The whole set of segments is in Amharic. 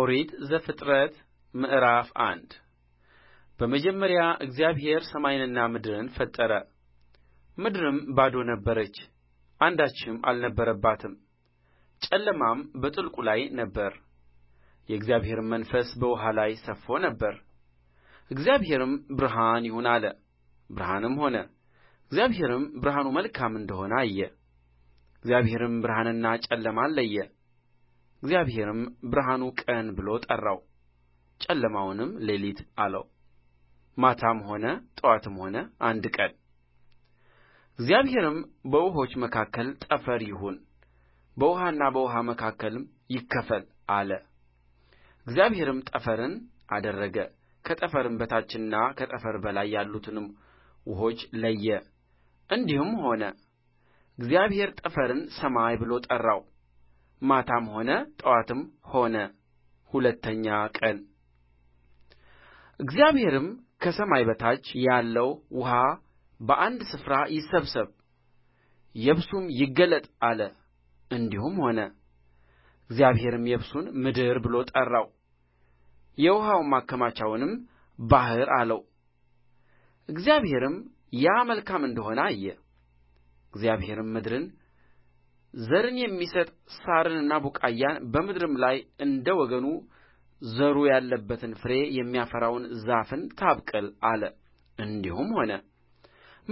ኦሪት ዘፍጥረት ምዕራፍ አንድ በመጀመሪያ እግዚአብሔር ሰማይንና ምድርን ፈጠረ። ምድርም ባዶ ነበረች፣ አንዳችም አልነበረባትም፣ ጨለማም በጥልቁ ላይ ነበር፣ የእግዚአብሔርም መንፈስ በውኃ ላይ ሰፎ ነበር። እግዚአብሔርም ብርሃን ይሁን አለ፣ ብርሃንም ሆነ። እግዚአብሔርም ብርሃኑ መልካም እንደሆነ አየ። እግዚአብሔርም ብርሃንና ጨለማን ለየ። እግዚአብሔርም ብርሃኑ ቀን ብሎ ጠራው ጨለማውንም ሌሊት አለው ማታም ሆነ ጥዋትም ሆነ አንድ ቀን እግዚአብሔርም በውኆች መካከል ጠፈር ይሁን በውኃና በውኃ መካከልም ይከፈል አለ እግዚአብሔርም ጠፈርን አደረገ ከጠፈርም በታችና ከጠፈር በላይ ያሉትንም ውኆች ለየ እንዲህም ሆነ እግዚአብሔር ጠፈርን ሰማይ ብሎ ጠራው ማታም ሆነ ጥዋትም ሆነ ሁለተኛ ቀን እግዚአብሔርም ከሰማይ በታች ያለው ውኃ በአንድ ስፍራ ይሰብሰብ የብሱም ይገለጥ አለ እንዲሁም ሆነ እግዚአብሔርም የብሱን ምድር ብሎ ጠራው የውኃውን ማከማቻውንም ባሕር አለው እግዚአብሔርም ያ መልካም እንደ ሆነ አየ እግዚአብሔርም ምድርን ዘርን የሚሰጥ ሣርንና ቡቃያን በምድርም ላይ እንደ ወገኑ ዘሩ ያለበትን ፍሬ የሚያፈራውን ዛፍን ታብቅል አለ እንዲሁም ሆነ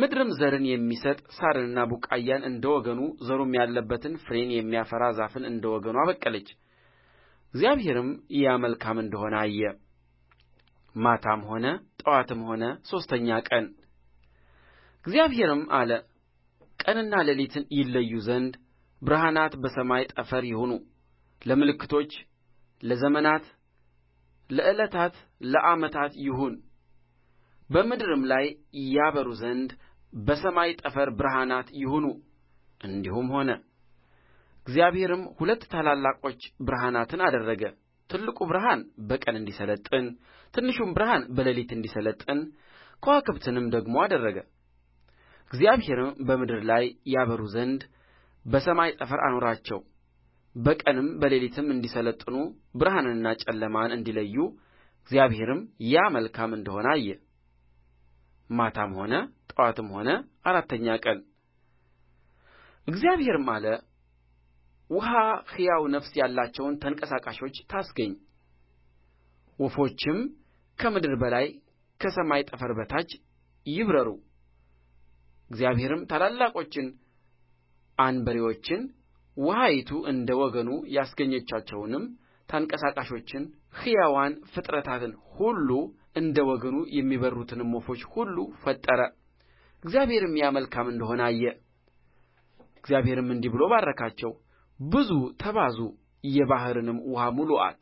ምድርም ዘርን የሚሰጥ ሣርንና ቡቃያን እንደ ወገኑ ዘሩም ያለበትን ፍሬን የሚያፈራ ዛፍን እንደ ወገኑ አበቀለች እግዚአብሔርም ያ መልካም እንደሆነ አየ ማታም ሆነ ጠዋትም ሆነ ሦስተኛ ቀን እግዚአብሔርም አለ ቀንና ሌሊትን ይለዩ ዘንድ ብርሃናት በሰማይ ጠፈር ይሁኑ ለምልክቶች ለዘመናት ለዕለታት ለዓመታት ይሁን በምድርም ላይ ያበሩ ዘንድ በሰማይ ጠፈር ብርሃናት ይሁኑ እንዲሁም ሆነ እግዚአብሔርም ሁለት ታላላቆች ብርሃናትን አደረገ ትልቁ ብርሃን በቀን እንዲሰለጥን ትንሹም ብርሃን በሌሊት እንዲሰለጥን ከዋክብትንም ደግሞ አደረገ እግዚአብሔርም በምድር ላይ ያበሩ ዘንድ በሰማይ ጠፈር አኖራቸው በቀንም በሌሊትም እንዲሠለጥኑ ብርሃንንና ጨለማን እንዲለዩ እግዚአብሔርም ያ መልካም እንደ ሆነ አየ ማታም ሆነ ጥዋትም ሆነ አራተኛ ቀን እግዚአብሔርም አለ ውኃ ሕያው ነፍስ ያላቸውን ተንቀሳቃሾች ታስገኝ ወፎችም ከምድር በላይ ከሰማይ ጠፈር በታች ይብረሩ እግዚአብሔርም ታላላቆችን አንበሬዎችን ውኃይቱ እንደ ወገኑ ያስገኘቻቸውንም ተንቀሳቃሾችን ሕያዋን ፍጥረታትን ሁሉ እንደ ወገኑ የሚበሩትንም ወፎች ሁሉ ፈጠረ እግዚአብሔርም ያ መልካም እንደ ሆነ አየ እግዚአብሔርም እንዲህ ብሎ ባረካቸው ብዙ ተባዙ የባሕርንም ውኃ ሙሉአት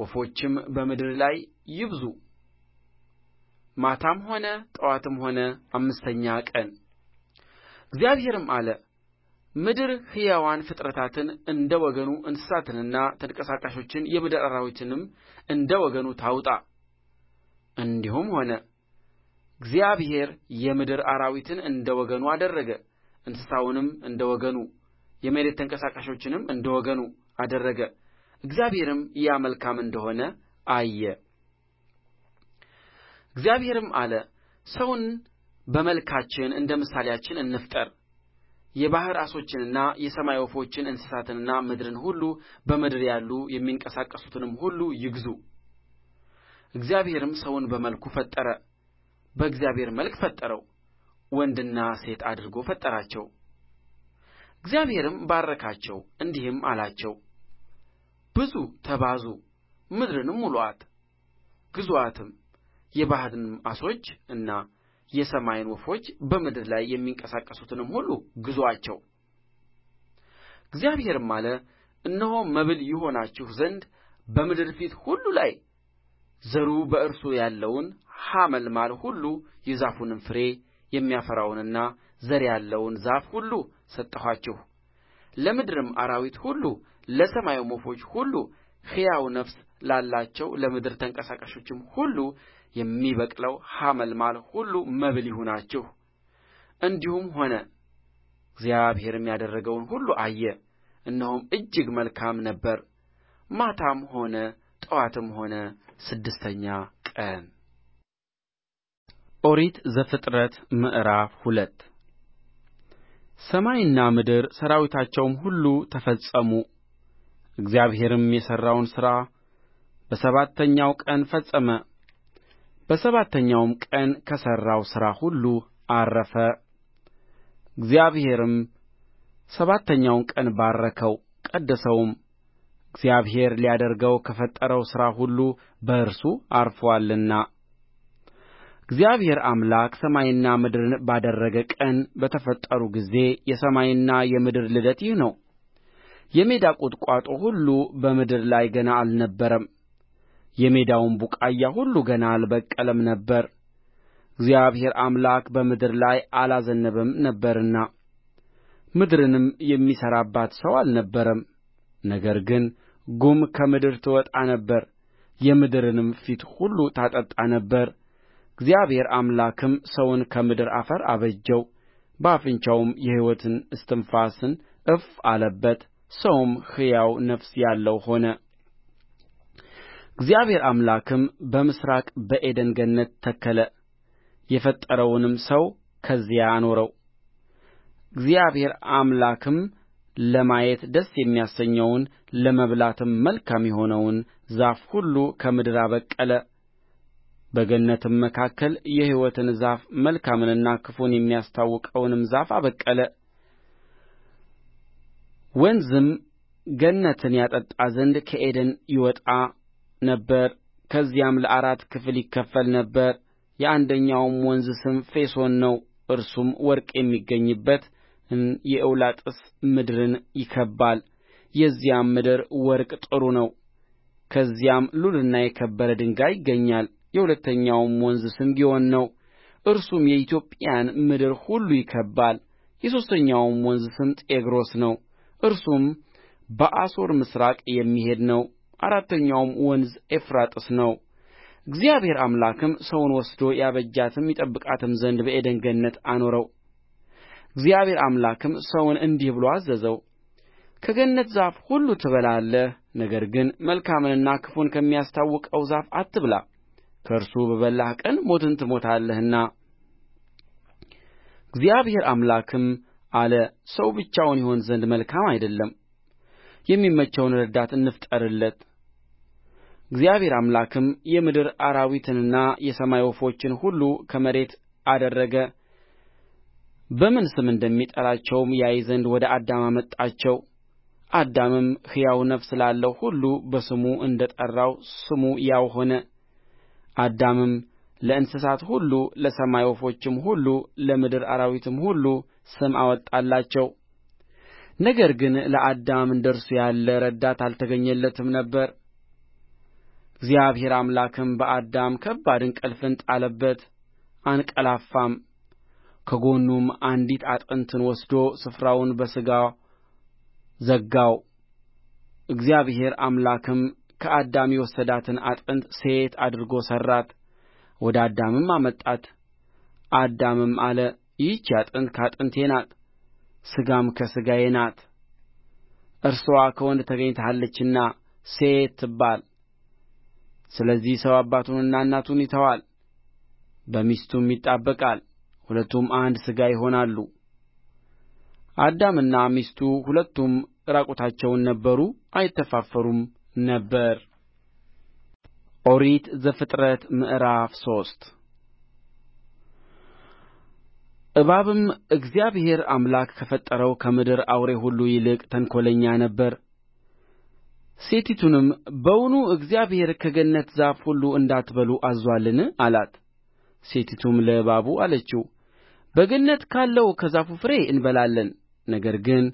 ወፎችም በምድር ላይ ይብዙ ማታም ሆነ ጥዋትም ሆነ አምስተኛ ቀን እግዚአብሔርም አለ ምድር ሕያዋን ፍጥረታትን እንደ ወገኑ እንስሳትንና ተንቀሳቃሾችን የምድር አራዊትንም እንደ ወገኑ ታውጣ እንዲሁም ሆነ እግዚአብሔር የምድር አራዊትን እንደ ወገኑ አደረገ እንስሳውንም እንደ ወገኑ የመሬት ተንቀሳቃሾችንም እንደ ወገኑ አደረገ እግዚአብሔርም ያ መልካም እንደሆነ አየ እግዚአብሔርም አለ ሰውን በመልካችን እንደ ምሳሌአችን እንፍጠር የባሕር ዓሦችንና የሰማይ ወፎችን እንስሳትንና ምድርን ሁሉ በምድር ያሉ የሚንቀሳቀሱትንም ሁሉ ይግዙ እግዚአብሔርም ሰውን በመልኩ ፈጠረ በእግዚአብሔር መልክ ፈጠረው ወንድና ሴት አድርጎ ፈጠራቸው እግዚአብሔርም ባረካቸው እንዲህም አላቸው ብዙ ተባዙ ምድርንም ሙሉአት ግዙአትም የባሕርንም ዓሦች እና የሰማይን ወፎች በምድር ላይ የሚንቀሳቀሱትንም ሁሉ ግዙአቸው እግዚአብሔርም አለ እነሆ መብል ይሆናችሁ ዘንድ በምድር ፊት ሁሉ ላይ ዘሩ በእርሱ ያለውን ሐመልማል ሁሉ የዛፉንም ፍሬ የሚያፈራውንና ዘር ያለውን ዛፍ ሁሉ ሰጠኋችሁ። ለምድርም አራዊት ሁሉ፣ ለሰማይም ወፎች ሁሉ፣ ሕያው ነፍስ ላላቸው ለምድር ተንቀሳቃሾችም ሁሉ የሚበቅለው ሐመልማል ሁሉ መብል ይሁናችሁ እንዲሁም ሆነ እግዚአብሔርም ያደረገውን ሁሉ አየ እነሆም እጅግ መልካም ነበር ማታም ሆነ ጠዋትም ሆነ ስድስተኛ ቀን ኦሪት ዘፍጥረት ምዕራፍ ሁለት ሰማይና ምድር ሠራዊታቸውም ሁሉ ተፈጸሙ እግዚአብሔርም የሠራውን ሥራ በሰባተኛው ቀን ፈጸመ በሰባተኛውም ቀን ከሠራው ሥራ ሁሉ ዐረፈ እግዚአብሔርም ሰባተኛውን ቀን ባረከው ቀደሰውም እግዚአብሔር ሊያደርገው ከፈጠረው ሥራ ሁሉ በእርሱ ዐርፎአልና እግዚአብሔር አምላክ ሰማይንና ምድርን ባደረገ ቀን በተፈጠሩ ጊዜ የሰማይና የምድር ልደት ይህ ነው የሜዳ ቁጥቋጦ ሁሉ በምድር ላይ ገና አልነበረም የሜዳውም ቡቃያ ሁሉ ገና አልበቀለም ነበር እግዚአብሔር አምላክ በምድር ላይ አላዘነበም ነበርና ምድርንም የሚሠራባት ሰው አልነበረም ነገር ግን ጉም ከምድር ትወጣ ነበር የምድርንም ፊት ሁሉ ታጠጣ ነበር እግዚአብሔር አምላክም ሰውን ከምድር አፈር አበጀው በአፍንጫውም የሕይወትን እስትንፋስን እፍ አለበት ሰውም ሕያው ነፍስ ያለው ሆነ እግዚአብሔር አምላክም በምሥራቅ በዔድን ገነት ተከለ የፈጠረውንም ሰው ከዚያ አኖረው እግዚአብሔር አምላክም ለማየት ደስ የሚያሰኘውን ለመብላትም መልካም የሆነውን ዛፍ ሁሉ ከምድር አበቀለ በገነትም መካከል የሕይወትን ዛፍ መልካምንና ክፉን የሚያስታውቀውንም ዛፍ አበቀለ ወንዝም ገነትን ያጠጣ ዘንድ ከዔድን ይወጣ ነበረ ከዚያም ለአራት ክፍል ይከፈል ነበር የአንደኛውም ወንዝ ስም ፊሶን ነው እርሱም ወርቅ የሚገኝበትን የኤውላጥ ምድርን ይከብባል የዚያም ምድር ወርቅ ጥሩ ነው ከዚያም ሉልና የከበረ ድንጋይ ይገኛል የሁለተኛውም ወንዝ ስም ግዮን ነው እርሱም የኢትዮጵያን ምድር ሁሉ ይከብባል የሦስተኛውም ወንዝ ስም ጤግሮስ ነው እርሱም በአሦር ምሥራቅ የሚሄድ ነው አራተኛውም ወንዝ ኤፍራጥስ ነው እግዚአብሔር አምላክም ሰውን ወስዶ ያበጃትም ይጠብቃትም ዘንድ በዔድን ገነት አኖረው እግዚአብሔር አምላክም ሰውን እንዲህ ብሎ አዘዘው ከገነት ዛፍ ሁሉ ትበላለህ ነገር ግን መልካምንና ክፉን ከሚያስታውቀው ዛፍ አትብላ ከእርሱ በበላህ ቀን ሞትን ትሞታለህና እግዚአብሔር አምላክም አለ ሰው ብቻውን ይሆን ዘንድ መልካም አይደለም የሚመቸውን ረዳት እንፍጠርለት እግዚአብሔር አምላክም የምድር አራዊትንና የሰማይ ወፎችን ሁሉ ከመሬት አደረገ በምን ስም እንደሚጠራቸውም ያይ ዘንድ ወደ አዳም አመጣቸው አዳምም ሕያው ነፍስ ላለው ሁሉ በስሙ እንደ ጠራው ስሙ ያው ሆነ አዳምም ለእንስሳት ሁሉ ለሰማይ ወፎችም ሁሉ ለምድር አራዊትም ሁሉ ስም አወጣላቸው ነገር ግን ለአዳም እንደ እርሱ ያለ ረዳት አልተገኘለትም ነበር እግዚአብሔር አምላክም በአዳም ከባድ እንቅልፍን ጣለበት አንቀላፋም ከጎኑም አንዲት አጥንትን ወስዶ ስፍራውን በሥጋ ዘጋው እግዚአብሔር አምላክም ከአዳም የወሰዳትን አጥንት ሴት አድርጎ ሠራት ወደ አዳምም አመጣት አዳምም አለ ይህች አጥንት ከአጥንቴ ናት ሥጋም ከሥጋዬ ናት እርስዋ ከወንድ ተገኝታለችና ሴት ትባል ስለዚህ ሰው አባቱንና እናቱን ይተዋል በሚስቱም ይጣበቃል ሁለቱም አንድ ሥጋ ይሆናሉ አዳምና ሚስቱ ሁለቱም ዕራቁታቸውን ነበሩ አይተፋፈሩም ነበር ኦሪት ዘፍጥረት ምዕራፍ ሶስት እባብም እግዚአብሔር አምላክ ከፈጠረው ከምድር አውሬ ሁሉ ይልቅ ተንኰለኛ ነበረ ሴቲቱንም በውኑ እግዚአብሔር ከገነት ዛፍ ሁሉ እንዳትበሉ አዝዞአልን አላት ሴቲቱም ለእባቡ አለችው በገነት ካለው ከዛፉ ፍሬ እንበላለን ነገር ግን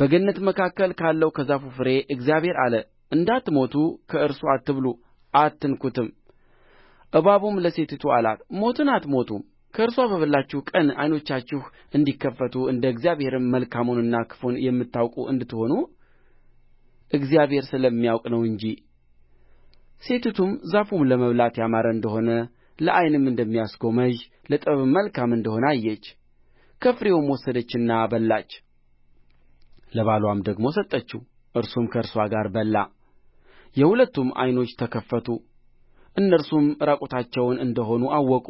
በገነት መካከል ካለው ከዛፉ ፍሬ እግዚአብሔር አለ እንዳትሞቱ ከእርሱ አትብሉ አትንኩትም እባቡም ለሴቲቱ አላት ሞትን አትሞቱም ከእርሷ በበላችሁ ቀን ዓይኖቻችሁ እንዲከፈቱ እንደ እግዚአብሔርም መልካሙንና ክፉን የምታውቁ እንድትሆኑ እግዚአብሔር ስለሚያውቅ ነው እንጂ ሴቲቱም ዛፉን ለመብላት ያማረ እንደ ሆነ ለዓይንም እንደሚያስጎመጅ ለጥበብም መልካም እንደ ሆነ አየች ከፍሬውም ወሰደችና በላች ለባልዋም ደግሞ ሰጠችው እርሱም ከእርስዋ ጋር በላ የሁለቱም ዓይኖች ተከፈቱ እነርሱም ራቁታቸውን እንደ ሆኑ አወቁ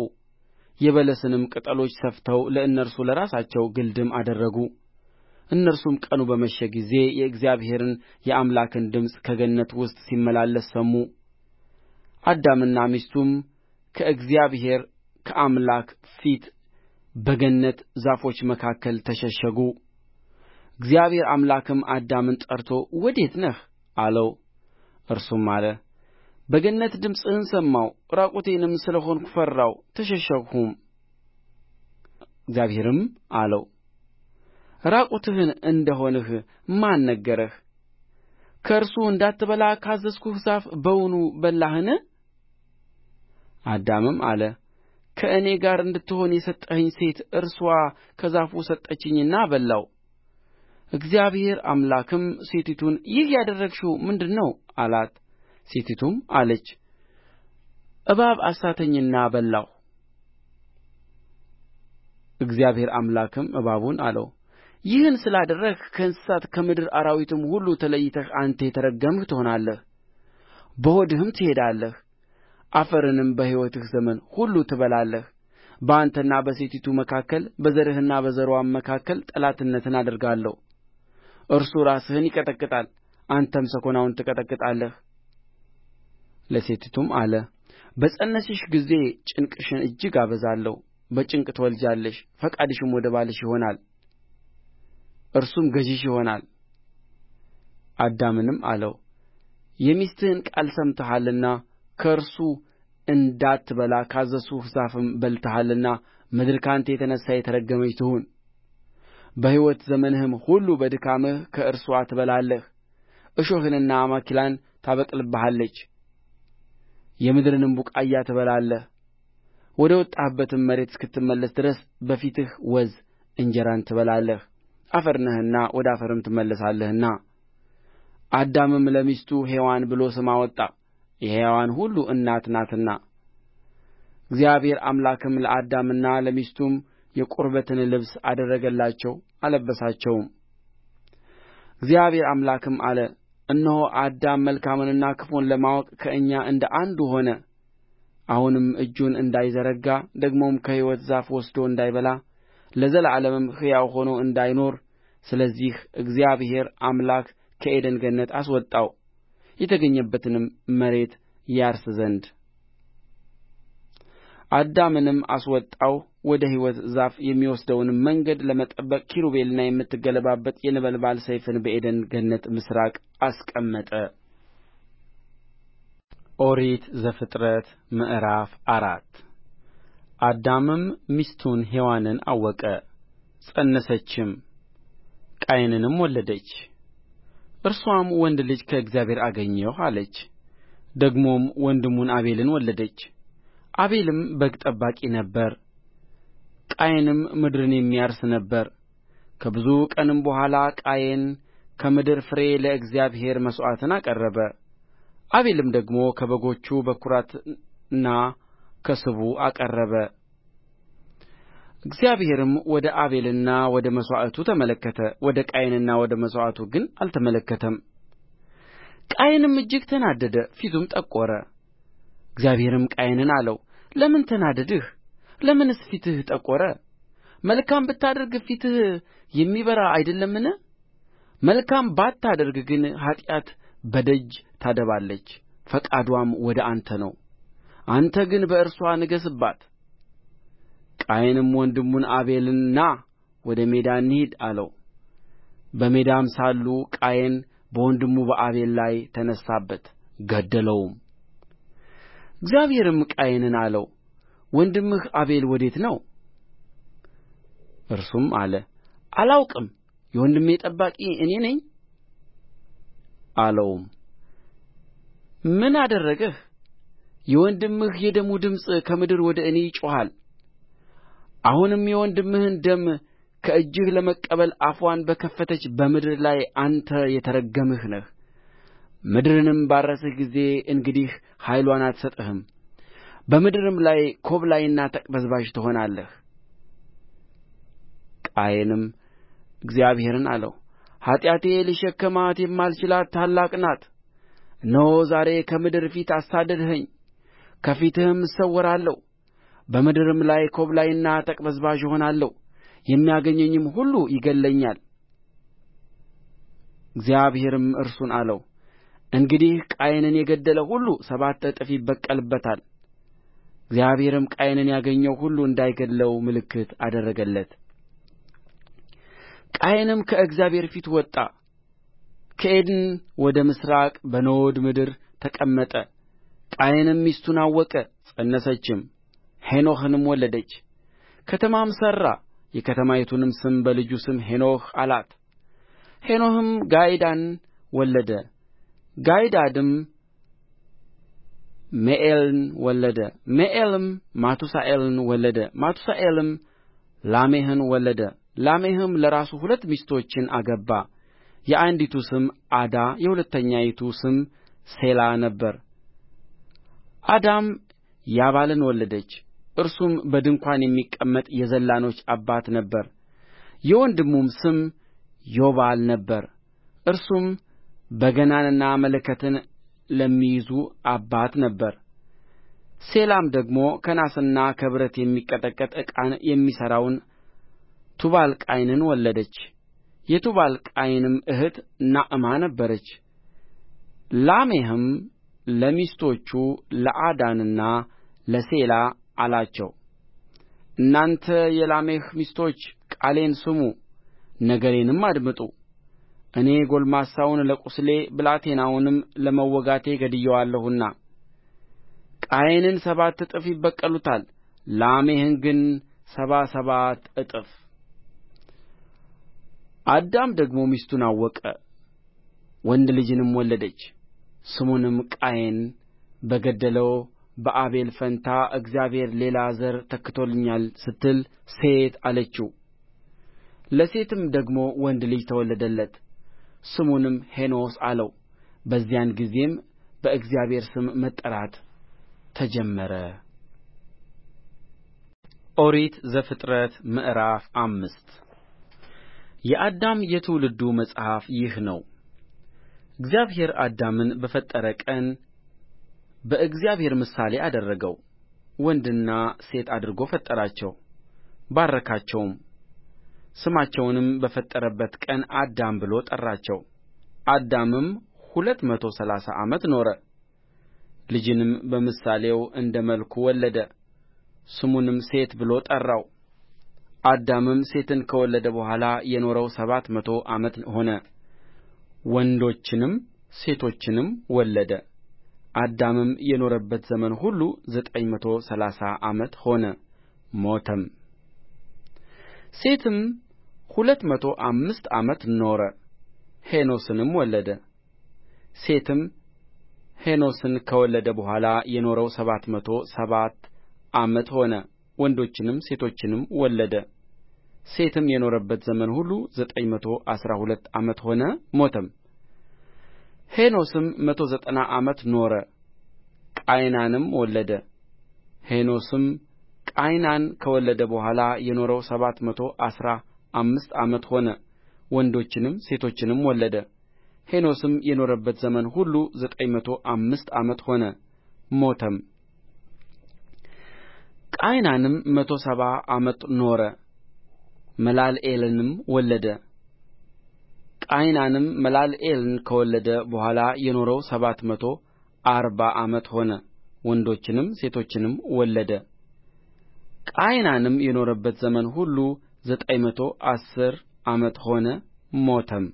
የበለስንም ቅጠሎች ሰፍተው ለእነርሱ ለራሳቸው ግልድም አደረጉ እነርሱም ቀኑ በመሸ ጊዜ የእግዚአብሔርን የአምላክን ድምፅ ከገነት ውስጥ ሲመላለስ ሰሙ አዳምና ሚስቱም ከእግዚአብሔር ከአምላክ ፊት በገነት ዛፎች መካከል ተሸሸጉ እግዚአብሔር አምላክም አዳምን ጠርቶ ወዴት ነህ አለው እርሱም አለ በገነት ድምፅህን ሰማሁ ራቁቴንም ስለ ሆንሁ ፈራሁ ተሸሸግሁም እግዚአብሔርም አለው ራቁትህን እንደ ሆንህ ማን ነገረህ ከእርሱ እንዳትበላ ካዘዝሁህ ዛፍ በውኑ በላህን አዳምም አለ ከእኔ ጋር እንድትሆን የሰጠኸኝ ሴት እርስዋ ከዛፉ ሰጠችኝና በላሁ እግዚአብሔር አምላክም ሴቲቱን ይህ ያደረግሽው ምንድር ነው አላት ሴቲቱም አለች እባብ አሳተኝና በላሁ እግዚአብሔር አምላክም እባቡን አለው ይህን ስላደረግህ ከእንስሳት ከምድር አራዊትም ሁሉ ተለይተህ አንተ የተረገምህ ትሆናለህ በሆድህም ትሄዳለህ አፈርንም በሕይወትህ ዘመን ሁሉ ትበላለህ በአንተና በሴቲቱ መካከል በዘርህና በዘርዋም መካከል ጠላትነትን አደርጋለሁ እርሱ ራስህን ይቀጠቅጣል አንተም ሰኰናውን ትቀጠቅጣለህ ለሴቲቱም አለ በፀነስሽ ጊዜ ጭንቅሽን እጅግ አበዛለሁ በጭንቅ ትወልጃለሽ ፈቃድሽም ወደ ባልሽ ይሆናል እርሱም ገዥሽ ይሆናል አዳምንም አለው የሚስትህን ቃል ሰምተሃልና ከእርሱ እንዳትበላ ካዘዝሁህ ዛፍም በልተሃልና ምድር ከአንተ የተነሣ የተረገመች ትሁን በሕይወት ዘመንህም ሁሉ በድካምህ ከእርስዋ ትበላለህ እሾህንና አሜከላን ታበቅልብሃለች የምድርንም ቡቃያ ትበላለህ ወደ ወጣህበትም መሬት እስክትመለስ ድረስ በፊትህ ወዝ እንጀራን ትበላለህ አፈር ነህና ወደ አፈርም ትመለሳለህና አዳምም ለሚስቱ ሔዋን ብሎ ስም አወጣ የሕያዋን ሁሉ እናት ናትና እግዚአብሔር አምላክም ለአዳምና ለሚስቱም የቁርበትን ልብስ አደረገላቸው አለበሳቸውም እግዚአብሔር አምላክም አለ እነሆ አዳም መልካምንና ክፉን ለማወቅ ከእኛ እንደ አንዱ ሆነ አሁንም እጁን እንዳይዘረጋ ደግሞም ከሕይወት ዛፍ ወስዶ እንዳይበላ ለዘላለምም ሕያው ሆኖ እንዳይኖር ስለዚህ እግዚአብሔር አምላክ ከዔድን ገነት አስወጣው የተገኘበትንም መሬት ያርስ ዘንድ አዳምንም አስወጣው ወደ ሕይወት ዛፍ የሚወስደውንም መንገድ ለመጠበቅ ኪሩቤልና የምትገለባበጥ የነበልባል ሰይፍን በዔድን ገነት ምሥራቅ አስቀመጠ ኦሪት ዘፍጥረት ምዕራፍ አራት አዳምም ሚስቱን ሔዋንን አወቀ ፀነሰችም ቃየንንም ወለደች እርስዋም ወንድ ልጅ ከእግዚአብሔር አገኘሁ አለች ደግሞም ወንድሙን አቤልን ወለደች አቤልም በግ ጠባቂ ነበረ ቃየንም ምድርን የሚያርስ ነበር። ከብዙ ቀንም በኋላ ቃየን ከምድር ፍሬ ለእግዚአብሔር መሥዋዕትን አቀረበ አቤልም ደግሞ ከበጎቹ በኵራትና ከስቡ አቀረበ እግዚአብሔርም ወደ አቤልና ወደ መሥዋዕቱ ተመለከተ ወደ ቃየንና ወደ መሥዋዕቱ ግን አልተመለከተም ቃየንም እጅግ ተናደደ ፊቱም ጠቆረ እግዚአብሔርም ቃየንን አለው ለምን ተናደድህ ለምንስ ፊትህ ጠቆረ መልካም ብታደርግ ፊትህ የሚበራ አይደለምን መልካም ባታደርግ ግን ኃጢአት በደጅ ታደባለች ፈቃድዋም ወደ አንተ ነው አንተ ግን በእርስዋ ንገሥባት ቃየንም ወንድሙን አቤልን ና ወደ ሜዳ እንሂድ አለው በሜዳም ሳሉ ቃየን በወንድሙ በአቤል ላይ ተነሣበት ገደለውም እግዚአብሔርም ቃየንን አለው ወንድምህ አቤል ወዴት ነው እርሱም አለ አላውቅም የወንድሜ ጠባቂ እኔ ነኝ አለውም ምን አደረገህ የወንድምህ የደሙ ድምፅ ከምድር ወደ እኔ ይጮኻል አሁንም የወንድምህን ደም ከእጅህ ለመቀበል አፍዋን በከፈተች በምድር ላይ አንተ የተረገምህ ነህ ምድርንም ባረስህ ጊዜ እንግዲህ ኃይልዋን አትሰጥህም በምድርም ላይ ኰብላይና ተቅበዝባዥ ትሆናለህ ቃየንም እግዚአብሔርን አለው ኃጢአቴ ልሸከማት የማልችላት ታላቅ ናት እነሆ ዛሬ ከምድር ፊት አሳደድኸኝ ከፊትህም እሰወራለሁ በምድርም ላይ ኰብላይና ተቅበዝባዥ እሆናለሁ የሚያገኘኝም ሁሉ ይገድለኛል እግዚአብሔርም እርሱን አለው እንግዲህ ቃየንን የገደለ ሁሉ ሰባት እጥፍ ይበቀልበታል እግዚአብሔርም ቃየንን ያገኘው ሁሉ እንዳይገድለው ምልክት አደረገለት ቃየንም ከእግዚአብሔር ፊት ወጣ ከኤድን ወደ ምሥራቅ በኖድ ምድር ተቀመጠ ቃየንም ሚስቱን አወቀ ፀነሰችም ሄኖሕንም ወለደች ከተማም ሠራ የከተማይቱንም ስም በልጁ ስም ሄኖሕ አላት ሄኖሕም ጋይዳድን ወለደ ጋይዳድም ሜኤልን ወለደ ሜኤልም ማቱሣኤልን ወለደ ማቱሣኤልም ላሜሕን ወለደ ላሜሕም ለራሱ ሁለት ሚስቶችን አገባ የአንዲቱ ስም ዓዳ የሁለተኛይቱ ስም ሴላ ነበረ አዳም ያባልን ወለደች እርሱም በድንኳን የሚቀመጥ የዘላኖች አባት ነበረ የወንድሙም ስም ዩባል ነበረ እርሱም በገናንና መለከትን ለሚይዙ አባት ነበረ ሴላም ደግሞ ከናስና ከብረት የሚቀጠቀጥ ዕቃን የሚሠራውን ቱባልቃይንን ወለደች የቱባልቃይንም እኅት ናዕማ ነበረች ላሜሕም ለሚስቶቹ ለዓዳና ለሴላ አላቸው እናንተ የላሜሕ ሚስቶች ቃሌን ስሙ ነገሬንም አድምጡ እኔ ጕልማሳውን ለቍስሌ ብላቴናውንም ለመወጋቴ ገድዬዋለሁና ቃየንን ሰባት እጥፍ ይበቀሉታል ላሜሕን ግን ሰባ ሰባት እጥፍ አዳም ደግሞ ሚስቱን አወቀ ወንድ ልጅንም ወለደች ስሙንም ቃየን በገደለው በአቤል ፋንታ እግዚአብሔር ሌላ ዘር ተክቶልኛል ስትል ሴት አለችው ለሴትም ደግሞ ወንድ ልጅ ተወለደለት ስሙንም ሄኖስ አለው በዚያን ጊዜም በእግዚአብሔር ስም መጠራት ተጀመረ ኦሪት ዘፍጥረት ምዕራፍ አምስት የአዳም የትውልዱ መጽሐፍ ይህ ነው እግዚአብሔር አዳምን በፈጠረ ቀን በእግዚአብሔር ምሳሌ አደረገው ወንድና ሴት አድርጎ ፈጠራቸው ባረካቸውም ስማቸውንም በፈጠረበት ቀን አዳም ብሎ ጠራቸው አዳምም ሁለት መቶ ሠላሳ ዓመት ኖረ ልጅንም በምሳሌው እንደ መልኩ ወለደ ስሙንም ሴት ብሎ ጠራው አዳምም ሴትን ከወለደ በኋላ የኖረው ሰባት መቶ ዓመት ሆነ ወንዶችንም ሴቶችንም ወለደ አዳምም የኖረበት ዘመን ሁሉ ዘጠኝ መቶ ሠላሳ ዓመት ሆነ ሞተም ሴትም ሁለት መቶ አምስት ዓመት ኖረ ሄኖስንም ወለደ ሴትም ሄኖስን ከወለደ በኋላ የኖረው ሰባት መቶ ሰባት ዓመት ሆነ ወንዶችንም ሴቶችንም ወለደ ሴትም የኖረበት ዘመን ሁሉ ዘጠኝ መቶ አሥራ ሁለት ዓመት ሆነ ሞተም ሄኖስም መቶ ዘጠና ዓመት ኖረ ቃይናንም ወለደ ሄኖስም ቃይናን ከወለደ በኋላ የኖረው ሰባት መቶ አሥራ አምስት ዓመት ሆነ ወንዶችንም ሴቶችንም ወለደ ሄኖስም የኖረበት ዘመን ሁሉ ዘጠኝ መቶ አምስት ዓመት ሆነ ሞተም ቃይናንም መቶ ሰባ ዓመት ኖረ መላልኤልንም ወለደ ቃይናንም መላልኤልን ከወለደ በኋላ የኖረው ሰባት መቶ አርባ ዓመት ሆነ ወንዶችንም ሴቶችንም ወለደ ቃይናንም የኖረበት ዘመን ሁሉ ዘጠኝ መቶ አሥር ዓመት ሆነ ሞተም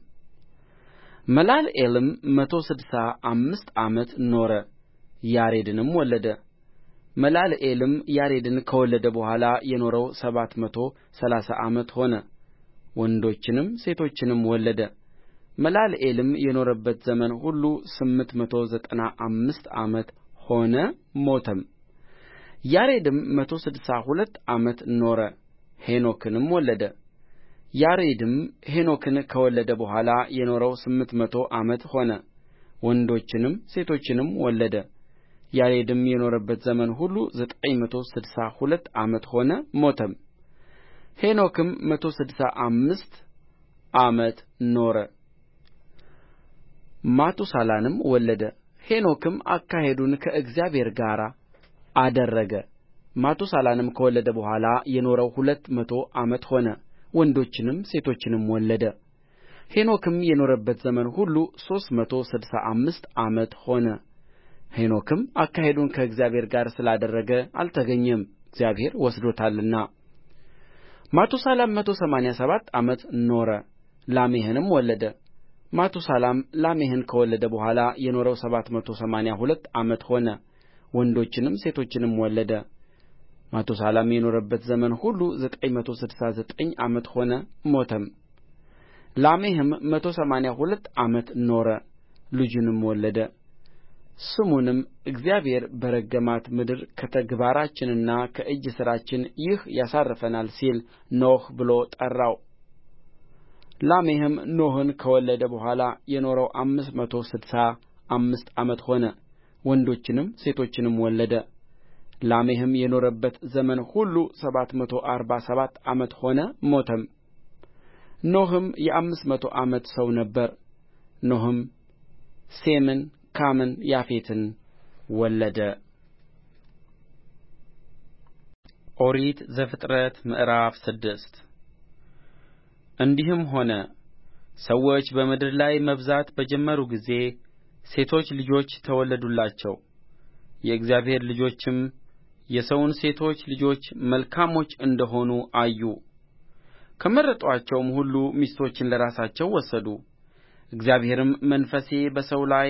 መላልኤልም መቶ ስድሳ አምስት ዓመት ኖረ ያሬድንም ወለደ መላልኤልም ያሬድን ከወለደ በኋላ የኖረው ሰባት መቶ ሠላሳ ዓመት ሆነ ወንዶችንም ሴቶችንም ወለደ መላልኤልም የኖረበት ዘመን ሁሉ ስምንት መቶ ዘጠና አምስት ዓመት ሆነ ሞተም ያሬድም መቶ ስድሳ ሁለት ዓመት ኖረ ሄኖክንም ወለደ ያሬድም ሄኖክን ከወለደ በኋላ የኖረው ስምንት መቶ ዓመት ሆነ ወንዶችንም ሴቶችንም ወለደ ያሬድም የኖረበት ዘመን ሁሉ ዘጠኝ መቶ ስድሳ ሁለት ዓመት ሆነ ሞተም ሄኖክም መቶ ስድሳ አምስት ዓመት ኖረ ማቱሳላንም ወለደ ሄኖክም አካሄዱን ከእግዚአብሔር ጋር አደረገ ማቱሳላንም ከወለደ በኋላ የኖረው ሁለት መቶ ዓመት ሆነ ወንዶችንም ሴቶችንም ወለደ ሄኖክም የኖረበት ዘመን ሁሉ ሦስት መቶ ስድሳ አምስት ዓመት ሆነ ሄኖክም አካሄዱን ከእግዚአብሔር ጋር ስላደረገ አልተገኘም እግዚአብሔር ወስዶታልና ማቱሳላም መቶ ሰማንያ ሰባት ዓመት ኖረ ላሜሕንም ወለደ ማቱሳላም ላሜሕን ከወለደ በኋላ የኖረው ሰባት መቶ ሰማንያ ሁለት ዓመት ሆነ ወንዶችንም ሴቶችንም ወለደ ማቱሳላም የኖረበት ዘመን ሁሉ ዘጠኝ መቶ ስድሳ ዘጠኝ ዓመት ሆነ ሞተም ላሜሕም መቶ ሰማንያ ሁለት ዓመት ኖረ ልጅንም ወለደ ስሙንም እግዚአብሔር በረገማት ምድር ከተግባራችንና ከእጅ ሥራችን ይህ ያሳርፈናል ሲል ኖኅ ብሎ ጠራው ላሜሕም ኖኅን ከወለደ በኋላ የኖረው አምስት መቶ ስድሳ አምስት ዓመት ሆነ ወንዶችንም ሴቶችንም ወለደ ላሜሕም የኖረበት ዘመን ሁሉ ሰባት መቶ አርባ ሰባት ዓመት ሆነ ሞተም ኖኅም የአምስት መቶ ዓመት ሰው ነበረ ኖኅም ሴምን ካምን ያፌትን ወለደ ኦሪት ዘፍጥረት ምዕራፍ ስድስት እንዲህም ሆነ ሰዎች በምድር ላይ መብዛት በጀመሩ ጊዜ ሴቶች ልጆች ተወለዱላቸው የእግዚአብሔር ልጆችም የሰውን ሴቶች ልጆች መልካሞች እንደሆኑ አዩ ከመረጡአቸውም ሁሉ ሚስቶችን ለራሳቸው ወሰዱ እግዚአብሔርም መንፈሴ በሰው ላይ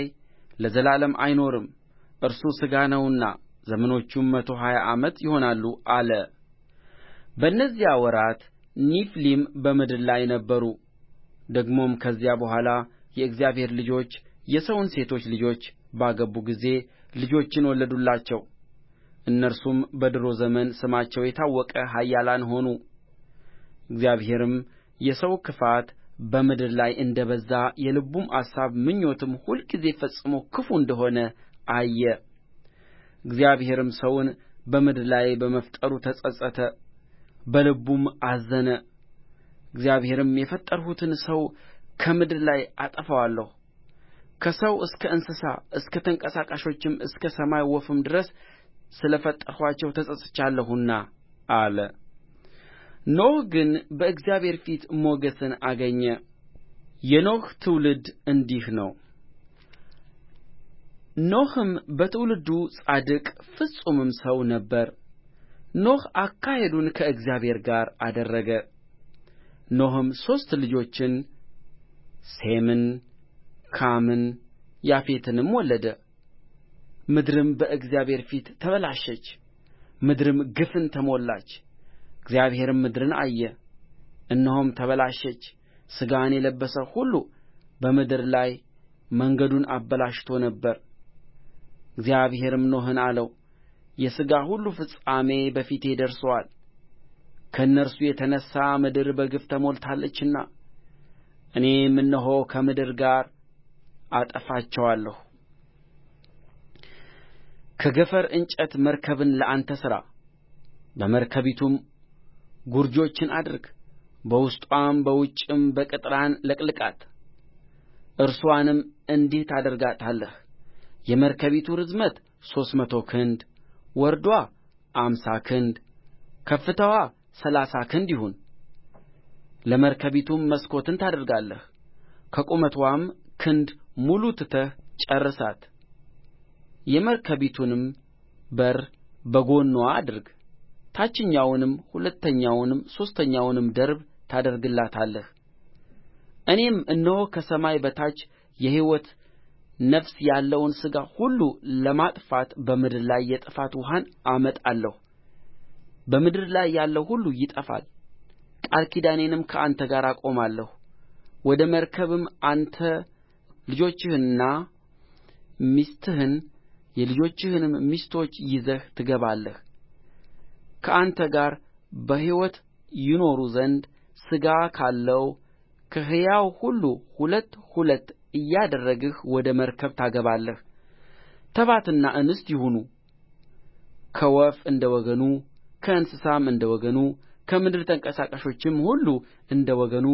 ለዘላለም አይኖርም እርሱ ሥጋ ነውና ዘመኖቹም መቶ ሀያ ዓመት ይሆናሉ አለ በእነዚያ ወራት ኔፊሊም በምድር ላይ ነበሩ ደግሞም ከዚያ በኋላ የእግዚአብሔር ልጆች የሰውን ሴቶች ልጆች ባገቡ ጊዜ ልጆችን ወለዱላቸው እነርሱም በዱሮ ዘመን ስማቸው የታወቀ ኃያላን ሆኑ እግዚአብሔርም የሰው ክፋት በምድር ላይ እንደ በዛ የልቡም አሳብ ምኞትም ሁልጊዜ ፈጽሞ ክፉ እንደ ሆነ አየ እግዚአብሔርም ሰውን በምድር ላይ በመፍጠሩ ተጸጸተ በልቡም አዘነ እግዚአብሔርም የፈጠርሁትን ሰው ከምድር ላይ አጠፋዋለሁ ከሰው እስከ እንስሳ እስከ ተንቀሳቃሾችም እስከ ሰማይ ወፍም ድረስ ስለ ፈጠርኋቸው ተጸጽቻለሁና አለ ኖኅ ግን በእግዚአብሔር ፊት ሞገስን አገኘ የኖኅ ትውልድ እንዲህ ነው ኖኅም በትውልዱ ጻድቅ ፍጹምም ሰው ነበረ ኖኅ አካሄዱን ከእግዚአብሔር ጋር አደረገ ኖኅም ሦስት ልጆችን ሴምን ካምን ያፌትንም ወለደ ምድርም በእግዚአብሔር ፊት ተበላሸች ምድርም ግፍን ተሞላች እግዚአብሔርም ምድርን አየ እነሆም ተበላሸች ሥጋን የለበሰ ሁሉ በምድር ላይ መንገዱን አበላሽቶ ነበር እግዚአብሔርም ኖኅን አለው የሥጋ ሁሉ ፍጻሜ በፊቴ ደርሶአል ከእነርሱ የተነሣ ምድር በግፍ ተሞልታለችና እኔም እነሆ ከምድር ጋር አጠፋቸዋለሁ ከገፈር እንጨት መርከብን ለአንተ ሥራ በመርከቢቱም ጉርጆችን አድርግ በውስጥዋም በውጭም በቅጥራን ለቅልቃት እርስዋንም እንዲህ ታደርጋታለህ የመርከቢቱ ርዝመት ሦስት መቶ ክንድ ወርድዋ አምሳ ክንድ ከፍታዋ ሠላሳ ክንድ ይሁን ለመርከቢቱም መስኮትን ታደርጋለህ ከቁመትዋም ክንድ ሙሉ ትተህ ጨርሳት የመርከቢቱንም በር በጎንዋ አድርግ ታችኛውንም ሁለተኛውንም ሦስተኛውንም ደርብ ታደርግላታለህ እኔም እነሆ ከሰማይ በታች የሕይወት ነፍስ ያለውን ሥጋ ሁሉ ለማጥፋት በምድር ላይ የጥፋት ውኃን አመጣለሁ በምድር ላይ ያለው ሁሉ ይጠፋል ቃል ኪዳኔንም ከአንተ ጋር አቆማለሁ ወደ መርከብም አንተ ልጆችህንና ሚስትህን የልጆችህንም ሚስቶች ይዘህ ትገባለህ ከአንተ ጋር በሕይወት ይኖሩ ዘንድ ሥጋ ካለው ከሕያው ሁሉ ሁለት ሁለት እያደረግህ ወደ መርከብ ታገባለህ ተባትና እንስት ይሁኑ ከወፍ እንደ ወገኑ ከእንስሳም እንደ ወገኑ ከምድር ተንቀሳቃሾችም ሁሉ እንደ ወገኑ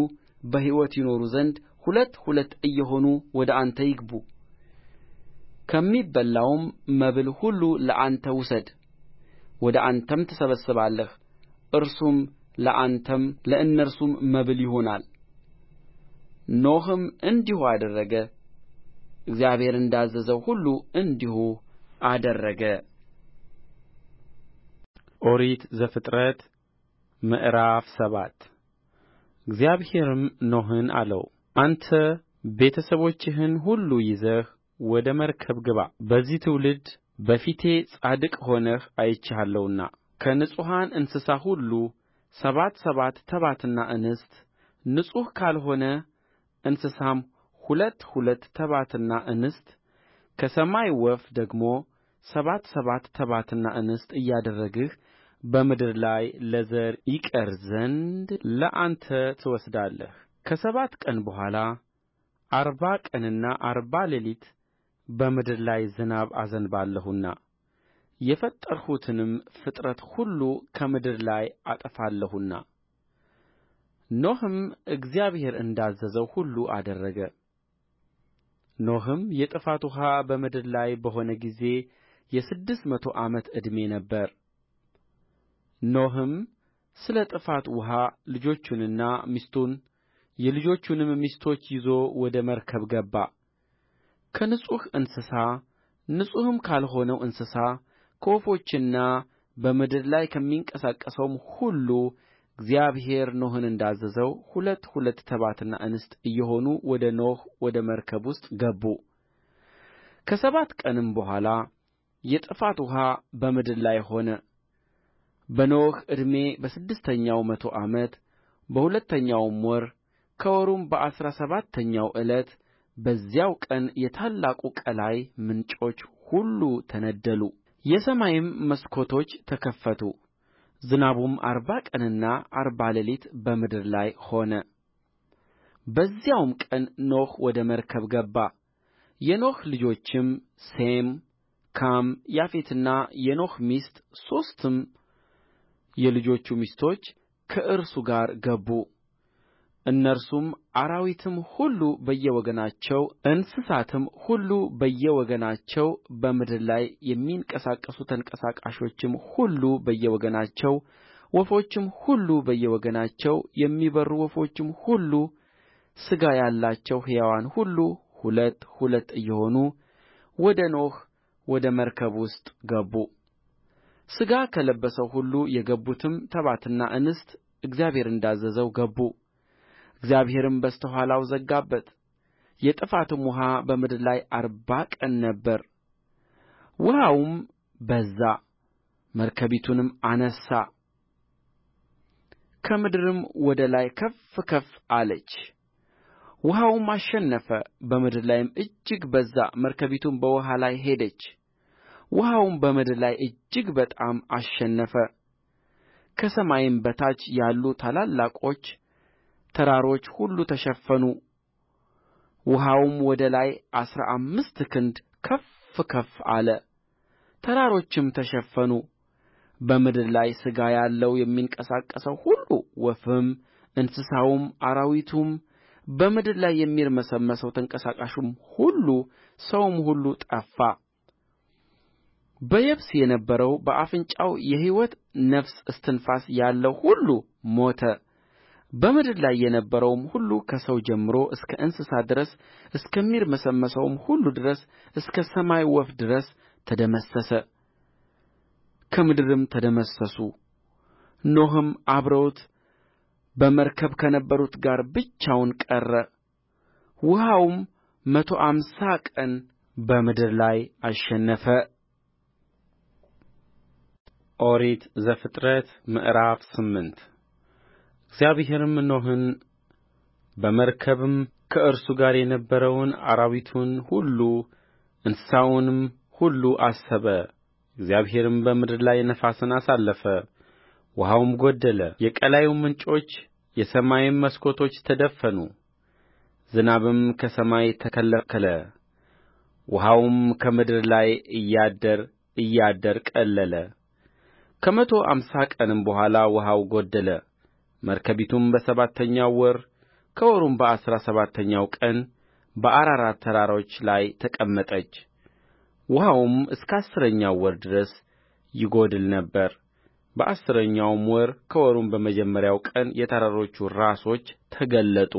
በሕይወት ይኖሩ ዘንድ ሁለት ሁለት እየሆኑ ወደ አንተ ይግቡ ከሚበላውም መብል ሁሉ ለአንተ ውሰድ ወደ አንተም ትሰበስባለህ እርሱም ለአንተም ለእነርሱም መብል ይሆናል ኖኅም እንዲሁ አደረገ እግዚአብሔር እንዳዘዘው ሁሉ እንዲሁ አደረገ ኦሪት ዘፍጥረት ምዕራፍ ሰባት እግዚአብሔርም ኖኅን አለው አንተ ቤተሰቦችህን ሁሉ ይዘህ ወደ መርከብ ግባ በዚህ ትውልድ በፊቴ ጻድቅ ሆነህ አይቼሃለሁና ከንጹሐን እንስሳ ሁሉ ሰባት ሰባት ተባትና እንስት ንጹሕ ካልሆነ እንስሳም ሁለት ሁለት ተባትና እንስት ከሰማይ ወፍ ደግሞ ሰባት ሰባት ተባትና እንስት እያደረግህ በምድር ላይ ለዘር ይቀር ዘንድ ለአንተ ትወስዳለህ ከሰባት ቀን በኋላ አርባ ቀንና አርባ ሌሊት በምድር ላይ ዝናብ አዘንባለሁና የፈጠርሁትንም ፍጥረት ሁሉ ከምድር ላይ አጠፋለሁና ኖኅም እግዚአብሔር እንዳዘዘው ሁሉ አደረገ ኖኅም የጥፋት ውኃ በምድር ላይ በሆነ ጊዜ የስድስት መቶ ዓመት ዕድሜ ነበረ ኖኅም ስለ ጥፋት ውኃ ልጆቹንና ሚስቱን የልጆቹንም ሚስቶች ይዞ ወደ መርከብ ገባ ከንጹሕ እንስሳ ንጹሕም ካልሆነው እንስሳ ከወፎችና በምድር ላይ ከሚንቀሳቀሰውም ሁሉ እግዚአብሔር ኖኅን እንዳዘዘው ሁለት ሁለት ተባትና እንስት እየሆኑ ወደ ኖኅ ወደ መርከብ ውስጥ ገቡ። ከሰባት ቀንም በኋላ የጥፋት ውኃ በምድር ላይ ሆነ። በኖኅ ዕድሜ በስድስተኛው መቶ ዓመት በሁለተኛው ወር ከወሩም በአሥራ ሰባተኛው ዕለት በዚያው ቀን የታላቁ ቀላይ ምንጮች ሁሉ ተነደሉ የሰማይም መስኮቶች ተከፈቱ ዝናቡም አርባ ቀንና አርባ ሌሊት በምድር ላይ ሆነ በዚያውም ቀን ኖኅ ወደ መርከብ ገባ የኖኅ ልጆችም ሴም ካም ያፌትና የኖኅ ሚስት ሦስቱም የልጆቹ ሚስቶች ከእርሱ ጋር ገቡ እነርሱም አራዊትም ሁሉ በየወገናቸው እንስሳትም ሁሉ በየወገናቸው በምድር ላይ የሚንቀሳቀሱ ተንቀሳቃሾችም ሁሉ በየወገናቸው ወፎችም ሁሉ በየወገናቸው የሚበሩ ወፎችም ሁሉ ሥጋ ያላቸው ሕያዋን ሁሉ ሁለት ሁለት እየሆኑ ወደ ኖኅ ወደ መርከብ ውስጥ ገቡ። ሥጋ ከለበሰው ሁሉ የገቡትም ተባትና እንስት እግዚአብሔር እንዳዘዘው ገቡ። እግዚአብሔርም በስተ ኋላው ዘጋበት የጥፋትም ውኃ በምድር ላይ አርባ ቀን ነበረ ውኃውም በዛ መርከቢቱንም አነሣ ከምድርም ወደ ላይ ከፍ ከፍ አለች ውኃውም አሸነፈ በምድር ላይም እጅግ በዛ መርከቢቱም በውኃ ላይ ሄደች ውኃውም በምድር ላይ እጅግ በጣም አሸነፈ ከሰማይም በታች ያሉ ታላላቆች ተራሮች ሁሉ ተሸፈኑ ውኃውም ወደ ላይ አሥራ አምስት ክንድ ከፍ ከፍ አለ ተራሮችም ተሸፈኑ በምድር ላይ ሥጋ ያለው የሚንቀሳቀሰው ሁሉ ወፍም እንስሳውም አራዊቱም በምድር ላይ የሚርመሰመሰው ተንቀሳቃሹም ሁሉ ሰውም ሁሉ ጠፋ በየብስ የነበረው በአፍንጫው የሕይወት ነፍስ እስትንፋስ ያለው ሁሉ ሞተ በምድር ላይ የነበረውም ሁሉ ከሰው ጀምሮ እስከ እንስሳ ድረስ እስከሚርመሰመሰውም ሁሉ ድረስ እስከ ሰማይ ወፍ ድረስ ተደመሰሰ ከምድርም ተደመሰሱ ኖኅም አብረውት በመርከብ ከነበሩት ጋር ብቻውን ቀረ ውኃውም መቶ አምሳ ቀን በምድር ላይ አሸነፈ ኦሪት ዘፍጥረት ምዕራፍ ስምንት እግዚአብሔርም ኖኅን በመርከብም ከእርሱ ጋር የነበረውን አራዊቱን ሁሉ እንስሳውንም ሁሉ አሰበ እግዚአብሔርም በምድር ላይ ነፋስን አሳለፈ ውኃውም ጎደለ የቀላዩ ምንጮች የሰማይም መስኮቶች ተደፈኑ ዝናብም ከሰማይ ተከለከለ ውኃውም ከምድር ላይ እያደር እያደር ቀለለ ከመቶ አምሳ ቀንም በኋላ ውኃው ጎደለ መርከቢቱም በሰባተኛው ወር ከወሩም በአሥራ ሰባተኛው ቀን በአራራት ተራሮች ላይ ተቀመጠች ውኃውም እስከ አሥረኛው ወር ድረስ ይጐድል ነበር በአሥረኛውም ወር ከወሩም በመጀመሪያው ቀን የተራሮቹ ራሶች ተገለጡ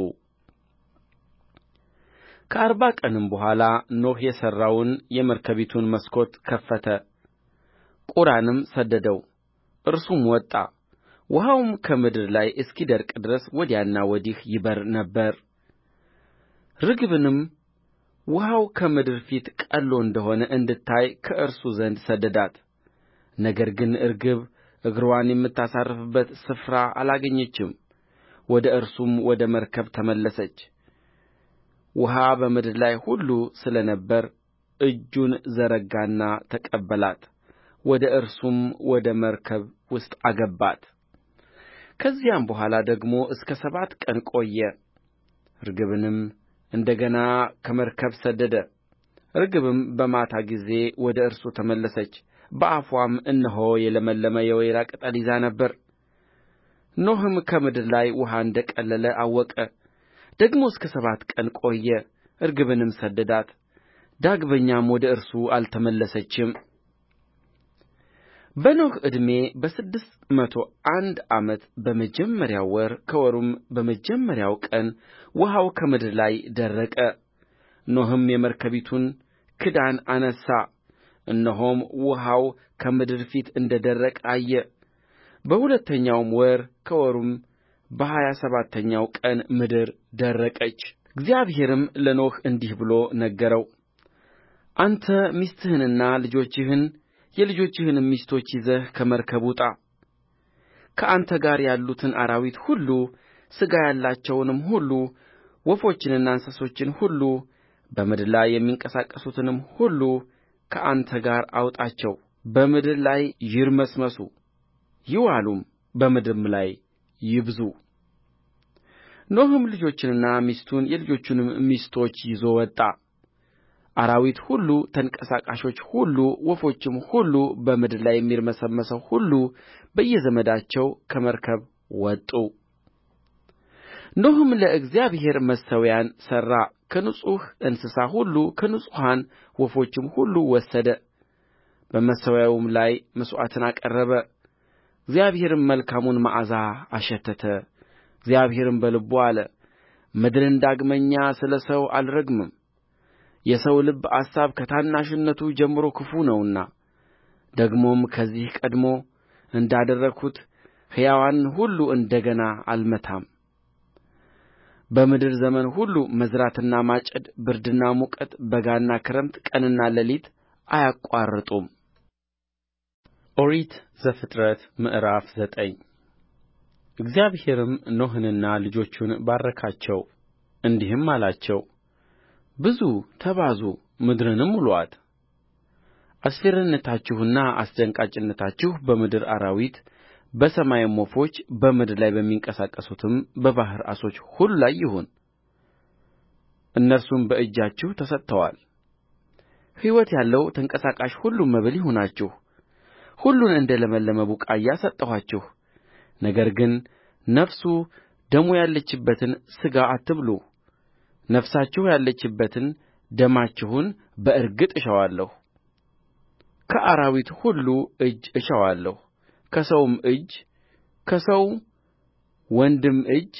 ከአርባ ቀንም በኋላ ኖኅ የሠራውን የመርከቢቱን መስኮት ከፈተ ቁራንም ሰደደው እርሱም ወጣ ውኃውም ከምድር ላይ እስኪደርቅ ድረስ ወዲያና ወዲህ ይበር ነበር ርግብንም ውኃው ከምድር ፊት ቀልሎ እንደ ሆነ እንድታይ ከእርሱ ዘንድ ሰደዳት ነገር ግን ርግብ እግርዋን የምታሳርፍበት ስፍራ አላገኘችም ወደ እርሱም ወደ መርከብ ተመለሰች ውኃ በምድር ላይ ሁሉ ስለ ነበረ እጁን ዘረጋና ተቀበላት ወደ እርሱም ወደ መርከብ ውስጥ አገባት ከዚያም በኋላ ደግሞ እስከ ሰባት ቀን ቆየ ርግብንም እንደ ገና ከመርከብ ሰደደ ርግብም በማታ ጊዜ ወደ እርሱ ተመለሰች በአፍዋም እነሆ የለመለመ የወይራ ቅጠል ይዛ ነበር ኖኅም ከምድር ላይ ውኃ እንደ ቀለለ አወቀ ደግሞ እስከ ሰባት ቀን ቆየ ርግብንም ሰደዳት ዳግመኛም ወደ እርሱ አልተመለሰችም በኖኅ ዕድሜ በስድስት መቶ አንድ ዓመት በመጀመሪያው ወር ከወሩም በመጀመሪያው ቀን ውኃው ከምድር ላይ ደረቀ ኖኅም የመርከቢቱን ክዳን አነሣ እነሆም ውኃው ከምድር ፊት እንደ ደረቀ አየ በሁለተኛውም ወር ከወሩም በሀያ ሰባተኛው ቀን ምድር ደረቀች እግዚአብሔርም ለኖኅ እንዲህ ብሎ ነገረው አንተ ሚስትህንና ልጆችህን የልጆችህንም ሚስቶች ይዘህ ከመርከብ ውጣ ከአንተ ጋር ያሉትን አራዊት ሁሉ ሥጋ ያላቸውንም ሁሉ ወፎችንና እንስሶችን ሁሉ በምድር ላይ የሚንቀሳቀሱትንም ሁሉ ከአንተ ጋር አውጣቸው በምድር ላይ ይርመስመሱ ይዋሉም በምድርም ላይ ይብዙ ኖኅም ልጆቹንና ሚስቱን የልጆቹንም ሚስቶች ይዞ ወጣ አራዊት ሁሉ ተንቀሳቃሾች ሁሉ ወፎችም ሁሉ በምድር ላይ የሚርመሰመሰው ሁሉ በየዘመዳቸው ከመርከብ ወጡ ኖኅም ለእግዚአብሔር መሠዊያን ሠራ ከንጹሕ እንስሳ ሁሉ ከንጹሐን ወፎችም ሁሉ ወሰደ በመሠዊያውም ላይ መሥዋዕትን አቀረበ እግዚአብሔርም መልካሙን መዓዛ አሸተተ እግዚአብሔርም በልቡ አለ ምድርን ዳግመኛ ስለ ሰው አልረግምም የሰው ልብ አሳብ ከታናሽነቱ ጀምሮ ክፉ ነውና ደግሞም ከዚህ ቀድሞ እንዳደረግሁት ሕያዋንን ሁሉ እንደ ገና አልመታም በምድር ዘመን ሁሉ መዝራትና ማጨድ ብርድና ሙቀት በጋና ክረምት ቀንና ሌሊት አያቋርጡም ኦሪት ዘፍጥረት ምዕራፍ ዘጠኝ እግዚአብሔርም ኖኅንና ልጆቹን ባረካቸው እንዲህም አላቸው ብዙ ተባዙ ምድርንም ሙሉአት አስፈሪነታችሁና አስደንጋጭነታችሁ በምድር አራዊት በሰማይም ወፎች በምድር ላይ በሚንቀሳቀሱትም በባሕር ዓሦች ሁሉ ላይ ይሁን እነርሱም በእጃችሁ ተሰጥተዋል ሕይወት ያለው ተንቀሳቃሽ ሁሉ መብል ይሁናችሁ ሁሉን እንደ ለመለመ ቡቃያ ሰጠኋችሁ ነገር ግን ነፍሱ ደሙ ያለችበትን ሥጋ አትብሉ ነፍሳችሁ ያለችበትን ደማችሁን በእርግጥ እሻዋለሁ ከአራዊት ሁሉ እጅ እሻዋለሁ ከሰውም እጅ ከሰው ወንድም እጅ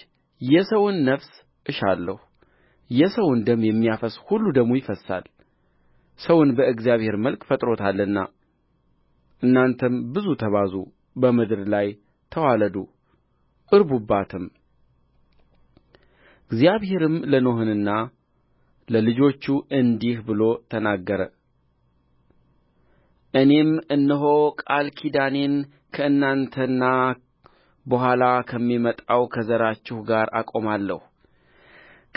የሰውን ነፍስ እሻለሁ የሰውን ደም የሚያፈስስ ሁሉ ደሙ ይፈስሳል ሰውን በእግዚአብሔር መልክ ፈጥሮታልና እናንተም ብዙ ተባዙ በምድር ላይ ተዋለዱ እርቡባትም እግዚአብሔርም ለኖኅና ለልጆቹ እንዲህ ብሎ ተናገረ እኔም እነሆ ቃል ኪዳኔን ከእናንተና በኋላ ከሚመጣው ከዘራችሁ ጋር አቆማለሁ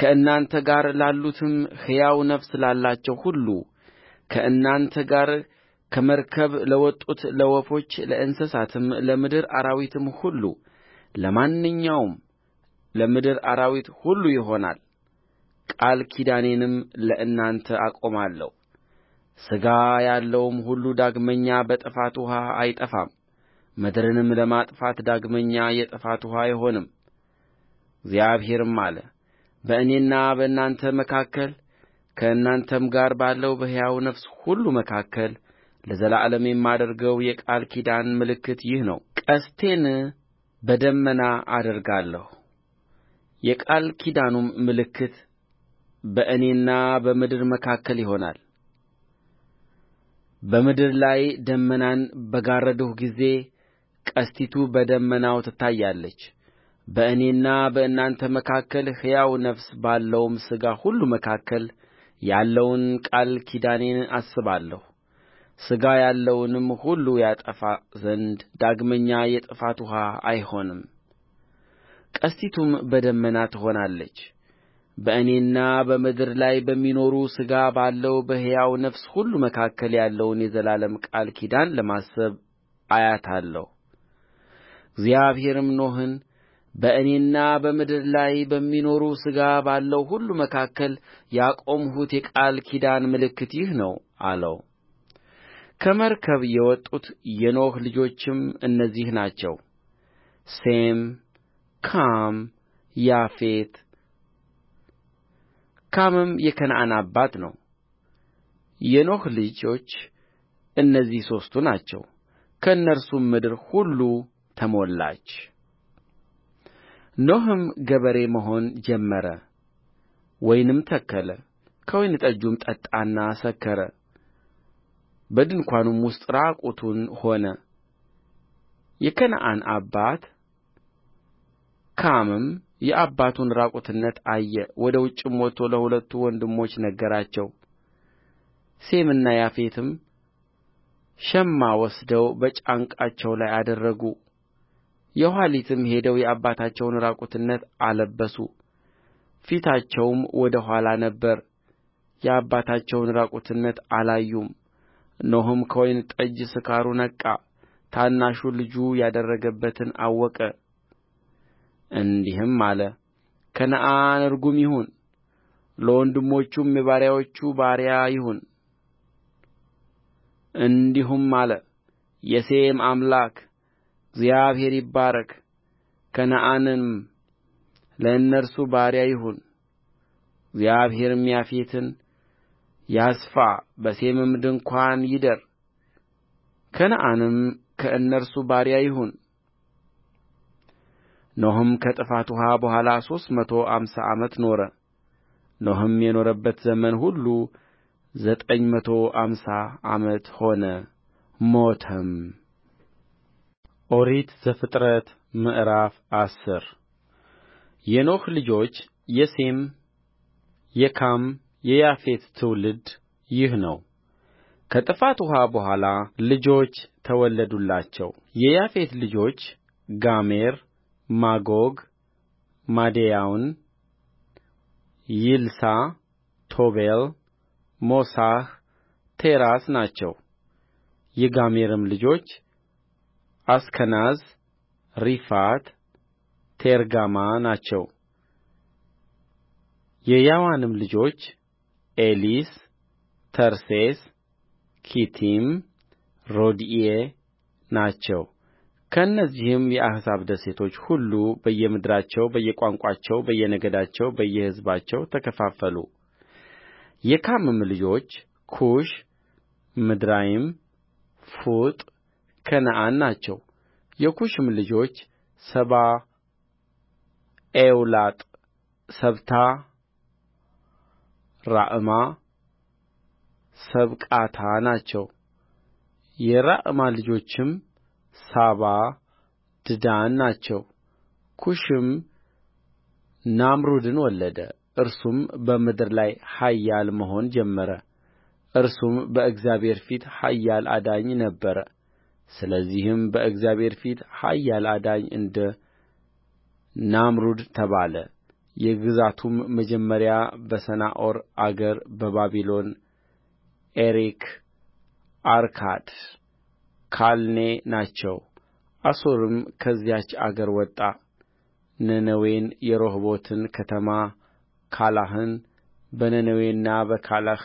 ከእናንተ ጋር ላሉትም ሕያው ነፍስ ላላቸው ሁሉ ከእናንተ ጋር ከመርከብ ለወጡት ለወፎች ለእንስሳትም ለምድር አራዊትም ሁሉ ለማንኛውም ለምድር አራዊት ሁሉ ይሆናል ቃል ኪዳኔንም ለእናንተ አቆማለሁ ሥጋ ያለውም ሁሉ ዳግመኛ በጥፋት ውኃ አይጠፋም ምድርንም ለማጥፋት ዳግመኛ የጥፋት ውኃ አይሆንም እግዚአብሔርም አለ በእኔና በእናንተ መካከል ከእናንተም ጋር ባለው በሕያው ነፍስ ሁሉ መካከል ለዘላለም የማደርገው የቃል ኪዳን ምልክት ይህ ነው ቀስቴን በደመና አደርጋለሁ የቃል ኪዳኑም ምልክት በእኔና በምድር መካከል ይሆናል በምድር ላይ ደመናን በጋረድሁ ጊዜ ቀስቲቱ በደመናው ትታያለች በእኔና በእናንተ መካከል ሕያው ነፍስ ባለውም ሥጋ ሁሉ መካከል ያለውን ቃል ኪዳኔን አስባለሁ ሥጋ ያለውንም ሁሉ ያጠፋ ዘንድ ዳግመኛ የጥፋት ውኃ አይሆንም ቀስቲቱም በደመና ትሆናለች በእኔና በምድር ላይ በሚኖር ሥጋ ባለው በሕያው ነፍስ ሁሉ መካከል ያለውን የዘላለም ቃል ኪዳን ለማሰብ አያታለሁ እግዚአብሔርም ኖኅን በእኔና በምድር ላይ በሚኖር ሥጋ ባለው ሁሉ መካከል ያቆምሁት የቃል ኪዳን ምልክት ይህ ነው አለው ከመርከብ የወጡት የኖኅ ልጆችም እነዚህ ናቸው ሴም ካም ያፌት ካምም የከነዓን አባት ነው የኖኅ ልጆች እነዚህ ሦስቱ ናቸው ከእነርሱም ምድር ሁሉ ተሞላች ኖኅም ገበሬ መሆን ጀመረ ወይንም ተከለ ከወይን ጠጁም ጠጣና ሰከረ በድንኳኑም ውስጥ ራቁቱን ሆነ የከነዓን አባት ካምም የአባቱን ራቁትነት አየ ወደ ውጭም ወጥቶ ለሁለቱ ወንድሞቹ ነገራቸው ሴምና ያፌትም ሸማ ወስደው በጫንቃቸው ላይ አደረጉ የኋሊትም ሄደው የአባታቸውን ራቁትነት አለበሱ ፊታቸውም ወደ ኋላ ነበረ የአባታቸውን ራቁትነት አላዩም ኖኅም ከወይን ጠጅ ስካሩ ነቃ ታናሹ ልጁ ያደረገበትን አወቀ እንዲህም አለ ከነዓን ርጉም ይሁን ለወንድሞቹም የባሪያዎቹ ባሪያ ይሁን እንዲህም አለ የሴም አምላክ እግዚአብሔር ይባረክ ከነዓንም ለእነርሱ ባሪያ ይሁን እግዚአብሔርም ያፌትን ያስፋ በሴምም ድንኳን ይደር ከነዓንም ከእነርሱ ባሪያ ይሁን ኖኅም ከጥፋት ውኃ በኋላ ሦስት መቶ አምሳ ዓመት ኖረ ኖኅም የኖረበት ዘመን ሁሉ ዘጠኝ መቶ አምሳ ዓመት ሆነ ሞተም ኦሪት ዘፍጥረት ምዕራፍ አስር የኖኅ ልጆች የሴም የካም የያፌት ትውልድ ይህ ነው ከጥፋት ውኃ በኋላ ልጆች ተወለዱላቸው የያፌት ልጆች ጋሜር ማጎግ ማዴያውን ይልሳ ቶቤል ሞሳሕ ቴራስ ናቸው የጋሜርም ልጆች አስከናዝ ሪፋት ቴርጋማ ናቸው የያዋንም ልጆች ኤሊስ ተርሴስ ኪቲም ሮድኢ ናቸው ከእነዚህም የአሕዛብ ደሴቶች ሁሉ በየምድራቸው በየቋንቋቸው በየነገዳቸው በየሕዝባቸው ተከፋፈሉ የካምም ልጆች ኩሽ ምድራይም ፉጥ ከነዓን ናቸው የኩሽም ልጆች ሳባ ኤውላጥ ሰብታ ራዕማ ሰብቃታ ናቸው የራዕማ ልጆችም ሳባ ድዳን ናቸው ኩሽም ናምሩድን ወለደ እርሱም በምድር ላይ ኃያል መሆን ጀመረ እርሱም በእግዚአብሔር ፊት ኃያል አዳኝ ነበረ ስለዚህም በእግዚአብሔር ፊት ኃያል አዳኝ እንደ ናምሩድ ተባለ የግዛቱም መጀመሪያ በሰናዖር አገር በባቢሎን ኤሬክ አርካድ ካልኔ ናቸው አሦርም ከዚያች አገር ወጣ ነነዌን የረሆቦትን ከተማ ካላህን በነነዌና በካላህ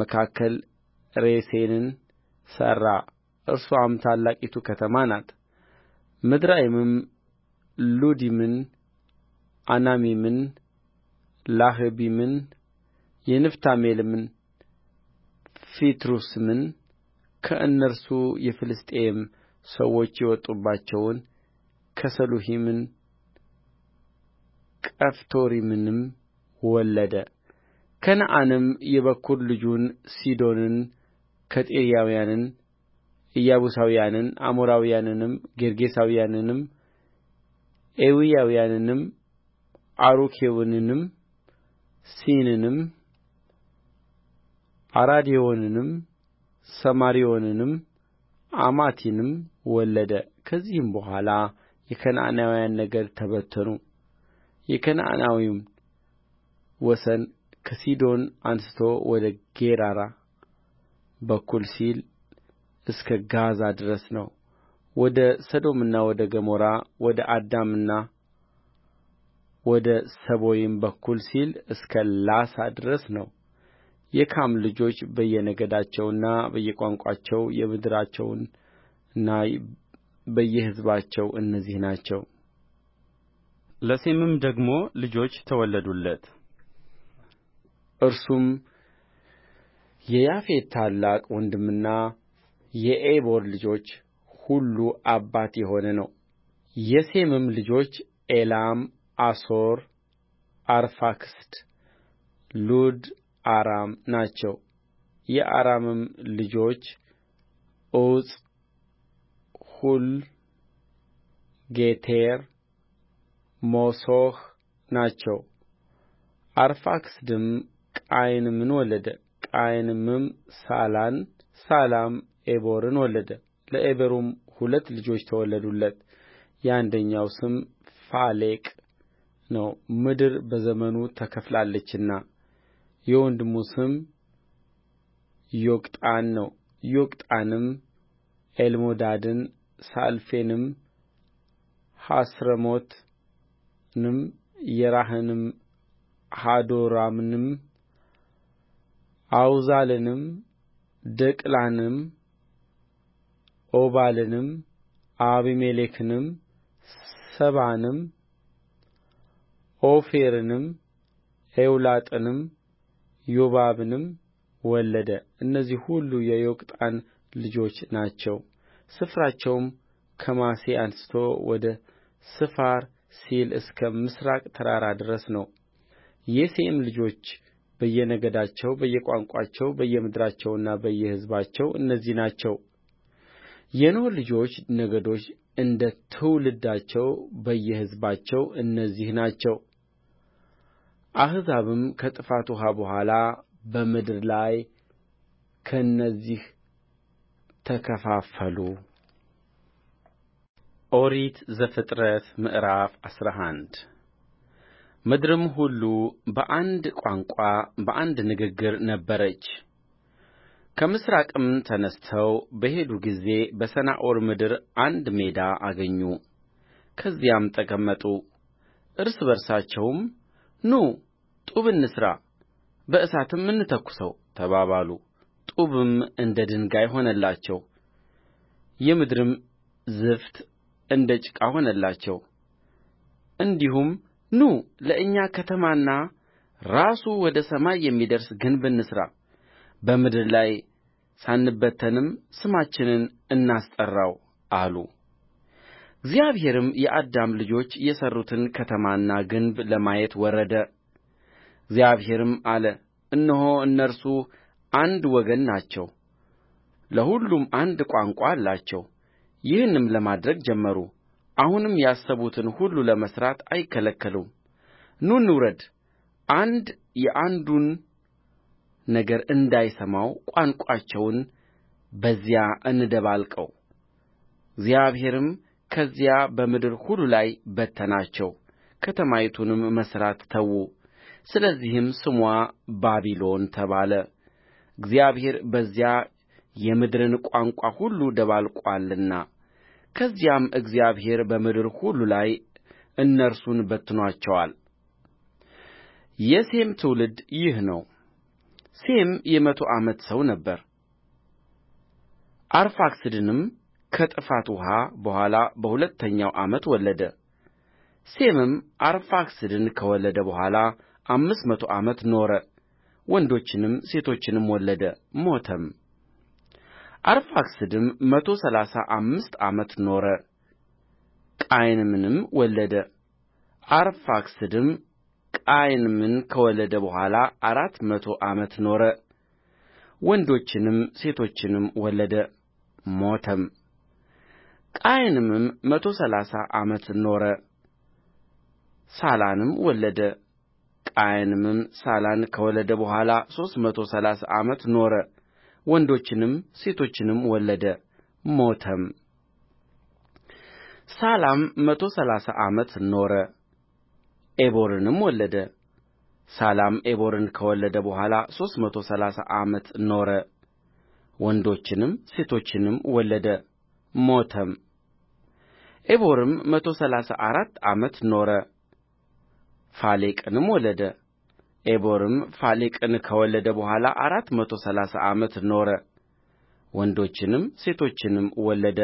መካከል ሬሴንን ሠራ እርስዋም ታላቂቱ ከተማ ናት ምድራይምም ሉዲምን ዐናሚምን ላህቢምን የንፍታሌምን ፈትሩሲምን ከእነርሱ የፍልስጥኤም ሰዎች የወጡባቸውን ከስሉሂምን ቀፍቶሪምንም ወለደ ከነዓንም የበኵር ልጁን ሲዶንን ኬጢያውያንን ኢያቡሳውያንን አሞራውያንንም ጌርጌሳውያንንም ኤዊያውያንንም አሩኬውንም ሲኒንም አራዴዎንንም ሰማሪዮንንም አማቲንም ወለደ ከዚህም በኋላ የከነዓናውያን ነገድ ተበተኑ የከነዓናዊውም ወሰን ከሲዶን አንሥቶ ወደ ጌራራ በኩል ሲል እስከ ጋዛ ድረስ ነው ወደ ሰዶምና ወደ ገሞራ ወደ አዳማና ወደ ሰቦይም በኩል ሲል እስከ ላሳ ድረስ ነው የካም ልጆች በየነገዳቸውና በየቋንቋቸው የምድራቸውና በየሕዝባቸው እነዚህ ናቸው ለሴምም ደግሞ ልጆች ተወለዱለት እርሱም የያፌት ታላቅ ወንድምና የዔቦር ልጆች ሁሉ አባት የሆነ ነው የሴምም ልጆች ኤላም አሶር አርፋክስድ ሉድ አራም ናቸው የአራምም ልጆች ዑፅ ሁል ጌቴር ሞሶሕ ናቸው አርፋክስድም ቃይንምን ወለደ ቃይንምም ሳላን ሳላም ዔቦርን ወለደ ለዔቦርም ሁለት ልጆች ተወለዱለት የአንደኛው ስም ፋሌቅ ነው ምድር በዘመኑ ተከፍላለችና የወንድሙ ስም ዮቅጣን ነው ዮቅጣንም ኤልሞዳድን ሳሌፍንም ሐስረሞትንም ዬራሕንም ሀዶራምንም አውዛልንም ደቅላንም ዖባልንም አቢሜሌክንም ሳባንም ኦፌርንም ኤውላጥንም ዮባብንም ወለደ እነዚህ ሁሉ የዮቅጣን ልጆች ናቸው ስፍራቸውም ከማሴ አንሥቶ ወደ ስፋር ሲል እስከ ምሥራቅ ተራራ ድረስ ነው የሴም ልጆች በየነገዳቸው በየቋንቋቸው በየምድራቸውና በየሕዝባቸው እነዚህ ናቸው የኖኅ ልጆች ነገዶች እንደ ትውልዳቸው በየሕዝባቸው እነዚህ ናቸው አሕዛብም ከጥፋት ውኃ በኋላ በምድር ላይ ከእነዚህ ተከፋፈሉ ኦሪት ዘፍጥረት ምዕራፍ አስራ አንድ ምድርም ሁሉ በአንድ ቋንቋ በአንድ ንግግር ነበረች ከምሥራቅም ተነሥተው በሄዱ ጊዜ በሰናዖር ምድር አንድ ሜዳ አገኙ ከዚያም ተቀመጡ እርስ በርሳቸውም ኑ ጡብ እንሥራ በእሳትም እንተኵሰው ተባባሉ ጡብም እንደ ድንጋይ ሆነላቸው የምድርም ዝፋት እንደ ጭቃ ሆነላቸው እንዲሁም ኑ ለእኛ ከተማና ራሱ ወደ ሰማይ የሚደርስ ግንብ እንሥራ በምድር ላይ ሳንበተንም ስማችንን እናስጠራው አሉ እግዚአብሔርም የአዳም ልጆች የሠሩትን ከተማና ግንብ ለማየት ወረደ እግዚአብሔርም አለ እነሆ እነርሱ አንድ ወገን ናቸው ለሁሉም አንድ ቋንቋ አላቸው ይህንም ለማድረግ ጀመሩ አሁንም ያሰቡትን ሁሉ ለመሥራት አይከለከሉም ኑ እንውረድ አንድ የአንዱን ነገር እንዳይሰማው ቋንቋቸውን በዚያ እንደባልቀው እግዚአብሔርም ከዚያ በምድር ሁሉ ላይ በተናቸው ከተማይቱንም መሥራት ተዉ ስለዚህም ስምዋ ባቢሎን ተባለ እግዚአብሔር በዚያ የምድርን ቋንቋ ሁሉ ደባልቋልና ከዚያም እግዚአብሔር በምድር ሁሉ ላይ እነርሱን በትኖአቸዋል የሴም ትውልድ ይህ ነው ሴም የመቶ ዓመት ሰው ነበረ አርፋክስድንም ከጥፋት ውኃ በኋላ በሁለተኛው ዓመት ወለደ ሴምም አርፋክስድን ከወለደ በኋላ አምስት መቶ ዓመት ኖረ ወንዶችንም ሴቶችንም ወለደ ሞተም አርፋክስድም መቶ ሠላሳ አምስት ዓመት ኖረ ቃይንምንም ወለደ አርፋክስድም ቃይንምን ከወለደ በኋላ አራት መቶ ዓመት ኖረ ወንዶችንም ሴቶችንም ወለደ ሞተም ቃይንምም መቶ ሠላሳ ዓመት ኖረ ሳላንም ወለደ ቃይንምም ሳላን ከወለደ በኋላ ሦስት መቶ ሠላሳ ዓመት ኖረ ወንዶችንም ሴቶችንም ወለደ ሞተም ሳላም መቶ ሠላሳ ዓመት ኖረ ዔቦርንም ወለደ ሳላም ዔቦርን ከወለደ በኋላ ሦስት መቶ ሠላሳ ዓመት ኖረ ወንዶችንም ሴቶችንም ወለደ ሞተም ዔቦርም መቶ ሠላሳ አራት ዓመት ኖረ ፋሌቅንም ወለደ ዔቦርም ፋሌቅን ከወለደ በኋላ አራት መቶ ሠላሳ ዓመት ኖረ ወንዶችንም ሴቶችንም ወለደ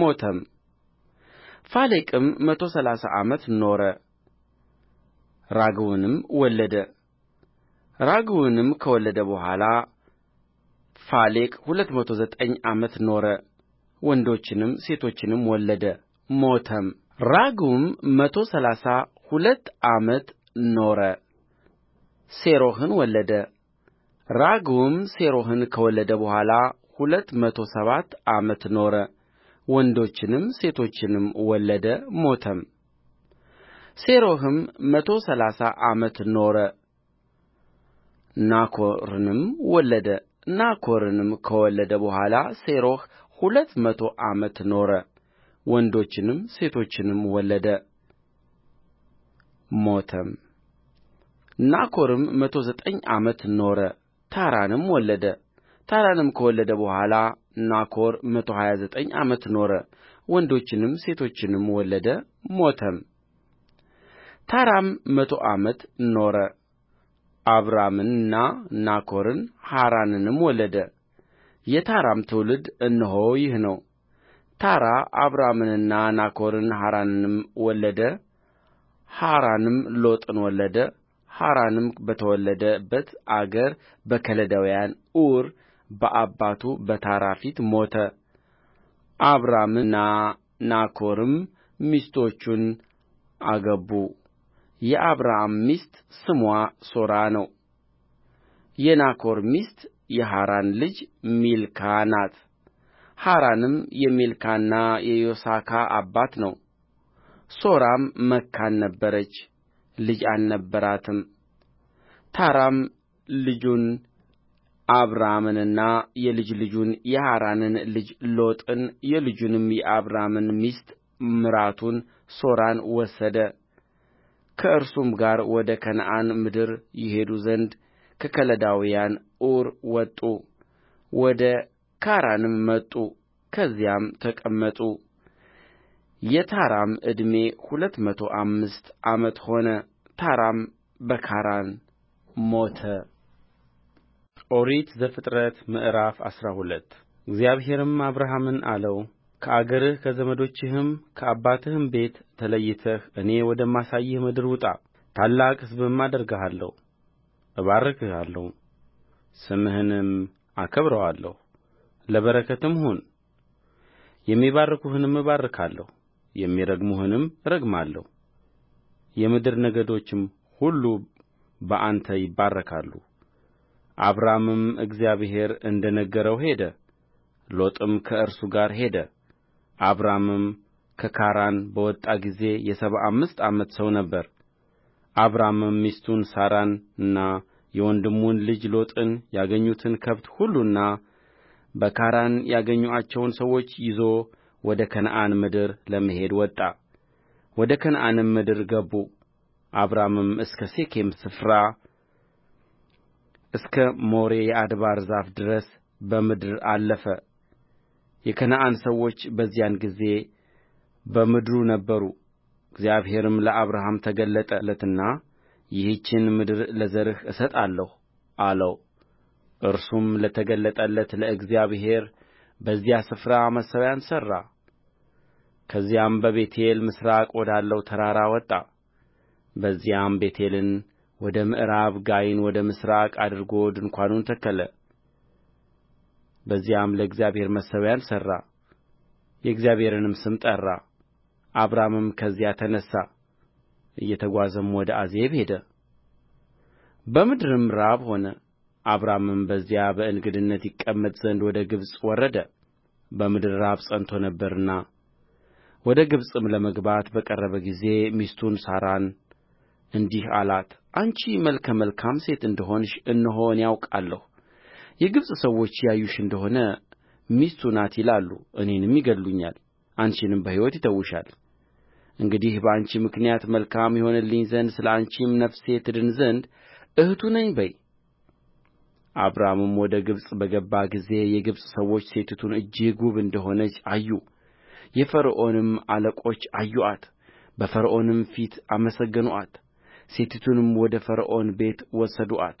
ሞተም ፋሌቅም መቶ ሠላሳ ዓመት ኖረ ራግውንም ወለደ ራግውንም ከወለደ በኋላ ፋሌቅ ሁለት መቶ ዘጠኝ ዓመት ኖረ ወንዶችንም ሴቶችንም ወለደ ሞተም ራጉም መቶ ሠላሳ ሁለት ዓመት ኖረ ሴሮሕን ወለደ ራጉም ሴሮሕን ከወለደ በኋላ ሁለት መቶ ሰባት ዓመት ኖረ ወንዶችንም ሴቶችንም ወለደ ሞተም ሴሮሕም መቶ ሠላሳ ዓመት ኖረ ናኮርንም ወለደ ናኮርንም ከወለደ በኋላ ሴሮሕ ሁለት መቶ ዓመት ኖረ ወንዶችንም ሴቶችንም ወለደ ሞተም ናኮርም መቶ ዘጠኝ ዓመት ኖረ ታራንም ወለደ ታራንም ከወለደ በኋላ ናኮር መቶ ሀያ ዘጠኝ ዓመት ኖረ ወንዶችንም ሴቶችንም ወለደ ሞተም ታራም መቶ ዓመት ኖረ አብራምንና ናኮርን ሐራንንም ወለደ የታራም ትውልድ እነሆ ይህ ነው ታራ አብራምንና ናኮርን ሐራንንም ወለደ ሐራንም ሎጥን ወለደ ሐራንም በተወለደበት አገር በከለዳውያን ዑር በአባቱ በታራ ፊት ሞተ አብራምና ናኮርም ሚስቶቹን አገቡ የአብራም ሚስት ስምዋ ሦራ ነው የናኮር ሚስት የሐራን ልጅ ሚልካ ናት ሐራንም የሚልካና የዮስካ አባት ነው ሦራም መካን ነበረች ልጅ አልነበራትም ታራም ልጁን አብራምንና የልጅ ልጁን የሐራንን ልጅ ሎጥን የልጁንም የአብራምን ሚስት ምራቱን ሦራን ወሰደ ከእርሱም ጋር ወደ ከነዓን ምድር ይሄዱ ዘንድ ከከለዳውያን ዑር ወጡ ወደ ካራንም መጡ ከዚያም ተቀመጡ የታራም ዕድሜ ሁለት መቶ አምስት ዓመት ሆነ ታራም በካራን ሞተ ኦሪት ዘፍጥረት ምዕራፍ አስራ ሁለት እግዚአብሔርም አብርሃምን አለው ከአገርህ ከዘመዶችህም ከአባትህም ቤት ተለይተህ እኔ ወደማሳይህ ምድር ውጣ ታላቅ ሕዝብም አደርግሃለሁ እባርክሃለሁ ስምህንም አከብረዋለሁ ለበረከትም ሁን የሚባርኩህንም እባርካለሁ የሚረግሙህንም እረግማለሁ የምድር ነገዶችም ሁሉ በአንተ ይባረካሉ አብራምም እግዚአብሔር እንደ ነገረው ሄደ ሎጥም ከእርሱ ጋር ሄደ አብራምም ከካራን በወጣ ጊዜ የሰባ አምስት ዓመት ሰው ነበረ አብራምም ሚስቱን ሣራንና የወንድሙን ልጅ ሎጥን ያገኙትን ከብት ሁሉና በካራን ያገኙአቸውን ሰዎች ይዞ ወደ ከነዓን ምድር ለመሄድ ወጣ ወደ ከነዓንም ምድር ገቡ አብራምም እስከ ሴኬም ስፍራ እስከ ሞሬ የአድባር ዛፍ ድረስ በምድር አለፈ የከነዓን ሰዎች በዚያን ጊዜ በምድሩ ነበሩ እግዚአብሔርም ለአብርሃም ተገለጠለትና ይህችን ምድር ለዘርህ እሰጣለሁ አለው እርሱም ለተገለጠለት ለእግዚአብሔር በዚያ ስፍራ መሠዊያን ሠራ ከዚያም በቤቴል ምሥራቅ ወዳለው ተራራ ወጣ በዚያም ቤቴልን ወደ ምዕራብ ጋይን ወደ ምሥራቅ አድርጎ ድንኳኑን ተከለ በዚያም ለእግዚአብሔር መሠዊያን ሠራ የእግዚአብሔርንም ስም ጠራ አብራምም ከዚያ ተነሣ እየተጓዘም ወደ አዜብ ሄደ በምድርም ራብ ሆነ አብራምም በዚያ በእንግድነት ይቀመጥ ዘንድ ወደ ግብፅ ወረደ በምድር ራብ ጸንቶ ነበርና ወደ ግብፅም ለመግባት በቀረበ ጊዜ ሚስቱን ሣራን እንዲህ አላት አንቺ መልከ መልካም ሴት እንደ ሆንሽ እነሆ እኔ አውቃለሁ የግብፅ ሰዎች ያዩሽ እንደ ሆነ ሚስቱ ናት ይላሉ እኔንም ይገድሉኛል አንቺንም በሕይወት ይተዉሻል እንግዲህ በአንቺ ምክንያት መልካም ይሆንልኝ ዘንድ ስለ አንቺም ነፍሴ ትድን ዘንድ እኅቱ ነኝ በዪ አብራምም ወደ ግብፅ በገባ ጊዜ የግብፅ ሰዎች ሴቲቱን እጅግ ውብ እንደ ሆነች አዩ የፈርዖንም አለቆች አዩአት በፈርዖንም ፊት አመሰገኑአት ሴቲቱንም ወደ ፈርዖን ቤት ወሰዱአት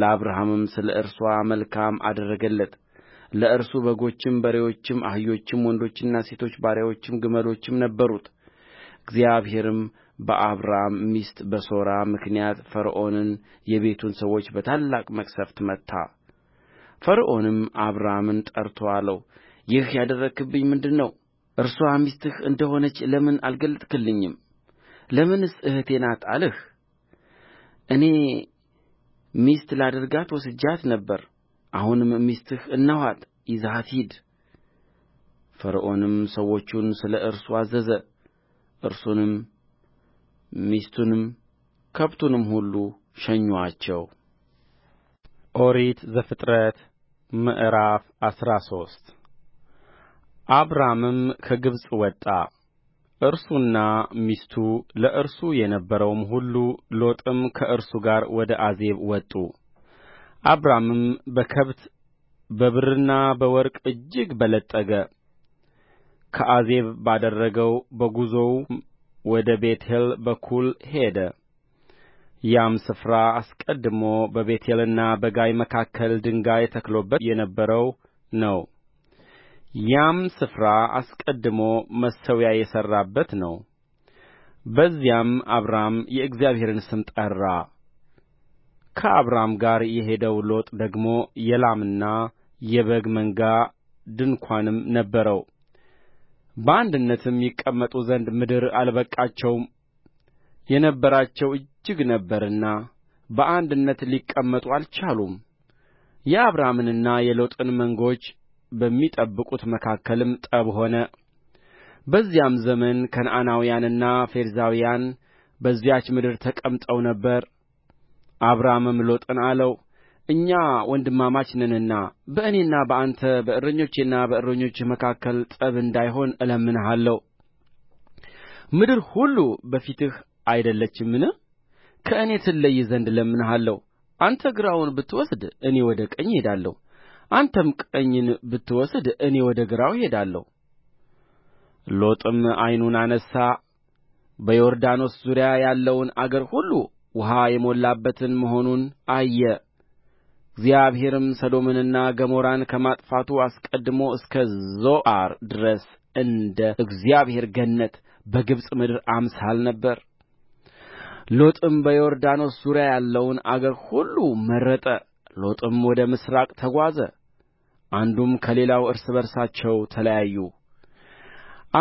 ለአብርሃምም ስለ እርስዋ መልካም አደረገለት ለእርሱ በጎችም በሬዎችም አህዮችም ወንዶችና ሴቶች ባሪያዎችም ግመሎችም ነበሩት እግዚአብሔርም በአብራም ሚስት በሦራ ምክንያት ፈርዖንንና የቤቱን ሰዎች በታላቅ መቅሠፍት መታ ፈርዖንም አብራምን ጠርቶ አለው ይህ ያደረግህብኝ ምንድር ነው እርስዋ ሚስትህ እንደ ሆነች ለምን አልገለጥህልኝም ለምንስ እኅቴ ናት አልህ እኔ ሚስት ላደርጋት ወስጄአት ነበር አሁንም ሚስትህ እነኋት ይዘሃት ሂድ ፈርዖንም ሰዎቹን ስለ እርሱ አዘዘ እርሱንም ሚስቱንም ከብቱንም ሁሉ ሸኙአቸው ኦሪት ዘፍጥረት ምዕራፍ አስራ ሶስት አብራምም ከግብፅ ወጣ እርሱና ሚስቱ ለእርሱ የነበረውም ሁሉ ሎጥም ከእርሱ ጋር ወደ አዜብ ወጡ አብራምም በከብት በብርና በወርቅ እጅግ በለጠገ ከአዜብ ባደረገው በጕዞውም ወደ ቤቴል በኩል ሄደ ያም ስፍራ አስቀድሞ በቤቴልና በጋይ መካከል ድንጋይ ተክሎበት የነበረው ነው ያም ስፍራ አስቀድሞ መሠዊያ የሠራበት ነው በዚያም አብራም የእግዚአብሔርን ስም ጠራ ከአብራም ጋር የሄደው ሎጥ ደግሞ የላምና የበግ መንጋ ድንኳንም ነበረው በአንድነትም ይቀመጡ ዘንድ ምድር አልበቃቸውም የነበራቸው እጅግ ነበረና በአንድነት ሊቀመጡ አልቻሉም የአብራምንና የሎጥን መንጎች በሚጠብቁት መካከልም ጠብ ሆነ በዚያም ዘመን ከነዓናውያንና ፌርዛውያን በዚያች ምድር ተቀምጠው ነበር አብራምም ሎጥን አለው እኛ ወንድማማች ነንና በእኔና በአንተ በእረኞቼና በእረኞችህ መካከል ጠብ እንዳይሆን እለምንሃለሁ ምድር ሁሉ በፊትህ አይደለችምን ከእኔ ትለይ ዘንድ እለምንሃለሁ አንተ ግራውን ብትወስድ እኔ ወደ ቀኝ እሄዳለሁ አንተም ቀኝን ብትወስድ እኔ ወደ ግራው እሄዳለሁ ሎጥም ዓይኑን አነሣ በዮርዳኖስ ዙሪያ ያለውን አገር ሁሉ ውኃ የሞላበትን መሆኑን አየ እግዚአብሔርም ሰዶምንና ገሞራን ከማጥፋቱ አስቀድሞ እስከ ዞዓር ድረስ እንደ እግዚአብሔር ገነት በግብፅ ምድር አምሳል ነበረ ሎጥም በዮርዳኖስ ዙሪያ ያለውን አገር ሁሉ መረጠ ሎጥም ወደ ምሥራቅ ተጓዘ አንዱም ከሌላው እርስ በርሳቸው ተለያዩ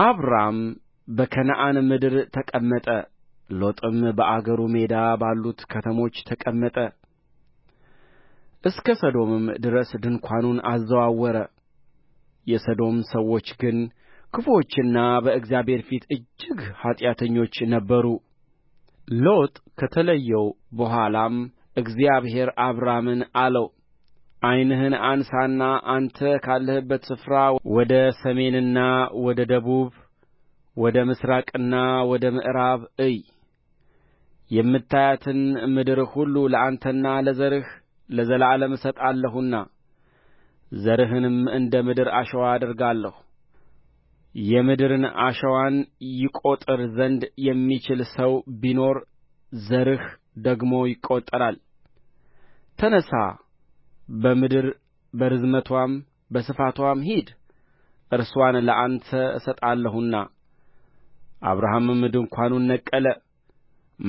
አብራም በከነዓን ምድር ተቀመጠ ሎጥም በአገሩ ሜዳ ባሉት ከተሞች ተቀመጠ እስከ ሰዶምም ድረስ ድንኳኑን አዘዋወረ የሰዶም ሰዎች ግን ክፉዎችና በእግዚአብሔር ፊት እጅግ ኃጢአተኞች ነበሩ ሎጥ ከተለየው በኋላም እግዚአብሔር አብራምን አለው ዓይንህን አንሣና አንተ ካለህበት ስፍራ ወደ ሰሜንና ወደ ደቡብ ወደ ምሥራቅና ወደ ምዕራብ እይ የምታያትን ምድር ሁሉ ለአንተና ለዘርህ ለዘላለም እሰጣለሁና ዘርህንም እንደ ምድር አሸዋ አደርጋለሁ የምድርን አሸዋን ይቈጥር ዘንድ የሚችል ሰው ቢኖር ዘርህ ደግሞ ይቈጠራል ተነሣ በምድር በርዝመትዋም በስፋትዋም ሂድ እርስዋን ለአንተ እሰጣለሁና አብርሃምም ድንኳኑን ነቀለ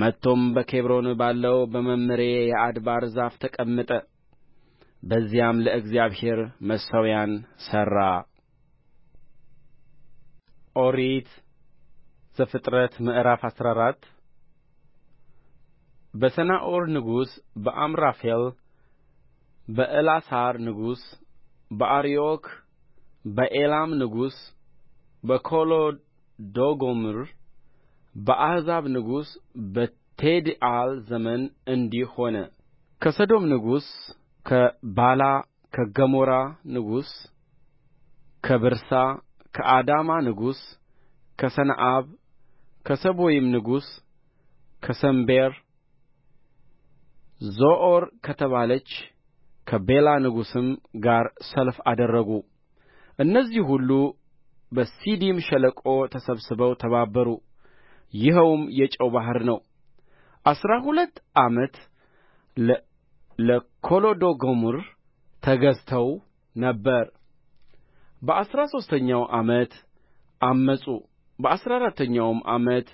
መጥቶም በኬብሮን ባለው በመምሬ የአድባር ዛፍ ተቀመጠ በዚያም ለእግዚአብሔር መሠዊያን ሠራ ኦሪት ዘፍጥረት ምዕራፍ አስራ አራት በሰናዖር ንጉሥ በአምራፌል በእላሳር ንጉሥ በአርዮክ በኤላም ንጉሥ በኮሎዶጎምር በአሕዛብ ንጉሥ በቲድዓል ዘመን እንዲህ ሆነ ከሰዶም ንጉሥ ከባላ ከገሞራ ንጉሥ ከብርሳ ከአዳማ ንጉሥ ከሰነአብ ከሰቦይም ንጉሥ ከሰሜበር ዞዓር ከተባለች ከቤላ ንጉሥም ጋር ሰልፍ አደረጉ እነዚህ ሁሉ በሲዲም ሸለቆ ተሰብስበው ተባበሩ ይኸውም የጨው ባሕር ነው አሥራ ሁለት ዓመት ለኮሎዶጎምር ተገዝተው ነበር በአሥራ ሦስተኛው ዓመት ዐመፁ በአሥራ አራተኛውም ዓመት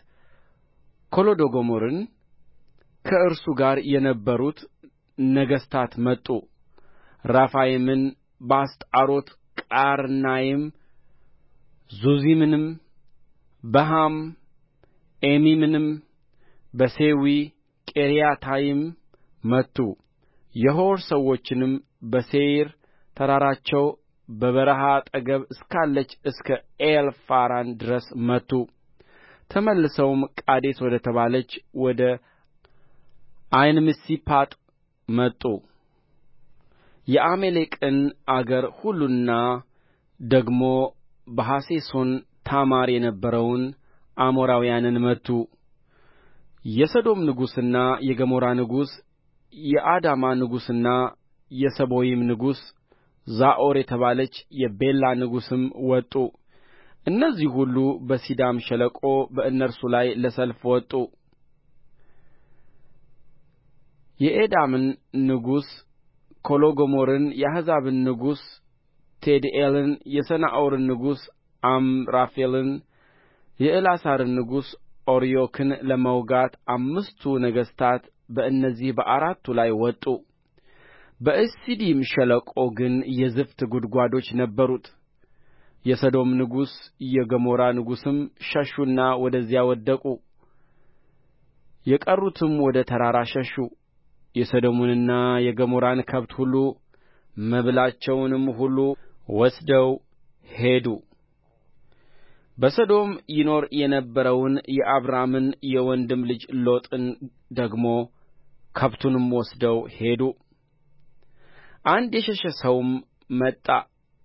ኮሎዶጎምርን ከእርሱ ጋር የነበሩት ነገሥታት መጡ ራፋይምን በአስጣሮት ቃርናይም ዙዚምንም በሃም ኤሚምንም በሴዊ ቂርያታይም መቱ የሖር ሰዎችንም በሴይር ተራራቸው በበረሀ አጠገብ እስካለች እስከ ፋራን ድረስ መቱ ተመልሰውም ቃዴስ ወደ ተባለች ወደ ዓይንሚስፓጥ መጡ የአማሌቅን አገር ሁሉና ደግሞ በሐሴሶን ታማር የነበረውን አሞራውያንን መቱ የሰዶም ንጉሥና የገሞራ ንጉሥ የአዳማ ንጉሥና የሰቦይም ንጉሥ ዞዓር የተባለች የቤላ ንጉሥም ወጡ እነዚህ ሁሉ በሲዲም ሸለቆ በእነርሱ ላይ ለሰልፍ ወጡ የኤላምን ንጉሥ ኮሎዶጎምርን የአሕዛብን ንጉሥ ቲድዓልን የሰናዖርን ንጉሥ አምራፌልን የእላሳርን ንጉሥ አርዮክን ለመውጋት አምስቱ ነገሥታት በእነዚህ በአራቱ ላይ ወጡ በእሲዲም ሸለቆ ግን የዝፍት ጕድጓዶች ነበሩት የሰዶም ንጉሥ የገሞራ ንጉሥም ሸሹና ወደዚያ ወደቁ የቀሩትም ወደ ተራራ ሸሹ የሰዶምንና የገሞራን ከብት ሁሉ መብላቸውንም ሁሉ ወስደው ሄዱ በሰዶም ይኖር የነበረውን የአብራምን የወንድም ልጅ ሎጥን ደግሞ ከብቱንም ወስደው ሄዱ አንድ የሸሸ ሰውም መጣ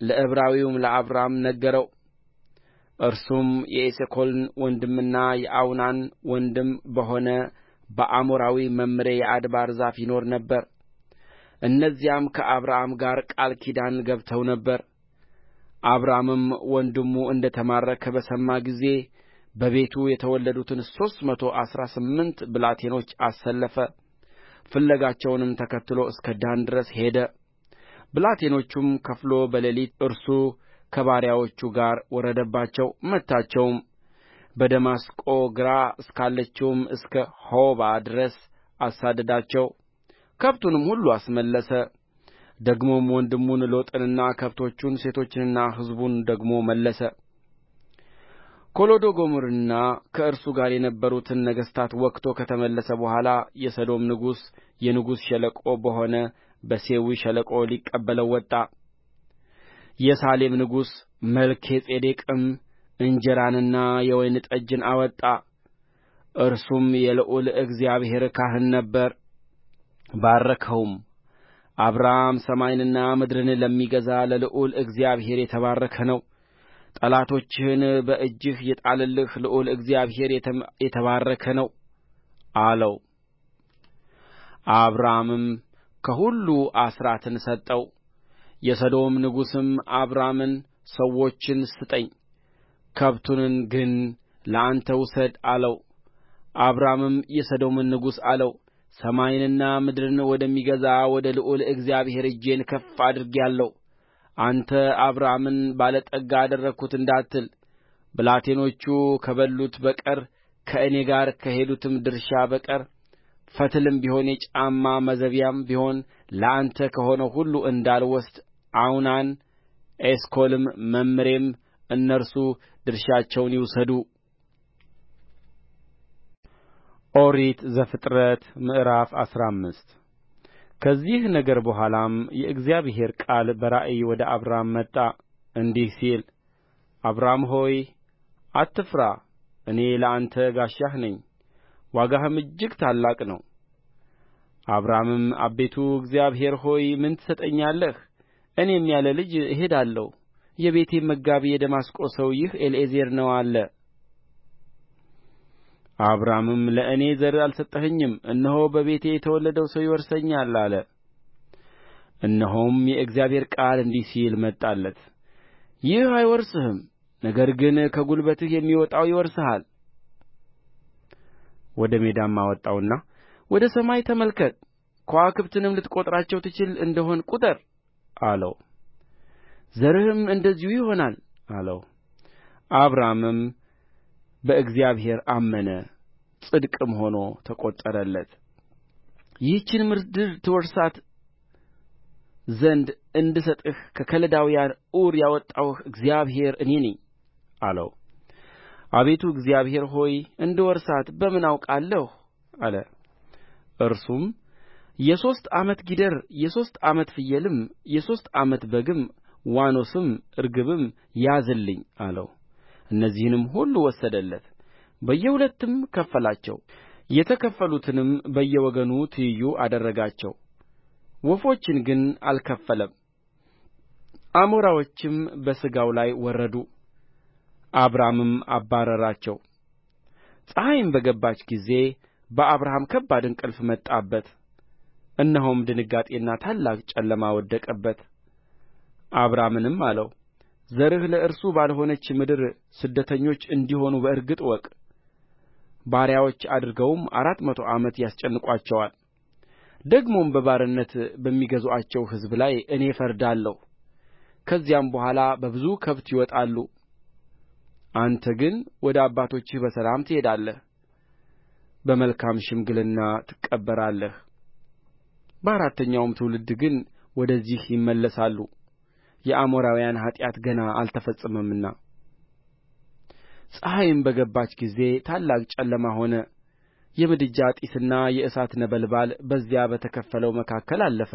ለዕብራዊውም ለአብራም ነገረው እርሱም የኤሴኮልን ወንድምና የአውናን ወንድም በሆነ በአሞራዊ መምሬ የአድባር ዛፍ ይኖር ነበር እነዚያም ከአብራም ጋር ቃል ኪዳን ገብተው ነበር አብራምም ወንድሙ እንደ ተማረከ በሰማ ጊዜ በቤቱ የተወለዱትን ሦስት መቶ አሥራ ስምንት ብላቴኖች አሰለፈ ፍለጋቸውንም ተከትሎ እስከ ዳን ድረስ ሄደ ብላቴኖቹም ከፍሎ በሌሊት እርሱ ከባሪያዎቹ ጋር ወረደባቸው መታቸውም በደማስቆ ግራ እስካለችውም እስከ ሖባ ድረስ አሳደዳቸው ከብቱንም ሁሉ አስመለሰ ደግሞም ወንድሙን ሎጥንና ከብቶቹን ሴቶችንና ሕዝቡን ደግሞ መለሰ ኮሎዶጎምርና ከእርሱ ጋር የነበሩትን ነገሥታት ወግቶ ከተመለሰ በኋላ የሰዶም ንጉሥ የንጉሥ ሸለቆ በሆነ በሴዊ ሸለቆ ሊቀበለው ወጣ የሳሌም ንጉሥ መልከ ጼዴቅም እንጀራንና የወይን ጠጅን አወጣ እርሱም የልዑል እግዚአብሔር ካህን ነበረ ባረከውም አብራም ሰማይንና ምድርን ለሚገዛ ለልዑል እግዚአብሔር የተባረከ ነው ጠላቶችህን በእጅህ የጣለልህ ልዑል እግዚአብሔር የተባረከ ነው አለው አብራምም ከሁሉ አሥራትን ሰጠው የሰዶም ንጉሥም አብራምን ሰዎችን ስጠኝ ከብቱንን ግን ለአንተ ውሰድ አለው አብራምም የሰዶምን ንጉሥ አለው ሰማይንና ምድርን ወደሚገዛ ወደ ልዑል እግዚአብሔር እጄን ከፍ አድርጌአለሁ አንተ አብርሃምን ባለጠጋ አደረግሁት እንዳትል ብላቴኖቹ ከበሉት በቀር ከእኔ ጋር ከሄዱትም ድርሻ በቀር ፈትልም ቢሆን የጫማ መዘቢያም ቢሆን ለአንተ ከሆነው ሁሉ እንዳልወስድ አውናን ኤስኮልም መምሬም እነርሱ ድርሻቸውን ይውሰዱ ኦሪት ዘፍጥረት ምዕራፍ አስራ አምስት ከዚህ ነገር በኋላም የእግዚአብሔር ቃል በራእይ ወደ አብራም መጣ እንዲህ ሲል አብራም ሆይ አትፍራ እኔ ለአንተ ጋሻህ ነኝ ዋጋህም እጅግ ታላቅ ነው አብራምም አቤቱ እግዚአብሔር ሆይ ምን ትሰጠኛለህ እኔም ያለ ልጅ እሄዳለሁ የቤቴም መጋቢ የደማስቆ ሰው ይህ ኤሊዔዘር ነው አለ አብራምም ለእኔ ዘር አልሰጠኸኝም እነሆ በቤቴ የተወለደው ሰው ይወርሰኛል አለ እነሆም የእግዚአብሔር ቃል እንዲህ ሲል መጣለት ይህ አይወርስህም ነገር ግን ከጉልበትህ የሚወጣው ይወርስሃል ወደ ሜዳም አወጣውና ወደ ሰማይ ተመልከት ከዋክብትንም ልትቈጥራቸው ትችል እንደሆን ቍጠር አለው ዘርህም እንደዚሁ ይሆናል አለው አብራምም በእግዚአብሔር አመነ ጽድቅም ሆኖ ተቈጠረለት ይህችን ምድር ትወርሳት ዘንድ እንድሰጥህ ከከለዳውያን ዑር ያወጣሁህ እግዚአብሔር እኔ ነኝ አለው አቤቱ እግዚአብሔር ሆይ እንድወርሳት በምን አውቃለሁ አለ እርሱም የሦስት ዓመት ጊደር የሦስት ዓመት ፍየልም የሦስት ዓመት በግም ዋኖስም ርግብም ያዝልኝ አለው እነዚህንም ሁሉ ወሰደለት በየሁለትም ከፈላቸው የተከፈሉትንም በየወገኑ ትይዩ አደረጋቸው ወፎችን ግን አልከፈለም አሞራዎችም በሥጋው ላይ ወረዱ አብራምም አባረራቸው ፀሐይም በገባች ጊዜ በአብርሃም ከባድ እንቅልፍ መጣበት እነሆም ድንጋጤና ታላቅ ጨለማ ወደቀበት አብራምንም አለው ዘርህ ለእርሱ ባልሆነች ምድር ስደተኞች እንዲሆኑ በእርግጥ እወቅ ባሪያዎች አድርገውም አራት መቶ ዓመት ያስጨንቋቸዋል ደግሞም በባርነት በሚገዙአቸው ሕዝብ ላይ እኔ እፈርዳለሁ ከዚያም በኋላ በብዙ ከብት ይወጣሉ አንተ ግን ወደ አባቶችህ በሰላም ትሄዳለህ በመልካም ሽምግልና ትቀበራለህ በአራተኛውም ትውልድ ግን ወደዚህ ይመለሳሉ የአሞራውያን ኃጢአት ገና አልተፈጸመምና ፀሐይም በገባች ጊዜ ታላቅ ጨለማ ሆነ የምድጃ ጢስና የእሳት ነበልባል በዚያ በተከፈለው መካከል አለፈ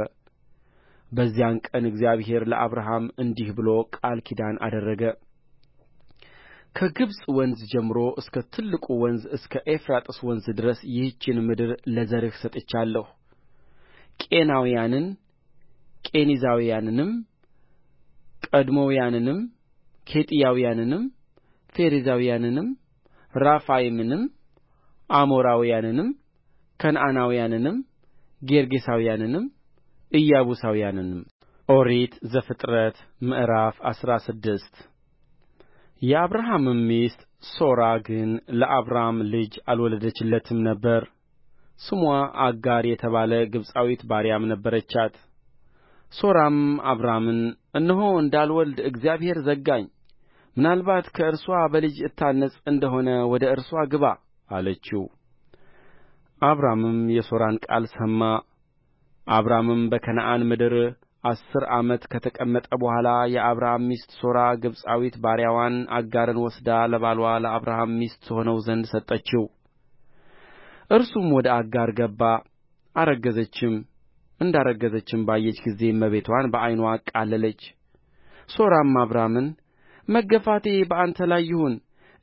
በዚያን ቀን እግዚአብሔር ለአብርሃም እንዲህ ብሎ ቃል ኪዳን አደረገ ከግብፅ ወንዝ ጀምሮ እስከ ትልቁ ወንዝ እስከ ኤፍራጥስ ወንዝ ድረስ ይህችን ምድር ለዘርህ ሰጥቼአለሁ ቄናውያንን ቄኔዛውያንንም ቀድሞናውያንንም ኬጢያውያንንም ፌርዛውያንንም ራፋይምንም አሞራውያንንም ከነዓናውያንንም ጌርጌሳውያንንም ኢያቡሳውያንንም ኦሪት ዘፍጥረት ምዕራፍ አስራ ስድስት የአብርሃምም ሚስት ሦራ ግን ለአብራም ልጅ አልወለደችለትም ነበር ስምዋ አጋር የተባለ ግብፃዊት ባሪያም ነበረቻት ሦራም አብራምን እነሆ እንዳልወልድ እግዚአብሔር ዘጋኝ ምናልባት ከእርስዋ በልጅ እታነጽ እንደ ሆነ ወደ እርስዋ ግባ አለችው አብራምም የሦራን ቃል ሰማ አብራምም በከነዓን ምድር አሥር ዓመት ከተቀመጠ በኋላ የአብራም ሚስት ሦራ ግብፃዊት ባሪያዋን አጋርን ወስዳ ለባልዋ ለአብርሃም ሚስት ትሆነው ዘንድ ሰጠችው እርሱም ወደ አጋር ገባ አረገዘችም እንዳረገዘችም ባየች ጊዜ እመቤትዋን በዓይንዋ አቃለለች ሦራም አብራምን መገፋቴ በአንተ ላይ ይሁን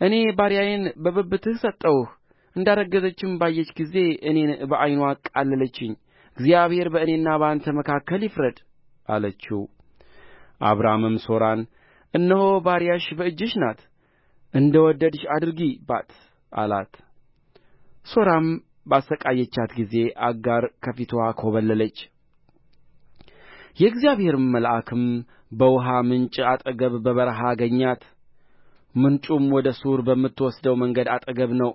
እኔ ባሪያዬን በብብትህ ሰጠሁህ እንዳረገዘችም ባየች ጊዜ እኔን በዓይንዋ አቃለለችኝ እግዚአብሔር በእኔና በአንተ መካከል ይፍረድ አለችው አብራምም ሦራን እነሆ ባሪያሽ በእጅሽ ናት እንደ ወደድሽ አድርጊባት አላት ሦራም ባሰቃየቻት ጊዜ አጋር ከፊትዋ ኮበለለች የእግዚአብሔርም መልአክም በውኃ ምንጭ አጠገብ በበረሃ አገኛት ምንጩም ወደ ሱር በምትወስደው መንገድ አጠገብ ነው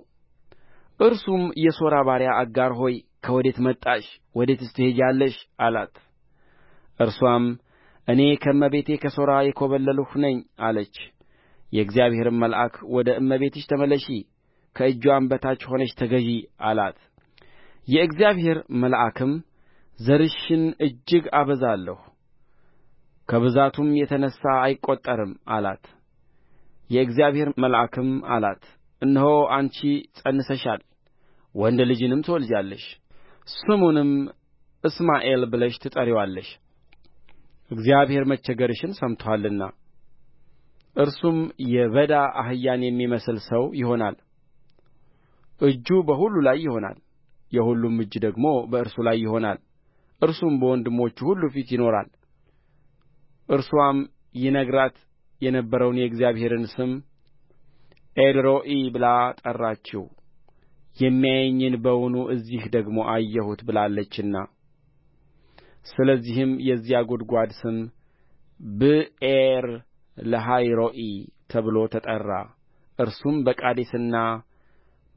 እርሱም የሦራ ባሪያ አጋር ሆይ ከወዴት መጣሽ ወዴትስ ትሄጃለሽ አላት እርስዋም እኔ ከእመቤቴ ከሦራ የኮበለልሁ ነኝ አለች የእግዚአብሔርም መልአክ ወደ እመቤትሽ ተመለሺ ከእጅዋም በታች ሆነሽ ተገዢ አላት የእግዚአብሔር መልአክም ዘርሽን እጅግ አበዛለሁ ከብዛቱም የተነሣ አይቈጠርም አላት የእግዚአብሔር መልአክም አላት እነሆ አንቺ ፀንሰሻል ወንድ ልጅንም ትወልጃለሽ ስሙንም እስማኤል ብለሽ ትጠሪዋለሽ እግዚአብሔር መቸገርሽን ሰምቶአልና እርሱም የበዳ አህያን የሚመስል ሰው ይሆናል እጁ በሁሉ ላይ ይሆናል የሁሉም እጅ ደግሞ በእርሱ ላይ ይሆናል እርሱም በወንድሞቹ ሁሉ ፊት ይኖራል እርስዋም ይነግራት የነበረውን የእግዚአብሔርን ስም ኤልሮኢ ብላ ጠራችው የሚያየኝን በውኑ እዚህ ደግሞ አየሁት ብላለችና ስለዚህም የዚያ ጕድጓድ ስም ብኤር ለሃይሮኢ ተብሎ ተጠራ እርሱም በቃዴስና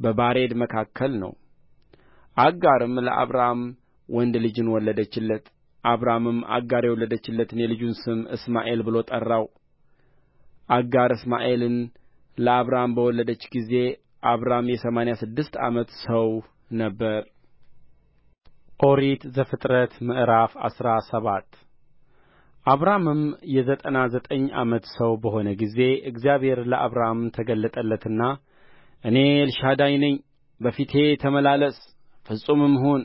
በባሬድ መካከል ነው አጋርም ለአብራም ወንድ ልጅን ወለደችለት አብራምም አጋር የወለደችለትን የልጁን ስም እስማኤል ብሎ ጠራው አጋር እስማኤልን ለአብራም በወለደች ጊዜ አብራም የሰማንያ ስድስት ዓመት ሰው ነበር! ኦሪት ዘፍጥረት ምዕራፍ አስራ ሰባት አብራምም የዘጠና ዘጠኝ ዓመት ሰው በሆነ ጊዜ እግዚአብሔር ለአብራም ተገለጠለትና እኔ ኤልሻዳይ ነኝ፣ በፊቴ ተመላለስ ፍጹምም ሁን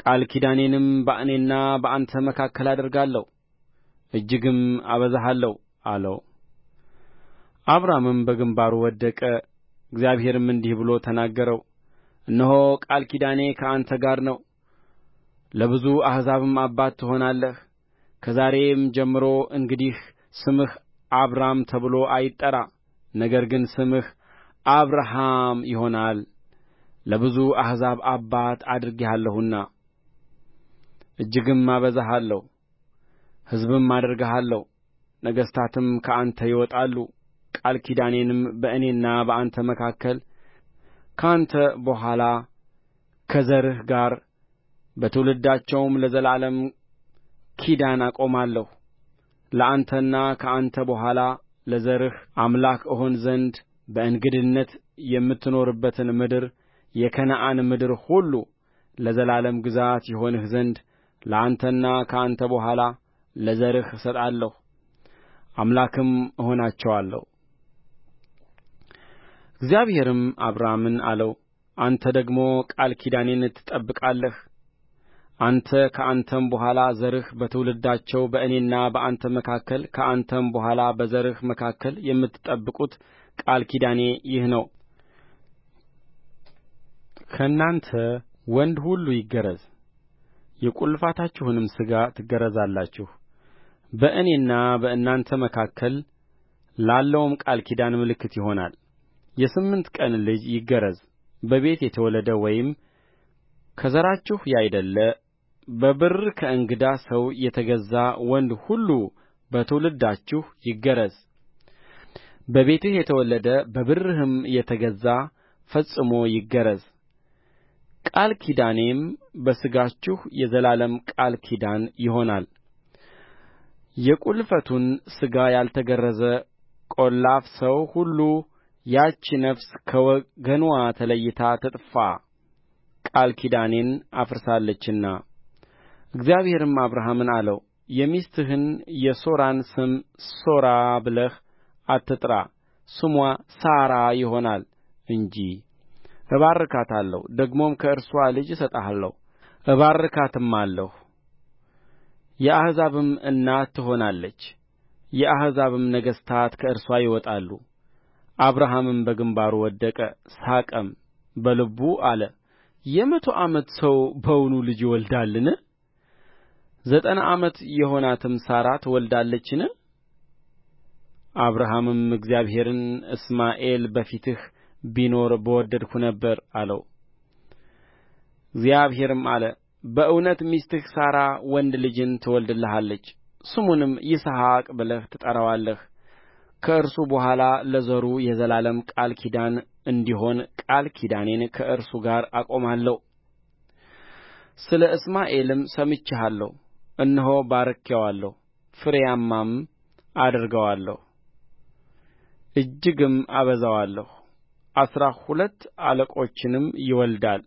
ቃል ኪዳኔንም በእኔና በአንተ መካከል አደርጋለሁ እጅግም አበዛሃለሁ አለው አብራምም በግምባሩ ወደቀ እግዚአብሔርም እንዲህ ብሎ ተናገረው እነሆ ቃል ኪዳኔ ከአንተ ጋር ነው ለብዙ አሕዛብም አባት ትሆናለህ ከዛሬም ጀምሮ እንግዲህ ስምህ አብራም ተብሎ አይጠራ ነገር ግን ስምህ አብርሃም ይሆናል ለብዙ አሕዛብ አባት አድርጌሃለሁና እጅግም አበዛሃለሁ ሕዝብም አደርግሃለሁ ነገሥታትም ከአንተ ይወጣሉ ቃል ኪዳኔንም በእኔና በአንተ መካከል ከአንተ በኋላ ከዘርህ ጋር በትውልዳቸውም ለዘላለም ኪዳን አቆማለሁ ለአንተና ከአንተ በኋላ ለዘርህ አምላክ እሆን ዘንድ በእንግድነት የምትኖርባትን ምድር የከነዓን ምድር ሁሉ ለዘላለም ግዛት ይሆንህ ዘንድ ለአንተና ከአንተ በኋላ ለዘርህ እሰጣለሁ አምላክም እሆናቸዋለሁ እግዚአብሔርም አብራምን አለው አንተ ደግሞ ቃል ኪዳኔን ትጠብቃለህ አንተ ከአንተም በኋላ ዘርህ በትውልዳቸው በእኔና በአንተ መካከል ከአንተም በኋላ በዘርህ መካከል የምትጠብቁት ቃል ኪዳኔ ይህ ነው። ከእናንተ ወንድ ሁሉ ይገረዝ፣ የቍልፈታችሁንም ሥጋ ትገረዛላችሁ በእኔና በእናንተ መካከል ላለውም ቃል ኪዳን ምልክት ይሆናል የስምንት ቀን ልጅ ይገረዝ በቤት የተወለደ ወይም ከዘራችሁ ያይደለ በብር ከእንግዳ ሰው የተገዛ ወንድ ሁሉ በትውልዳችሁ ይገረዝ በቤትህ የተወለደ በብርህም የተገዛ ፈጽሞ ይገረዝ ቃል ኪዳኔም በሥጋችሁ የዘላለም ቃል ኪዳን ይሆናል የቍልፈቱን ሥጋ ያልተገረዘ ቈላፍ ሰው ሁሉ ያች ነፍስ ከወገንዋ ተለይታ ትጥፋ ቃል ኪዳኔን አፍርሳለችና እግዚአብሔርም አብርሃምን አለው የሚስትህን የሦራን ስም ሶራ ብለህ አትጥራ ስምዋ ሣራ ይሆናል እንጂ እባርካታለሁ ደግሞም ከእርስዋ ልጅ እሰጥሃለሁ እባርካትማለሁ የአሕዛብም እናት ትሆናለች የአሕዛብም ነገሥታት ከእርስዋ ይወጣሉ አብርሃምም በግምባሩ ወደቀ ሳቀም በልቡ አለ የመቶ ዓመት ሰው በውኑ ልጅ ይወልዳልን ዘጠና ዓመት የሆናትም ሣራ ትወልዳለችን አብርሃምም እግዚአብሔርን እስማኤል በፊትህ ቢኖር በወደድሁ ነበር አለው እግዚአብሔርም አለ በእውነት ሚስትህ ሣራ ወንድ ልጅን ትወልድልሃለች ስሙንም ይስሐቅ ብለህ ትጠራዋለህ ከእርሱ በኋላ ለዘሩ የዘላለም ቃል ኪዳን እንዲሆን ቃል ኪዳኔን ከእርሱ ጋር አቆማለሁ ስለ እስማኤልም ሰምቼሃለሁ እነሆ ባርኬዋለሁ ፍሬያምም አደርገዋለሁ እጅግም አበዛዋለሁ አሥራ ሁለት አለቆችንም ይወልዳል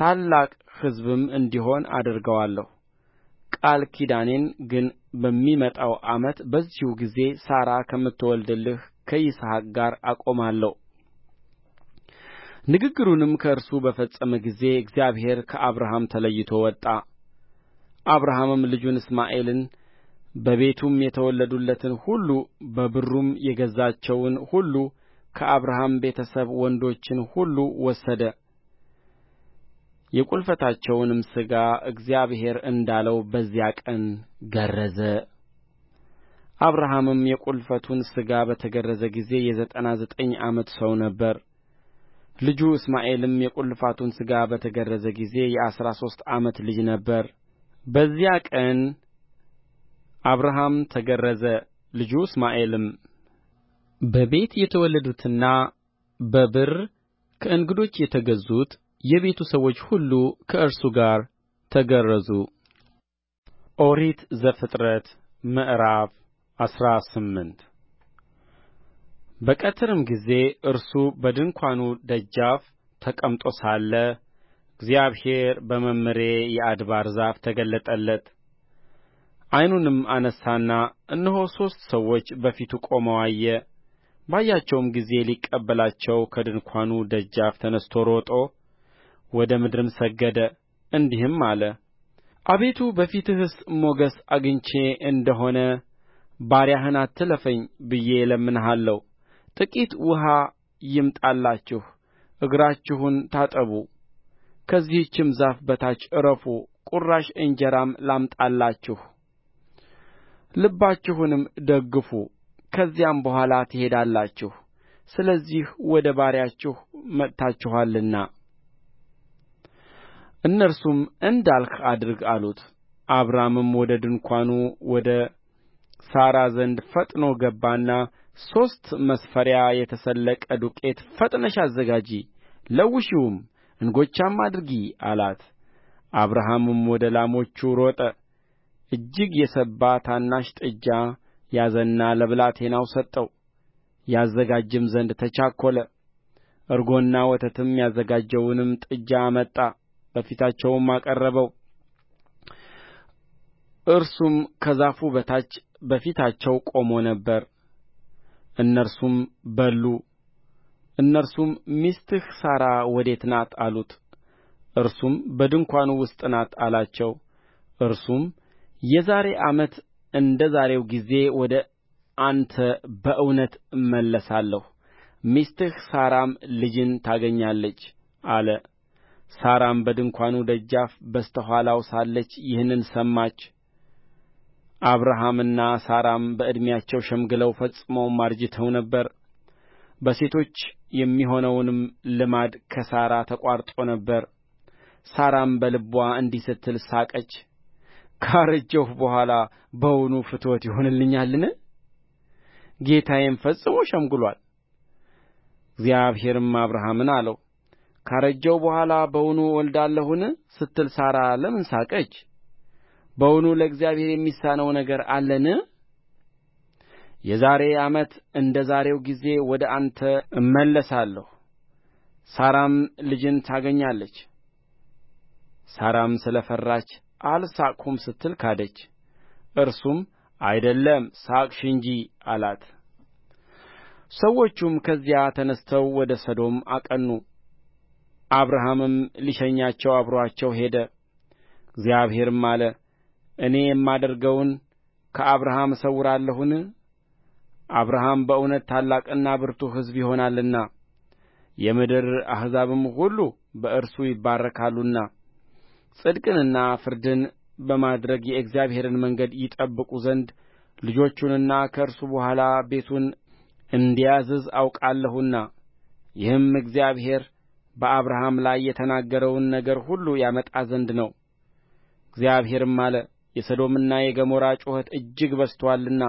ታላቅ ሕዝብም እንዲሆን አደርገዋለሁ ቃል ኪዳኔን ግን በሚመጣው ዓመት በዚሁ ጊዜ ሣራ ከምትወልድልህ ከይስሐቅ ጋር አቆማለሁ ንግግሩንም ከእርሱ በፈጸመ ጊዜ እግዚአብሔር ከአብርሃም ተለይቶ ወጣ አብርሃምም ልጁን እስማኤልን በቤቱም የተወለዱለትን ሁሉ በብሩም የገዛቸውን ሁሉ ከአብርሃም ቤተ ሰብ ወንዶችን ሁሉ ወሰደ የቍልፈታቸውንም ሥጋ እግዚአብሔር እንዳለው በዚያ ቀን ገረዘ አብርሃምም የቍልፈቱን ሥጋ በተገረዘ ጊዜ የዘጠና ዘጠኝ ዓመት ሰው ነበር። ልጁ እስማኤልም የቍልፈቱን ሥጋ በተገረዘ ጊዜ የአሥራ ሦስት ዓመት ልጅ ነበረ በዚያ ቀን አብርሃም ተገረዘ ልጁ እስማኤልም በቤት የተወለዱትና በብር ከእንግዶች የተገዙት የቤቱ ሰዎች ሁሉ ከእርሱ ጋር ተገረዙ ኦሪት ዘፍጥረት ምዕራፍ አስራ ስምንት በቀትርም ጊዜ እርሱ በድንኳኑ ደጃፍ ተቀምጦ ሳለ እግዚአብሔር በመምሬ የአድባር ዛፍ ተገለጠለት። ዓይኑንም አነሣና እነሆ ሦስት ሰዎች በፊቱ ቆመው አየ። ባያቸውም ጊዜ ሊቀበላቸው ከድንኳኑ ደጃፍ ተነሥቶ ሮጠ ወደ ምድርም ሰገደ እንዲህም አለ አቤቱ በፊትህስ ሞገስ አግኝቼ እንደ ሆነ ባሪያህን አትለፈኝ ብዬ እለምንሃለሁ ጥቂት ውኃ ይምጣላችሁ እግራችሁን ታጠቡ ከዚህችም ዛፍ በታች ዕረፉ ቍራሽ እንጀራም ላምጣላችሁ ልባችሁንም ደግፉ ከዚያም በኋላ ትሄዳላችሁ ስለዚህ ወደ ባሪያችሁ መጥታችኋልና እነርሱም እንዳልህ አድርግ አሉት አብራምም ወደ ድንኳኑ ወደ ሣራ ዘንድ ፈጥኖ ገባና ሦስት መስፈሪያ የተሰለቀ ዱቄት ፈጥነሽ አዘጋጂ ለውሺውም እንጎቻም አድርጊ አላት አብርሃምም ወደ ላሞቹ ሮጠ እጅግ የሰባ ታናሽ ጥጃ ያዘና ለብላቴናው ሰጠው ያዘጋጅም ዘንድ ተቻኰለ እርጎና ወተትም ያዘጋጀውንም ጥጃ አመጣ በፊታቸውም አቀረበው እርሱም ከዛፉ በታች በፊታቸው ቆሞ ነበር እነርሱም በሉ እነርሱም ሚስትህ ሣራ ወዴት ናት አሉት እርሱም በድንኳኑ ውስጥ ናት አላቸው እርሱም የዛሬ ዓመት እንደ ዛሬው ጊዜ ወደ አንተ በእውነት እመለሳለሁ ሚስትህ ሣራም ልጅን ታገኛለች አለ ሣራም በድንኳኑ ደጃፍ በስተ ኋላው ሳለች ይህንን ሰማች አብርሃምና ሣራም በዕድሜያቸው ሸምግለው ፈጽመው አርጅተው ነበር በሴቶች የሚሆነውንም ልማድ ከሣራ ተቋርጦ ነበር ሣራም በልብዋ እንዲህ ስትል ሳቀች ካረጀሁ በኋላ በውኑ ፍትወት ይሆንልኛልን ጌታዬም ፈጽሞ ሸምግሎአል እግዚአብሔርም አብርሃምን አለው ካረጀሁ በኋላ በውኑ እወልዳለሁን ስትል ሣራ ለምን ሳቀች በውኑ ለእግዚአብሔር የሚሳነው ነገር አለን የዛሬ ዓመት እንደ ዛሬው ጊዜ ወደ አንተ እመለሳለሁ ሣራም ልጅን ታገኛለች ሣራም ስለ ፈራች አልሳቅሁም ስትል ካደች እርሱም አይደለም ሳቅሽ እንጂ አላት ሰዎቹም ከዚያ ተነሥተው ወደ ሰዶም አቀኑ አብርሃምም ሊሸኛቸው አብሮአቸው ሄደ እግዚአብሔርም አለ እኔ የማደርገውን ከአብርሃም እሰውራለሁን አብርሃም በእውነት ታላቅና ብርቱ ሕዝብ ይሆናልና የምድር አሕዛብም ሁሉ በእርሱ ይባረካሉና ጽድቅንና ፍርድን በማድረግ የእግዚአብሔርን መንገድ ይጠብቁ ዘንድ ልጆቹንና ከእርሱ በኋላ ቤቱን እንዲያዝዝ አውቃለሁና ይህም እግዚአብሔር በአብርሃም ላይ የተናገረውን ነገር ሁሉ ያመጣ ዘንድ ነው እግዚአብሔርም አለ የሰዶምና የገሞራ ጩኸት እጅግ በዝቶአልና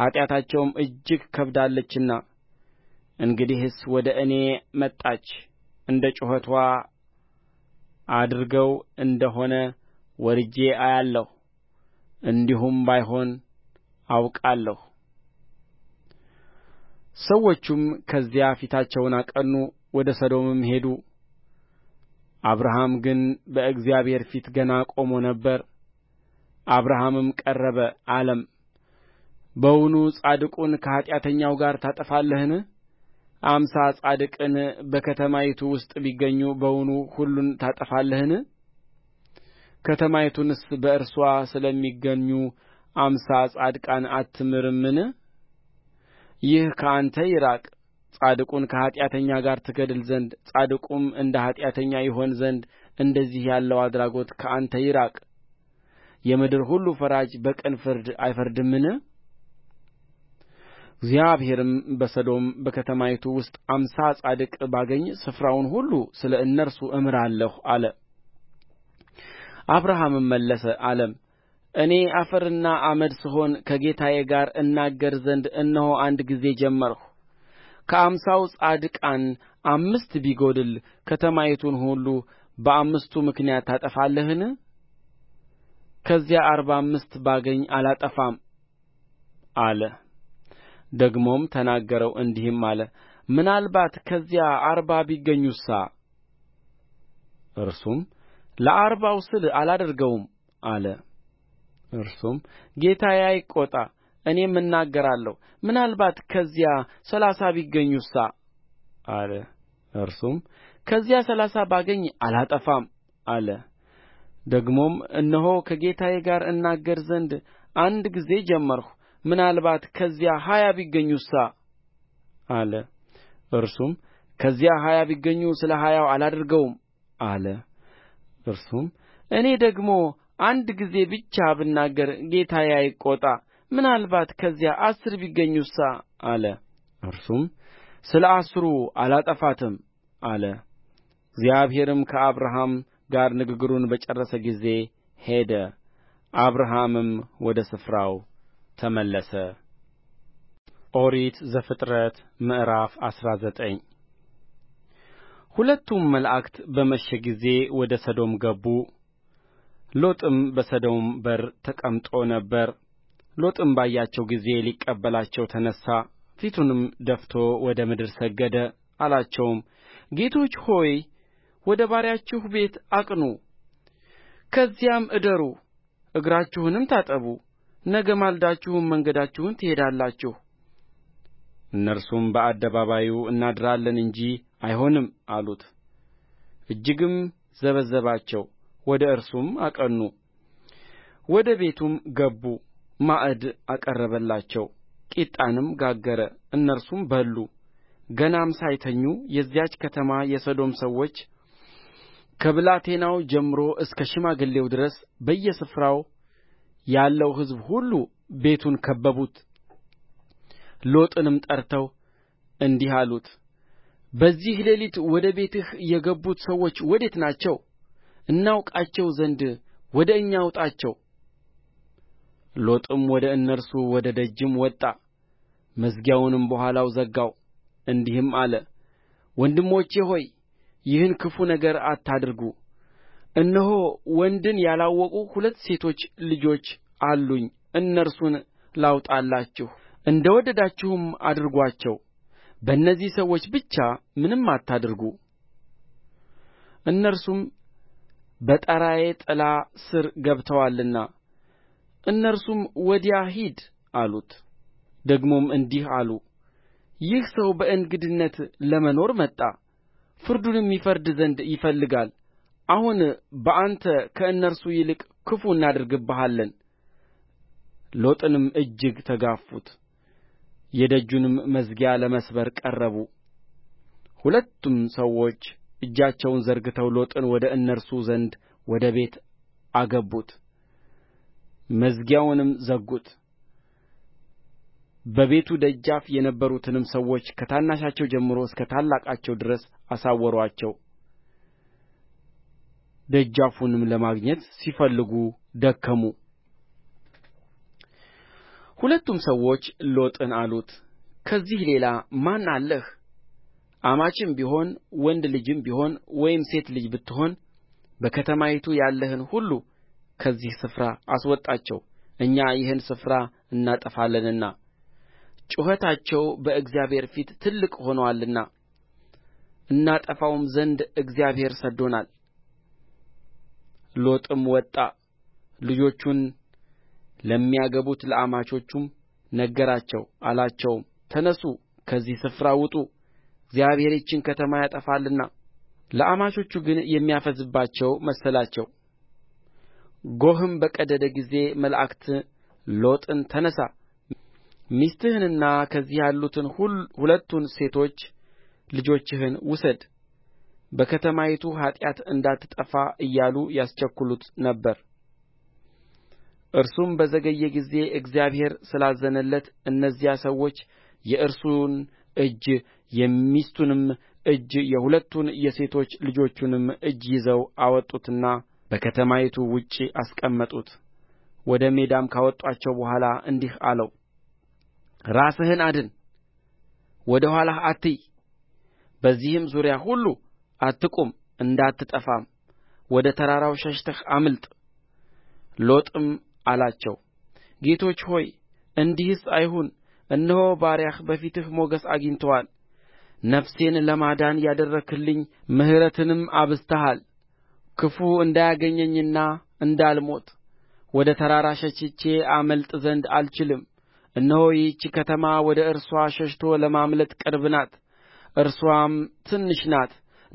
ኃጢአታቸውም እጅግ ከብዳለችና እንግዲህስ ወደ እኔ መጣች እንደ ጩኸትዋ አድርገው እንደሆነ ወርጄ አያለሁ እንዲሁም ባይሆን አውቃለሁ ሰዎቹም ከዚያ ፊታቸውን አቀኑ ወደ ሰዶምም ሄዱ አብርሃም ግን በእግዚአብሔር ፊት ገና ቆሞ ነበር አብርሃምም ቀረበ አለም በውኑ ጻድቁን ከኃጢአተኛው ጋር ታጠፋለህን አምሳ ጻድቃን በከተማይቱ ውስጥ ቢገኙ በውኑ ሁሉን ታጠፋለህን ከተማይቱንስ በእርስዋ ስለሚገኙ አምሳ ጻድቃን አትምርምን ይህ ከአንተ ይራቅ ጻድቁን ከኃጢአተኛ ጋር ትገድል ዘንድ ጻድቁም እንደ ኃጢአተኛ ይሆን ዘንድ እንደዚህ ያለው አድራጎት ከአንተ ይራቅ የምድር ሁሉ ፈራጅ በቅን ፍርድ አይፈርድምን እግዚአብሔርም በሰዶም በከተማይቱ ውስጥ አምሳ ጻድቅ ባገኝ ስፍራውን ሁሉ ስለ እነርሱ እምራለሁ አለ አብርሃምም መለሰ አለም እኔ አፈርና አመድ ስሆን ከጌታዬ ጋር እናገር ዘንድ እነሆ አንድ ጊዜ ጀመርሁ ከአምሳው ጻድቃን አምስት ቢጎድል ከተማይቱን ሁሉ በአምስቱ ምክንያት ታጠፋለህን ከዚያ አርባ አምስት ባገኝ አላጠፋም አለ ደግሞም ተናገረው እንዲህም አለ ምናልባት ከዚያ አርባ ቢገኙሳ እርሱም ለአርባው ስል አላደርገውም አለ እርሱም ጌታዬ አይቆጣ እኔም እናገራለሁ ምናልባት ከዚያ ሠላሳ ቢገኙሳ አለ እርሱም ከዚያ ሠላሳ ባገኝ አላጠፋም አለ ደግሞም እነሆ ከጌታዬ ጋር እናገር ዘንድ አንድ ጊዜ ጀመርሁ ምናልባት ከዚያ ሀያ ቢገኙሳ አለ እርሱም ከዚያ ሀያ ቢገኙ ስለ ሀያው አላደርገውም አለ እርሱም እኔ ደግሞ አንድ ጊዜ ብቻ ብናገር ጌታዬ አይቆጣ ምናልባት ከዚያ አሥር ቢገኙሳ አለ እርሱም ስለ አሥሩ አላጠፋትም አለ እግዚአብሔርም ከአብርሃም ጋር ንግግሩን በጨረሰ ጊዜ ሄደ አብርሃምም ወደ ስፍራው ተመለሰ። ኦሪት ዘፍጥረት ምዕራፍ አስራ ዘጠኝ ሁለቱም መላእክት በመሸ ጊዜ ወደ ሰዶም ገቡ። ሎጥም በሰዶም በር ተቀምጦ ነበር። ሎጥም ባያቸው ጊዜ ሊቀበላቸው ተነሣ፣ ፊቱንም ደፍቶ ወደ ምድር ሰገደ። አላቸውም፣ ጌቶች ሆይ ወደ ባሪያችሁ ቤት አቅኑ፣ ከዚያም እደሩ፣ እግራችሁንም ታጠቡ፣ ነገ ማልዳችሁም መንገዳችሁን ትሄዳላችሁ እነርሱም በአደባባዩ እናድራለን እንጂ አይሆንም አሉት እጅግም ዘበዘባቸው ወደ እርሱም አቀኑ ወደ ቤቱም ገቡ ማዕድ አቀረበላቸው ቂጣንም ጋገረ እነርሱም በሉ ገናም ሳይተኙ የዚያች ከተማ የሰዶም ሰዎች ከብላቴናው ጀምሮ እስከ ሽማግሌው ድረስ በየስፍራው ያለው ሕዝብ ሁሉ ቤቱን ከበቡት ሎጥንም ጠርተው እንዲህ አሉት በዚህ ሌሊት ወደ ቤትህ የገቡት ሰዎች ወዴት ናቸው እናውቃቸው ዘንድ ወደ እኛ አውጣቸው ሎጥም ወደ እነርሱ ወደ ደጅም ወጣ መዝጊያውንም በኋላው ዘጋው እንዲህም አለ ወንድሞቼ ሆይ ይህን ክፉ ነገር አታድርጉ እነሆ ወንድን ያላወቁ ሁለት ሴቶች ልጆች አሉኝ እነርሱን ላውጣላችሁ እንደ ወደዳችሁም አድርጓቸው በእነዚህ ሰዎች ብቻ ምንም አታድርጉ እነርሱም በጣራዬ ጥላ ሥር ገብተዋልና እነርሱም ወዲያ ሂድ አሉት ደግሞም እንዲህ አሉ ይህ ሰው በእንግድነት ለመኖር መጣ ፍርዱንም ይፈርድ ዘንድ ይፈልጋል አሁን በአንተ ከእነርሱ ይልቅ ክፉ እናደርግብሃለን ሎጥንም እጅግ ተጋፉት የደጁንም መዝጊያ ለመስበር ቀረቡ ሁለቱም ሰዎች እጃቸውን ዘርግተው ሎጥን ወደ እነርሱ ዘንድ ወደ ቤት አገቡት መዝጊያውንም ዘጉት በቤቱ ደጃፍ የነበሩትንም ሰዎች ከታናሻቸው ጀምሮ እስከ ታላቃቸው ድረስ አሳወሩአቸው ደጃፉንም ለማግኘት ሲፈልጉ ደከሙ ሁለቱም ሰዎች ሎጥን አሉት ከዚህ ሌላ ማን አለህ አማችም ቢሆን ወንድ ልጅም ቢሆን ወይም ሴት ልጅ ብትሆን በከተማይቱ ያለህን ሁሉ ከዚህ ስፍራ አስወጣቸው እኛ ይህን ስፍራ እናጠፋለንና ጩኸታቸው በእግዚአብሔር ፊት ትልቅ ሆኖአልና እናጠፋውም ዘንድ እግዚአብሔር ሰድዶናል ሎጥም ወጣ ልጆቹን ለሚያገቡት ለአማቾቹም ነገራቸው አላቸውም ተነሡ ከዚህ ስፍራ ውጡ እግዚአብሔር ይህችን ከተማ ያጠፋልና ለአማቾቹ ግን የሚያፌዝባቸው መሰላቸው ጎህም በቀደደ ጊዜ መላእክት ሎጥን ተነሣ ሚስትህንና ከዚህ ያሉትን ሁለቱን ሴቶች ልጆችህን ውሰድ በከተማይቱ ኃጢአት እንዳትጠፋ እያሉ ያስቸኵሉት ነበር እርሱም በዘገየ ጊዜ እግዚአብሔር ስላዘነለት እነዚያ ሰዎች የእርሱን እጅ የሚስቱንም እጅ የሁለቱን የሴቶች ልጆቹንም እጅ ይዘው አወጡትና በከተማይቱ ውጭ አስቀመጡት። ወደ ሜዳም ካወጡአቸው በኋላ እንዲህ አለው፣ ራስህን አድን፣ ወደ ኋላህ አትይ። በዚህም ዙሪያ ሁሉ አትቁም እንዳትጠፋም ወደ ተራራው ሸሽተህ አምልጥ ሎጥም አላቸው ጌቶቼ ሆይ እንዲህስ አይሁን እነሆ ባሪያህ በፊትህ ሞገስ አግኝቶአል ነፍሴን ለማዳን ያደረግህልኝ ምሕረትንም አብዝተሃል ክፉ እንዳያገኘኝና እንዳልሞት ወደ ተራራ ሸሽቼ አመልጥ ዘንድ አልችልም እነሆ ይህች ከተማ ወደ እርስዋ ሸሽቶ ለማምለጥ ቅርብ ናት እርስዋም ትንሽ ናት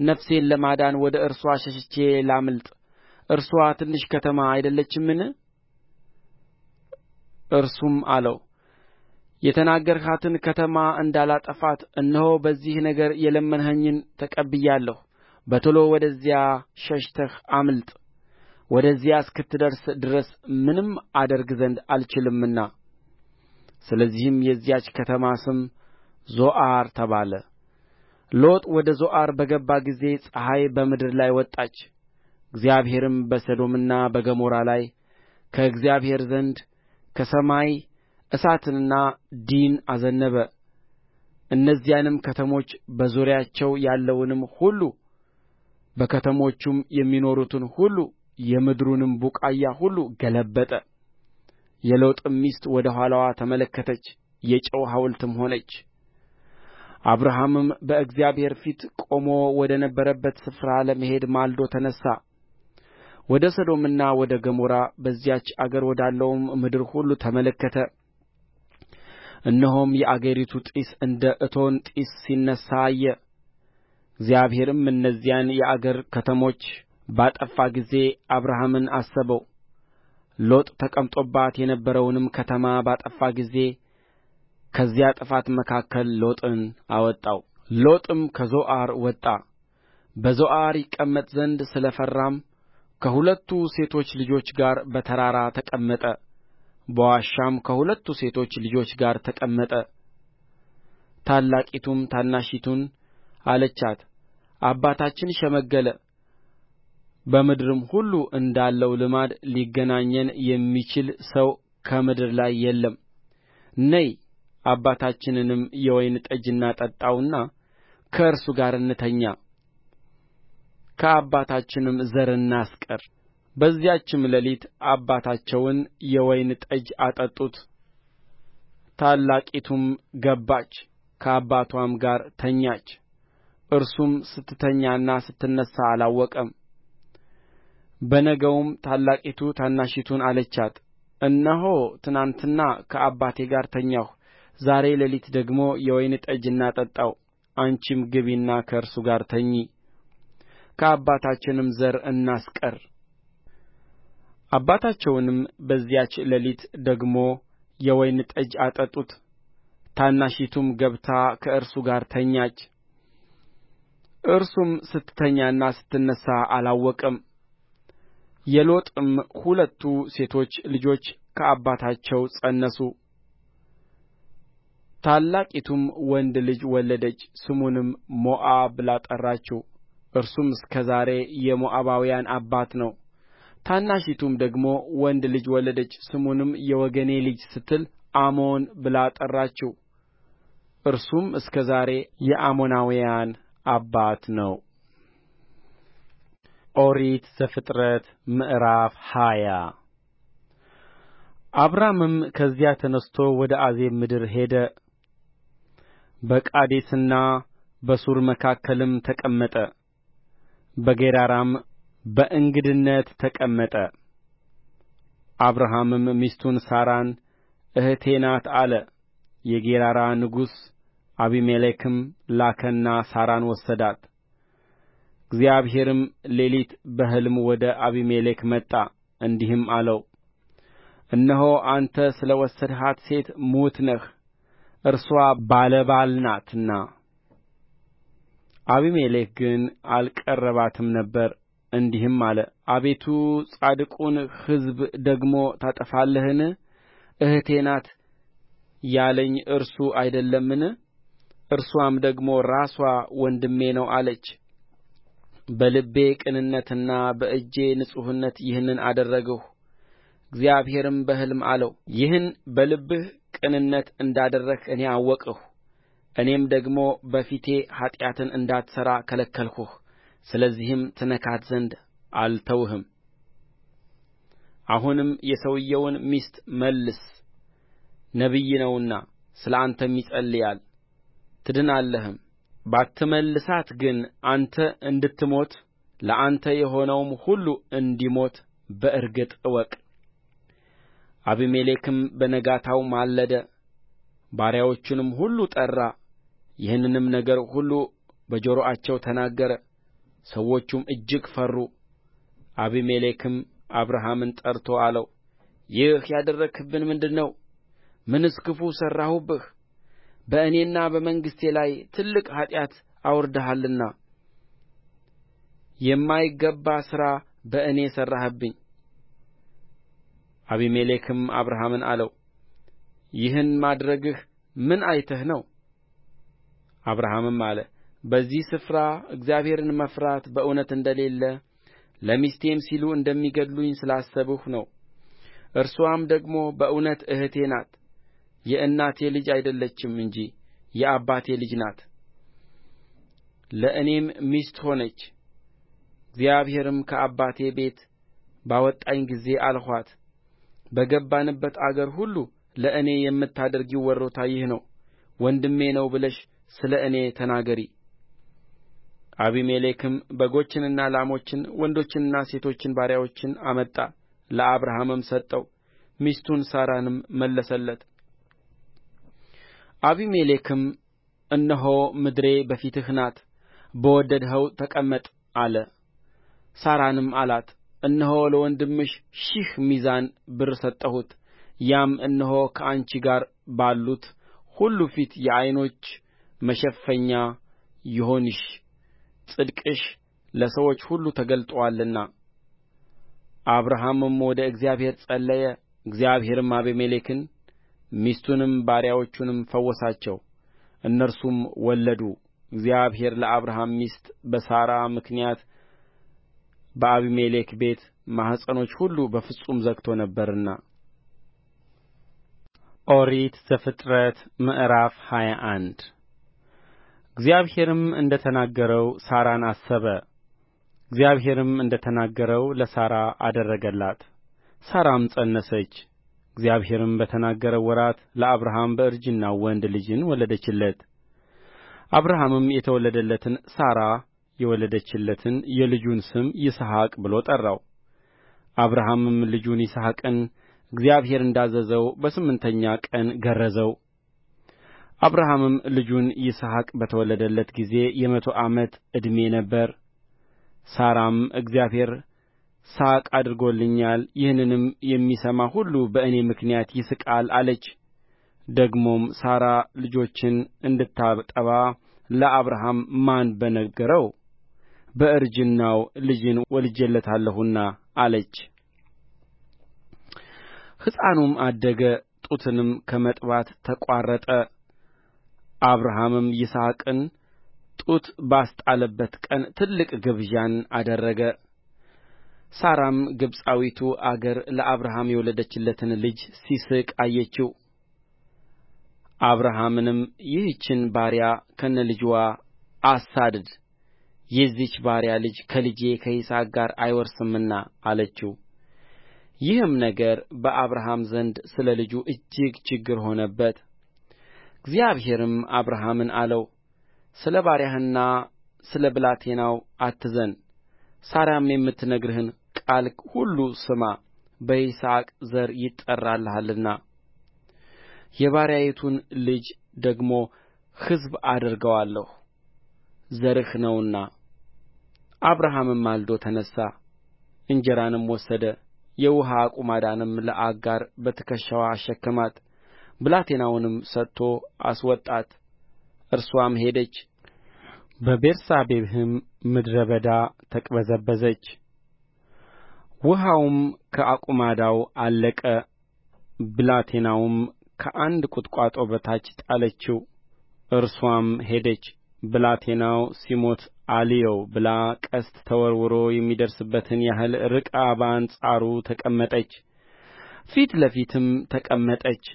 ነፍሴን ለማዳን ወደ እርስዋ ሸሽቼ ላምልጥ እርስዋ ትንሽ ከተማ አይደለችምን እርሱም አለው የተናገርሃትን ከተማ እንዳላጠፋት እነሆ በዚህ ነገር የለመንኸኝን ተቀብያለሁ በቶሎ ወደዚያ ሸሽተህ አምልጥ ወደዚያ እስክትደርስ ድረስ ምንም አደርግ ዘንድ አልችልምና ስለዚህም የዚያች ከተማ ስም ዞዓር ተባለ ሎጥ ወደ ዞዓር በገባ ጊዜ ፀሐይ በምድር ላይ ወጣች እግዚአብሔርም በሰዶምና በገሞራ ላይ ከእግዚአብሔር ዘንድ ከሰማይ እሳትንና ዲን አዘነበ እነዚያንም ከተሞች በዙሪያቸው ያለውንም ሁሉ በከተሞቹም የሚኖሩትን ሁሉ የምድሩንም ቡቃያ ሁሉ ገለበጠ የሎጥም ሚስት ወደ ኋላዋ ተመለከተች የጨው ሐውልትም ሆነች አብርሃምም በእግዚአብሔር ፊት ቆሞ ወደ ነበረበት ስፍራ ለመሄድ ማልዶ ተነሣ ወደ ሰዶምና ወደ ገሞራ በዚያች አገር ወዳለውም ምድር ሁሉ ተመለከተ እነሆም የአገሪቱ ጢስ እንደ እቶን ጢስ ሲነሣ አየ እግዚአብሔርም እነዚያን የአገር ከተሞች ባጠፋ ጊዜ አብርሃምን አሰበው ሎጥ ተቀምጦባት የነበረውንም ከተማ ባጠፋ ጊዜ ከዚያ ጥፋት መካከል ሎጥን አወጣው ሎጥም ከዞዓር ወጣ በዞዓር ይቀመጥ ዘንድ ስለ ፈራም ከሁለቱ ሴቶች ልጆቹ ጋር በተራራ ተቀመጠ በዋሻም ከሁለቱ ሴቶች ልጆቹ ጋር ተቀመጠ ታላቂቱም ታናሺቱን አለቻት አባታችን ሸመገለ በምድርም ሁሉ እንዳለው ልማድ ሊገናኘን የሚችል ሰው ከምድር ላይ የለም ነዪ አባታችንንም የወይን ጠጅ እናጠጣውና ከእርሱ ጋር እንተኛ ከአባታችንም ዘር እናስቀር በዚያችም ሌሊት አባታቸውን የወይን ጠጅ አጠጡት ታላቂቱም ገባች ከአባትዋም ጋር ተኛች እርሱም ስትተኛና ስትነሣ አላወቀም በነጋውም ታላቂቱ ታናሺቱን አለቻት እነሆ ትናንትና ከአባቴ ጋር ተኛሁ ዛሬ ሌሊት ደግሞ የወይን ጠጅ እናጠጣው አንቺም ግቢና ከእርሱ ጋር ተኚ ከአባታችንም ዘር እናስቀር አባታቸውንም በዚያች ሌሊት ደግሞ የወይን ጠጅ አጠጡት ታናሺቱም ገብታ ከእርሱ ጋር ተኛች እርሱም ስትተኛና ስትነሣ አላወቀም የሎጥም ሁለቱ ሴቶች ልጆች ከአባታቸው ፀነሱ ታላቂቱም ወንድ ልጅ ወለደች ስሙንም ሞዓብ ብላ ጠራችው እርሱም እስከ ዛሬ የሞዓባውያን አባት ነው ታናሺቱም ደግሞ ወንድ ልጅ ወለደች ስሙንም የወገኔ ልጅ ስትል አሞን ብላ ጠራችው እርሱም እስከ ዛሬ የአሞናውያን አባት ነው ኦሪት ዘፍጥረት ምዕራፍ ሃያ አብራምም ከዚያ ተነሥቶ ወደ አዜብ ምድር ሄደ በቃዴስና በሱር መካከልም ተቀመጠ በጌራራም በእንግድነት ተቀመጠ አብርሃምም ሚስቱን ሣራን እኅቴ ናት አለ የጌራራ ንጉሥ አቢሜሌክም ላከና ሣራን ወሰዳት እግዚአብሔርም ሌሊት በሕልም ወደ አቢሜሌክ መጣ እንዲህም አለው እነሆ አንተ ስለ ወሰድሃት ሴት ምውት ነህ እርስዋ ባለ ባል ናትና አቢሜሌክ ግን አልቀረባትም ነበር እንዲህም አለ አቤቱ ጻድቁን ሕዝብ ደግሞ ታጠፋለህን እኅቴ ናት ያለኝ እርሱ አይደለምን እርስዋም ደግሞ ራስዋ ወንድሜ ነው አለች በልቤ ቅንነትና በእጄ ንጹሕነት ይህንን አደረግሁ እግዚአብሔርም በሕልም አለው ይህን በልብህ ቅንነት እንዳደረግህ እኔ አወቅሁ እኔም ደግሞ በፊቴ ኃጢአትን እንዳትሠራ ከለከልሁህ ስለዚህም ትነካት ዘንድ አልተውህም አሁንም የሰውዮውን ሚስት መልስ ነቢይ ነውና ስለ አንተም ይጸልያል ትድናለህም ባትመልሳት ግን አንተ እንድትሞት ለአንተ የሆነውም ሁሉ እንዲሞት በእርግጥ እወቅ አቢሜሌክም በነጋታው ማለደ ባሪያዎቹንም ሁሉ ጠራ ይህንንም ነገር ሁሉ በጆሮአቸው ተናገረ ሰዎቹም እጅግ ፈሩ አቢሜሌክም አብርሃምን ጠርቶ አለው ይህ ያደረግህብን ምንድር ነው ምንስ ክፉ ሠራሁብህ በእኔና በመንግሥቴ ላይ ትልቅ ኃጢአት አውርደሃልና የማይገባ ሥራ በእኔ ሠራህብኝ አቢሜሌክም አብርሃምን አለው ይህን ማድረግህ ምን አይተህ ነው አብርሃምም አለ በዚህ ስፍራ እግዚአብሔርን መፍራት በእውነት እንደሌለ ለሚስቴም ሲሉ እንደሚገድሉኝ ስላሰብሁ ነው እርስዋም ደግሞ በእውነት እኅቴ ናት የእናቴ ልጅ አይደለችም እንጂ የአባቴ ልጅ ናት ለእኔም ሚስት ሆነች እግዚአብሔርም ከአባቴ ቤት ባወጣኝ ጊዜ አልኋት በገባንበት አገር ሁሉ ለእኔ የምታደርጊው ወሮታ ይህ ነው ወንድሜ ነው ብለሽ ስለ እኔ ተናገሪ አቢሜሌክም በጎችንና ላሞችን ወንዶችንና ሴቶችን ባሪያዎችን አመጣ ለአብርሃምም ሰጠው ሚስቱን ሣራንም መለሰለት አቢሜሌክም እነሆ ምድሬ በፊትህ ናት በወደድኸው ተቀመጥ አለ ሣራንም አላት እነሆ ለወንድምሽ ሺህ ሚዛን ብር ሰጠሁት ያም እነሆ ከአንቺ ጋር ባሉት ሁሉ ፊት የዓይኖች መሸፈኛ ይሁንሽ ጽድቅሽ ለሰዎች ሁሉ ተገልጦአልና አብርሃምም ወደ እግዚአብሔር ጸለየ እግዚአብሔርም አቢሜሌክን ሚስቱንም ባሪያዎቹንም ፈወሳቸው እነርሱም ወለዱ እግዚአብሔር ለአብርሃም ሚስት በሣራ ምክንያት በአቢሜሌክ ቤት ማኅፀኖች ሁሉ በፍጹም ዘግቶ ነበርና ኦሪት ዘፍጥረት ምዕራፍ ሃያ አንድ እግዚአብሔርም እንደ ተናገረው ሣራን አሰበ እግዚአብሔርም እንደ ተናገረው ለሣራ አደረገላት ሣራም ፀነሰች እግዚአብሔርም በተናገረው ወራት ለአብርሃም በእርጅናው ወንድ ልጅን ወለደችለት አብርሃምም የተወለደለትን ሣራ የወለደችለትን የልጁን ስም ይስሐቅ ብሎ ጠራው አብርሃምም ልጁን ይስሐቅን እግዚአብሔር እንዳዘዘው በስምንተኛ ቀን ገረዘው አብርሃምም ልጁን ይስሐቅ በተወለደለት ጊዜ የመቶ ዓመት ዕድሜ ነበረ ሣራም እግዚአብሔር ሳቅ አድርጎልኛል ይህንንም የሚሰማ ሁሉ በእኔ ምክንያት ይስቃል አለች ደግሞም ሣራ ልጆችን እንድታጠባ ለአብርሃም ማን በነገረው በእርጅናው ልጅን ወልጄለታለሁና አለች ሕፃኑም አደገ ጡትንም ከመጥባት ተቋረጠ አብርሃምም ይስሐቅን ጡት ባስጣለበት ቀን ትልቅ ግብዣን አደረገ ሣራም ግብፃዊቱ አጋር ለአብርሃም የወለደችለትን ልጅ ሲስቅ አየችው አብርሃምንም ይህችን ባሪያ ከነልጅዋ አሳድድ የዚህች ባሪያ ልጅ ከልጄ ከይስሐቅ ጋር አይወርስምና አለችው ይህም ነገር በአብርሃም ዘንድ ስለ ልጁ እጅግ ችግር ሆነበት እግዚአብሔርም አብርሃምን አለው ስለ ባሪያህና ስለ ብላቴናው አትዘን ሣራም የምትነግርህን ቃል ሁሉ ስማ በይስሐቅ ዘር ይጠራልሃልና የባሪያይቱን ልጅ ደግሞ ሕዝብ አደርገዋለሁ ዘርህ ነውና አብርሃምም ማልዶ ተነሣ እንጀራንም ወሰደ የውኃ አቁማዳንም ለአጋር በትከሻዋ አሸከማት ብላቴናውንም ሰጥቶ አስወጣት እርስዋም ሄደች በቤርሳቤህም ምድረ በዳ ተቅበዘበዘች ውኃውም ከአቁማዳው አለቀ ብላቴናውም ከአንድ ቍጥቋጦ በታች ጣለችው እርስዋም ሄደች ብላቴናው ሲሞት አልየው ብላ ቀስት ተወርውሮ የሚደርስበትን ያህል ርቃ በአንጻሩ ተቀመጠች ፊት ለፊትም ተቀመጠች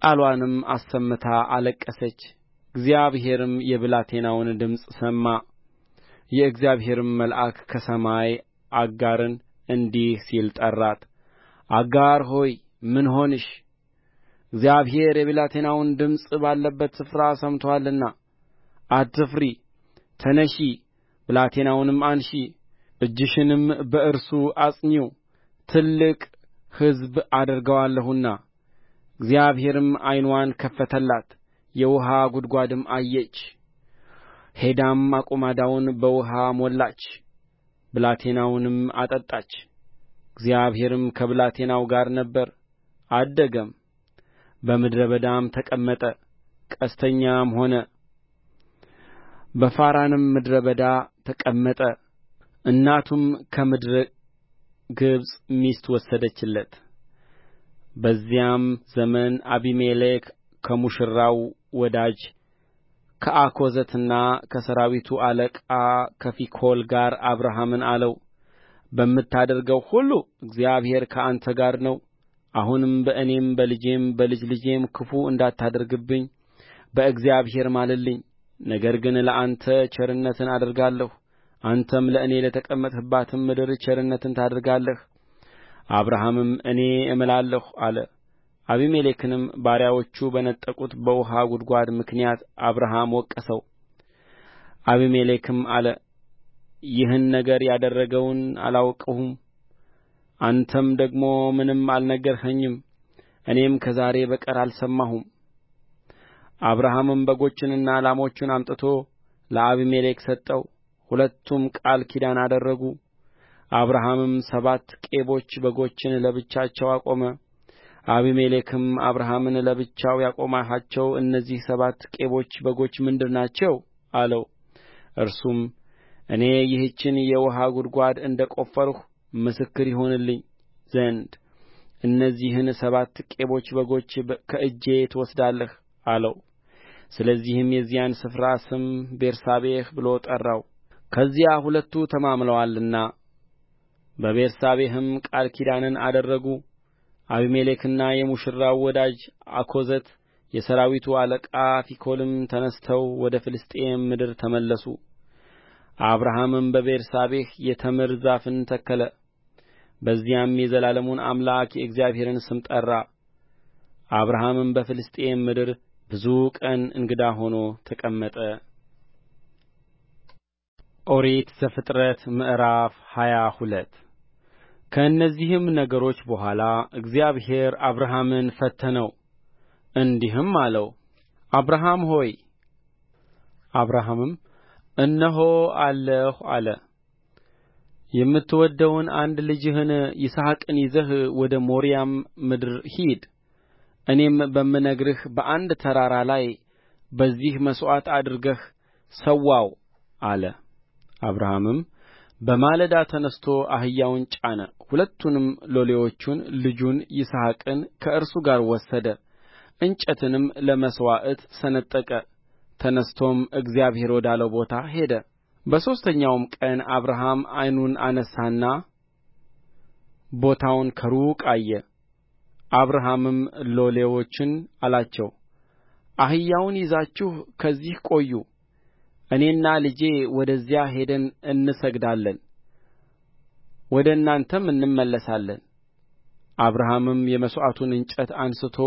ቃልዋንም አሰምታ አለቀሰች እግዚአብሔርም የብላቴናውን ድምፅ ሰማ የእግዚአብሔርም መልአክ ከሰማይ አጋርን እንዲህ ሲል ጠራት አጋር ሆይ ምን ሆንሽ እግዚአብሔር የብላቴናውን ድምፅ ባለበት ስፍራ ሰምቶአልና አትፍሪ ተነሺ ብላቴናውንም አንሺ እጅሽንም በእርሱ አጽኚው ትልቅ ሕዝብ አደርገዋለሁና እግዚአብሔርም ዓይንዋን ከፈተላት የውኃ ጕድጓድም አየች ሄዳም አቁማዳውን በውኃ ሞላች ብላቴናውንም አጠጣች እግዚአብሔርም ከብላቴናው ጋር ነበረ አደገም በምድረ በዳም ተቀመጠ ቀስተኛም ሆነ በፋራንም ምድረ በዳ ተቀመጠ እናቱም ከምድረ ግብፅ ሚስት ወሰደችለት በዚያም ዘመን አቢሜሌክ ከሙሽራው ወዳጅ ከአኮዘትና ከሠራዊቱ አለቃ ከፊኮል ጋር አብርሃምን አለው በምታደርገው ሁሉ እግዚአብሔር ከአንተ ጋር ነው አሁንም በእኔም በልጄም በልጅ ልጄም ክፉ እንዳታደርግብኝ በእግዚአብሔር ማልልኝ ነገር ግን ለአንተ ቸርነትን አደርጋለሁ አንተም ለእኔ ለተቀመጥህባት ምድር ቸርነትን ታደርጋለህ አብርሃምም እኔ እምላለሁ አለ አቢሜሌክንም ባሪያዎቹ በነጠቁት በውኃ ጕድጓድ ምክንያት አብርሃም ወቀሰው አቢሜሌክም አለ ይህን ነገር ያደረገውን አላወቅሁም አንተም ደግሞ ምንም አልነገርኸኝም እኔም ከዛሬ በቀር አልሰማሁም አብርሃምም በጎችንና ላሞችን አምጥቶ ለአቢሜሌክ ሰጠው ሁለቱም ቃል ኪዳን አደረጉ አብርሃምም ሰባት ቄቦች በጎችን ለብቻቸው አቆመ አቢሜሌክም አብርሃምን ለብቻው ያቆምሃቸው እነዚህ ሰባት ቄቦች በጎች ምንድር ናቸው አለው እርሱም እኔ ይህችን የውኃ ጕድጓድ እንደ ቈፈርሁ ምስክር ይሆንልኝ ዘንድ እነዚህን ሰባት ቄቦች በጎች ከእጄ ትወስዳለህ አለው ስለዚህም የዚያን ስፍራ ስም ቤርሳቤህ ብሎ ጠራው ከዚያ ሁለቱ ተማምለዋልና በቤርሳቤህም ቃል ኪዳንን አደረጉ አቢሜሌክና የሙሽራው ወዳጅ አኮዘት የሠራዊቱ አለቃ ፊኮልም ተነሥተው ወደ ፍልስጥኤም ምድር ተመለሱ አብርሃምም በቤርሳቤህ የተምር ዛፍን ተከለ በዚያም የዘላለሙን አምላክ የእግዚአብሔርን ስም ጠራ አብርሃምም በፍልስጥኤም ምድር ብዙ ቀን እንግዳ ሆኖ ተቀመጠ ኦሪት ዘፍጥረት ምዕራፍ ሃያ ሁለት ከእነዚህም ነገሮች በኋላ እግዚአብሔር አብርሃምን ፈተነው እንዲህም አለው አብርሃም ሆይ አብርሃምም እነሆ አለሁ አለ የምትወደውን አንድ ልጅህን ይስሐቅን ይዘህ ወደ ሞሪያም ምድር ሂድ እኔም በምነግርህ በአንድ ተራራ ላይ በዚህ መሥዋዕት አድርገህ ሠዋው አለ አብርሃምም በማለዳ ተነሥቶ አህያውን ጫነ ሁለቱንም ሎሌዎቹን ልጁን ይስሐቅን ከእርሱ ጋር ወሰደ እንጨትንም ለመሥዋዕት ሰነጠቀ ተነሥቶም እግዚአብሔር ወዳለው ቦታ ሄደ በሦስተኛውም ቀን አብርሃም ዓይኑን አነሣና ቦታውን ከሩቅ አየ አብርሃምም ሎሌዎቹን አላቸው አህያውን ይዛችሁ ከዚህ ቆዩ እኔና ልጄ ወደዚያ ሄደን እንሰግዳለን ወደ እናንተም እንመለሳለን አብርሃምም የመሥዋዕቱን እንጨት አንሥቶ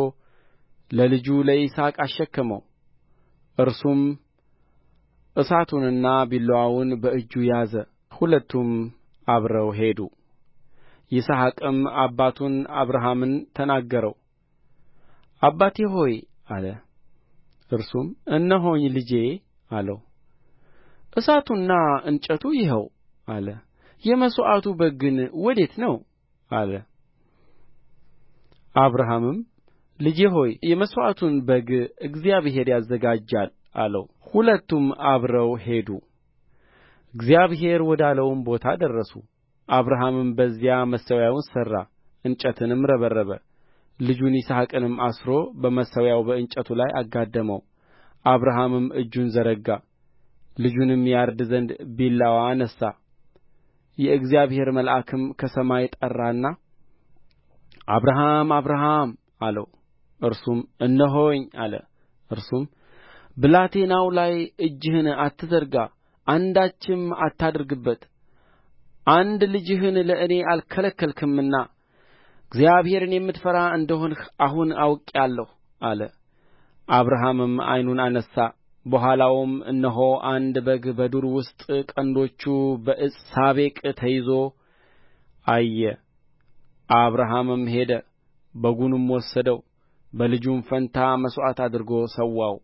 ለልጁ ለይስሐቅ አሸከመው እርሱም እሳቱንና ቢላዋውን በእጁ ያዘ ሁለቱም አብረው ሄዱ ይስሐቅም አባቱን አብርሃምን ተናገረው አባቴ ሆይ አለ እርሱም እነሆኝ ልጄ አለው እሳቱና እንጨቱ ይኸው አለ የመሥዋዕቱ በግ ግን ወዴት ነው አለ አብርሃምም ልጄ ሆይ የመሥዋዕቱን በግ እግዚአብሔር ያዘጋጃል አለው ሁለቱም አብረው ሄዱ እግዚአብሔር ወዳለውም ቦታ ደረሱ አብርሃምም በዚያ መሠዊያውን ሠራ እንጨትንም ረበረበ ልጁን ይስሐቅንም አስሮ በመሠዊያው በእንጨቱ ላይ አጋደመው አብርሃምም እጁን ዘረጋ ልጁንም ያርድ ዘንድ ቢላዋ አነሣ የእግዚአብሔር መልአክም ከሰማይ ጠራና አብርሃም አብርሃም አለው እርሱም እነሆኝ አለ እርሱም ብላቴናው ላይ እጅህን አትዘርጋ አንዳችም አታድርግበት አንድ ልጅህን ለእኔ አልከለከልህምና እግዚአብሔርን የምትፈራ እንደ ሆንህ አሁን አውቄአለሁ አለ አብርሃምም ዓይኑን አነሣ በኋላውም እነሆ አንድ በግ በዱር ውስጥ ቀንዶቹ በዕፀ ሳቤቅ ተይዞ አየ አብርሃምም ሄደ በጉንም ወሰደው በልጁም ፋንታ መሥዋዕት አድርጎ ሠዋው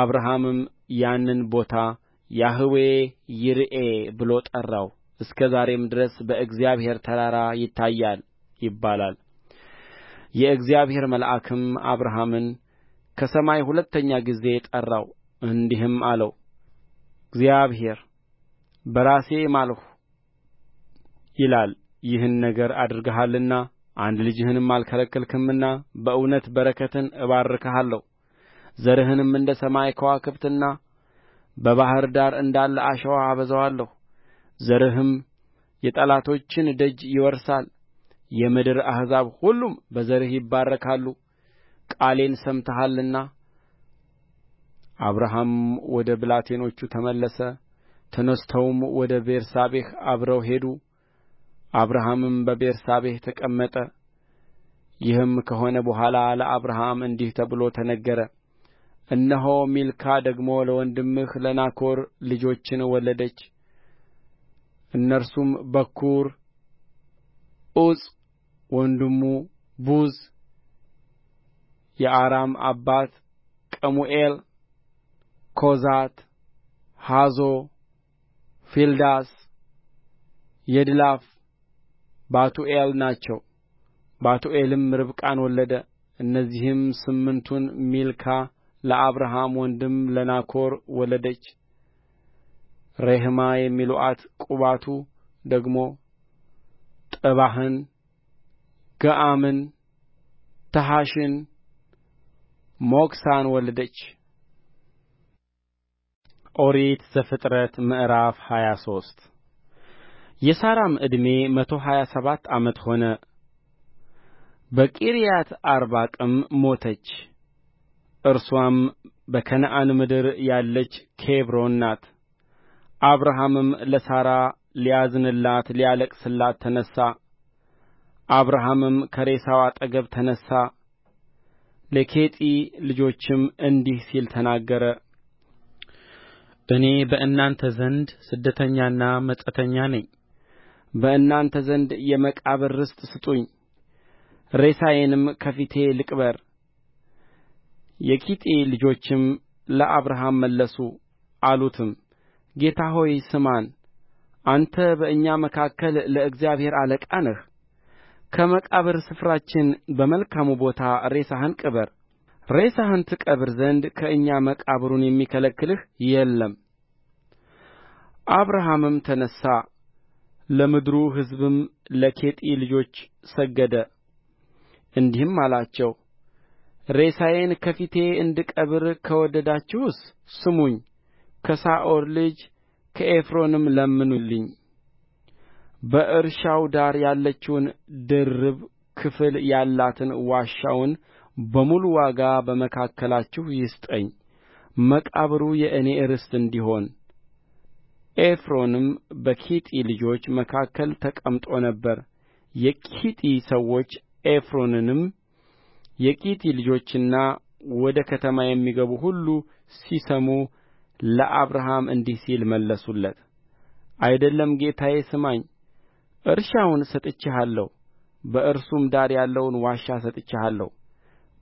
አብርሃምም ያንን ቦታ ያህዌ ይርኤ ብሎ ጠራው እስከ ዛሬም ድረስ በእግዚአብሔር ተራራ ይታያል ይባላል የእግዚአብሔር መልአክም አብርሃምን ከሰማይ ሁለተኛ ጊዜ ጠራው እንዲህም አለው እግዚአብሔር በራሴ ማልሁ ይላል ይህን ነገር አድርገሃልና አንድ ልጅህንም አልከለከልህምና በእውነት በረከትን እባርክሃለሁ ዘርህንም እንደ ሰማይ ከዋክብትና በባሕር ዳር እንዳለ አሸዋ አበዛዋለሁ ዘርህም የጠላቶችን ደጅ ይወርሳል የምድር አሕዛብ ሁሉም በዘርህ ይባረካሉ ቃሌን ሰምተሃልና አብርሃምም ወደ ብላቴኖቹ ተመለሰ ተነሥተውም ወደ ቤርሳቤህ አብረው ሄዱ አብርሃምም በቤርሳቤህ ተቀመጠ ይህም ከሆነ በኋላ ለአብርሃም እንዲህ ተብሎ ተነገረ እነሆ ሚልካ ደግሞ ለወንድምህ ለናኮር ልጆችን ወለደች እነርሱም በኵሩ ዑፅ ወንድሙ ቡዝ የአራም አባት ቀሙኤል ኮዛት ሐዞ ፊልዳስ፣ የድላፍ ባቱኤል ናቸው ባቱኤልም ርብቃን ወለደ እነዚህም ስምንቱን ሚልካ ለአብርሃም ወንድም ለናኮር ወለደች ሬሕማ የሚሉአት ቁባቱ ደግሞ ጥባህን ገአምን ታሐሽን ሞክሳን ወለደች ኦሪት ዘፍጥረት ምዕራፍ ሃያ ሶስት የሣራም ዕድሜ መቶ ሀያ ሰባት ዓመት ሆነ በቂርያትአርባቅም ሞተች እርስዋም በከነዓን ምድር ያለች ኬብሮን ናት አብርሃምም ለሣራ ሊያዝንላት ሊያለቅስላት ተነሣ አብርሃምም ከሬሳው አጠገብ ተነሣ ለኬጢ ልጆችም እንዲህ ሲል ተናገረ እኔ በእናንተ ዘንድ ስደተኛና መጻተኛ ነኝ በእናንተ ዘንድ የመቃብር ርስት ስጡኝ ሬሳዬንም ከፊቴ ልቅበር የኬጢ ልጆችም ለአብርሃም መለሱ አሉትም ጌታ ሆይ ስማን አንተ በእኛ መካከል ለእግዚአብሔር አለቃ ነህ ከመቃብር ስፍራችን በመልካሙ ቦታ ሬሳህን ቅበር ሬሳህን ትቀብር ዘንድ ከእኛ መቃብሩን የሚከለክልህ የለም አብርሃምም ተነሣ ለምድሩ ሕዝብም ለኬጢ ልጆች ሰገደ እንዲህም አላቸው ሬሳዬን ከፊቴ እንድቀብር ከወደዳችሁስ ስሙኝ ከሰዓር ልጅ ከኤፍሮንም ለምኑልኝ በእርሻው ዳር ያለችውን ድርብ ክፍል ያላትን ዋሻውን በሙሉ ዋጋ በመካከላችሁ ይስጠኝ መቃብሩ የእኔ ርስት እንዲሆን ኤፍሮንም በኬጢ ልጆች መካከል ተቀምጦ ነበር የኬጢ ሰዎች ኤፍሮንንም የኬጢ ልጆችና ወደ ከተማ የሚገቡ ሁሉ ሲሰሙ ለአብርሃም እንዲህ ሲል መለሱለት አይደለም ጌታዬ ስማኝ እርሻውን ሰጥቼሃለሁ በእርሱም ዳር ያለውን ዋሻ ሰጥቼሃለሁ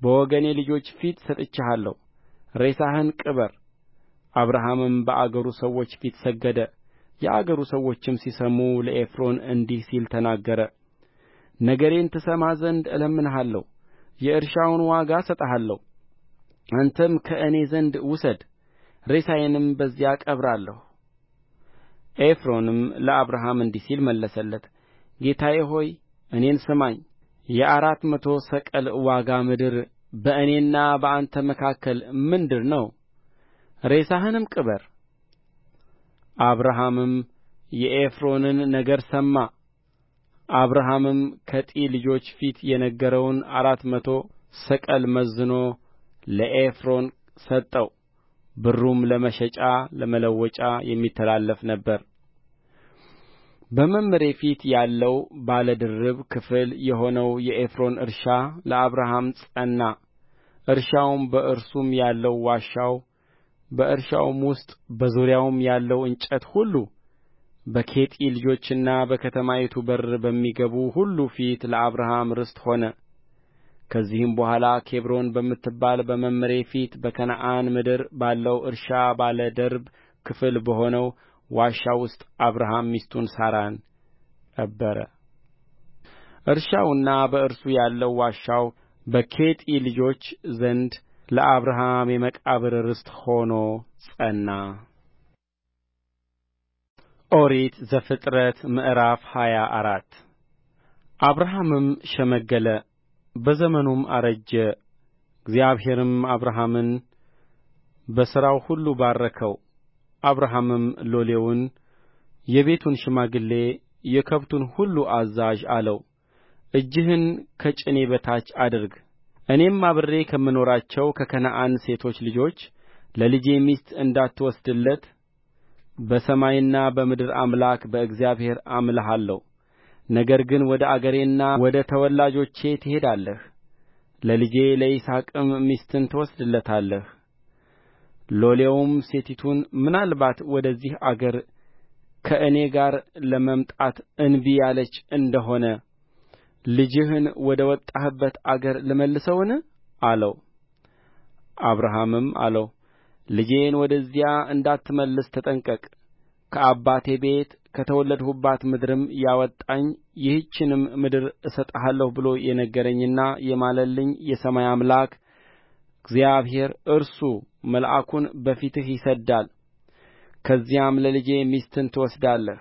በወገኔ ልጆች ፊት ሰጥቼሃለሁ ሬሳህን ቅበር አብርሃምም በአገሩ ሰዎች ፊት ሰገደ የአገሩ ሰዎችም ሲሰሙ ለኤፍሮን እንዲህ ሲል ተናገረ ነገሬን ትሰማ ዘንድ እለምንሃለሁ የእርሻውን ዋጋ እሰጥሃለሁ አንተም ከእኔ ዘንድ ውሰድ ሬሳዬንም በዚያ እቀብራለሁ ኤፍሮንም ለአብርሃም እንዲህ ሲል መለሰለት ጌታዬ ሆይ እኔን ስማኝ የአራት መቶ ሰቅል ዋጋ ምድር በእኔና በአንተ መካከል ምንድር ነው ሬሳህንም ቅበር አብርሃምም የኤፍሮንን ነገር ሰማ አብርሃምም ከጢ ልጆች ፊት የነገረውን አራት መቶ ሰቅል መዝኖ ለኤፍሮን ሰጠው ብሩም ለመሸጫ ለመለወጫ የሚተላለፍ ነበረ በመምሬ ፊት ያለው ባለ ድርብ ክፍል የሆነው የኤፍሮን እርሻ ለአብርሃም ጸና እርሻውም በእርሱም ያለው ዋሻው በእርሻውም ውስጥ በዙሪያውም ያለው እንጨት ሁሉ በኬጢ ልጆችና በከተማይቱ በር በሚገቡ ሁሉ ፊት ለአብርሃም ርስት ሆነ ከዚህም በኋላ ኬብሮን በምትባል በመምሬ ፊት በከነዓን ምድር ባለው እርሻ ባለ ድርብ ክፍል በሆነው ዋሻ ውስጥ አብርሃም ሚስቱን ሳራን ቀበረ እርሻውና በእርሱ ያለው ዋሻው በኬጢ ልጆች ዘንድ ለአብርሃም የመቃብር ርስት ሆኖ ጸና ኦሪት ዘፍጥረት ምዕራፍ ሃያ አራት አብርሃምም ሸመገለ በዘመኑም አረጀ እግዚአብሔርም አብርሃምን በሥራው ሁሉ ባረከው አብርሃምም ሎሌውን የቤቱን ሽማግሌ የከብቱን ሁሉ አዛዥ አለው እጅህን ከጭኔ በታች አድርግ እኔም አብሬ ከምኖራቸው ከከነዓን ሴቶች ልጆች ለልጄ ሚስት እንዳትወስድለት በሰማይና በምድር አምላክ በእግዚአብሔር አምልሃለሁ ነገር ግን ወደ አገሬና ወደ ተወላጆቼ ትሄዳለህ ለልጄ ለይስሐቅም ሚስትን ትወስድለታለህ ሎሌውም ሴቲቱን ምናልባት ወደዚህ አገር ከእኔ ጋር ለመምጣት እንቢ ያለች እንደ ሆነ ልጅህን ወደ ወጣህበት አገር ልመልሰውን አለው አብርሃምም አለው ልጄን ወደዚያ እንዳትመልስ ተጠንቀቅ ከአባቴ ቤት ከተወለድሁባት ምድርም ያወጣኝ ይህችንም ምድር እሰጥሃለሁ ብሎ የነገረኝና የማለልኝ የሰማይ አምላክ እግዚአብሔር እርሱ መልአኩን በፊትህ ይሰድዳል ከዚያም ለልጄ ሚስትን ትወስዳለህ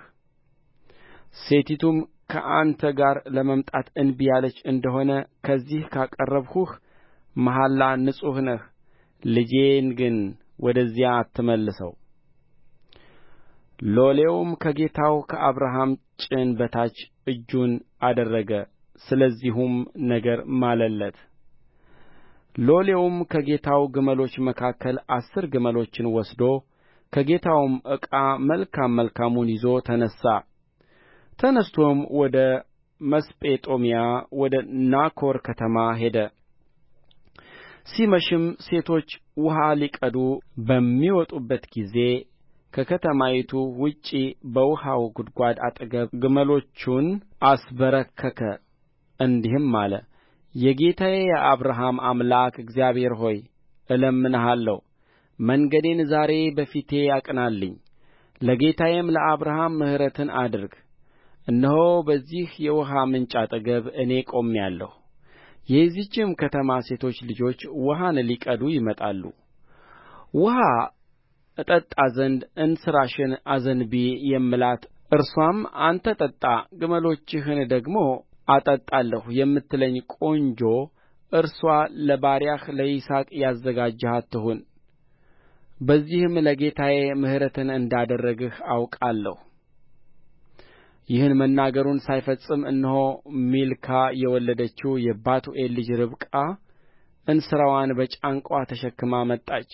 ሴቲቱም ከአንተ ጋር ለመምጣት እንቢ ያለች እንደሆነ ከዚህ ካቀረብሁህ መሐላ ንጹሕ ነህ ልጄን ግን ወደዚያ አትመልሰው ሎሌውም ከጌታው ከአብርሃም ጭን በታች እጁን አደረገ ስለዚሁም ነገር ማለለት ሎሌውም ከጌታው ግመሎች መካከል አሥር ግመሎችን ወስዶ ከጌታውም ዕቃ መልካም መልካሙን ይዞ ተነሣ ተነሥቶም ወደ መስጴጦምያ ወደ ናኮር ከተማ ሄደ ሲመሽም ሴቶች ውኃ ሊቀዱ በሚወጡበት ጊዜ ከከተማይቱ ውጭ በውኃው ጕድጓድ አጠገብ ግመሎቹን አስበረከከ እንዲህም አለ የጌታዬ የአብርሃም አምላክ እግዚአብሔር ሆይ እለምንሃለሁ መንገዴን ዛሬ በፊቴ አቅናልኝ ለጌታዬም ለአብርሃም ምሕረትን አድርግ እነሆ በዚህ የውኃ ምንጭ አጠገብ እኔ ቆሜአለሁ የዚህችም ከተማ ሴቶች ልጆች ውኃን ሊቀዱ ይመጣሉ ውኃ እጠጣ ዘንድ እንስራሽን አዘንቢ የምላት እርስዋም አንተ ጠጣ ግመሎችህን ደግሞ አጠጣለሁ የምትለኝ ቆንጆ እርስዋ ለባሪያህ ለይስሐቅ ያዘጋጀሃት ትሁን በዚህም ለጌታዬ ምሕረትን እንዳደረግህ አውቃለሁ ይህን መናገሩን ሳይፈጽም እነሆ ሚልካ የወለደችው የባቱኤል ልጅ ርብቃ እንስራዋን በጫንቃዋ ተሸክማ መጣች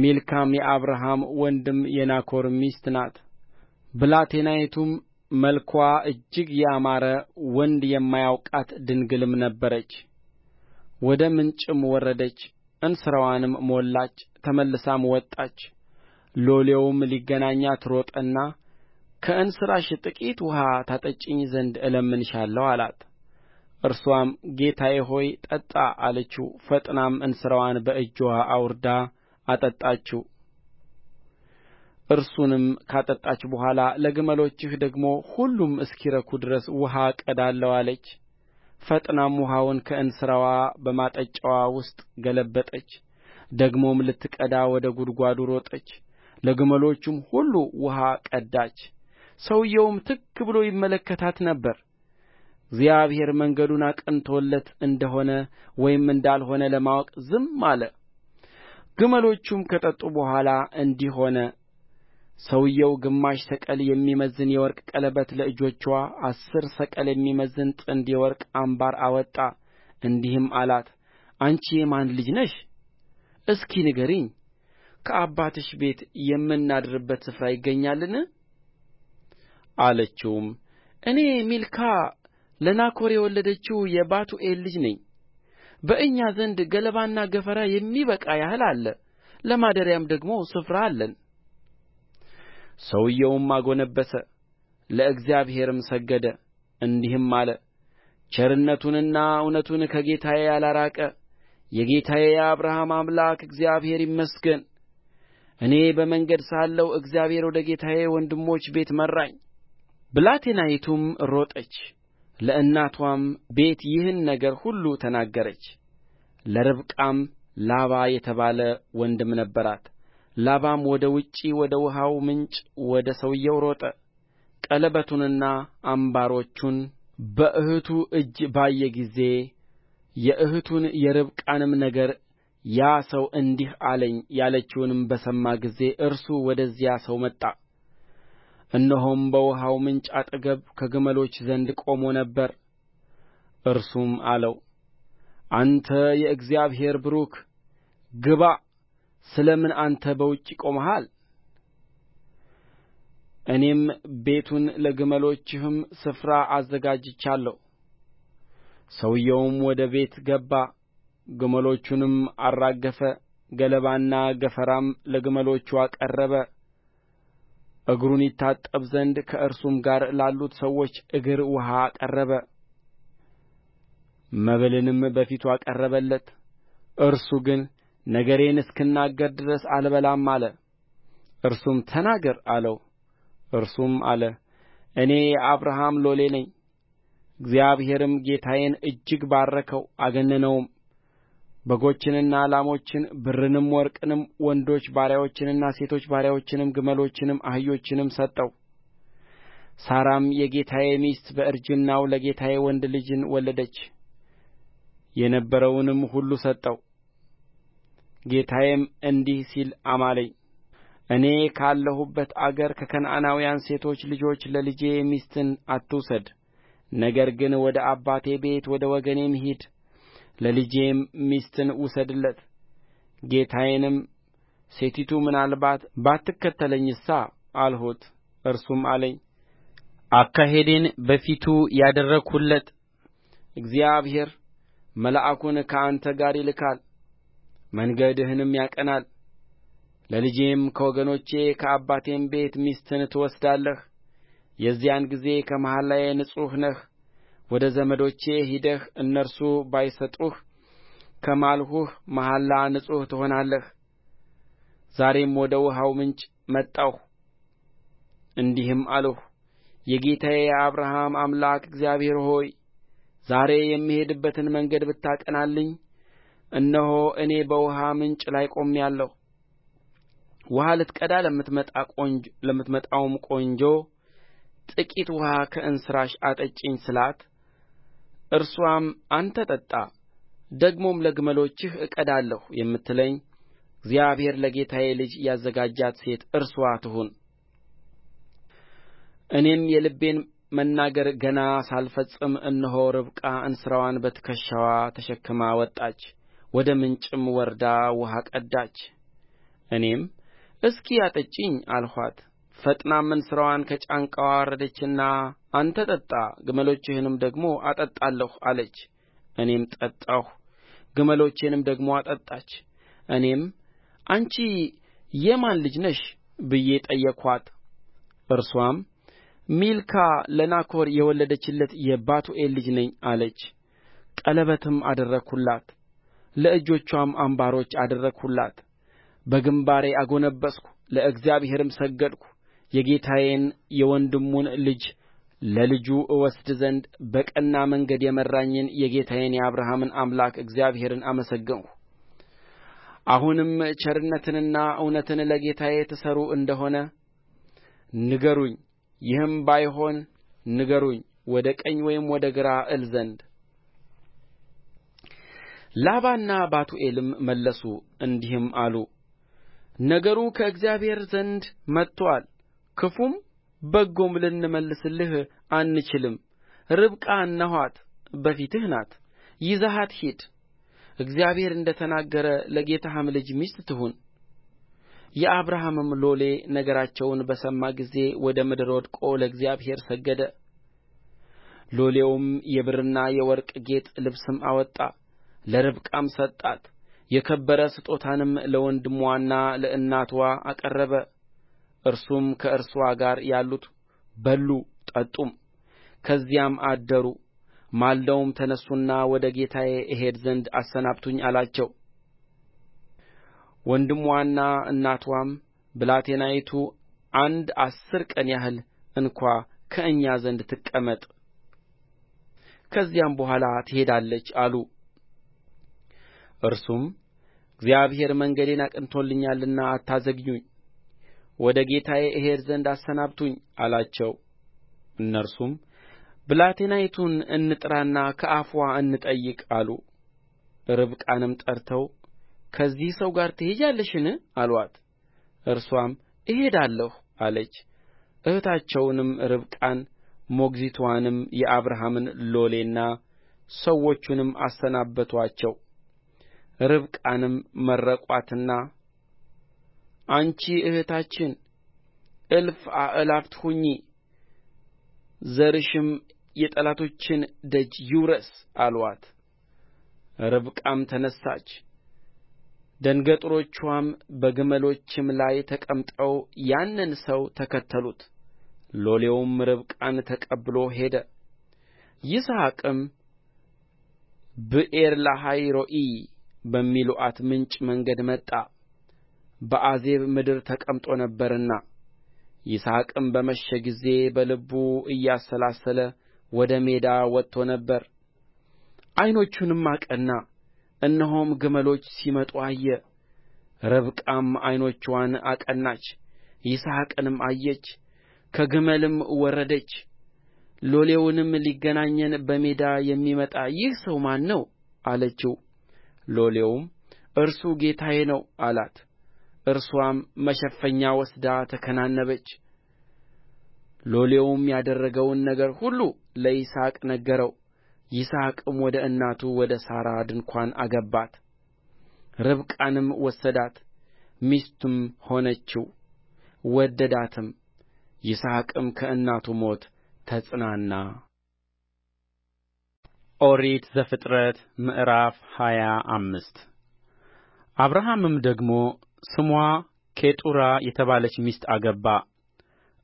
ሚልካም የአብርሃም ወንድም የናኮር ሚስት ናት ብላቴናይቱም መልክዋ እጅግ ያማረ ወንድ የማያውቃት ድንግልም ነበረች ወደ ምንጭም ወረደች እንስራዋንም ሞላች ተመልሳም ወጣች ሎሌውም ሊገናኛት ሮጠና ከእንስራሽ ጥቂት ውኃ ታጠጪኝ ዘንድ እለምንሻለሁ አላት እርስዋም ጌታዬ ሆይ ጠጣ አለችው ፈጥናም እንስራዋን በእጅዋ አውርዳ አጠጣችው እርሱንም ካጠጣች በኋላ ለግመሎችህ ደግሞ ሁሉም እስኪረኩ ድረስ ውኃ እቀዳለሁ አለች ፈጥናም ውኃውን ከእንስራዋ በማጠጫዋ ውስጥ ገለበጠች ደግሞም ልትቀዳ ወደ ጕድጓዱ ሮጠች ለግመሎቹም ሁሉ ውኃ ቀዳች ሰውዮውም ትክ ብሎ ይመለከታት ነበር እግዚአብሔር መንገዱን አቅንቶለት እንደ ሆነ ወይም እንዳልሆነ ለማወቅ ዝም አለ ግመሎቹም ከጠጡ በኋላ እንዲህ ሆነ ሰውዮው ግማሽ ሰቅል የሚመዝን የወርቅ ቀለበት ለእጆችዋ አሥር ሰቅል የሚመዝን ጥንድ የወርቅ አምባር አወጣ እንዲህም አላት አንቺ የማን ልጅ ነሽ እስኪ ንገሪኝ ከአባትሽ ቤት የምናድርበት ስፍራ ይገኛልን አለችውም እኔ ሚልካ ለናኮር የወለደችው የባቱኤል ልጅ ነኝ በእኛ ዘንድ ገለባና ገፈራ የሚበቃ ያህል አለ ለማደሪያም ደግሞ ስፍራ አለን ሰውዮውም አጎነበሰ ለእግዚአብሔርም ሰገደ እንዲህም አለ ቸርነቱንና እውነቱን ከጌታዬ ያላራቀ የጌታዬ የአብርሃም አምላክ እግዚአብሔር ይመስገን እኔ በመንገድ ሳለሁ እግዚአብሔር ወደ ጌታዬ ወንድሞች ቤት መራኝ ብላቴናይቱም ሮጠች ለእናትዋም ቤት ይህን ነገር ሁሉ ተናገረች ለርብቃም ላባ የተባለ ወንድም ነበራት ላባም ወደ ውጪ ወደ ውኃው ምንጭ ወደ ሰውዮው ሮጠ ቀለበቱንና አምባሮቹን በእኅቱ እጅ ባየ ጊዜ የእኅቱን የርብቃንም ነገር ያ ሰው እንዲህ አለኝ ያለችውንም በሰማ ጊዜ እርሱ ወደዚያ ሰው መጣ እነሆም በውኃው ምንጭ አጠገብ ከግመሎች ዘንድ ቆሞ ነበር እርሱም አለው አንተ የእግዚአብሔር ቡሩክ ግባ ስለ ምን አንተ በውጭ ቆመሃል እኔም ቤቱን ለግመሎችህም ስፍራ አዘጋጅቼአለሁ ሰውዮውም ወደ ቤት ገባ ግመሎቹንም አራገፈ ገለባና ገፈራም ለግመሎቹ አቀረበ እግሩን ይታጠብ ዘንድ ከእርሱም ጋር ላሉት ሰዎች እግር ውኃ አቀረበ መብልንም በፊቱ አቀረበለት እርሱ ግን ነገሬን እስክናገር ድረስ አልበላም አለ እርሱም ተናገር አለው እርሱም አለ እኔ የአብርሃም ሎሌ ነኝ እግዚአብሔርም ጌታዬን እጅግ ባረከው አገነነውም በጎችንና ላሞችን ብርንም ወርቅንም ወንዶች ባሪያዎችንና ሴቶች ባሪያዎችንም ግመሎችንም አህዮችንም ሰጠው ሣራም የጌታዬ ሚስት በእርጅናው ለጌታዬ ወንድ ልጅን ወለደች የነበረውንም ሁሉ ሰጠው ጌታዬም እንዲህ ሲል አማለኝ እኔ ካለሁበት አገር ከከነዓናውያን ሴቶች ልጆች ለልጄ ሚስትን አትውሰድ ነገር ግን ወደ አባቴ ቤት ወደ ወገኔም ሂድ ለልጄም ሚስትን ውሰድለት ጌታዬንም ሴቲቱ ምናልባት ባትከተለኝሳ አልሁት እርሱም አለኝ አካሄዴን በፊቱ ያደረግሁለት እግዚአብሔር መልአኩን ከአንተ ጋር ይልካል መንገድህንም ያቀናል ለልጄም ከወገኖቼ ከአባቴም ቤት ሚስትን ትወስዳለህ የዚያን ጊዜ ከመሐላዬ ንጹሕ ነህ ወደ ዘመዶቼ ሄደህ እነርሱ ባይሰጡህ ከማልሁህ መሐላ ንጹሕ ትሆናለህ ዛሬም ወደ ውኃው ምንጭ መጣሁ እንዲህም አልሁ የጌታዬ የአብርሃም አምላክ እግዚአብሔር ሆይ ዛሬ የምሄድበትን መንገድ ብታቀናልኝ እነሆ እኔ በውኃ ምንጭ ላይ ቆሜአለሁ ውኃ ልትቀዳ ለምትመጣውም ቆንጆ ጥቂት ውኃ ከእንስራሽ አጠጪኝ ስላት እርስዋም አንተ ጠጣ ደግሞም ለግመሎችህ እቀዳለሁ የምትለኝ እግዚአብሔር ለጌታዬ ልጅ ያዘጋጃት ሴት እርስዋ ትሁን እኔም የልቤን መናገር ገና ሳልፈጽም እነሆ ርብቃ እንስራዋን በትከሻዋ ተሸክማ ወጣች ወደ ምንጭም ወርዳ ውኃ ቀዳች እኔም እስኪ አጠጪኝ አልኋት ፈጥናም እንስራዋን ከጫንቃዋ አወረደችና አንተ ጠጣ ግመሎችህንም ደግሞ አጠጣለሁ አለች እኔም ጠጣሁ ግመሎቼንም ደግሞ አጠጣች እኔም አንቺ የማን ልጅ ነሽ ብዬ ጠየቅኋት እርስዋም ሚልካ ለናኮር የወለደችለት የባቱኤል ልጅ ነኝ አለች ቀለበትም አደረግሁላት ለእጆቿም አምባሮች አደረግሁላት በግምባሬ አጎነበስሁ ለእግዚአብሔርም ሰገድሁ የጌታዬን የወንድሙን ልጅ ለልጁ እወስድ ዘንድ በቀና መንገድ የመራኝን የጌታዬን የአብርሃምን አምላክ እግዚአብሔርን አመሰገንሁ አሁንም ቸርነትንና እውነትን ለጌታዬ ትሠሩ እንደ ሆነ ንገሩኝ ይህም ባይሆን ንገሩኝ ወደ ቀኝ ወይም ወደ ግራ እል ዘንድ ላባና ባቱኤልም መለሱ እንዲህም አሉ ነገሩ ከእግዚአብሔር ዘንድ መጥቶአል ክፉም በጎም ልንመልስልህ አንችልም ርብቃ እነኋት በፊትህ ናት ይዘሃት ሂድ እግዚአብሔር እንደ ተናገረ ለጌታህም ልጅ ሚስት ትሁን የአብርሃምም ሎሌ ነገራቸውን በሰማ ጊዜ ወደ ምድር ወድቆ ለእግዚአብሔር ሰገደ ሎሌውም የብርና የወርቅ ጌጥ ልብስም አወጣ ለርብቃም ሰጣት የከበረ ስጦታንም ለወንድምዋና ለእናትዋ አቀረበ እርሱም ከእርስዋ ጋር ያሉት በሉ ጠጡም ከዚያም አደሩ ማልደውም ተነሡና ወደ ጌታዬ እሄድ ዘንድ አሰናብቱኝ አላቸው ወንድምዋና እናትዋም ብላቴናይቱ አንድ አሥር ቀን ያህል እንኳ ከእኛ ዘንድ ትቀመጥ ከዚያም በኋላ ትሄዳለች አሉ እርሱም እግዚአብሔር መንገዴን አቅንቶልኛልና አታዘግዩኝ ወደ ጌታዬ እሄድ ዘንድ አሰናብቱኝ አላቸው እነርሱም ብላቴናይቱን እንጥራና ከአፍዋ እንጠይቅ አሉ ርብቃንም ጠርተው ከዚህ ሰው ጋር ትሄጃለሽን አሉአት እርስዋም እሄዳለሁ አለች እኅታቸውንም ርብቃን ሞግዚትዋንም የአብርሃምን ሎሌና ሰዎቹንም አሰናበቱአቸው ርብቃንም መረቋትና አንቺ እኅታችን እልፍ አእላፋት ሁኚ ዘርሽም የጠላቶችን ደጅ ይውረስ አሉአት ርብቃም ተነሣች ደንገጥሮችዋም በግመሎችም ላይ ተቀምጠው ያንን ሰው ተከተሉት ሎሌውም ርብቃን ተቀብሎ ሄደ ይስሐቅም ብኤርለሃይሮኢ በሚሉአት ምንጭ መንገድ መጣ በአዜብ ምድር ተቀምጦ ነበርና ይስሐቅም በመሸ ጊዜ በልቡ እያሰላሰለ ወደ ሜዳ ወጥቶ ነበር ዓይኖቹንም አቀና እነሆም ግመሎች ሲመጡ አየ ርብቃም ዓይኖችዋን አቀናች ይስሐቅንም አየች ከግመልም ወረደች ሎሌውንም ሊገናኘን በሜዳ የሚመጣ ይህ ሰው ማን ነው አለችው ሎሌውም እርሱ ጌታዬ ነው አላት እርስዋም መሸፈኛ ወስዳ ተከናነበች ሎሌውም ያደረገውን ነገር ሁሉ ለይስሐቅ ነገረው ይስሐቅም ወደ እናቱ ወደ ሣራ ድንኳን አገባት ርብቃንም ወሰዳት ሚስትም ሆነችው ወደዳትም ይስሐቅም ከእናቱ ሞት ተጽናና ኦሪት ዘፍጥረት ምዕራፍ ሃያ አምስት አብርሃምም ደግሞ ስሟ ኬጡራ የተባለች ሚስት አገባ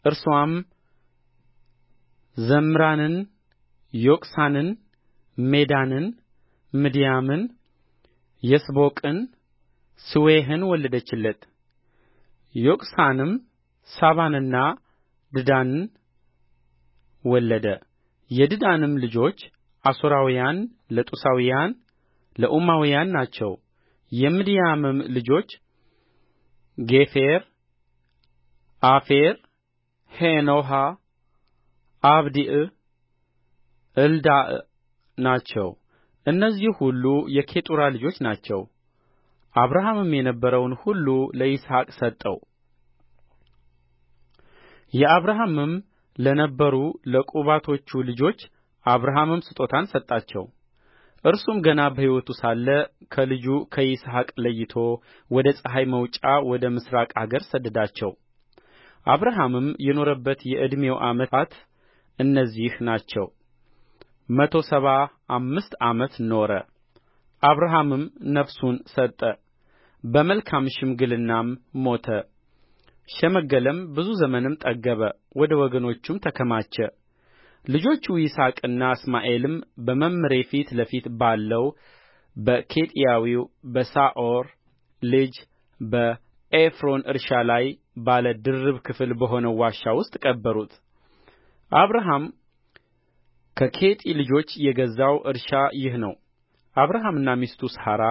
እርስዋም ዘምራንን ዮቅሳንን ሜዳንን ምድያምን የስቦቅን ስዌሕን ወለደችለት ዮቅሳንም ሳባንና ድዳንን ወለደ የድዳንም ልጆች አሦራውያን ለጡሳውያን ለኡማውያን ናቸው የምድያምም ልጆች ጌፌር አፌር፣ ሄኖኅ አቢዳዕ ኤልዳዓ ናቸው እነዚህ ሁሉ የኬጡራ ልጆች ናቸው አብርሃምም የነበረውን ሁሉ ለይስሐቅ ሰጠው የአብርሃምም ለነበሩ ለቁባቶቹ ልጆች አብርሃምም ስጦታን ሰጣቸው እርሱም ገና በሕይወቱ ሳለ ከልጁ ከይስሐቅ ለይቶ ወደ ፀሐይ መውጫ ወደ ምሥራቅ አገር ሰደዳቸው አብርሃምም የኖረበት የዕድሜው ዓመታት እነዚህ ናቸው መቶ ሰባ አምስት ዓመት ኖረ አብርሃምም ነፍሱን ሰጠ በመልካም ሽምግልናም ሞተ ሸመገለም ብዙ ዘመንም ጠገበ ወደ ወገኖቹም ተከማቸ ልጆቹ ይስሐቅና እስማኤልም በመምሬ ፊት ለፊት ባለው በኬጢያዊው በሰዓር ልጅ በኤፍሮን እርሻ ላይ ባለ ድርብ ክፍል በሆነው ዋሻ ውስጥ ቀበሩት አብርሃም ከኬጢ ልጆች የገዛው እርሻ ይህ ነው አብርሃምና ሚስቱ ሣራ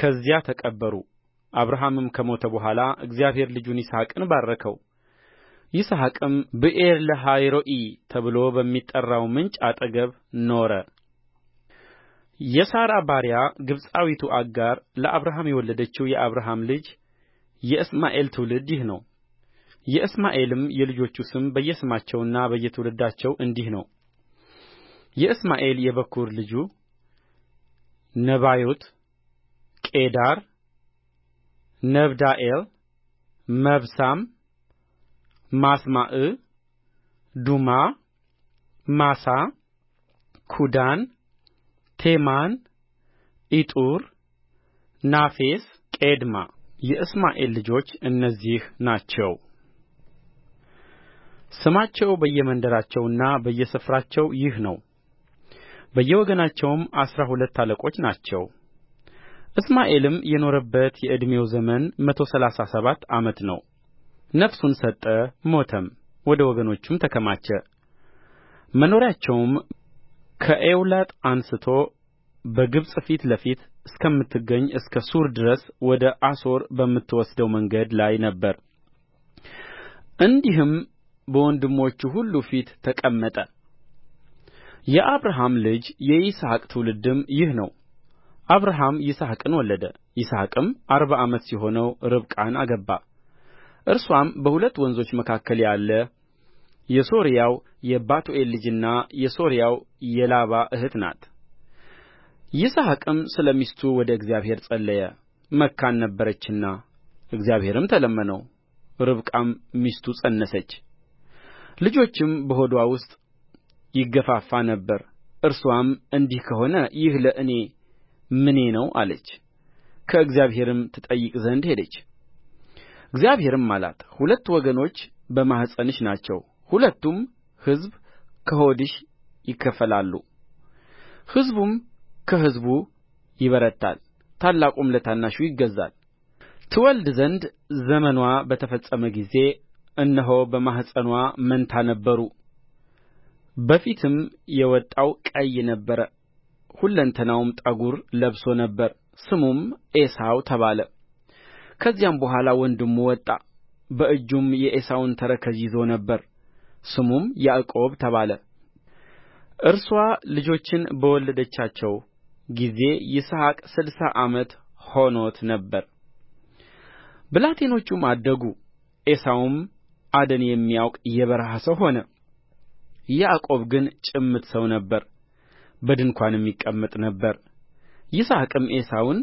ከዚያ ተቀበሩ አብርሃምም ከሞተ በኋላ እግዚአብሔር ልጁን ይስሐቅን ባረከው ይስሐቅም ብኤርለሃይሮኢ ተብሎ በሚጠራው ምንጭ አጠገብ ኖረ የሣራ ባሪያ ግብፃዊቱ አጋር ለአብርሃም የወለደችው የአብርሃም ልጅ የእስማኤል ትውልድ ይህ ነው የእስማኤልም የልጆቹ ስም በየስማቸውና በየትውልዳቸው እንዲህ ነው የእስማኤል የበኵር ልጁ ነባዮት ቄዳር ነብዳኤል መብሳም ማስማዕ ዱማ ማሣ ኩዳን ቴማን ኢጡር ናፌስ ቄድማ የእስማኤል ልጆች እነዚህ ናቸው ስማቸው በየመንደራቸውና በየስፍራቸው ይህ ነው በየወገናቸውም አሥራ ሁለት አለቆች ናቸው እስማኤልም የኖረበት የዕድሜው ዘመን መቶ ሠላሳ ሰባት ዓመት ነው ነፍሱን ሰጠ ሞተም ወደ ወገኖቹም ተከማቸ መኖሪያቸውም ከኤውላጥ አንሥቶ በግብፅ ፊት ለፊት እስከምትገኝ እስከ ሱር ድረስ ወደ አሦር በምትወስደው መንገድ ላይ ነበረ እንዲህም በወንድሞቹ ሁሉ ፊት ተቀመጠ የአብርሃም ልጅ የይስሐቅ ትውልድም ይህ ነው አብርሃም ይስሐቅን ወለደ ይስሐቅም አርባ ዓመት ሲሆነው ርብቃን አገባ እርስዋም በሁለት ወንዞች መካከል ያለ የሶርያው የባቱኤል ልጅና የሶርያው የላባ እኅት ናት ይስሐቅም ስለ ሚስቱ ወደ እግዚአብሔር ጸለየ መካን ነበረችና እግዚአብሔርም ተለመነው ርብቃም ሚስቱ ፀነሰች ልጆችም በሆድዋ ውስጥ ይገፋፋ ነበር እርስዋም እንዲህ ከሆነ ይህ ለእኔ ምኔ ነው አለች ከእግዚአብሔርም ትጠይቅ ዘንድ ሄደች እግዚአብሔርም አላት ሁለት ወገኖች በማኅፀንሽ ናቸው ሁለቱም ሕዝብ ከሆድሽ ይከፈላሉ ሕዝቡም ከሕዝቡ ይበረታል ታላቁም ለታናሹ ይገዛል ትወልድ ዘንድ ዘመንዋ በተፈጸመ ጊዜ እነሆ በማኅፀንዋ መንታ ነበሩ በፊትም የወጣው ቀይ ነበረ ሁለንተናውም ጠጕር ለብሶ ነበር ስሙም ዔሳው ተባለ ከዚያም በኋላ ወንድሙ ወጣ በእጁም የዔሳውን ተረከዝ ይዞ ነበር ስሙም ያዕቆብ ተባለ እርስዋ ልጆችን በወለደቻቸው ጊዜ ይስሐቅ ስድሳ ዓመት ሆኖት ነበር ብላቴኖቹም አደጉ ዔሳውም አደን የሚያውቅ የበረሃ ሰው ሆነ ያዕቆብ ግን ጭምት ሰው ነበረ በድንኳንም ይቀመጥ ነበር ይስሐቅም ዔሳውን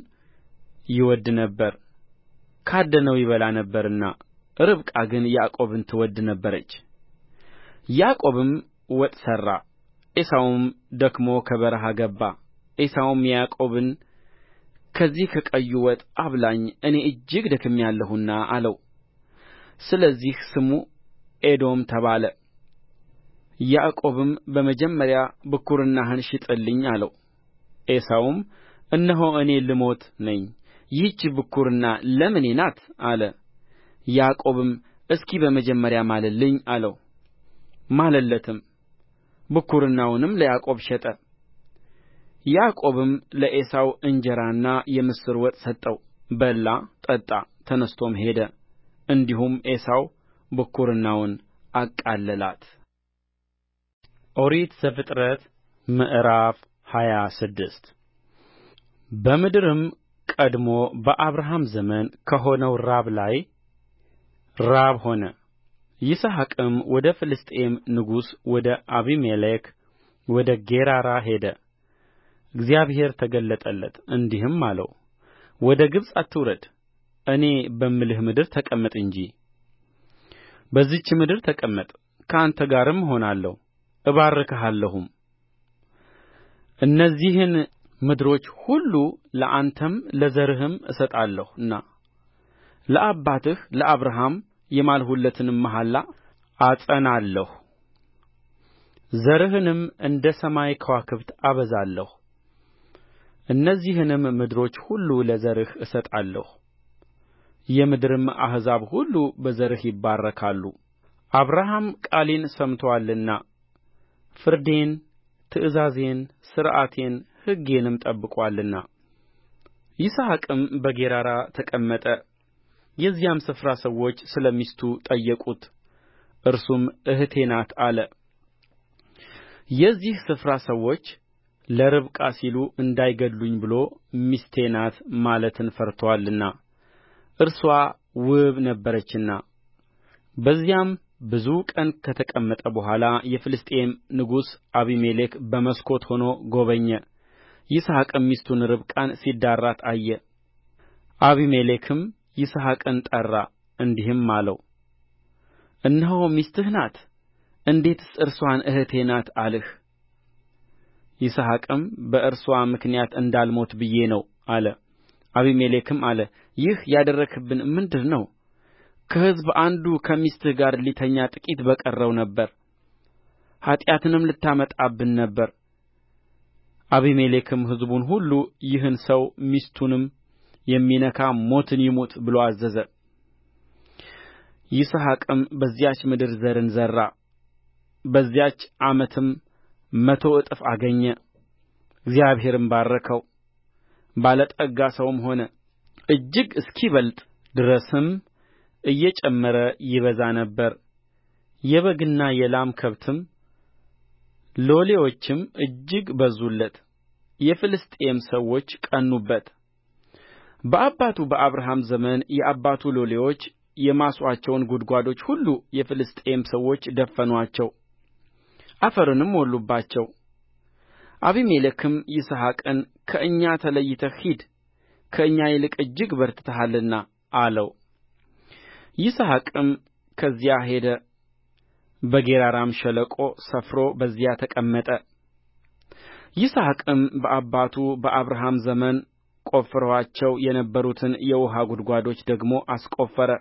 ይወድ ነበር ካደነው ይበላ ነበርና ርብቃ ግን ያዕቆብን ትወድ ነበረች ያዕቆብም ወጥ ሠራ ዔሳውም ደክሞ ከበረሃ ገባ ዔሳውም ያዕቆብን ከዚህ ከቀዩ ወጥ አብላኝ እኔ እጅግ ደክሜአለሁና አለው ስለዚህ ስሙ ኤዶም ተባለ ያዕቆብም በመጀመሪያ ብኵርናህን ሽጥልኝ አለው ዔሳውም እነሆ እኔ ልሞት ነኝ ይህች ብኵርና ለምኔ ናት አለ ያዕቆብም እስኪ በመጀመሪያ ማልልኝ አለው ማለለትም ብኵርናውንም ለያዕቆብ ሸጠ ያዕቆብም ለዔሳው እንጀራና የምስር ወጥ ሰጠው በላ ጠጣ ተነሥቶም ሄደ እንዲሁም ዔሳው ብኵርናውን አቃለላት ኦሪት ዘፍጥረት ምዕራፍ ሃያ ስድስት በምድርም ቀድሞ በአብርሃም ዘመን ከሆነው ራብ ላይ ራብ ሆነ ይስሐቅም ወደ ፍልስጥኤም ንጉሥ ወደ አቢሜሌክ ወደ ጌራራ ሄደ እግዚአብሔር ተገለጠለት እንዲህም አለው ወደ ግብፅ አትውረድ እኔ በምልህ ምድር ተቀመጥ እንጂ በዚህች ምድር ተቀመጥ ከአንተ ጋርም እሆናለሁ እባርክሃለሁም እነዚህን ምድሮች ሁሉ ለአንተም ለዘርህም እሰጣለሁና ለአባትህ ለአብርሃም የማልሁለትንም መሐላ አጸናለሁ ዘርህንም እንደ ሰማይ ከዋክብት አበዛለሁ እነዚህንም ምድሮች ሁሉ ለዘርህ እሰጣለሁ የምድርም አሕዛብ ሁሉ በዘርህ ይባረካሉ አብርሃም ቃሌን ሰምቶአልና ፍርዴን ትእዛዜን ሥርዓቴን ሕጌንም ጠብቆአልና ይስሐቅም በጌራራ ተቀመጠ የዚያም ስፍራ ሰዎች ስለ ሚስቱ ጠየቁት እርሱም እኅቴ ናት አለ የዚህ ስፍራ ሰዎች ለርብቃ ሲሉ እንዳይገድሉኝ ብሎ ሚስቴ ናት ማለትን ፈርቶአልና እርስዋ ውብ ነበረችና በዚያም ብዙ ቀን ከተቀመጠ በኋላ የፍልስጥኤም ንጉሥ አቢሜሌክ በመስኮት ሆኖ ጎበኘ ይስሐቅም ሚስቱን ርብቃን ሲዳራት አየ አቢሜሌክም ይስሐቅን ጠራ እንዲህም አለው እነሆ ሚስትህ ናት እንዴትስ እርስዋን እኅቴ ናት አልህ ይስሐቅም በእርስዋ ምክንያት እንዳልሞት ብዬ ነው አለ አቢሜሌክም አለ ይህ ያደረግህብን ምንድር ነው ከሕዝብ አንዱ ከሚስትህ ጋር ሊተኛ ጥቂት በቀረው ነበር ኃጢአትንም ልታመጣብን ነበር አቢሜሌክም ሕዝቡን ሁሉ ይህን ሰው ሚስቱንም የሚነካ ሞትን ይሙት ብሎ አዘዘ ይስሐቅም በዚያች ምድር ዘርን ዘራ በዚያች ዓመትም መቶ እጥፍ አገኘ እግዚአብሔርም ባረከው ባለጠጋ ሰውም ሆነ እጅግ እስኪበልጥ ድረስም እየጨመረ ይበዛ ነበር የበግና የላም ከብትም ሎሌዎችም እጅግ በዙለት የፍልስጥኤም ሰዎች ቀኑበት በአባቱ በአብርሃም ዘመን የአባቱ ሎሌዎች የማሱአቸውን ጕድጓዶች ሁሉ የፍልስጥኤም ሰዎች ደፈኑአቸው አፈርንም ሞሉባቸው አቢሜሌክም ይስሐቅን ከእኛ ተለይተህ ሂድ ከእኛ ይልቅ እጅግ በርትተሃልና አለው ይስሐቅም ከዚያ ሄደ በጌራራም ሸለቆ ሰፍሮ በዚያ ተቀመጠ ይስሐቅም በአባቱ በአብርሃም ዘመን ቆፍረዋቸው የነበሩትን የውኃ ጕድጓዶች ደግሞ አስቈፈረ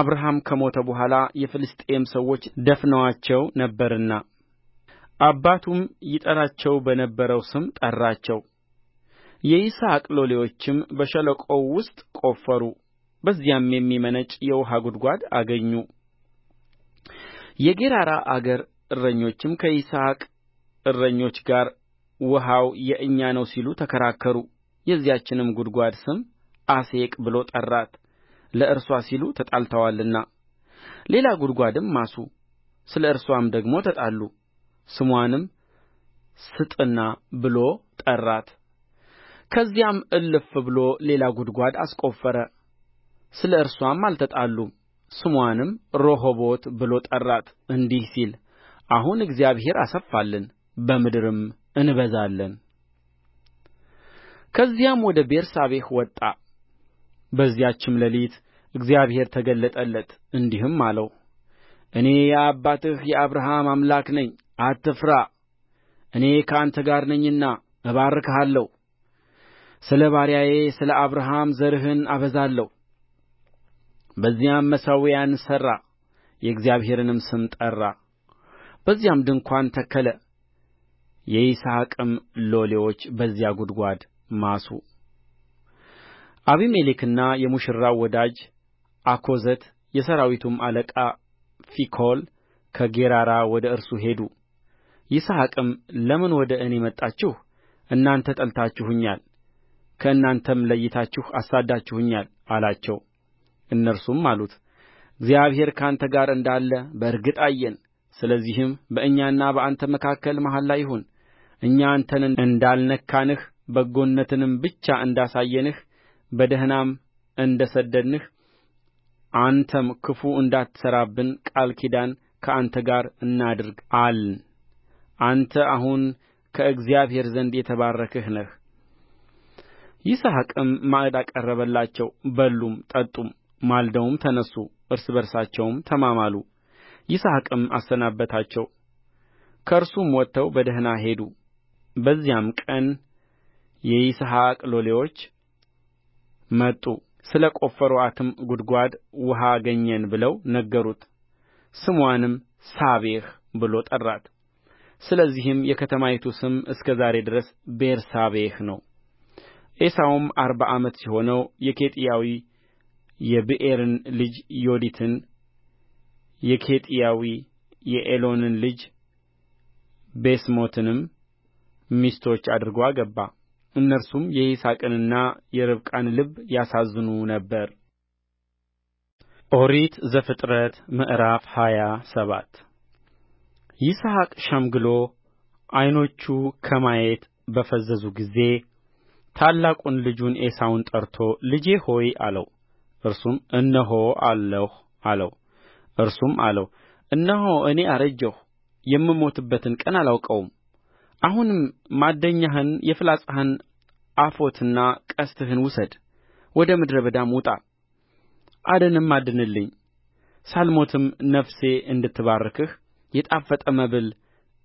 አብርሃም ከሞተ በኋላ የፍልስጥኤም ሰዎች ደፍነዋቸው ነበርና አባቱም ይጠራቸው በነበረው ስም ጠራቸው የይስሐቅ ሎሌዎችም በሸለቆው ውስጥ ቆፈሩ በዚያም የሚመነጭ የውኃ ጕድጓድ አገኙ የጌራራ አገር እረኞችም ከይስሐቅ እረኞች ጋር ውኃው የእኛ ነው ሲሉ ተከራከሩ የዚያችንም ጕድጓድ ስም አሴቅ ብሎ ጠራት ለእርስዋ ሲሉ ተጣልተዋልና ሌላ ጕድጓድም ማሱ ስለ እርስዋም ደግሞ ተጣሉ ስምዋንም ስጥና ብሎ ጠራት ከዚያም እልፍ ብሎ ሌላ ጕድጓድ አስቈፈረ ስለ እርስዋም አልተጣሉም ስምዋንም ርኆቦት ብሎ ጠራት እንዲህ ሲል አሁን እግዚአብሔር አሰፋልን በምድርም እንበዛለን ከዚያም ወደ ቤርሳቤህ ወጣ በዚያችም ሌሊት እግዚአብሔር ተገለጠለት እንዲህም አለው እኔ የአባትህ የአብርሃም አምላክ ነኝ አትፍራ እኔ ከአንተ ጋር ነኝና እባርክሃለሁ ስለ ባሪያዬ ስለ አብርሃም ዘርህን አበዛለሁ በዚያም መሠዊያን ሠራ የእግዚአብሔርንም ስም ጠራ በዚያም ድንኳን ተከለ የይስሐቅም ሎሌዎች በዚያ ጕድጓድ ማሱ አቢሜሌክና የሙሽራው ወዳጅ አኮዘት የሠራዊቱም አለቃ ፊኮል ከጌራራ ወደ እርሱ ሄዱ ይስሐቅም ለምን ወደ እኔ መጣችሁ እናንተ ጠልታችሁኛል ከእናንተም ለይታችሁ አሳድዳችሁኛል አላቸው እነርሱም አሉት እግዚአብሔር ከአንተ ጋር እንዳለ በእርግጥ አየን ስለዚህም በእኛና በአንተ መካከል መሐላ ይሁን እኛ አንተን እንዳልነካንህ በጎነትንም ብቻ እንዳሳየንህ በደኅናም እንደ ሰደድንህ አንተም ክፉ እንዳትሠራብን ቃል ኪዳን ከአንተ ጋር እናድርግ አልን አንተ አሁን ከእግዚአብሔር ዘንድ የተባረክህ ነህ ይስሐቅም ማዕድ አቀረበላቸው በሉም ጠጡም ማልደውም ተነሡ እርስ በርሳቸውም ተማማሉ ይስሐቅም አሰናበታቸው ከእርሱም ወጥተው በደኅና ሄዱ በዚያም ቀን የይስሐቅ ሎሌዎች መጡ ስለ ቈፈሩአትም ጕድጓድ ውኃ አገኘን ብለው ነገሩት ስምዋንም ሳቤህ ብሎ ጠራት ስለዚህም የከተማይቱ ስም እስከ ዛሬ ድረስ ቤርሳቤህ ነው ዔሳውም አርባ ዓመት ሲሆነው የኬጢያዊ የብኤሪን ልጅ ዮዲትን የኬጢያዊ የኤሎንን ልጅ ቤሴሞትንም ሚስቶች አድርጎ አገባ እነርሱም የይስሐቅንና የርብቃን ልብ ያሳዝኑ ነበር ኦሪት ዘፍጥረት ምዕራፍ ሃያ ሰባት ይስሐቅ ሸምግሎ ዓይኖቹ ከማየት በፈዘዙ ጊዜ ታላቁን ልጁን ኤሳውን ጠርቶ ልጄ ሆይ አለው። እርሱም እነሆ አለሁ አለው። እርሱም አለው እነሆ እኔ አረጀሁ፣ የምሞትበትን ቀን አላውቀውም አሁንም ማደኛህን የፍላጻህን አፎትና ቀስትህን ውሰድ ወደ ምድረ በዳም ውጣ አደንም አድንልኝ ሳልሞትም ነፍሴ እንድትባርክህ የጣፈጠ መብል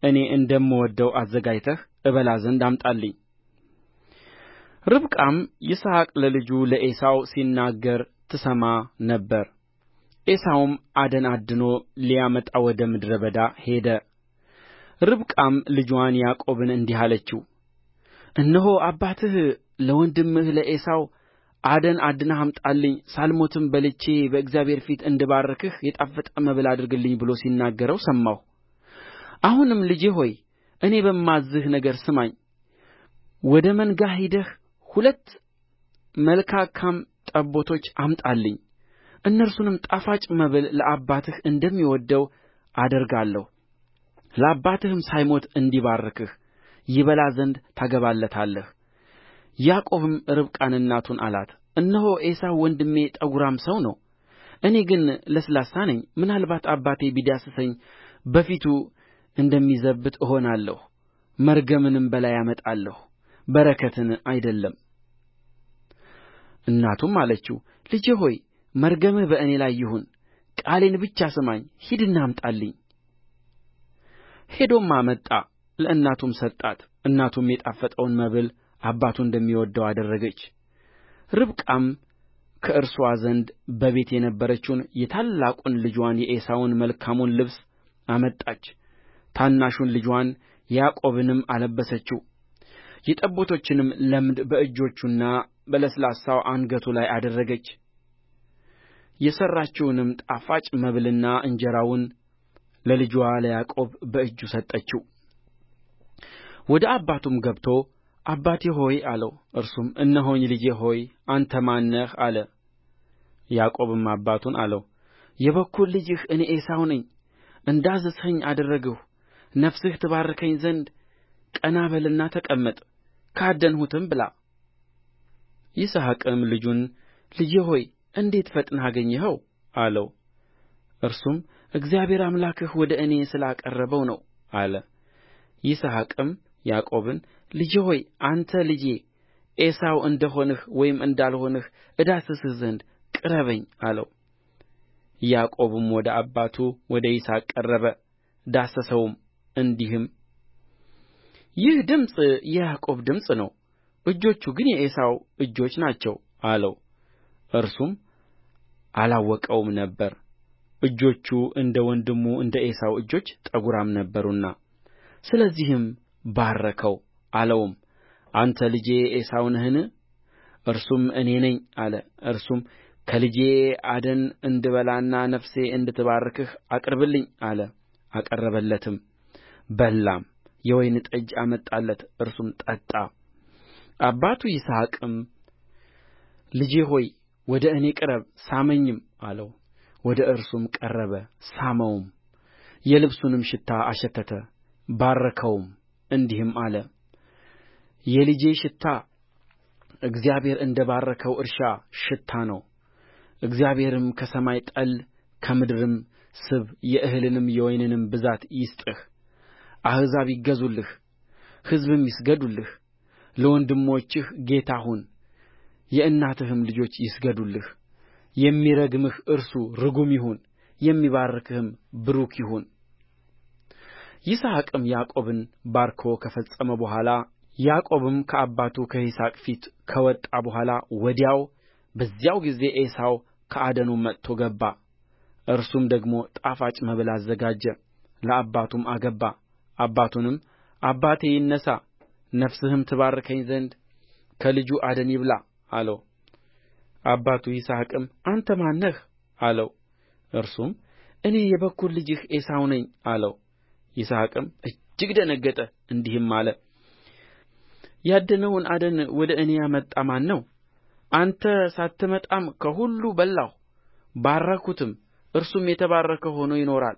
እኔ እንደምወደው አዘጋጅተህ እበላ ዘንድ አምጣልኝ ርብቃም ይስሐቅ ለልጁ ለዔሳው ሲናገር ትሰማ ነበር ዔሳውም አደን አድኖ ሊያመጣ ወደ ምድረ በዳ ሄደ ርብቃም ልጅዋን ያዕቆብን እንዲህ አለችው እነሆ አባትህ ለወንድምህ ለዔሳው አደን አድነህ አምጣልኝ ሳልሞትም በልቼ በእግዚአብሔር ፊት እንድባርክህ የጣፈጠ መብል አድርግልኝ ብሎ ሲናገረው ሰማሁ አሁንም ልጄ ሆይ እኔ በማዝዝህ ነገር ስማኝ ወደ መንጋ ሄደህ ሁለት መልካካም ጠቦቶች አምጣልኝ እነርሱንም ጣፋጭ መብል ለአባትህ እንደሚወደው አደርጋለሁ ለአባትህም ሳይሞት እንዲባርክህ ይበላ ዘንድ ታገባለታለህ ያዕቆብም ርብቃን እናቱን አላት እነሆ ዔሳው ወንድሜ ጠጕራም ሰው ነው እኔ ግን ለስላሳ ነኝ ምናልባት አባቴ ቢዳስሰኝ በፊቱ እንደሚዘብት እሆናለሁ መርገምንም በላዬ አመጣለሁ በረከትን አይደለም እናቱም አለችው ልጄ ሆይ መርገምህ በእኔ ላይ ይሁን ቃሌን ብቻ ስማኝ ሂድና አምጣልኝ ሄዶም አመጣ ለእናቱም ሰጣት እናቱም የጣፈጠውን መብል አባቱ እንደሚወደው አደረገች ርብቃም ከእርስዋ ዘንድ በቤት የነበረችውን የታላቁን ልጅዋን የዔሳውን መልካሙን ልብስ አመጣች ታናሹን ልጅዋን ያዕቆብንም አለበሰችው የጠቦቶችንም ለምድ በእጆቹና በለስላሳው አንገቱ ላይ አደረገች የሠራችውንም ጣፋጭ መብልና እንጀራውን ለልጅዋ ለያዕቆብ በእጁ ሰጠችው ወደ አባቱም ገብቶ አባቴ ሆይ አለው እርሱም እነሆኝ ልጄ ሆይ አንተ ማን ነህ አለ ያዕቆብም አባቱን አለው የበኵር ልጅህ እኔ ዔሳው ነኝ እንዳዘዝኸኝ አደረግሁ ነፍስህ ትባርከኝ ዘንድ ቀና በልና ተቀመጥ ካደንሁትም ብላ ይስሐቅም ልጁን ልጄ ሆይ እንዴት ፈጥነህ አገኘኸው አለው እርሱም እግዚአብሔር አምላክህ ወደ እኔ ስላቀረበው ነው አለ ይስሐቅም ያዕቆብን ልጄ ሆይ አንተ ልጄ ዔሳው እንደ ሆንህ ወይም እንዳልሆንህ እዳስስህ ዘንድ ቅረበኝ አለው ያዕቆብም ወደ አባቱ ወደ ይስሐቅ ቀረበ ዳሰሰውም እንዲህም ይህ ድምፅ የያዕቆብ ድምፅ ነው እጆቹ ግን የዔሳው እጆች ናቸው አለው እርሱም አላወቀውም ነበር እጆቹ እንደ ወንድሙ እንደ ዔሳው እጆች ጠጕራም ነበሩና ስለዚህም ባረከው አለውም አንተ ልጄ ዔሳው ነህን እርሱም እኔ ነኝ አለ እርሱም ከልጄ አደን እንድበላና ነፍሴ እንድትባርክህ አቅርብልኝ አለ አቀረበለትም በላም የወይን ጠጅ አመጣለት እርሱም ጠጣ አባቱ ይስሐቅም ልጄ ሆይ ወደ እኔ ቅረብ ሳመኝም አለው ወደ እርሱም ቀረበ ሳመውም የልብሱንም ሽታ አሸተተ ባረከውም እንዲህም አለ የልጄ ሽታ እግዚአብሔር እንደ ባረከው እርሻ ሽታ ነው እግዚአብሔርም ከሰማይ ጠል ከምድርም ስብ የእህልንም የወይንንም ብዛት ይስጥህ አሕዛብ ይገዙልህ ሕዝብም ይስገዱልህ ለወንድሞችህ ጌታ ሁን የእናትህም ልጆች ይስገዱልህ የሚረግምህ እርሱ ርጉም ይሁን የሚባርክህም ቡሩክ ይሁን ይስሐቅም ያዕቆብን ባርኮ ከፈጸመ በኋላ ያዕቆብም ከአባቱ ከይስሐቅ ፊት ከወጣ በኋላ ወዲያው በዚያው ጊዜ ዔሳው ከአደኑ መጥቶ ገባ እርሱም ደግሞ ጣፋጭ መብል አዘጋጀ ለአባቱም አገባ አባቱንም አባቴ ይነሣ ነፍስህም ትባርከኝ ዘንድ ከልጁ አደን ይብላ አለው አባቱ ይስሐቅም አንተ ማን ነህ አለው እርሱም እኔ የበኵር ልጅህ ዔሳው ነኝ አለው ይስሐቅም እጅግ ደነገጠ እንዲህም አለ ያደነውን አደን ወደ እኔ ያመጣ ማን ነው አንተ ሳትመጣም ከሁሉ በላሁ ባረክሁትም እርሱም የተባረከ ሆኖ ይኖራል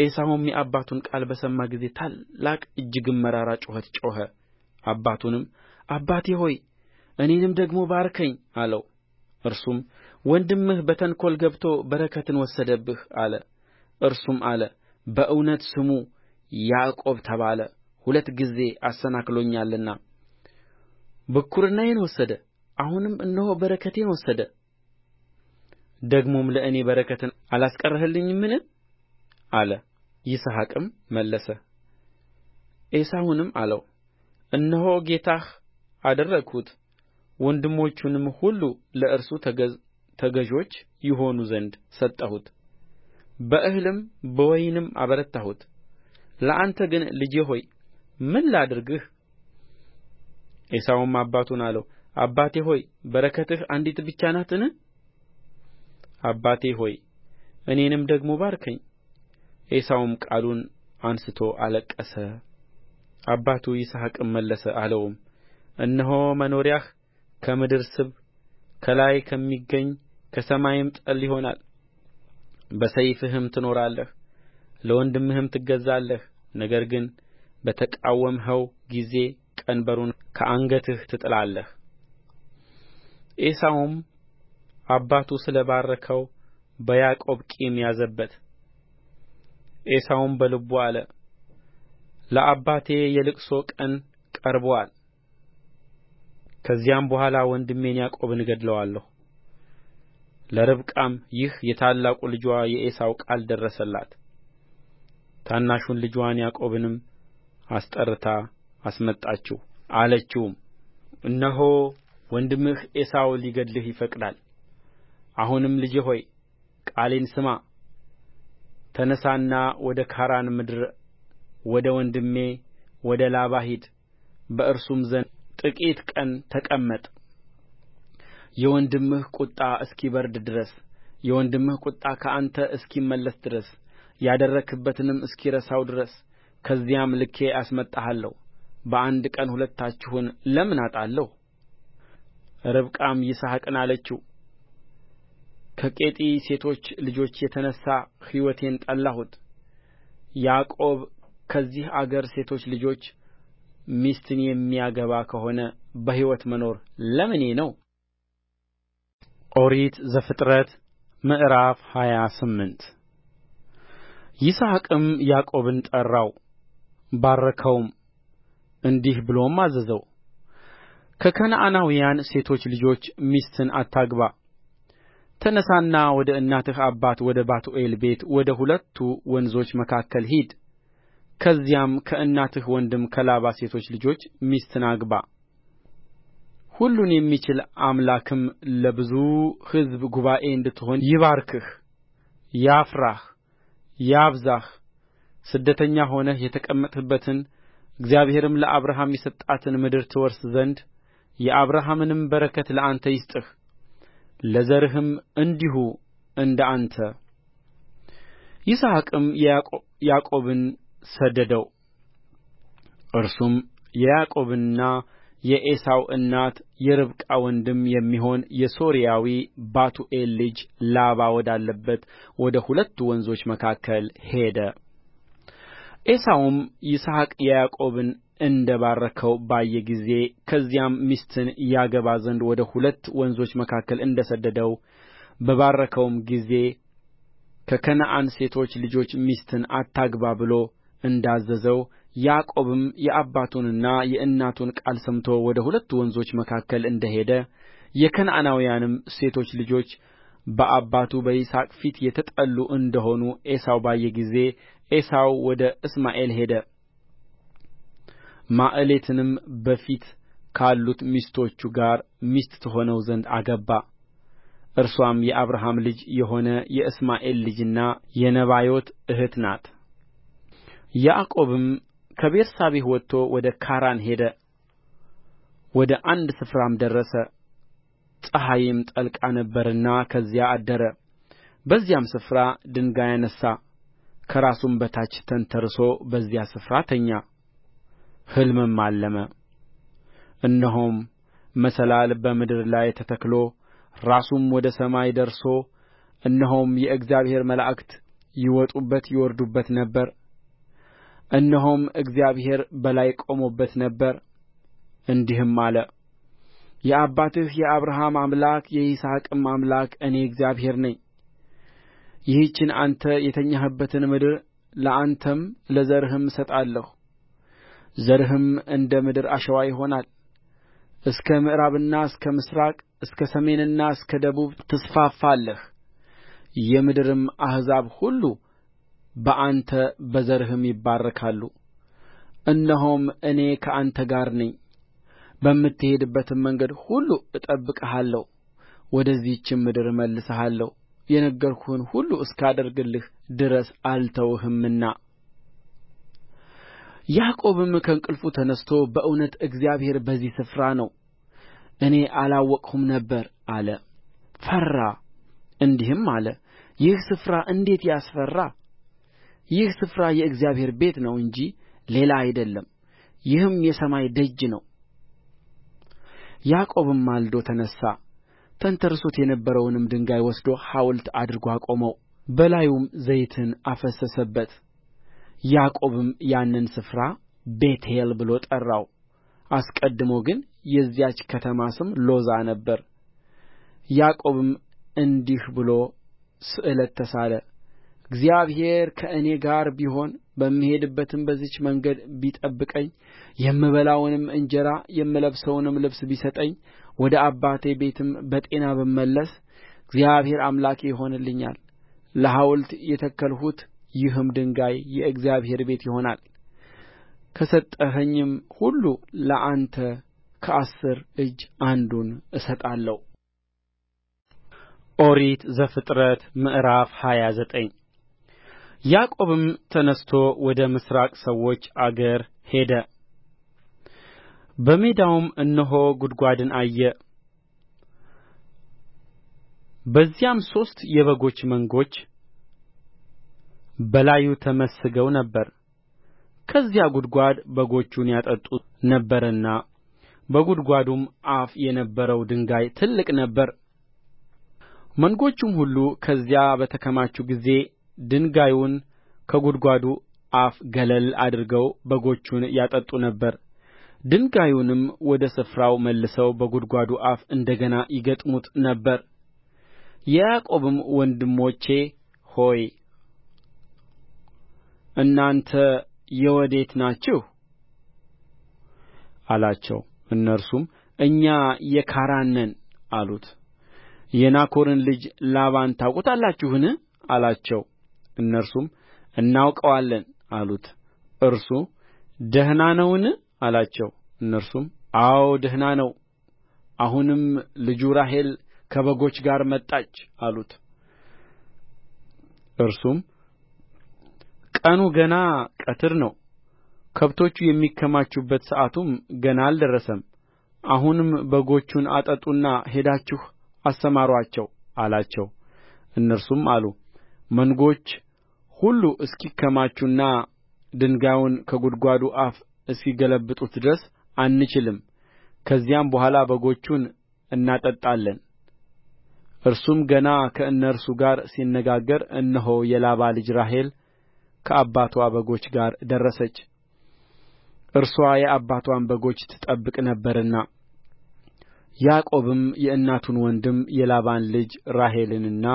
ዔሳውም የአባቱን ቃል በሰማ ጊዜ ታላቅ እጅግም መራራ ጩኸት ጮኸ አባቱንም አባቴ ሆይ እኔንም ደግሞ ባርከኝ አለው እርሱም ወንድምህ በተንኰል ገብቶ በረከትን ወሰደብህ አለ እርሱም አለ በእውነት ስሙ ያዕቆብ ተባለ ሁለት ጊዜ አሰናክሎኛልና ብኵርናዬን ወሰደ አሁንም እነሆ በረከቴን ወሰደ ደግሞም ለእኔ በረከትን አላስቀረህልኝምን አለ ይስሐቅም መለሰ ዔሳውንም አለው እነሆ ጌታህ አደረግሁት ወንድሞቹንም ሁሉ ለእርሱ ተገዦች ይሆኑ ዘንድ ሰጠሁት በእህልም በወይንም አበረታሁት ለአንተ ግን ልጄ ሆይ ምን ላድርግህ ዔሳውም አባቱን አለው አባቴ ሆይ በረከትህ አንዲት ብቻ ናትን አባቴ ሆይ እኔንም ደግሞ ባርከኝ ዔሳውም ቃሉን አንሥቶ አለቀሰ አባቱ ይስሐቅም መለሰ አለውም እነሆ መኖሪያህ ከምድር ስብ ከላይ ከሚገኝ ከሰማይም ጠል ይሆናል በሰይፍህም ትኖራለህ ለወንድምህም ትገዛለህ ነገር ግን በተቃወምኸው ጊዜ ቀንበሩን ከአንገትህ ትጥላለህ ዔሳውም አባቱ ስለ ባረከው በያዕቆብ ቂም ያዘበት ዔሳውም በልቡ አለ ለአባቴ የልቅሶ ቀን ቀርቦአል ከዚያም በኋላ ወንድሜን ያዕቆብን እገድለዋለሁ ለርብቃም ይህ የታላቁ ልጅዋ የዔሳው ቃል ደረሰላት ታናሹን ልጅዋን ያዕቆብንም አስጠርታ አስመጣችው አለችውም እነሆ ወንድምህ ዔሳው ሊገድልህ ይፈቅዳል አሁንም ልጄ ሆይ ቃሌን ስማ ተነሣና ወደ ካራን ምድር ወደ ወንድሜ ወደ ላባ ሂድ በእርሱም ዘንድ ጥቂት ቀን ተቀመጥ የወንድምህ ቍጣ እስኪበርድ ድረስ የወንድምህ ቍጣ ከአንተ እስኪመለስ ድረስ ያደረግህበትንም እስኪረሳው ድረስ ከዚያም ልኬ አስመጣሃለሁ በአንድ ቀን ሁለታችሁን ለምን አጣለሁ ርብቃም ይስሐቅን አለችው ከኬጢ ሴቶች ልጆች የተነሣ ሕይወቴን ጠላሁት ያዕቆብ ከዚህ አገር ሴቶች ልጆች ሚስትን የሚያገባ ከሆነ በሕይወት መኖር ለምኔ ነው ኦሪት ዘፍጥረት ምዕራፍ ሃያ ስምንት ይስሐቅም ያዕቆብን ጠራው ባረከውም እንዲህ ብሎም አዘዘው ከከነዓናውያን ሴቶች ልጆች ሚስትን አታግባ ተነሣና ወደ እናትህ አባት ወደ ባቱኤል ቤት ወደ ሁለቱ ወንዞች መካከል ሂድ ከዚያም ከእናትህ ወንድም ከላባ ሴቶች ልጆች ሚስትን አግባ ሁሉን የሚችል አምላክም ለብዙ ሕዝብ ጉባኤ እንድትሆን ይባርክህ ያፍራህ ያብዛህ ስደተኛ ሆነህ የተቀመጥህባትን እግዚአብሔርም ለአብርሃም የሰጣትን ምድር ትወርስ ዘንድ የአብርሃምንም በረከት ለአንተ ይስጥህ ለዘርህም እንዲሁ እንደ አንተ ይስሐቅም ያዕቆብን ሰደደው እርሱም የያዕቆብና የዔሳው እናት የርብቃ ወንድም የሚሆን የሶርያዊ ባቱኤል ልጅ ላባ ወዳለበት ወደ ሁለቱ ወንዞች መካከል ሄደ ዔሳውም ይስሐቅ ያዕቆብን እንደ ባረከው ባየ ጊዜ ከዚያም ሚስትን ያገባ ዘንድ ወደ ሁለት ወንዞች መካከል እንደ ሰደደው በባረከውም ጊዜ ከከነዓን ሴቶች ልጆች ሚስትን አታግባ ብሎ እንዳዘዘው ያዕቆብም የአባቱንና የእናቱን ቃል ሰምቶ ወደ ሁለቱ ወንዞች መካከል እንደ ሄደ የከነዓናውያንም ሴቶች ልጆች በአባቱ በይስሐቅ ፊት የተጠሉ እንደ ሆኑ ዔሳው ባየ ጊዜ ዔሳው ወደ እስማኤል ሄደ ማዕሌትንም በፊት ካሉት ሚስቶቹ ጋር ሚስት ትሆነው ዘንድ አገባ እርስዋም የአብርሃም ልጅ የሆነ የእስማኤል ልጅና የነባዮት እኅት ናት ያዕቆብም ከቤርሳቤህ ወጥቶ ወደ ካራን ሄደ ወደ አንድ ስፍራም ደረሰ ፀሐይም ጠልቃ ነበርና ከዚያ አደረ በዚያም ስፍራ ድንጋይ አነሣ ከራሱም በታች ተንተርሶ በዚያ ስፍራ ተኛ ሕልምም አለመ እነሆም መሰላል በምድር ላይ ተተክሎ ራሱም ወደ ሰማይ ደርሶ እነሆም የእግዚአብሔር መላእክት ይወጡበት ይወርዱበት ነበር እነሆም እግዚአብሔር በላይ ቆሞበት ነበር እንዲህም አለ የአባትህ የአብርሃም አምላክ የይስሐቅም አምላክ እኔ እግዚአብሔር ነኝ ይህችን አንተ የተኛህባትን ምድር ለአንተም ለዘርህም እሰጣለሁ ዘርህም እንደ ምድር አሸዋ ይሆናል እስከ ምዕራብና እስከ ምሥራቅ እስከ ሰሜንና እስከ ደቡብ ትስፋፋለህ የምድርም አሕዛብ ሁሉ በአንተ በዘርህም ይባረካሉ እነሆም እኔ ከአንተ ጋር ነኝ በምትሄድባትም መንገድ ሁሉ እጠብቅሃለሁ ወደዚህችም ምድር እመልስሃለሁ የነገርሁህን ሁሉ እስካደርግልህ ድረስ አልተውህምና ያዕቆብም ከእንቅልፉ ተነሥቶ በእውነት እግዚአብሔር በዚህ ስፍራ ነው እኔ አላወቅሁም ነበር አለ ፈራ እንዲህም አለ ይህ ስፍራ እንዴት ያስፈራ ይህ ስፍራ የእግዚአብሔር ቤት ነው እንጂ ሌላ አይደለም ይህም የሰማይ ደጅ ነው ያዕቆብም ማልዶ ተነሣ ተንተርሶት የነበረውንም ድንጋይ ወስዶ ሐውልት አድርጎ አቆመው በላዩም ዘይትን አፈሰሰበት ያዕቆብም ያንን ስፍራ ቤቴል ብሎ ጠራው አስቀድሞ ግን የዚያች ከተማ ስም ሎዛ ነበረ ያዕቆብም እንዲህ ብሎ ስእለት ተሳለ እግዚአብሔር ከእኔ ጋር ቢሆን በምሄድባትም በዚህች መንገድ ቢጠብቀኝ የምበላውንም እንጀራ የምለብሰውንም ልብስ ቢሰጠኝ ወደ አባቴ ቤትም በጤና ብመለስ እግዚአብሔር አምላኬ ይሆንልኛል ለሐውልት የተከልሁት ይህም ድንጋይ የእግዚአብሔር ቤት ይሆናል ከሰጠኸኝም ሁሉ ለአንተ ከአሥር እጅ አንዱን እሰጣለሁ ኦሪት ዘፍጥረት ምዕራፍ ሃያ ዘጠኝ ያዕቆብም ተነሥቶ ወደ ምሥራቅ ሰዎች አገር ሄደ በሜዳውም እነሆ ጕድጓድን አየ በዚያም ሦስት የበጎች መንጎች በላዩ ተመስገው ነበር ከዚያ ጕድጓድ በጎቹን ያጠጡ ነበርና በጕድጓዱም አፍ የነበረው ድንጋይ ትልቅ ነበረ መንጎቹም ሁሉ ከዚያ በተከማቹ ጊዜ ድንጋዩን ከጕድጓዱ አፍ ገለል አድርገው በጎቹን ያጠጡ ነበር ድንጋዩንም ወደ ስፍራው መልሰው በጕድጓዱ አፍ እንደ ገና ይገጥሙት ነበር የያዕቆብም ወንድሞቼ ሆይ እናንተ የወዴት ናችሁ አላቸው እነርሱም እኛ የካራን ነን አሉት የናኮርን ልጅ ላባን ታውቁታላችሁን አላቸው እነርሱም እናውቀዋለን አሉት እርሱ ደህና ነውን አላቸው እነርሱም አዎን ደህና ነው አሁንም ልጁ ራሔል ከበጎች ጋር መጣች አሉት እርሱም ቀኑ ገና ቀትር ነው ከብቶቹ የሚከማቹበት ሰዓቱም ገና አልደረሰም አሁንም በጎቹን አጠጡና ሄዳችሁ አሰማሩአቸው አላቸው እነርሱም አሉ መንጎች ሁሉ እስኪከማቹና ድንጋዩን ከጕድጓዱ አፍ እስኪገለብጡት ድረስ አንችልም ከዚያም በኋላ በጎቹን እናጠጣለን እርሱም ገና ከእነርሱ ጋር ሲነጋገር እነሆ የላባ ልጅ ራሔል ከአባትዋ በጎች ጋር ደረሰች እርስዋ የአባትዋን በጎች ትጠብቅ ነበርና ያዕቆብም የእናቱን ወንድም የላባን ልጅ ራሔልንና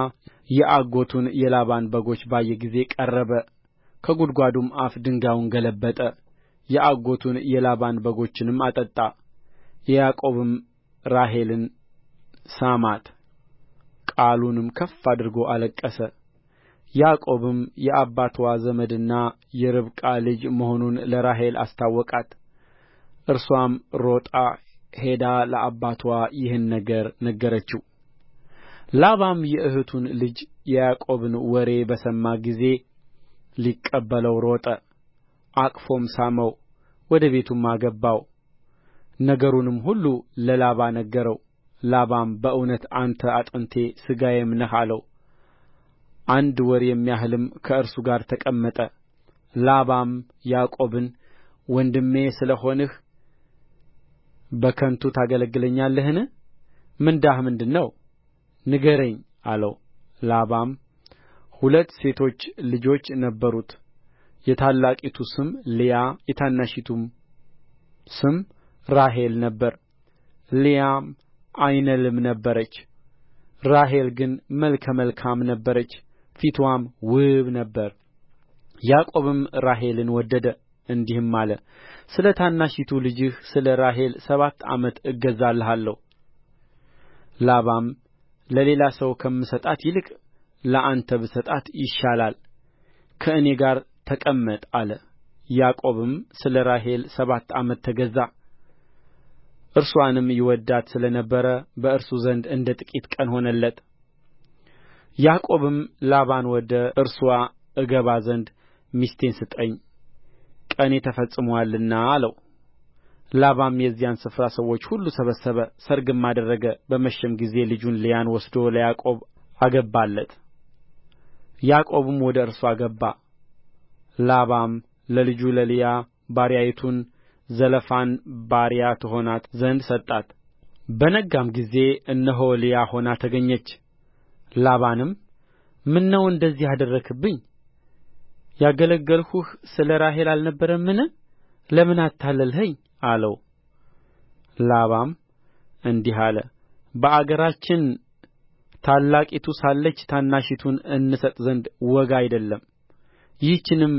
የአጎቱን የላባን በጎች ባየ ጊዜ ቀረበ ከጕድጓዱም አፍ ድንጋዩን ገለበጠ የአጎቱን የላባን በጎችንም አጠጣ ያዕቆብም ራሔልን ሳማት ቃሉንም ከፍ አድርጎ አለቀሰ ያዕቆብም የአባትዋ ዘመድና የርብቃ ልጅ መሆኑን ለራሔል አስታወቃት እርስዋም ሮጣ ሄዳ ለአባትዋ ይህን ነገር ነገረችው ላባም የእኅቱን ልጅ የያዕቆብን ወሬ በሰማ ጊዜ ሊቀበለው ሮጠ አቅፎም ሳመው ወደ ቤቱም አገባው ነገሩንም ሁሉ ለላባ ነገረው ላባም በእውነት አንተ አጥንቴ ሥጋዬም ነህ አለው አንድ ወር የሚያህልም ከእርሱ ጋር ተቀመጠ ላባም ያዕቆብን ወንድሜ ስለ ሆንህ በከንቱ ታገለግለኛለህን ምንዳህ ምንድር ነው ንገረኝ አለው ላባም ሁለት ሴቶች ልጆች ነበሩት የታላቂቱ ስም ልያ የታናሺቱም ስም ራሔል ነበረ ልያም ዓይነ ልም ነበረች ራሔል ግን መልከ መልካም ነበረች ፊትዋም ውብ ነበረ ያዕቆብም ራሔልን ወደደ እንዲህም አለ ስለ ታናሺቱ ልጅህ ስለ ራሔል ሰባት ዓመት እገዛልሃለሁ ላባም ለሌላ ሰው ከምሰጣት ይልቅ ለአንተ ብሰጣት ይሻላል ከእኔ ጋር ተቀመጥ አለ ያዕቆብም ስለ ራሔል ሰባት ዓመት ተገዛ እርስዋንም ይወድዳት ስለ ነበረ በእርሱ ዘንድ እንደ ጥቂት ቀን ሆነለት ያዕቆብም ላባን ወደ እርስዋ እገባ ዘንድ ሚስቴን ስጠኝ ቀኔ ተፈጽሞአልና አለው ላባም የዚያን ስፍራ ሰዎች ሁሉ ሰበሰበ ሰርግም አደረገ በመሸም ጊዜ ልጁን ልያን ወስዶ ለያዕቆብ አገባለት ያዕቆብም ወደ እርሷ አገባ ላባም ለልጁ ለልያ ባሪያይቱን ዘለፋን ባሪያ ትሆናት ዘንድ ሰጣት በነጋም ጊዜ እነሆ ልያ ሆና ተገኘች ላባንም ምነው እንደዚህ አደረግህብኝ ያገለገልሁህ ስለ ራሔል አልነበረምን ለምን አታለልኸኝ አለው ላባም እንዲህ አለ በአገራችን ታላቂቱ ሳለች ታናሺቱን እንሰጥ ዘንድ ወግ አይደለም ይህችንም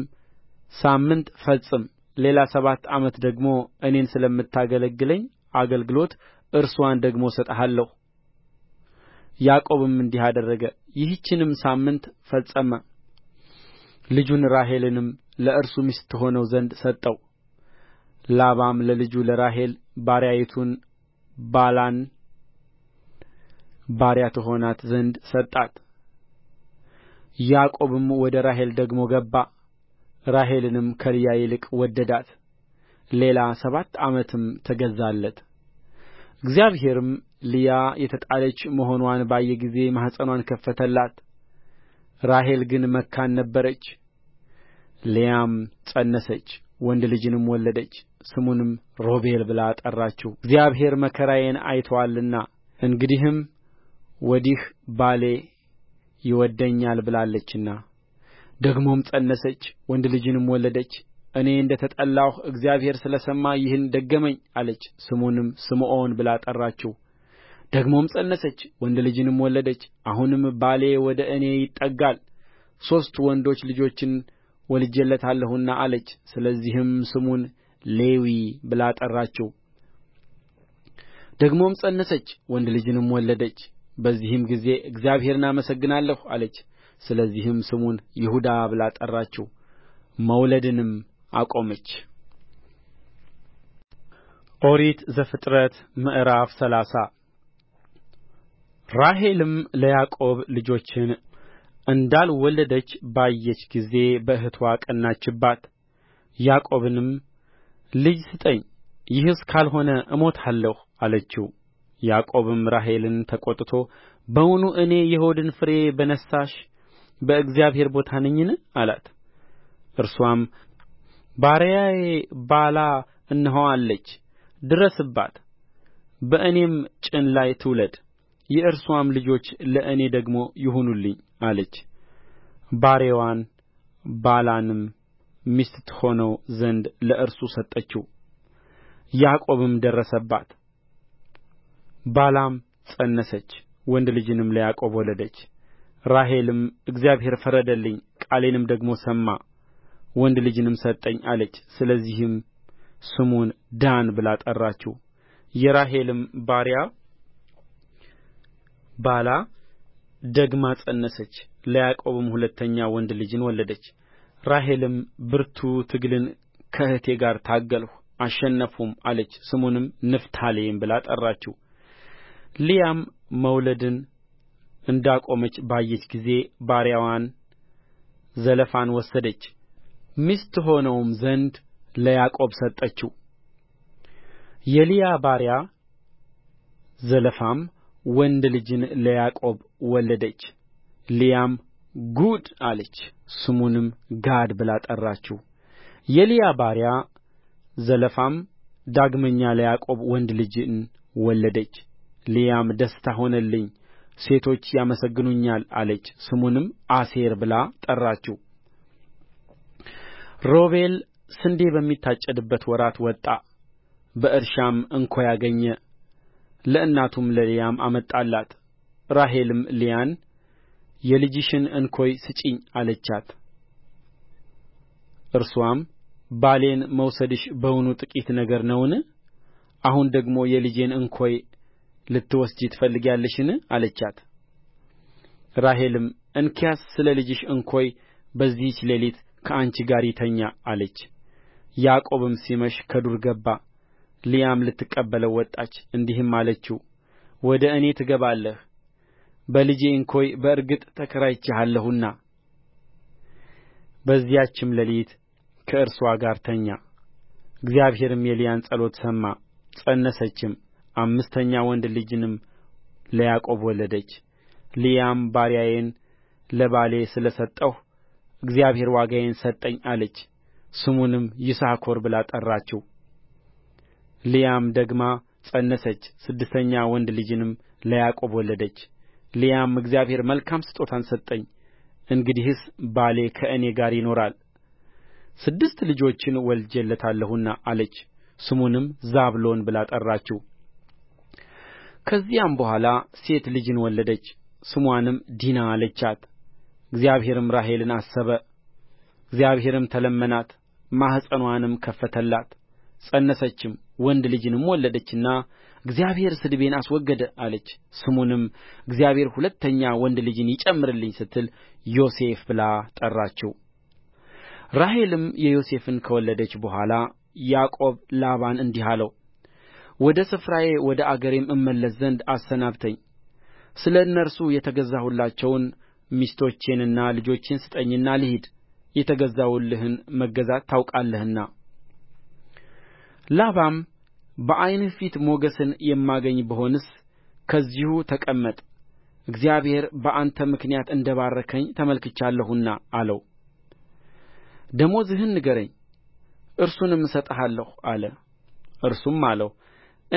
ሳምንት ፈጽም ሌላ ሰባት ዓመት ደግሞ እኔን ስለምታገለግለኝ አገልግሎት እርስዋን ደግሞ እሰጥሃለሁ ያዕቆብም እንዲህ አደረገ ይህችንም ሳምንት ፈጸመ ልጁን ራሔልንም ለእርሱ ሚስት ትሆነው ዘንድ ሰጠው ላባም ለልጁ ለራሔል ባሪያይቱን ባላን ባሪያ ትሆናት ዘንድ ሰጣት ያዕቆብም ወደ ራሔል ደግሞ ገባ ራሔልንም ከልያ ይልቅ ወደዳት ሌላ ሰባት ዓመትም ተገዛለት እግዚአብሔርም ልያ የተጣለች መሆንዋን ባየ ጊዜ ማኅፀንዋን ከፈተላት ራሔል ግን መካን ነበረች ልያም ፀነሰች ወንድ ልጅንም ወለደች ስሙንም ሮቤል ብላ ጠራችው እግዚአብሔር መከራዬን አይቶአልና እንግዲህም ወዲህ ባሌ ይወደኛል ብላለችና ደግሞም ፀነሰች ወንድ ልጅንም ወለደች እኔ እንደ ተጠላሁ እግዚአብሔር ስለ ሰማ ይህን ደገመኝ አለች ስሙንም ስምዖን ብላ ጠራችው ደግሞም ፀነሰች ወንድ ልጅንም ወለደች አሁንም ባሌ ወደ እኔ ይጠጋል ሦስት ወንዶች ልጆችን ወልጄለታለሁና አለች ስለዚህም ስሙን ሌዊ ብላ ጠራችው ደግሞም ፀነሰች ወንድ ልጅንም ወለደች በዚህም ጊዜ እግዚአብሔርን አመሰግናለሁ አለች ስለዚህም ስሙን ይሁዳ ብላ ጠራችው መውለድንም አቆመች ኦሪት ዘፍጥረት ምዕራፍ ሰላሳ ራሔልም ለያዕቆብ ልጆችን እንዳልወለደች ባየች ጊዜ በእኅትዋ ቀናችባት ያዕቆብንም ልጅ ስጠኝ ይህስ ካልሆነ እሞታለሁ አለችው ያዕቆብም ራሔልን ተቈጥቶ በውኑ እኔ የሆድን ፍሬ በነሣሽ በእግዚአብሔር ቦታ ነኝን አላት እርስዋም ባሪያዬ ባላ እነሆ አለች ድረስባት በእኔም ጭን ላይ ትውለድ የእርስዋም ልጆች ለእኔ ደግሞ ይሁኑልኝ አለች ባሪያዋን ባላንም ሚስት ትሆነው ዘንድ ለእርሱ ሰጠችው ያዕቆብም ደረሰባት ባላም ፀነሰች ወንድ ልጅንም ለያዕቆብ ወለደች ራሔልም እግዚአብሔር ፈረደልኝ ቃሌንም ደግሞ ሰማ ወንድ ልጅንም ሰጠኝ አለች ስለዚህም ስሙን ዳን ብላ ጠራችው የራሔልም ባሪያ ባላ ደግማ ፀነሰች ለያዕቆብም ሁለተኛ ወንድ ልጅን ወለደች ራሔልም ብርቱ ትግልን ከእኅቴ ጋር ታገልሁ አሸነፍሁም አለች ስሙንም ንፍታሌም ብላ ጠራችው ልያም መውለድን እንዳቆመች ባየች ጊዜ ባሪያዋን ዘለፋን ወሰደች ሚስት ትሆነውም ዘንድ ለያዕቆብ ሰጠችው የልያ ባሪያ ዘለፋም ወንድ ልጅን ለያዕቆብ ወለደች ልያም ጉድ አለች ስሙንም ጋድ ብላ ጠራችው የልያ ባሪያ ዘለፋም ዳግመኛ ለያዕቆብ ወንድ ልጅን ወለደች ልያም ደስታ ሆነልኝ ሴቶች ያመሰግኑኛል አለች ስሙንም አሴር ብላ ጠራችው ሮቤል ስንዴ በሚታጨድበት ወራት ወጣ በእርሻም እንኮይ አገኘ ለእናቱም ለልያም አመጣላት ራሔልም ልያን የልጅሽን እንኮይ ስጪኝ አለቻት እርስዋም ባሌን መውሰድሽ በውኑ ጥቂት ነገር ነውን አሁን ደግሞ የልጄን እንኮይ ልትወስጂ ትፈልጊያለሽን አለቻት ራሔልም እንኪያስ ስለ ልጅሽ እንኮይ በዚህች ሌሊት ከአንቺ ጋር ይተኛ አለች ያዕቆብም ሲመሽ ከዱር ገባ ልያም ልትቀበለው ወጣች እንዲህም አለችው ወደ እኔ ትገባለህ በልጄ እንኮይ በእርግጥ ተከራይቼሃለሁና በዚያችም ሌሊት ከእርስዋ ጋር ተኛ እግዚአብሔርም የልያን ጸሎት ሰማ ፀነሰችም አምስተኛ ወንድ ልጅንም ለያዕቆብ ወለደች ልያም ባሪያዬን ለባሌ ስለ ሰጠሁ እግዚአብሔር ዋጋዬን ሰጠኝ አለች ስሙንም ይሳኮር ብላ ጠራችው ልያም ደግማ ፀነሰች ስድስተኛ ወንድ ልጅንም ለያዕቆብ ወለደች ልያም እግዚአብሔር መልካም ስጦታን ሰጠኝ እንግዲህስ ባሌ ከእኔ ጋር ይኖራል ስድስት ልጆችን ወልጄለታለሁና አለች ስሙንም ዛብሎን ብላ ጠራችው ከዚያም በኋላ ሴት ልጅን ወለደች ስምዋንም ዲና አለቻት እግዚአብሔርም ራሔልን አሰበ እግዚአብሔርም ተለመናት ማኅፀንዋንም ከፈተላት ፀነሰችም ወንድ ልጅንም ወለደችና እግዚአብሔር ስድቤን አስወገደ አለች ስሙንም እግዚአብሔር ሁለተኛ ወንድ ልጅን ይጨምርልኝ ስትል ዮሴፍ ብላ ጠራችው ራሔልም ዮሴፍን ከወለደች በኋላ ያዕቆብ ላባን እንዲህ አለው ወደ ስፍራዬ ወደ አገሬም እመለስ ዘንድ አሰናብተኝ ስለ እነርሱ የተገዛሁላቸውን ሚስቶቼንና ልጆቼን ስጠኝና ልሂድ የተገዛሁልህን መገዛት ታውቃለህና ላባም በዓይንህ ፊት ሞገስን የማገኝ ብሆንስ ከዚሁ ተቀመጥ እግዚአብሔር በአንተ ምክንያት እንደ ባረከኝ ተመልክቻለሁና አለው ደመወዝህን ንገረኝ እርሱንም እሰጥሃለሁ አለ እርሱም አለው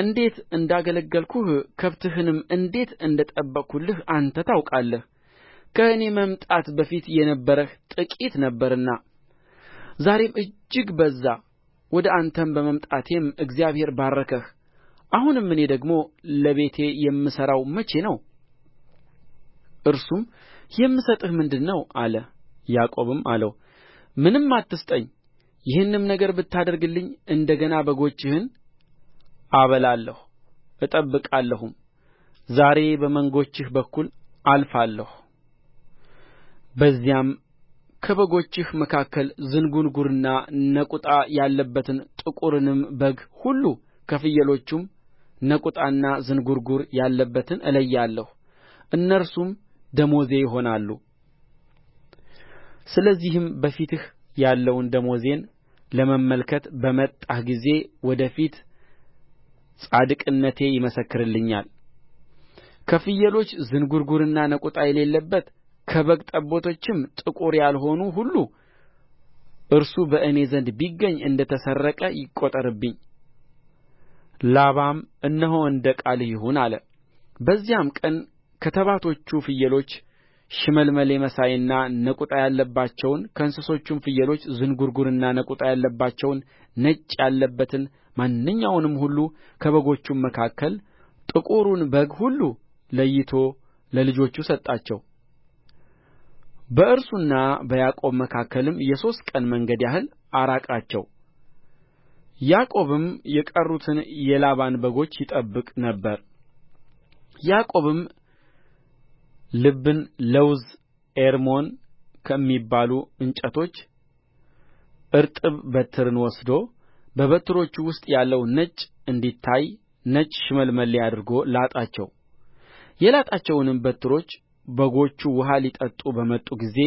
እንዴት እንዳገለገልሁህ ከብትህንም እንዴት እንደ ጠበቅሁልህ አንተ ታውቃለህ ከእኔ መምጣት በፊት የነበረህ ጥቂት ነበርና ዛሬም እጅግ በዛ ወደ አንተም በመምጣቴም እግዚአብሔር ባረከህ አሁንም እኔ ደግሞ ለቤቴ የምሠራው መቼ ነው እርሱም የምሰጥህ ምንድር ነው አለ ያዕቆብም አለው ምንም አትስጠኝ ይህንም ነገር ብታደርግልኝ እንደ ገና በጎችህን አበላለሁ እጠብቃለሁም ዛሬ በመንጎችህ በኩል አልፋለሁ በዚያም ከበጎችህ መካከል ዝንጕርጕርና ነቍጣ ያለበትን ጥቁርንም በግ ሁሉ ከፍየሎቹም ነቍጣና ዝንጕርጕር ያለበትን እለያለሁ እነርሱም ደመወዜ ይሆናሉ ስለዚህም በፊትህ ያለውን ደመወዜን ለመመልከት በመጣህ ጊዜ ወደ ፊት ጻድቅነቴ ይመሰክርልኛል ከፍየሎች ዝንጕርጕርና ነቍጣ የሌለበት ከበግ ጠቦቶችም ጥቁር ያልሆኑ ሁሉ እርሱ በእኔ ዘንድ ቢገኝ እንደ ተሰረቀ ይቈጠርብኝ ላባም እነሆ እንደ ቃልህ ይሁን አለ በዚያም ቀን ከተባቶቹ ፍየሎች ሽመልመሌ መሳይና ነቁጣ ያለባቸውን ከእንስሶቹም ፍየሎች ዝንጕርጕርና ነቁጣ ያለባቸውን ነጭ ያለበትን ማንኛውንም ሁሉ ከበጎቹም መካከል ጥቁሩን በግ ሁሉ ለይቶ ለልጆቹ ሰጣቸው በእርሱና በያዕቆብ መካከልም የሦስት ቀን መንገድ ያህል አራቃቸው ያዕቆብም የቀሩትን የላባን በጎች ይጠብቅ ነበር ያዕቆብም ልብን ለውዝ ኤርሞን ከሚባሉ እንጨቶች እርጥብ በትርን ወስዶ በበትሮቹ ውስጥ ያለው ነጭ እንዲታይ ነጭ ሽመልመሌ አድርጎ ላጣቸው የላጣቸውንም በትሮች በጎቹ ውኃ ሊጠጡ በመጡ ጊዜ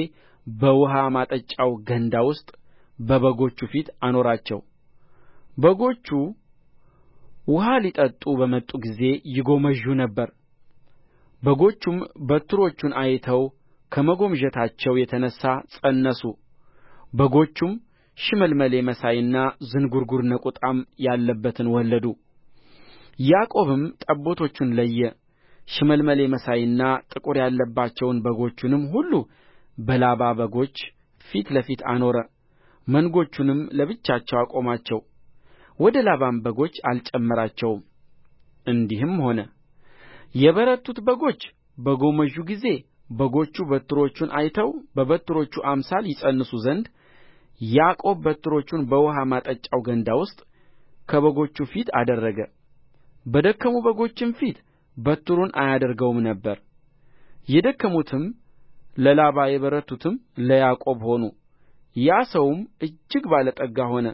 በውኃ ማጠጫው ገንዳ ውስጥ በበጎቹ ፊት አኖራቸው በጎቹ ውኃ ሊጠጡ በመጡ ጊዜ ይጎመጁ ነበር በጎቹም በትሮቹን አይተው ከመጎምጀታቸው የተነሣ ፀነሱ በጎቹም ሽመልመሌ መሳይና ዝንጕርጕር ነቁጣም ያለበትን ወለዱ ያዕቆብም ጠቦቶቹን ለየ ሽመልመሌ መሳይና ጥቁር ያለባቸውን በጎቹንም ሁሉ በላባ በጎች ፊት ለፊት አኖረ መንጎቹንም ለብቻቸው አቆማቸው ወደ ላባም በጎች አልጨመራቸውም እንዲህም ሆነ የበረቱት በጎች በጎመጁ ጊዜ በጎቹ በትሮቹን አይተው በበትሮቹ አምሳል ይፀንሱ ዘንድ ያዕቆብ በትሮቹን በውኃ ማጠጫው ገንዳ ውስጥ ከበጎቹ ፊት አደረገ በደከሙ በጎችም ፊት በትሩን አያደርገውም ነበር የደከሙትም ለላባ የበረቱትም ለያዕቆብ ሆኑ ያ ሰውም እጅግ ባለጠጋ ሆነ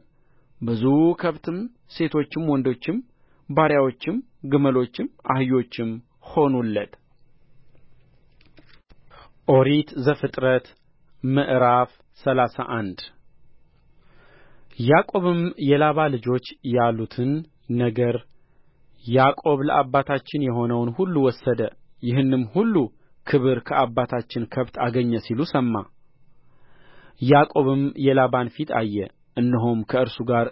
ብዙ ከብትም ሴቶችም ወንዶችም ባሪያዎችም ግመሎችም አህዮችም ሆኑለት ኦሪት ዘፍጥረት ምዕራፍ ሰላሳ አንድ ያዕቆብም የላባ ልጆች ያሉትን ነገር ያዕቆብ ለአባታችን የሆነውን ሁሉ ወሰደ ይህንም ሁሉ ክብር ከአባታችን ከብት አገኘ ሲሉ ሰማ ያዕቆብም የላባን ፊት አየ እነሆም ከእርሱ ጋር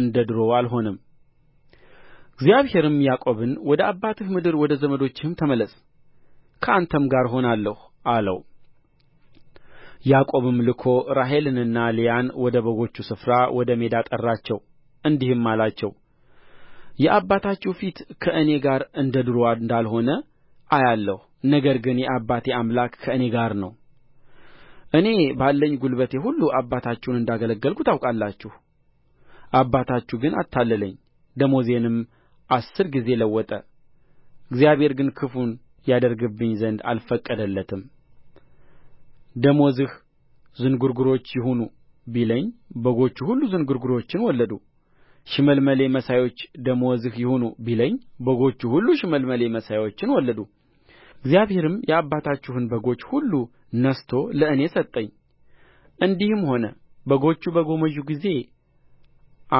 እንደ ዱሮው አልሆነም እግዚአብሔርም ያዕቆብን ወደ አባትህ ምድር ወደ ዘመዶችህም ተመለስ ከአንተም ጋር እሆናለሁ አለው ያዕቆብም ልኮ ራሔልንና ልያን ወደ በጎቹ ስፍራ ወደ ሜዳ ጠራቸው እንዲህም አላቸው የአባታችሁ ፊት ከእኔ ጋር እንደ ዱሮ እንዳልሆነ አያለሁ ነገር ግን የአባቴ አምላክ ከእኔ ጋር ነው እኔ ባለኝ ጕልበቴ ሁሉ አባታችሁን እንዳገለገልሁ ታውቃላችሁ አባታችሁ ግን አታለለኝ ደመወዜንም አሥር ጊዜ ለወጠ እግዚአብሔር ግን ክፉን ያደርግብኝ ዘንድ አልፈቀደለትም ደመወዝህ ዝንጉርጉሮች ይሁኑ ቢለኝ በጎቹ ሁሉ ዝንጉርጉሮችን ወለዱ ሽመልመሌ መሳዮች ደመወዝህ ይሁኑ ቢለኝ በጎቹ ሁሉ ሽመልመሌ መሳዮችን ወለዱ እግዚአብሔርም የአባታችሁን በጎች ሁሉ ነሥቶ ለእኔ ሰጠኝ እንዲህም ሆነ በጎቹ በጎመጁ ጊዜ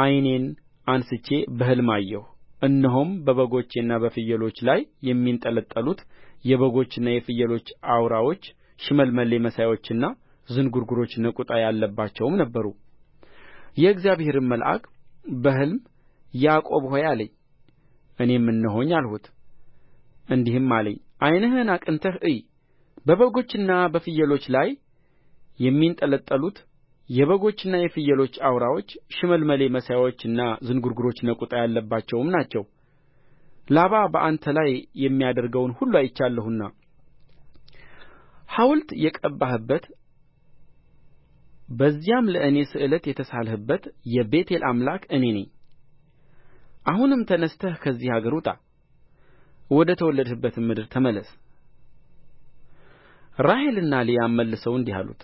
ዓይኔን አንሥቼ በሕልም አየሁ እነሆም በበጎችና በፍየሎች ላይ የሚንጠለጠሉት የበጎችና የፍየሎች አውራዎች ሽመልመሌ መሳዮችና ዝንጕርጕሮች ነቁጣ ያለባቸውም ነበሩ የእግዚአብሔርም መልአክ በሕልም ያዕቆብ ሆይ አለኝ እኔም እነሆኝ አልሁት እንዲህም አለኝ ዓይንህን አቅንተህ እይ በበጎችና በፍየሎች ላይ የሚንጠለጠሉት የበጎችና የፍየሎች አውራዎች ሽመልመሌ መሳዮችና ዝንጕርጕሮች ነቁጣ ያለባቸውም ናቸው ላባ በአንተ ላይ የሚያደርገውን ሁሉ አይቼአለሁና ሐውልት የቀባህበት በዚያም ለእኔ ስእለት የተሳልህበት የቤቴል አምላክ እኔ ነኝ አሁንም ተነሥተህ ከዚህ አገር ውጣ ወደ ተወለድህበትም ምድር ተመለስ ራሔልና ልያም መልሰው እንዲህ አሉት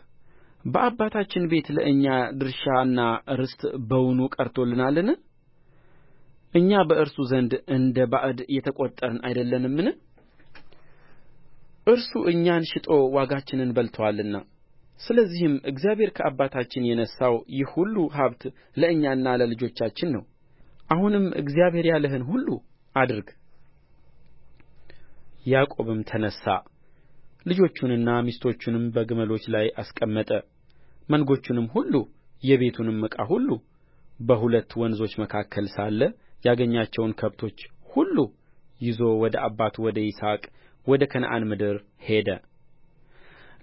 በአባታችን ቤት ለእኛ ድርሻና ርስት በውኑ ቀርቶልናልን እኛ በእርሱ ዘንድ እንደ ባዕድ የተቈጠርን አይደለንምን እርሱ እኛን ሽጦ ዋጋችንን በልቶአልና ስለዚህም እግዚአብሔር ከአባታችን የነሣው ይህ ሁሉ ሀብት ለእኛና ለልጆቻችን ነው አሁንም እግዚአብሔር ያለህን ሁሉ አድርግ ያዕቆብም ተነሣ ልጆቹንና ሚስቶቹንም በግመሎች ላይ አስቀመጠ መንጎቹንም ሁሉ የቤቱንም ዕቃ ሁሉ በሁለት ወንዞች መካከል ሳለ ያገኛቸውን ከብቶች ሁሉ ይዞ ወደ አባቱ ወደ ይስሐቅ ወደ ከነዓን ምድር ሄደ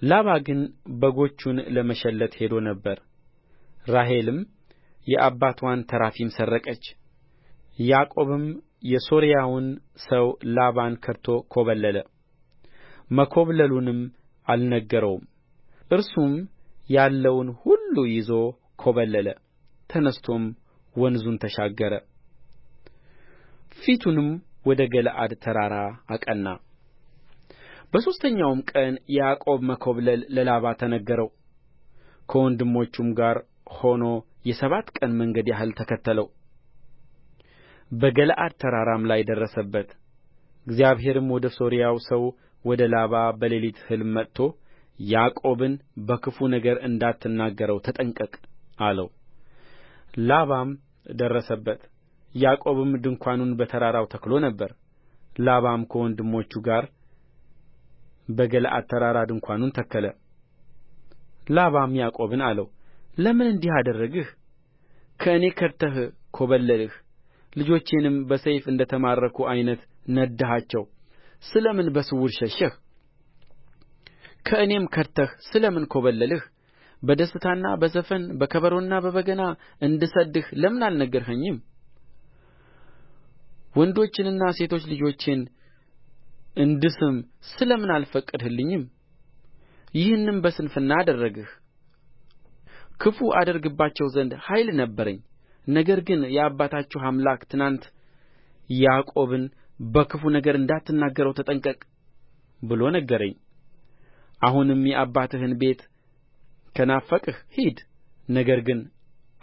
ላባ ግን በጎቹን ለመሸለት ሄዶ ነበር ራሔልም የአባትዋን ተራፊም ሰረቀች ያዕቆብም የሶርያውን ሰው ላባን ከድቶ ኮበለለ መኮብለሉንም አልነገረውም እርሱም ያለውን ሁሉ ይዞ ኮበለለ ተነሥቶም ወንዙን ተሻገረ ፊቱንም ወደ ገለዓድ ተራራ አቀና በሦስተኛውም ቀን የያዕቆብ መኮብለል ለላባ ተነገረው ከወንድሞቹም ጋር ሆኖ የሰባት ቀን መንገድ ያህል ተከተለው በገለዓድ ተራራም ላይ ደረሰበት እግዚአብሔርም ወደ ሶርያው ሰው ወደ ላባ በሌሊት ሕልም መጥቶ ያዕቆብን በክፉ ነገር እንዳትናገረው ተጠንቀቅ አለው ላባም ደረሰበት ያዕቆብም ድንኳኑን በተራራው ተክሎ ነበር ላባም ከወንድሞቹ ጋር በገለዓድ ተራራ ድንኳኑን ተከለ ላባም ያዕቆብን አለው ለምን እንዲህ አደረግህ ከእኔ ከድተህ ኮበለልህ ልጆቼንም በሰይፍ እንደ ተማረኩ ዓይነት ነዳሃቸው ስለ ምን በስውር ሸሸህ ከእኔም ከድተህ ስለ ምን ኮበለልህ በደስታና በዘፈን በከበሮና በበገና እንድሰድድህ ለምን አልነገርኸኝም ወንዶችንና ሴቶች ልጆቼን እንድስም ስለ ምን አልፈቀድህልኝም ይህንም በስንፍና አደረግህ ክፉ አደርግባቸው ዘንድ ኃይል ነበረኝ ነገር ግን የአባታችሁ አምላክ ትናንት ያዕቆብን በክፉ ነገር እንዳትናገረው ተጠንቀቅ ብሎ ነገረኝ አሁንም የአባትህን ቤት ከናፈቅህ ሂድ ነገር ግን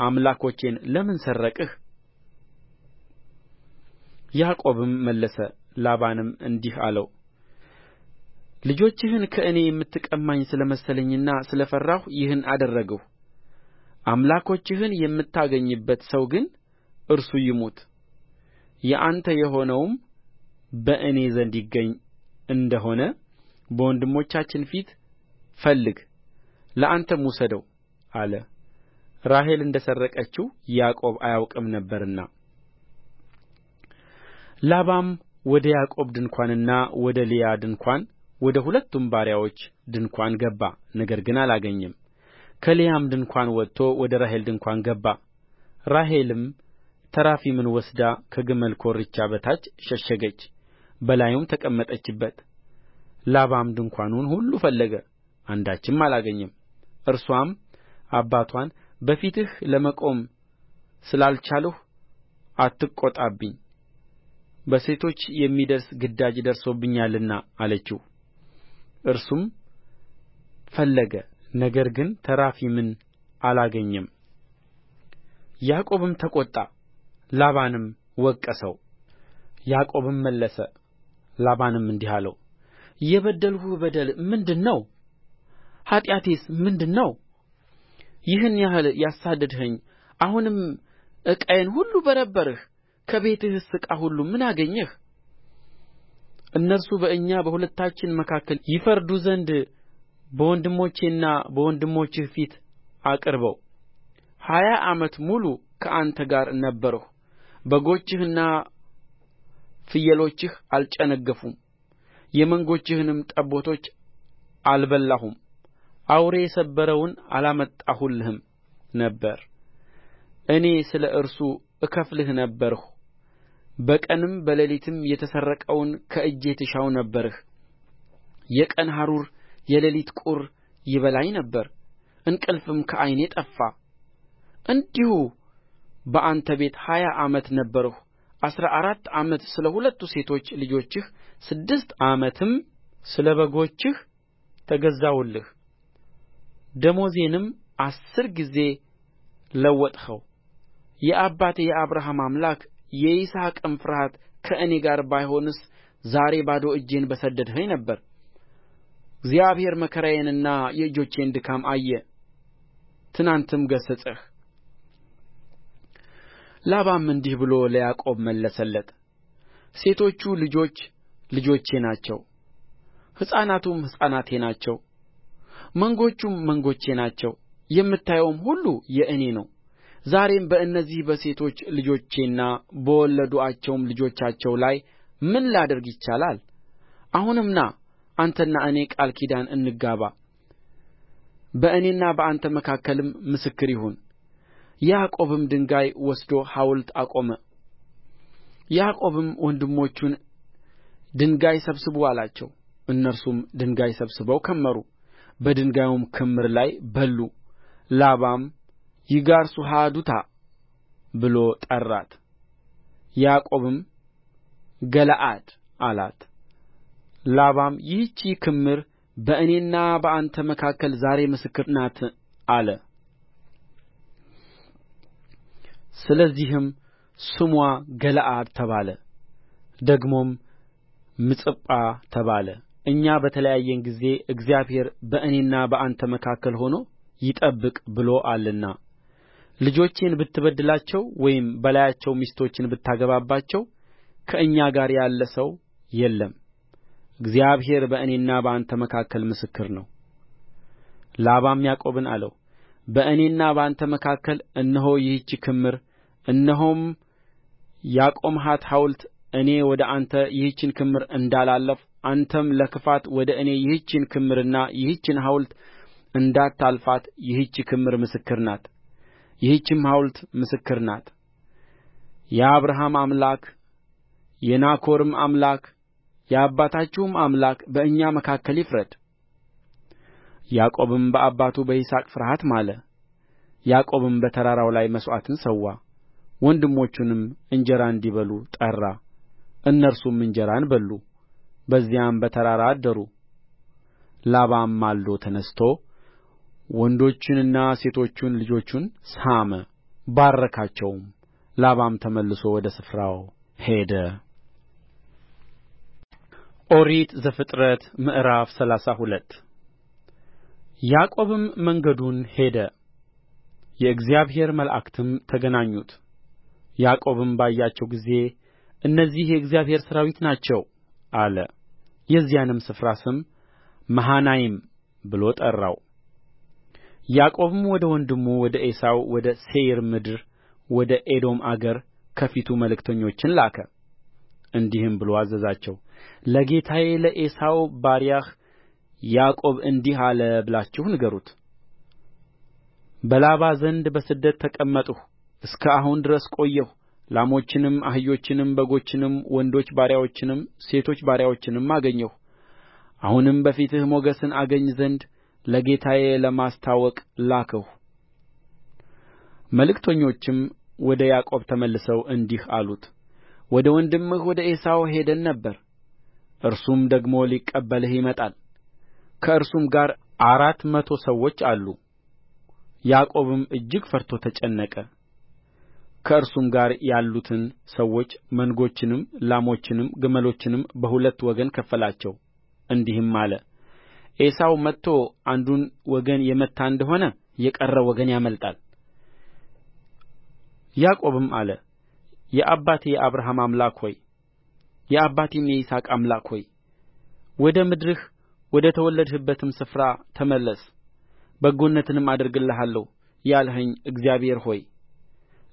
አምላኮቼን ለምን ሰረቅህ ያዕቆብም መለሰ ላባንም እንዲህ አለው ልጆችህን ከእኔ የምትቀማኝ ስለ መሰለኝና ስለ ፈራሁ ይህን አደረግሁ አምላኮችህን የምታገኝበት ሰው ግን እርሱ ይሙት የአንተ የሆነውም በእኔ ዘንድ ይገኝ እንደሆነ በወንድሞቻችን ፊት ፈልግ ለአንተም ውሰደው አለ ራሔል እንደ ሰረቀችው ያዕቆብ አያውቅም ነበርና ላባም ወደ ያዕቆብ ድንኳንና ወደ ልያ ድንኳን ወደ ሁለቱም ባሪያዎች ድንኳን ገባ ነገር ግን አላገኘም ከልያም ድንኳን ወጥቶ ወደ ራሔል ድንኳን ገባ ራሔልም ተራፊምን ወስዳ ከግመል ኮርቻ በታች ሸሸገች በላዩም ተቀመጠችበት ላባም ድንኳኑን ሁሉ ፈለገ አንዳችም አላገኘም እርስዋም አባትዋን በፊትህ ለመቆም ስላልቻልሁ አትቈጣብኝ በሴቶች የሚደርስ ግዳጅ ደርሶብኛልና አለችው እርሱም ፈለገ ነገር ግን ተራፊምን አላገኘም ያዕቆብም ተቈጣ ላባንም ወቀሰው ያዕቆብም መለሰ ላባንም እንዲህ አለው የበደልሁህ በደል ምንድር ነው ኃጢአቴስ ምንድር ነው ይህን ያህል ያሳደድኸኝ አሁንም ዕቃዬን ሁሉ በረበርህ ከቤትህስ ዕቃ ሁሉ ምን አገኘህ እነርሱ በእኛ በሁለታችን መካከል ይፈርዱ ዘንድ በወንድሞቼና በወንድሞችህ ፊት አቅርበው ሀያ ዓመት ሙሉ ከአንተ ጋር ነበርሁ በጎችህና ፍየሎችህ አልጨነገፉም የመንጎችህንም ጠቦቶች አልበላሁም አውሬ የሰበረውን አላመጣሁልህም ነበር እኔ ስለ እርሱ እከፍልህ ነበርሁ በቀንም በሌሊትም የተሰረቀውን ከእጄ ትሻው ነበርህ የቀን ሐሩር የሌሊት ቁር ይበላኝ ነበር እንቅልፍም ከዓይኔ ጠፋ እንዲሁ በአንተ ቤት ሀያ ዓመት ነበርሁ አሥራ አራት ዓመት ስለ ሁለቱ ሴቶች ልጆችህ ስድስት ዓመትም ስለ በጎችህ ተገዛሁልህ ደመወዜንም አሥር ጊዜ ለወጥኸው የአባቴ የአብርሃም አምላክ የይስሐቅም ፍርሃት ከእኔ ጋር ባይሆንስ ዛሬ ባዶ እጄን በሰደድኸኝ ነበር እግዚአብሔር መከራዬንና የእጆቼን ድካም አየ ትናንትም ገሠጸህ ላባም እንዲህ ብሎ ለያዕቆብ መለሰለት ሴቶቹ ልጆች ልጆቼ ናቸው ሕፃናቱም ሕፃናቴ ናቸው መንጎቹም መንጎቼ ናቸው የምታየውም ሁሉ የእኔ ነው ዛሬም በእነዚህ በሴቶች ልጆቼና በወለዱአቸውም ልጆቻቸው ላይ ምን ላደርግ ይቻላል አሁንም ና አንተና እኔ ቃል ኪዳን እንጋባ በእኔና በአንተ መካከልም ምስክር ይሁን ያዕቆብም ድንጋይ ወስዶ ሐውልት አቆመ ያዕቆብም ወንድሞቹን ድንጋይ ሰብስቡ አላቸው እነርሱም ድንጋይ ሰብስበው ከመሩ በድንጋዩም ክምር ላይ በሉ ላባም ይጋርሱሃዱታ ብሎ ጠራት ያዕቆብም ገለዓድ አላት ላባም ይህች ክምር በእኔና በአንተ መካከል ዛሬ ምስክር ናት አለ ስለዚህም ስምዋ ገለዓድ ተባለ ደግሞም ምጽጳ ተባለ እኛ በተለያየን ጊዜ እግዚአብሔር በእኔና በአንተ መካከል ሆኖ ይጠብቅ ብሎአልና ልጆቼን ብትበድላቸው ወይም በላያቸው ሚስቶችን ብታገባባቸው ከእኛ ጋር ያለ ሰው የለም እግዚአብሔር በእኔና በአንተ መካከል ምስክር ነው ላባም ያዕቆብን አለው በእኔና በአንተ መካከል እነሆ ይህች ክምር እነሆም ያቆምኋት ሐውልት እኔ ወደ አንተ ይህችን ክምር እንዳላለፍ አንተም ለክፋት ወደ እኔ ይህችን ክምርና ይህችን ሐውልት እንዳታልፋት ይህች ክምር ምስክር ናት ይህችም ሐውልት ምስክር ናት የአብርሃም አምላክ የናኮርም አምላክ የአባታችሁም አምላክ በእኛ መካከል ይፍረድ ያዕቆብም በአባቱ በይስሐቅ ፍርሃት ማለ ያዕቆብም በተራራው ላይ መሥዋዕትን ሠዋ ወንድሞቹንም እንጀራ እንዲበሉ ጠራ እነርሱም እንጀራን በሉ በዚያም በተራራ አደሩ ላባም ማልዶ ተነሥቶ ወንዶቹንና ሴቶቹን ልጆቹን ሳመ ባረካቸውም ላባም ተመልሶ ወደ ስፍራው ሄደ ኦሪት ዘፍጥረት ምዕራፍ ሰላሳ ሁለት ያዕቆብም መንገዱን ሄደ የእግዚአብሔር መላእክትም ተገናኙት። ያዕቆብም ባያቸው ጊዜ እነዚህ የእግዚአብሔር ሠራዊት ናቸው አለ። የዚያንም ስፍራ ስም መሃናይም ብሎ ጠራው። ያዕቆብም ወደ ወንድሙ ወደ ዔሳው ወደ ሴይር ምድር ወደ ኤዶም አገር ከፊቱ መልእክተኞችን ላከ እንዲህም ብሎ አዘዛቸው ለጌታዬ ለዔሳው ባሪያህ ያዕቆብ እንዲህ አለ ብላችሁ ንገሩት በላባ ዘንድ በስደት ተቀመጥሁ እስከ አሁን ድረስ ቆየሁ ላሞችንም አህዮችንም በጎችንም ወንዶች ባሪያዎችንም ሴቶች ባሪያዎችንም አገኘሁ አሁንም በፊትህ ሞገስን አገኝ ዘንድ ለጌታዬ ለማስታወቅ ላክሁ መልእክተኞችም ወደ ያዕቆብ ተመልሰው እንዲህ አሉት ወደ ወንድምህ ወደ ዔሳው ሄደን ነበር እርሱም ደግሞ ሊቀበልህ ይመጣል ከእርሱም ጋር አራት መቶ ሰዎች አሉ ያዕቆብም እጅግ ፈርቶ ተጨነቀ ከእርሱም ጋር ያሉትን ሰዎች መንጎችንም ላሞችንም ግመሎችንም በሁለት ወገን ከፈላቸው እንዲህም አለ ዔሳው መጥቶ አንዱን ወገን የመታ እንደ ሆነ የቀረው ወገን ያመልጣል ያዕቆብም አለ የአባቴ የአብርሃም አምላክ ሆይ የአባቴም የይስሐቅ አምላክ ሆይ ወደ ምድርህ ወደ ተወለድህበትም ስፍራ ተመለስ በጎነትንም አደርግልሃለሁ ያልኸኝ እግዚአብሔር ሆይ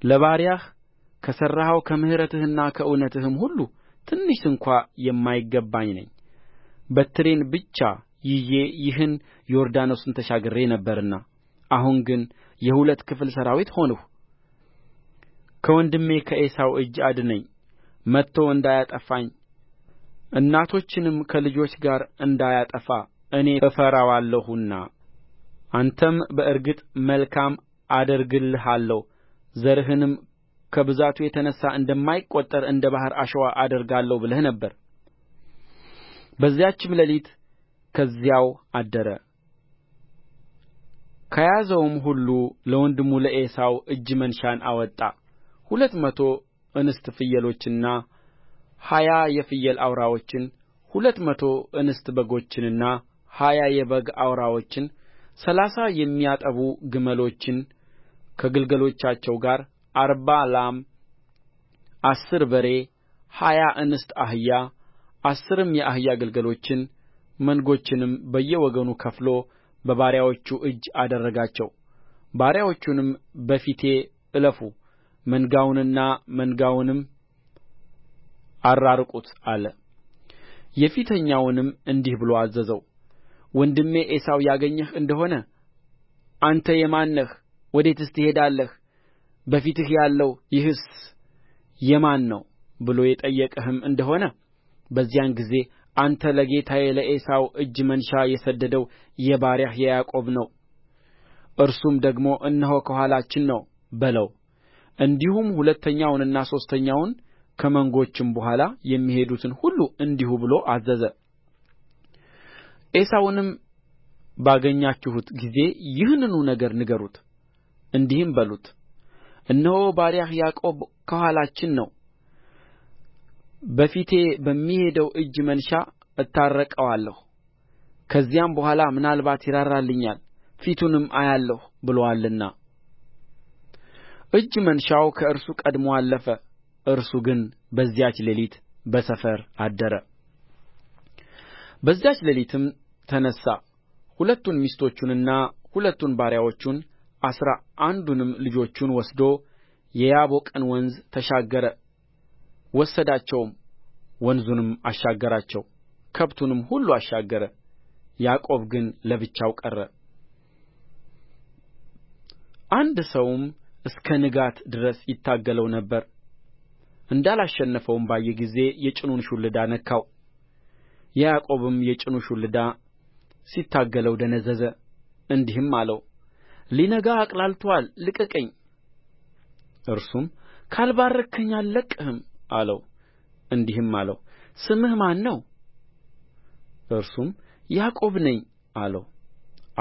ለባሪያህ ከሠራኸው ከምሕረትህና ከእውነትህም ሁሉ ትንሽ ስንኳ የማይገባኝ ነኝ በትሬን ብቻ ይዤ ይህን ዮርዳኖስን ተሻግሬ ነበርና አሁን ግን የሁለት ክፍል ሠራዊት ሆንሁ ከወንድሜ ከዔሳው እጅ አድነኝ መጥቶ እንዳያጠፋኝ እናቶችንም ከልጆች ጋር እንዳያጠፋ እኔ እፈራዋለሁና አንተም በእርግጥ መልካም አደርግልሃለሁ ዘርህንም ከብዛቱ የተነሣ እንደማይቈጠር እንደ ባሕር አሸዋ አደርጋለሁ ብለህ ነበር በዚያችም ሌሊት ከዚያው አደረ ከያዘውም ሁሉ ለወንድሙ ለዔሳው እጅ መንሻን አወጣ ሁለት መቶ እንስት ፍየሎችንና ሀያ የፍየል አውራዎችን ሁለት መቶ እንስት በጎችንና ሀያ የበግ አውራዎችን ሠላሳ የሚያጠቡ ግመሎችን ከግልገሎቻቸው ጋር አርባ ላም አሥር በሬ ሀያ እንስት አህያ አሥርም የአህያ ግልገሎችን መንጎችንም በየወገኑ ከፍሎ በባሪያዎቹ እጅ አደረጋቸው ባሪያዎቹንም በፊቴ እለፉ መንጋውንና መንጋውንም አራርቁት አለ የፊተኛውንም እንዲህ ብሎ አዘዘው ወንድሜ ዔሳው ያገኘህ እንደሆነ አንተ የማን ነህ ወዴትስ ትሄዳለህ በፊትህ ያለው ይህስ የማን ነው ብሎ የጠየቀህም እንደሆነ በዚያን ጊዜ አንተ ለጌታዬ ለዔሳው እጅ መንሻ የሰደደው የባሪያህ የያዕቆብ ነው እርሱም ደግሞ እነሆ ከኋላችን ነው በለው እንዲሁም ሁለተኛውንና ሦስተኛውን ከመንጎችም በኋላ የሚሄዱትን ሁሉ እንዲሁ ብሎ አዘዘ ዔሳውንም ባገኛችሁት ጊዜ ይህንኑ ነገር ንገሩት እንዲህም በሉት እነሆ ባሪያህ ያዕቆብ ከኋላችን ነው በፊቴ በሚሄደው እጅ መንሻ እታረቀዋለሁ ከዚያም በኋላ ምናልባት ይራራልኛል ፊቱንም አያለሁ ብሎአልና እጅ መንሻው ከእርሱ ቀድሞ አለፈ እርሱ ግን በዚያች ሌሊት በሰፈር አደረ በዚያች ሌሊትም ተነሣ ሁለቱን ሚስቶቹንና ሁለቱን ባሪያዎቹን አሥራ አንዱንም ልጆቹን ወስዶ የያቦቅን ወንዝ ተሻገረ ወሰዳቸውም ወንዙንም አሻገራቸው ከብቱንም ሁሉ አሻገረ ያዕቆብ ግን ለብቻው ቀረ አንድ ሰውም እስከ ንጋት ድረስ ይታገለው ነበር እንዳላሸነፈውም ባየ ጊዜ የጭኑን ሹልዳ ነካው ያዕቆብም የጭኑ ሹልዳ ሲታገለው ደነዘዘ እንዲህም አለው ሊነጋ አቅላልቶአል ልቀቀኝ እርሱም ካልባረክኸኝ አልለቅቅህም አለው እንዲህም አለው ስምህ ማን ነው እርሱም ያዕቆብ ነኝ አለው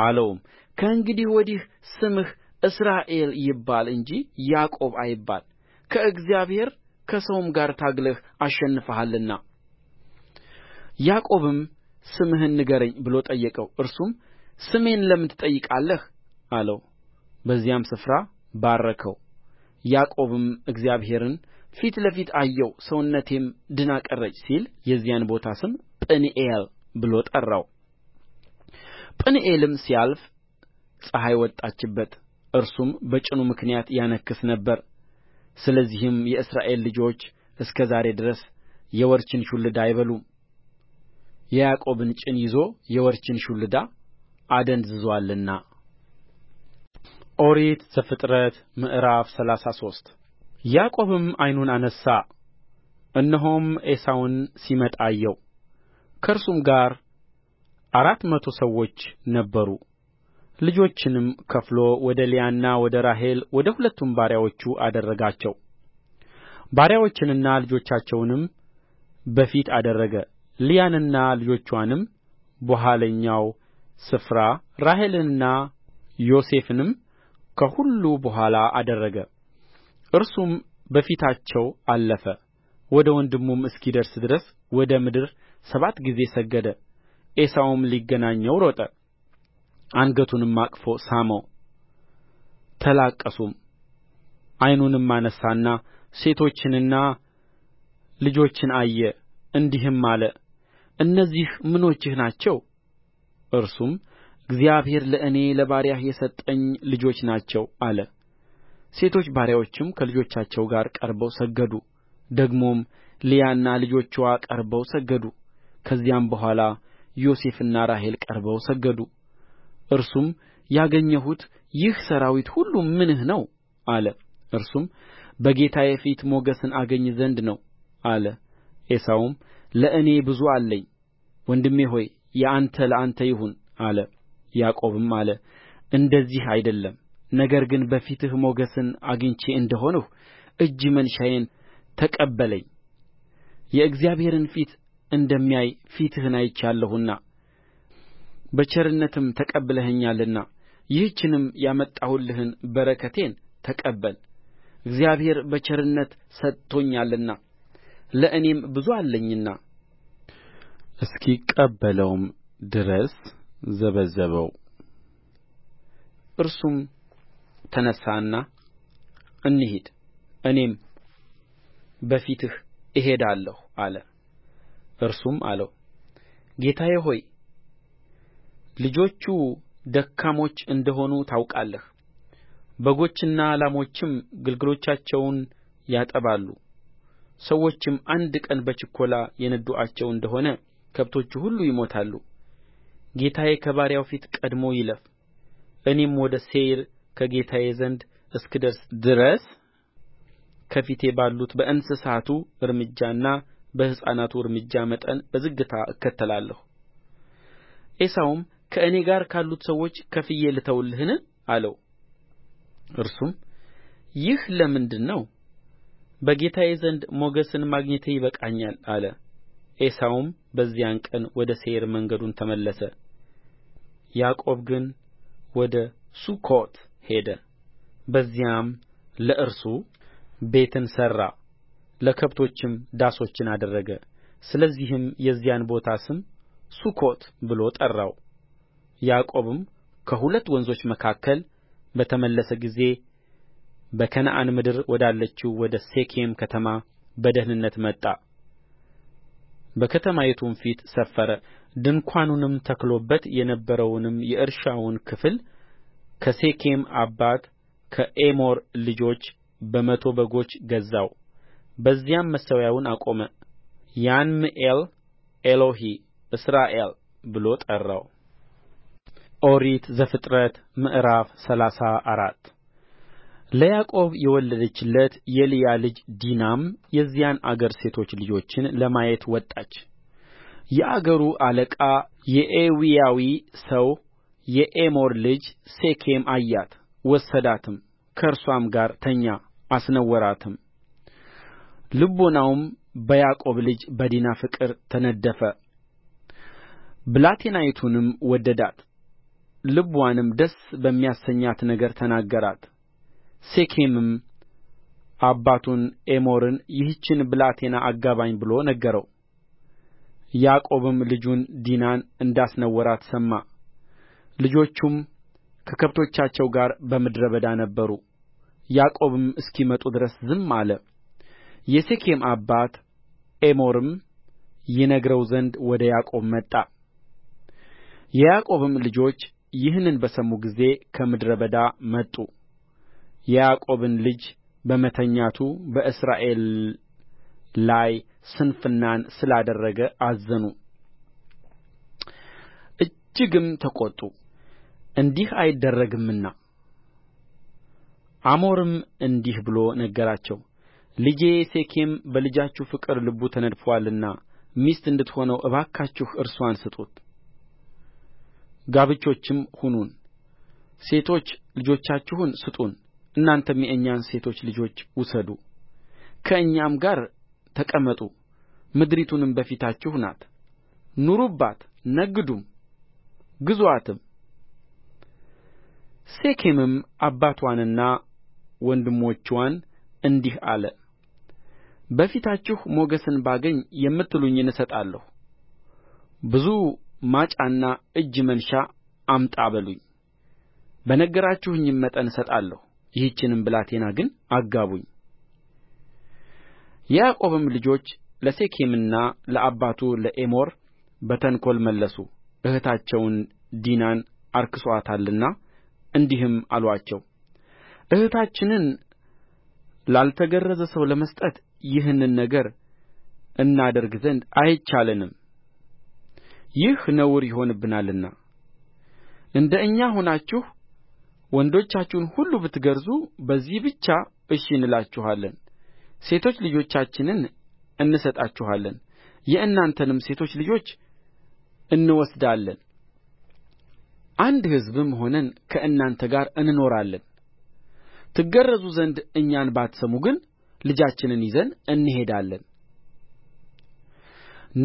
አለውም ከእንግዲህ ወዲህ ስምህ እስራኤል ይባል እንጂ ያዕቆብ አይባል ከእግዚአብሔር ከሰውም ጋር ታግለህ አሸንፈሃልና ያዕቆብም ስምህን ንገረኝ ብሎ ጠየቀው እርሱም ስሜን ለምን ትጠይቃለህ አለው በዚያም ስፍራ ባረከው ያዕቆብም እግዚአብሔርን ፊት ለፊት አየሁ ሰውነቴም ድና ቀረች ሲል የዚያን ቦታ ስም ጵኒኤል ብሎ ጠራው ጵኒኤልም ሲያልፍ ፀሐይ ወጣችበት እርሱም በጭኑ ምክንያት ያነክስ ነበር ስለዚህም የእስራኤል ልጆች እስከ ዛሬ ድረስ የወርችን ሹልዳ አይበሉም የያዕቆብን ጭን ይዞ የወርችን ሹልዳ አደንዝዞአልና ኦሪት ዘፍጥረት ምዕራፍ ሰላሳ ሶስት ያዕቆብም ዓይኑን አነሣ እነሆም ዔሳውን ሲመጣ አየው ከእርሱም ጋር አራት መቶ ሰዎች ነበሩ ልጆችንም ከፍሎ ወደ ልያና ወደ ራሔል ወደ ሁለቱም ባሪያዎቹ አደረጋቸው ባሪያዎችንና ልጆቻቸውንም በፊት አደረገ ልያንና ልጆቿንም በኋለኛው ስፍራ ራሔልንና ዮሴፍንም ከሁሉ በኋላ አደረገ እርሱም በፊታቸው አለፈ ወደ ወንድሙም እስኪደርስ ድረስ ወደ ምድር ሰባት ጊዜ ሰገደ ዔሳውም ሊገናኘው ሮጠ አንገቱንም አቅፎ ሳመው ተላቀሱም ዓይኑንም አነሣና ሴቶችንና ልጆችን አየ እንዲህም አለ እነዚህ ምኖችህ ናቸው እርሱም እግዚአብሔር ለእኔ ለባሪያህ የሰጠኝ ልጆች ናቸው አለ ሴቶች ባሪያዎችም ከልጆቻቸው ጋር ቀርበው ሰገዱ ደግሞም ልያና ልጆችዋ ቀርበው ሰገዱ ከዚያም በኋላ ዮሴፍና ራሔል ቀርበው ሰገዱ እርሱም ያገኘሁት ይህ ሠራዊት ሁሉ ምንህ ነው አለ እርሱም በጌታዬ ፊት ሞገስን አገኝ ዘንድ ነው አለ ዔሳውም ለእኔ ብዙ አለኝ ወንድሜ ሆይ የአንተ ለአንተ ይሁን አለ ያዕቆብም አለ እንደዚህ አይደለም ነገር ግን በፊትህ ሞገስን አግኝቼ እንደ ሆንሁ እጅ መንሻዬን ተቀበለኝ የእግዚአብሔርን ፊት እንደሚያይ ፊትህን አይቼአለሁና በቸርነትም ተቀብለኸኛልና ይህችንም ያመጣሁልህን በረከቴን ተቀበል እግዚአብሔር በቸርነት ሰጥቶኛልና ለእኔም ብዙ አለኝና እስኪቀበለውም ድረስ ዘበዘበው እርሱም ተነሣና እንሂድ እኔም በፊትህ እሄዳለሁ አለ እርሱም አለው ጌታዬ ሆይ ልጆቹ ደካሞች እንደ ሆኑ ታውቃለህ በጎችና ላሞችም ግልገሎቻቸውን ያጠባሉ ሰዎችም አንድ ቀን በችኰላ የነዱአቸው እንደ ሆነ ከብቶቹ ሁሉ ይሞታሉ ጌታዬ ከባሪያው ፊት ቀድሞ ይለፍ እኔም ወደ ሴይር ከጌታዬ ዘንድ እስክደርስ ድረስ ከፊቴ ባሉት በእንስሳቱ እርምጃና በሕፃናቱ እርምጃ መጠን በዝግታ እከተላለሁ ዔሳውም ከእኔ ጋር ካሉት ሰዎች ከፍዬ ልተውልህን አለው እርሱም ይህ ለምንድር ነው በጌታዬ ዘንድ ሞገስን ማግኘቴ ይበቃኛል አለ ዔሳውም በዚያን ቀን ወደ ሴይር መንገዱን ተመለሰ ያዕቆብ ግን ወደ ሱኮት ሄደ በዚያም ለእርሱ ቤትን ሠራ ለከብቶችም ዳሶችን አደረገ ስለዚህም የዚያን ቦታ ስም ሱኮት ብሎ ጠራው ያዕቆብም ከሁለት ወንዞች መካከል በተመለሰ ጊዜ በከነዓን ምድር ወዳለችው ወደ ሴኬም ከተማ በደኅንነት መጣ በከተማይቱም ፊት ሰፈረ ድንኳኑንም ተክሎበት የነበረውንም የእርሻውን ክፍል ከሴኬም አባት ከኤሞር ልጆች በመቶ በጎች ገዛው በዚያም መሠዊያውን አቆመ ያንም ኤል ኤሎሄ እስራኤል ብሎ ጠራው ኦሪት ዘፍጥረት ምዕራፍ ሰላሳ አራት ለያዕቆብ የወለደችለት የልያ ልጅ ዲናም የዚያን አገር ሴቶች ልጆችን ለማየት ወጣች የአገሩ አለቃ የኤዊያዊ ሰው የኤሞር ልጅ ሴኬም አያት ወሰዳትም ከእርስዋም ጋር ተኛ አስነወራትም ልቡናውም በያዕቆብ ልጅ በዲና ፍቅር ተነደፈ ብላቴናይቱንም ወደዳት ልብዋንም ደስ በሚያሰኛት ነገር ተናገራት ሴኬምም አባቱን ኤሞርን ይህችን ብላቴና አጋባኝ ብሎ ነገረው ያዕቆብም ልጁን ዲናን እንዳስነወራት ሰማ ልጆቹም ከከብቶቻቸው ጋር በምድረ በዳ ነበሩ ያዕቆብም እስኪመጡ ድረስ ዝም አለ የሴኬም አባት ኤሞርም ይነግረው ዘንድ ወደ ያዕቆብ መጣ የያዕቆብም ልጆች ይህንን በሰሙ ጊዜ ከምድረ በዳ መጡ የያዕቆብን ልጅ በመተኛቱ በእስራኤል ላይ ስንፍናን ስላደረገ አዘኑ እጅግም ተቈጡ እንዲህ አይደረግምና አሞርም እንዲህ ብሎ ነገራቸው ልጄ ሴኬም በልጃችሁ ፍቅር ልቡ ተነድፎአልና ሚስት እንድትሆነው እባካችሁ እርስዋን ስጡት ጋብቾችም ሁኑን ሴቶች ልጆቻችሁን ስጡን እናንተም የእኛን ሴቶች ልጆች ውሰዱ ከእኛም ጋር ተቀመጡ ምድሪቱንም በፊታችሁ ናት ኑሩባት ነግዱም ግዙአትም ሴኬምም አባትዋንና ወንድሞችዋን እንዲህ አለ በፊታችሁ ሞገስን ባገኝ የምትሉኝን እሰጣለሁ ብዙ ማጫና እጅ መንሻ አምጣ በሉኝ በነገራችሁኝም መጠን እሰጣለሁ ይህችንም ብላቴና ግን አጋቡኝ የያዕቆብም ልጆች ለሴኬምና ለአባቱ ለኤሞር በተንኰል መለሱ እኅታቸውን ዲናን አርክሶአታልና እንዲህም አሉአቸው እኅታችንን ላልተገረዘ ሰው ለመስጠት ይህንን ነገር እናደርግ ዘንድ አይቻለንም ይህ ነውር ይሆንብናልና እንደ እኛ ሆናችሁ ወንዶቻችሁን ሁሉ ብትገርዙ በዚህ ብቻ እሺ እንላችኋለን ሴቶች ልጆቻችንን እንሰጣችኋለን የእናንተንም ሴቶች ልጆች እንወስዳለን አንድ ሕዝብም ሆነን ከእናንተ ጋር እንኖራለን ትገረዙ ዘንድ እኛን ባትሰሙ ግን ልጃችንን ይዘን እንሄዳለን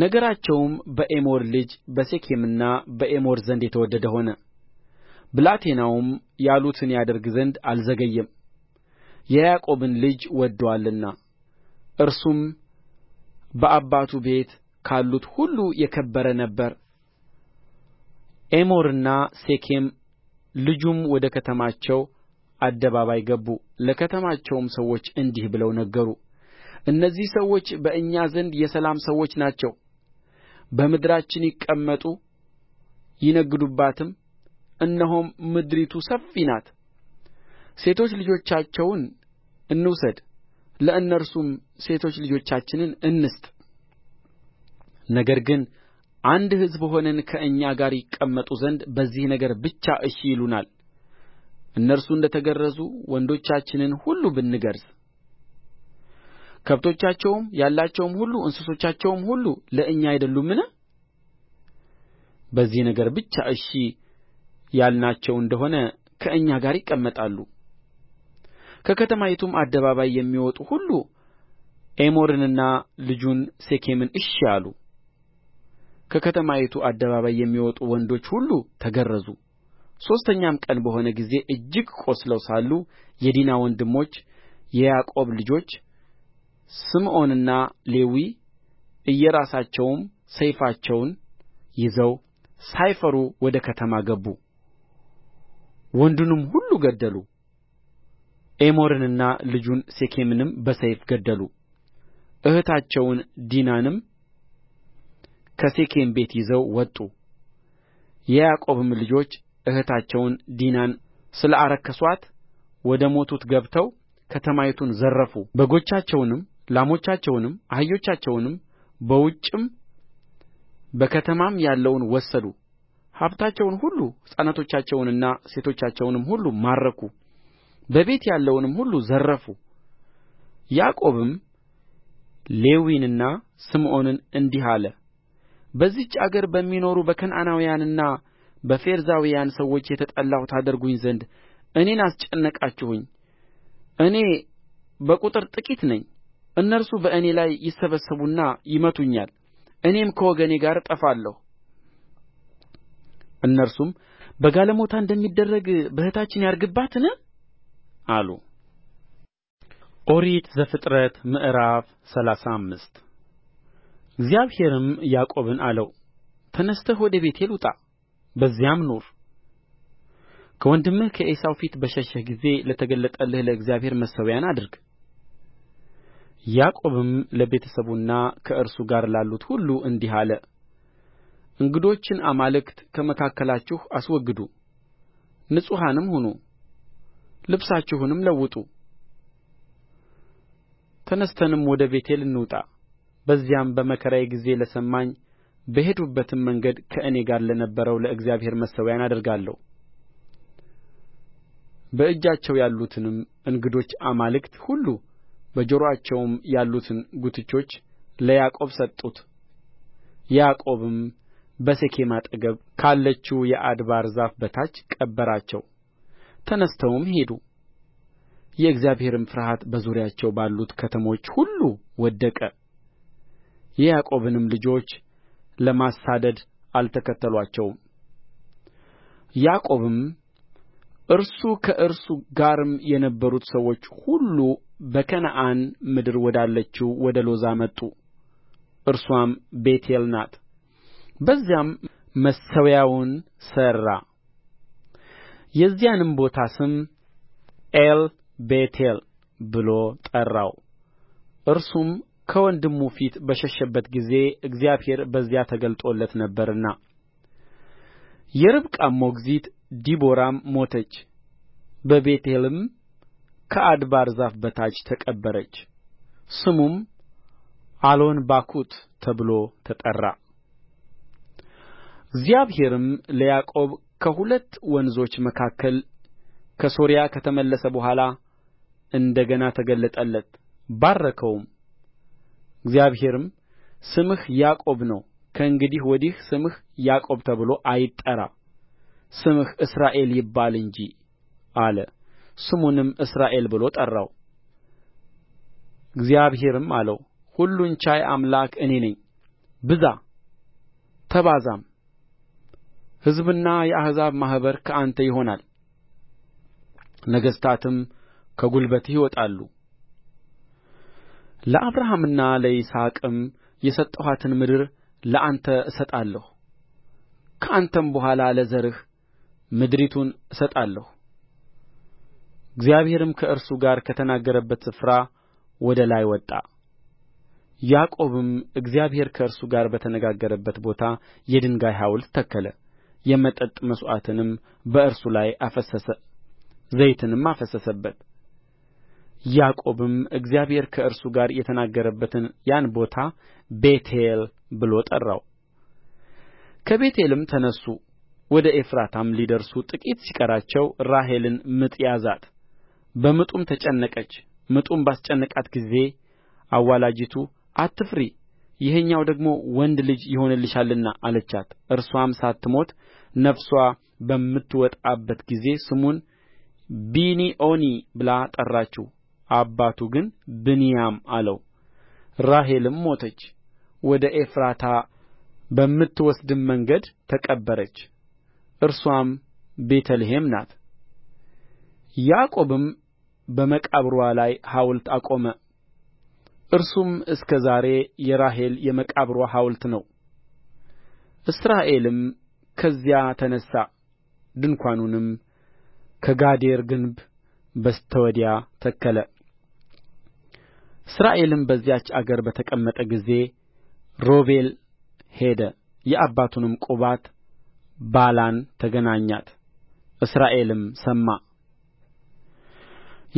ነገራቸውም በኤሞር ልጅ በሴኬምና በኤሞር ዘንድ የተወደደ ሆነ ብላቴናውም ያሉትን ያደርግ ዘንድ አልዘገየም የያዕቆብን ልጅ ወድዶአልና እርሱም በአባቱ ቤት ካሉት ሁሉ የከበረ ነበር ኤሞርና ሴኬም ልጁም ወደ ከተማቸው አደባባይ ገቡ ለከተማቸውም ሰዎች እንዲህ ብለው ነገሩ እነዚህ ሰዎች በእኛ ዘንድ የሰላም ሰዎች ናቸው በምድራችን ይቀመጡ ይነግዱባትም እነሆም ምድሪቱ ሰፊ ናት ሴቶች ልጆቻቸውን እንውሰድ ለእነርሱም ሴቶች ልጆቻችንን እንስጥ ነገር ግን አንድ ሕዝብ ሆነን ከእኛ ጋር ይቀመጡ ዘንድ በዚህ ነገር ብቻ እሺ ይሉናል እነርሱ እንደ ተገረዙ ወንዶቻችንን ሁሉ ብንገርዝ ከብቶቻቸውም ያላቸውም ሁሉ እንስሶቻቸውም ሁሉ ለእኛ አይደሉምን በዚህ ነገር ብቻ እሺ ያልናቸው እንደ ሆነ ከእኛ ጋር ይቀመጣሉ ከከተማይቱም አደባባይ የሚወጡ ሁሉ ኤሞርንና ልጁን ሴኬምን እሺ አሉ ከከተማይቱ አደባባይ የሚወጡ ወንዶች ሁሉ ተገረዙ ሦስተኛም ቀን በሆነ ጊዜ እጅግ ቆስለው ሳሉ የዲና ወንድሞች የያዕቆብ ልጆች ስምዖንና ሌዊ እየራሳቸውም ሰይፋቸውን ይዘው ሳይፈሩ ወደ ከተማ ገቡ ወንዱንም ሁሉ ገደሉ ኤሞርንና ልጁን ሴኬምንም በሰይፍ ገደሉ እኅታቸውን ዲናንም ከሴኬም ቤት ይዘው ወጡ የያዕቆብም ልጆች እህታቸውን ዲናን ስለ አረከሱአት ወደ ሞቱት ገብተው ከተማይቱን ዘረፉ በጎቻቸውንም ላሞቻቸውንም አህዮቻቸውንም በውጭም በከተማም ያለውን ወሰዱ ሀብታቸውን ሁሉ ሕፃናቶቻቸውንና ሴቶቻቸውንም ሁሉ ማረኩ በቤት ያለውንም ሁሉ ዘረፉ ያዕቆብም ሌዊንና ስምዖንን እንዲህ አለ በዚህች አገር በሚኖሩ በከነዓናውያንና በፌርዛውያን ሰዎች የተጠላሁ ታደርጉኝ ዘንድ እኔን አስጨነቃችሁኝ እኔ በቍጥር ጥቂት ነኝ እነርሱ በእኔ ላይ ይሰበሰቡና ይመቱኛል እኔም ከወገኔ ጋር እጠፋለሁ እነርሱም በጋለሞታ እንደሚደረግ በእኅታችን ያርግባትን አሉ ኦሪት ዘፍጥረት ምዕራፍ ሰላሳ አምስት እግዚአብሔርም ያዕቆብን አለው ተነሥተህ ወደ ቤቴል ውጣ በዚያም ኑር ከወንድምህ ከዔሳው ፊት በሸሸህ ጊዜ ለተገለጠልህ ለእግዚአብሔር መሠዊያን አድርግ ያዕቆብም ለቤተ ሰቡና ከእርሱ ጋር ላሉት ሁሉ እንዲህ አለ እንግዶችን አማልክት ከመካከላችሁ አስወግዱ ንጹሐንም ሁኑ ልብሳችሁንም ለውጡ ተነሥተንም ወደ ቤቴል እንውጣ በዚያም በመከራዬ ጊዜ ለሰማኝ በሄድሁበትም መንገድ ከእኔ ጋር ለነበረው ለእግዚአብሔር መሠዊያን አደርጋለሁ በእጃቸው ያሉትንም እንግዶች አማልክት ሁሉ በጆሮአቸውም ያሉትን ጕትቾች ለያዕቆብ ሰጡት ያዕቆብም በሴኬም አጠገብ ካለችው የአድባር ዛፍ በታች ቀበራቸው ተነሥተውም ሄዱ የእግዚአብሔርም ፍርሃት በዙሪያቸው ባሉት ከተሞች ሁሉ ወደቀ የያዕቆብንም ልጆች ለማሳደድ አልተከተሉአቸውም ያዕቆብም እርሱ ከእርሱ ጋርም የነበሩት ሰዎች ሁሉ በከነዓን ምድር ወዳለችው ወደ ሎዛ መጡ እርስዋም ቤቴል ናት በዚያም መሠዊያውን ሠራ የዚያንም ቦታ ስም ኤልቤቴል ብሎ ጠራው እርሱም ከወንድሙ ፊት በሸሸበት ጊዜ እግዚአብሔር በዚያ ተገልጦለት ነበርና የርብቃም ሞግዚት ዲቦራም ሞተች በቤቴልም ከአድባር ዛፍ በታች ተቀበረች ስሙም አሎንባኩት ተብሎ ተጠራ እግዚአብሔርም ለያዕቆብ ከሁለት ወንዞች መካከል ከሶርያ ከተመለሰ በኋላ እንደ ገና ተገለጠለት ባረከውም እግዚአብሔርም ስምህ ያዕቆብ ነው ከእንግዲህ ወዲህ ስምህ ያዕቆብ ተብሎ አይጠራ ስምህ እስራኤል ይባል እንጂ አለ ስሙንም እስራኤል ብሎ ጠራው እግዚአብሔርም አለው ሁሉን ቻይ አምላክ እኔ ነኝ ብዛ ተባዛም ሕዝብና የአሕዛብ ማኅበር ከአንተ ይሆናል ነገሥታትም ከጕልበትህ ይወጣሉ ለአብርሃምና ለይስሐቅም የሰጠኋትን ምድር ለአንተ እሰጣለሁ ከአንተም በኋላ ለዘርህ ምድሪቱን እሰጣለሁ እግዚአብሔርም ከእርሱ ጋር ከተናገረበት ስፍራ ወደ ላይ ወጣ ያዕቆብም እግዚአብሔር ከእርሱ ጋር በተነጋገረበት ቦታ የድንጋይ ሐውልት ተከለ የመጠጥ መሥዋዕትንም በእርሱ ላይ አፈሰሰ ዘይትንም አፈሰሰበት ያዕቆብም እግዚአብሔር ከእርሱ ጋር የተናገረበትን ያን ቦታ ቤቴል ብሎ ጠራው ከቤቴልም ተነሡ ወደ ኤፍራታም ሊደርሱ ጥቂት ሲቀራቸው ራሔልን ምጥ ያዛት በምጡም ተጨነቀች ምጡም ባስጨነቃት ጊዜ አዋላጂቱ አትፍሪ ይኸኛው ደግሞ ወንድ ልጅ ይሆንልሻልና አለቻት እርስዋም ሳትሞት ነፍሷ በምትወጣበት ጊዜ ስሙን ቢኒዖኒ ብላ ጠራችው አባቱ ግን ብንያም አለው ራሔልም ሞተች ወደ ኤፍራታ በምትወስድም መንገድ ተቀበረች እርስዋም ቤተ ልሔም ናት ያዕቆብም በመቃብርዋ ላይ ሐውልት አቆመ እርሱም እስከ ዛሬ የራሔል የመቃብርዋ ሐውልት ነው እስራኤልም ከዚያ ተነሣ ድንኳኑንም ከጋዴር ግንብ በስተ ወዲያ ተከለ እስራኤልም በዚያች አገር በተቀመጠ ጊዜ ሮቤል ሄደ የአባቱንም ቁባት ባላን ተገናኛት እስራኤልም ሰማ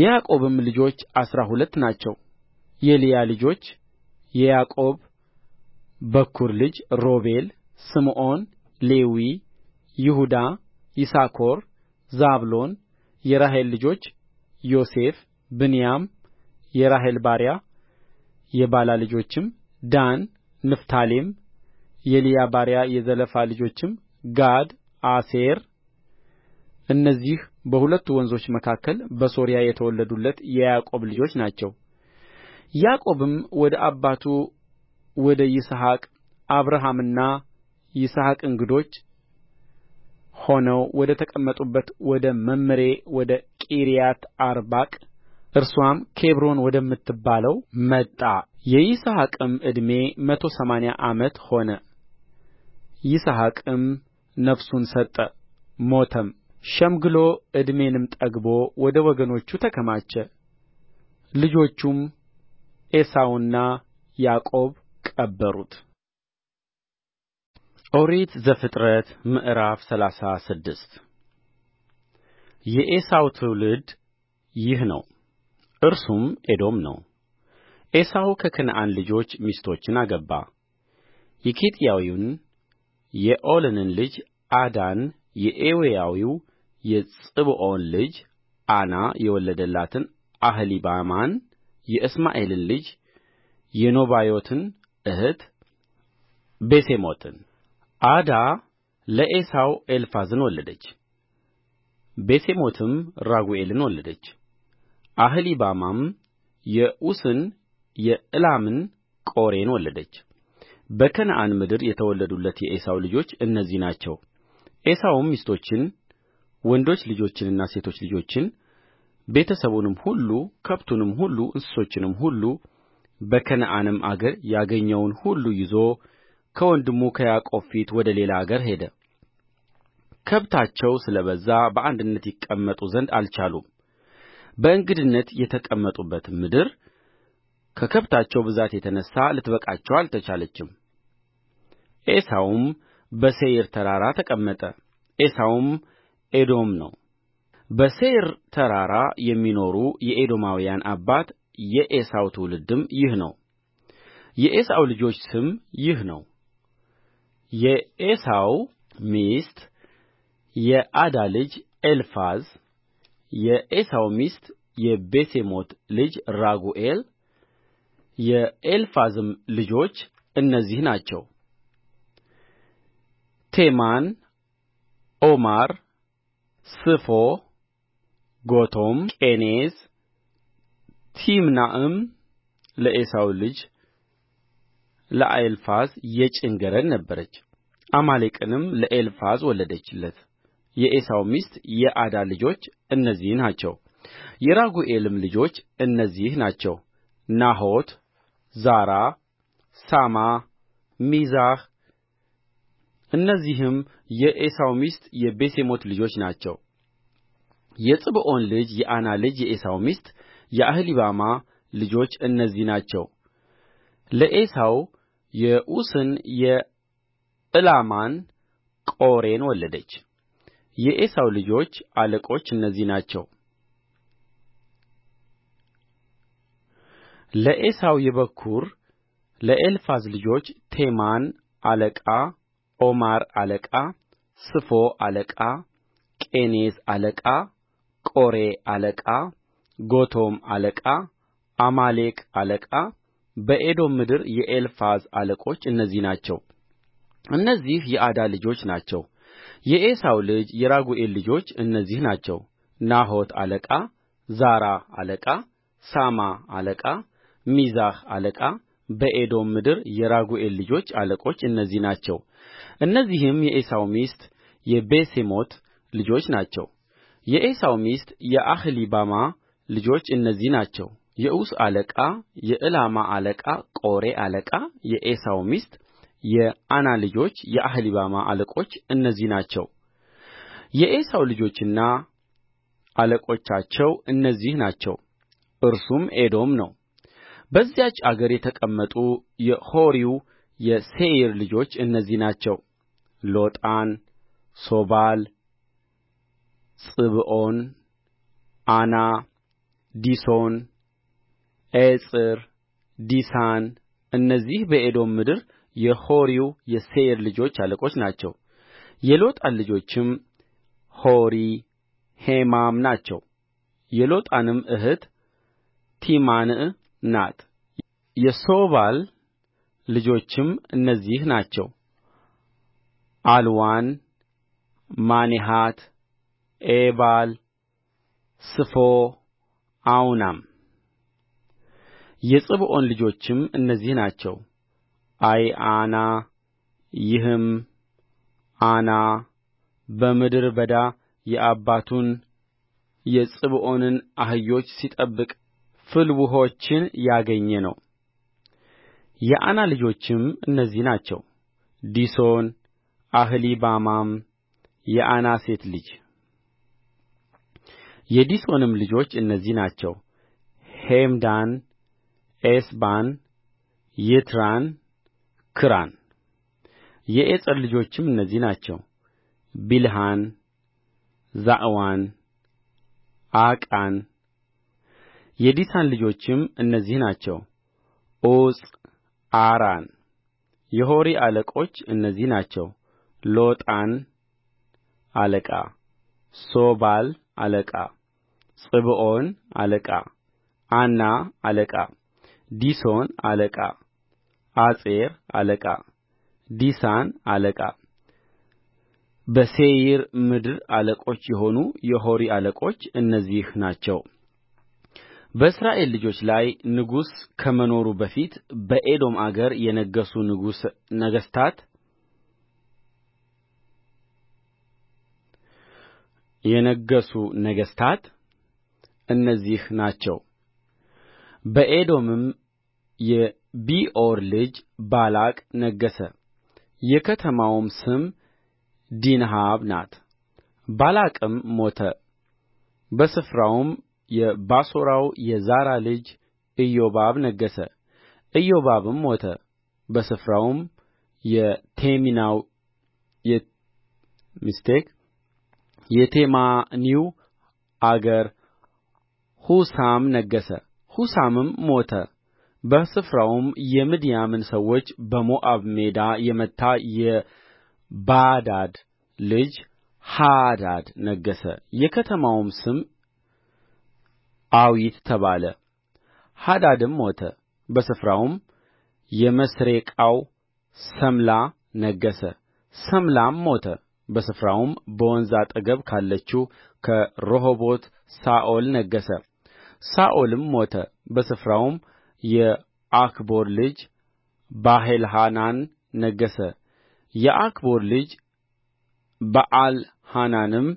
የያዕቆብም ልጆች አሥራ ሁለት ናቸው የልያ ልጆች የያዕቆብ በኵር ልጅ ሮቤል ስምዖን ሌዊ ይሁዳ ይሳኮር ዛብሎን የራሔል ልጆች ዮሴፍ ብንያም የራሔል ባሪያ የባላ ልጆችም ዳን ንፍታሌም የልያ ባሪያ የዘለፋ ልጆችም ጋድ አሴር እነዚህ በሁለቱ ወንዞች መካከል በሶርያ የተወለዱለት የያዕቆብ ልጆች ናቸው ያዕቆብም ወደ አባቱ ወደ ይስሐቅ አብርሃምና ይስሐቅ እንግዶች ሆነው ወደ ተቀመጡበት ወደ መምሬ ወደ ቂርያትአርባቅ እርስዋም ኬብሮን ወደምትባለው መጣ የይስሐቅም ዕድሜ መቶ ሰማንያ ዓመት ሆነ ይስሐቅም ነፍሱን ሰጠ ሞተም ሸምግሎ ዕድሜንም ጠግቦ ወደ ወገኖቹ ተከማቸ ልጆቹም ዔሳውና ያዕቆብ ቀበሩት ኦሪት ዘፍጥረት ምዕራፍ ሰላሳ ስድስት የዔሳው ትውልድ ይህ ነው እርሱም ኤዶም ነው ዔሳው ከከነዓን ልጆች ሚስቶችን አገባ የኬጢያዊውን የዔሎንን ልጅ ዓዳን የኤዊያዊው የፅብዖን ልጅ ዓና የወለደላትን አህሊባማን የእስማኤልን ልጅ የኖባዮትን እህት ቤሴሞትን ዓዳ ለዔሳው ኤልፋዝን ወለደች ቤሴሞትም ራጉኤልን ወለደች አህሊባማም የዑስን የዕላምን ቆሬን ወለደች በከነዓን ምድር የተወለዱለት የዔሳው ልጆች እነዚህ ናቸው ዔሳውም ሚስቶችን ወንዶች ልጆችንና ሴቶች ልጆችን ቤተሰቡንም ሁሉ ከብቱንም ሁሉ እንስሶቹንም ሁሉ በከነዓንም አገር ያገኘውን ሁሉ ይዞ ከወንድሙ ከያዕቆብ ፊት ወደ ሌላ አገር ሄደ ከብታቸው ስለ በዛ በአንድነት ይቀመጡ ዘንድ አልቻሉም በእንግድነት የተቀመጡበት ምድር ከከብታቸው ብዛት የተነሣ ልትበቃቸው አልተቻለችም ዔሳውም በሴይር ተራራ ተቀመጠ ዔሳውም ኤዶም ነው በሴይር ተራራ የሚኖሩ የኤዶማውያን አባት የዔሳው ትውልድም ይህ ነው የዔሳው ልጆች ስም ይህ ነው የዔሳው ሚስት የዓዳ ልጅ ኤልፋዝ የዔሳው ሚስት የቤሴሞት ልጅ ራጉኤል የኤልፋዝም ልጆች እነዚህ ናቸው ቴማን ኦማር ስፎ ጎቶም ቄኔዝ ቲምናዕም ለዔሳው ልጅ ለኤልፋዝ የጭን ገረድ ነበረች አማሌቅንም ለኤልፋዝ ወለደችለት የዔሳው ሚስት የዓዳ ልጆች እነዚህ ናቸው የራጉኤልም ልጆች እነዚህ ናቸው ናሖት ዛራ ሣማ ሚዛህ እነዚህም የዔሳው ሚስት የቤሴሞት ልጆች ናቸው የፅብዖን ልጅ የዓና ልጅ የዔሳው ሚስት የአህሊባማ ልጆች እነዚህ ናቸው ለዔሳው የዑስን የዕላማን ቆሬን ወለደች የዔሳው ልጆች አለቆች እነዚህ ናቸው ለዔሳው የበኵር ለኤልፋዝ ልጆች ቴማን አለቃ ኦማር አለቃ ስፎ አለቃ ቄኔዝ አለቃ ቆሬ አለቃ ጎቶም አለቃ አማሌቅ አለቃ በኤዶም ምድር የኤልፋዝ አለቆች እነዚህ ናቸው እነዚህ የዓዳ ልጆች ናቸው የዔሳው ልጅ የራጉኤል ልጆች እነዚህ ናቸው ናሖት አለቃ ዛራ አለቃ ሣማ አለቃ ሚዛህ አለቃ በኤዶም ምድር የራጉኤል ልጆች አለቆች እነዚህ ናቸው እነዚህም የዔሳው ሚስት የቤሴሞት ልጆች ናቸው የዔሳው ሚስት የአህሊባማ ልጆች እነዚህ ናቸው የዑስ አለቃ የዕላማ አለቃ ቆሬ አለቃ የዔሳው ሚስት የዓና ልጆች የአህሊባማ አለቆች እነዚህ ናቸው የዔሳው ልጆችና አለቆቻቸው እነዚህ ናቸው እርሱም ኤዶም ነው በዚያች አገር የተቀመጡ የሖሪው የሴይር ልጆች እነዚህ ናቸው ሎጣን ሦባል ጽብዖን ዓና ዲሶን ኤጽር ዲሳን እነዚህ በኤዶም ምድር የሖሪው የሴይር ልጆች አለቆች ናቸው የሎጣን ልጆችም ሖሪ ሄማም ናቸው የሎጣንም እኅት ቲምናዕ ናት የሦባል ልጆችም እነዚህ ናቸው ዓልዋን ማኔሐት ዔባል ስፎ አውናም የፅብዖን ልጆችም እነዚህ ናቸው አይዓና ይህም ዓና በምድረ በዳ የአባቱን የፅብዖንን አህዮች ሲጠብቅ ፍልውኆችን ያገኘ ነው የዓና ልጆችም እነዚህ ናቸው ዲሶን አህሊባማም የዓና ሴት ልጅ የዲሶንም ልጆች እነዚህ ናቸው ሔምዳን ኤስባን ይትራን ክራን የኤጽር ልጆችም እነዚህ ናቸው ቢልሐን ዛዕዋን ዓቃን የዲሳን ልጆችም እነዚህ ናቸው ዑፅ አራን የሖሪ አለቆች እነዚህ ናቸው ሎጣን አለቃ ሦባል አለቃ ጽብዖን አለቃ ዓና አለቃ ዲሶን አለቃ አጼር አለቃ ዲሳን አለቃ በሴይር ምድር አለቆች የሆኑ የሖሪ አለቆች እነዚህ ናቸው በእስራኤል ልጆች ላይ ንጉሥ ከመኖሩ በፊት በኤዶም አገር የነገሡ ነገሥታት የነገሡ ነገሥታት እነዚህ ናቸው በኤዶምም ቢዖር ልጅ ባላቅ ነገሠ የከተማውም ስም ዲንሃባ ናት ባላቅም ሞተ በስፍራውም የባሶራው የዛራ ልጅ ኢዮባብ ነገሠ ኢዮባብም ሞተ በስፍራውም የቴማኒው አገር ሑሳም ነገሠ ሑሳምም ሞተ በስፍራውም የምድያምን ሰዎች በሞዓብ ሜዳ የመታ የባዳድ ልጅ ሃዳድ ነገሠ የከተማውም ስም ዓዊት ተባለ ሃዳድም ሞተ በስፍራውም የመስሬቃው ሠምላ ነገሠ ሠምላም ሞተ በስፍራውም በወንዝ አጠገብ ካለችው ከረሆቦት ሳኦል ነገሠ ሳኦልም ሞተ በስፍራውም የዓክቦር ልጅ በኣልሐናን ነገሠ የዓክቦር ልጅ በኣልሐናንም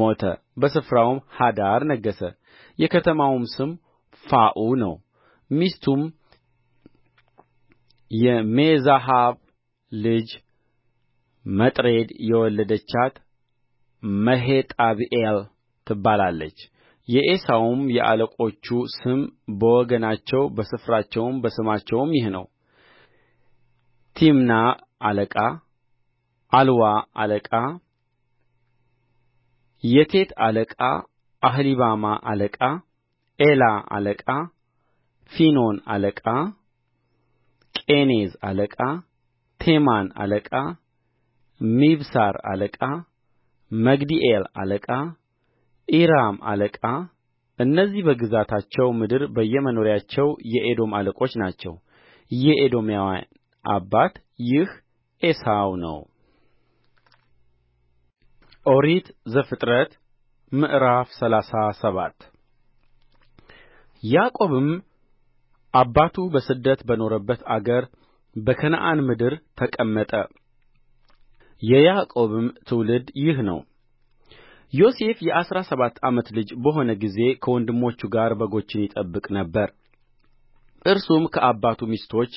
ሞተ በስፍራውም ሃዳር ነገሠ የከተማውም ስም ፋዑ ነው ሚስቱም የሜዛሃብ ልጅ መጥሬድ የወለደቻት መሄጣብኤል ትባላለች የዔሳውም የአለቆቹ ስም በወገናቸው በስፍራቸውም በስማቸውም ይህ ነው ቲምና አለቃ ዓልዋ አለቃ የቴት አለቃ አህሊባማ አለቃ ኤላ አለቃ ፊኖን አለቃ ቄኔዝ አለቃ ቴማን አለቃ ሚብሳር አለቃ መግዲኤል አለቃ ኢራም አለቃ እነዚህ በግዛታቸው ምድር በየመኖሪያቸው የኤዶም አለቆች ናቸው የኤዶማውያን አባት ይህ ዔሳው ነው ኦሪት ዘፍጥረት ምዕራፍ ሰላሳ ሰባት ያዕቆብም አባቱ በስደት በኖረበት አገር በከነዓን ምድር ተቀመጠ የያዕቆብም ትውልድ ይህ ነው ዮሴፍ የአሥራ ሰባት ዓመት ልጅ በሆነ ጊዜ ከወንድሞቹ ጋር በጎችን ይጠብቅ ነበር እርሱም ከአባቱ ሚስቶች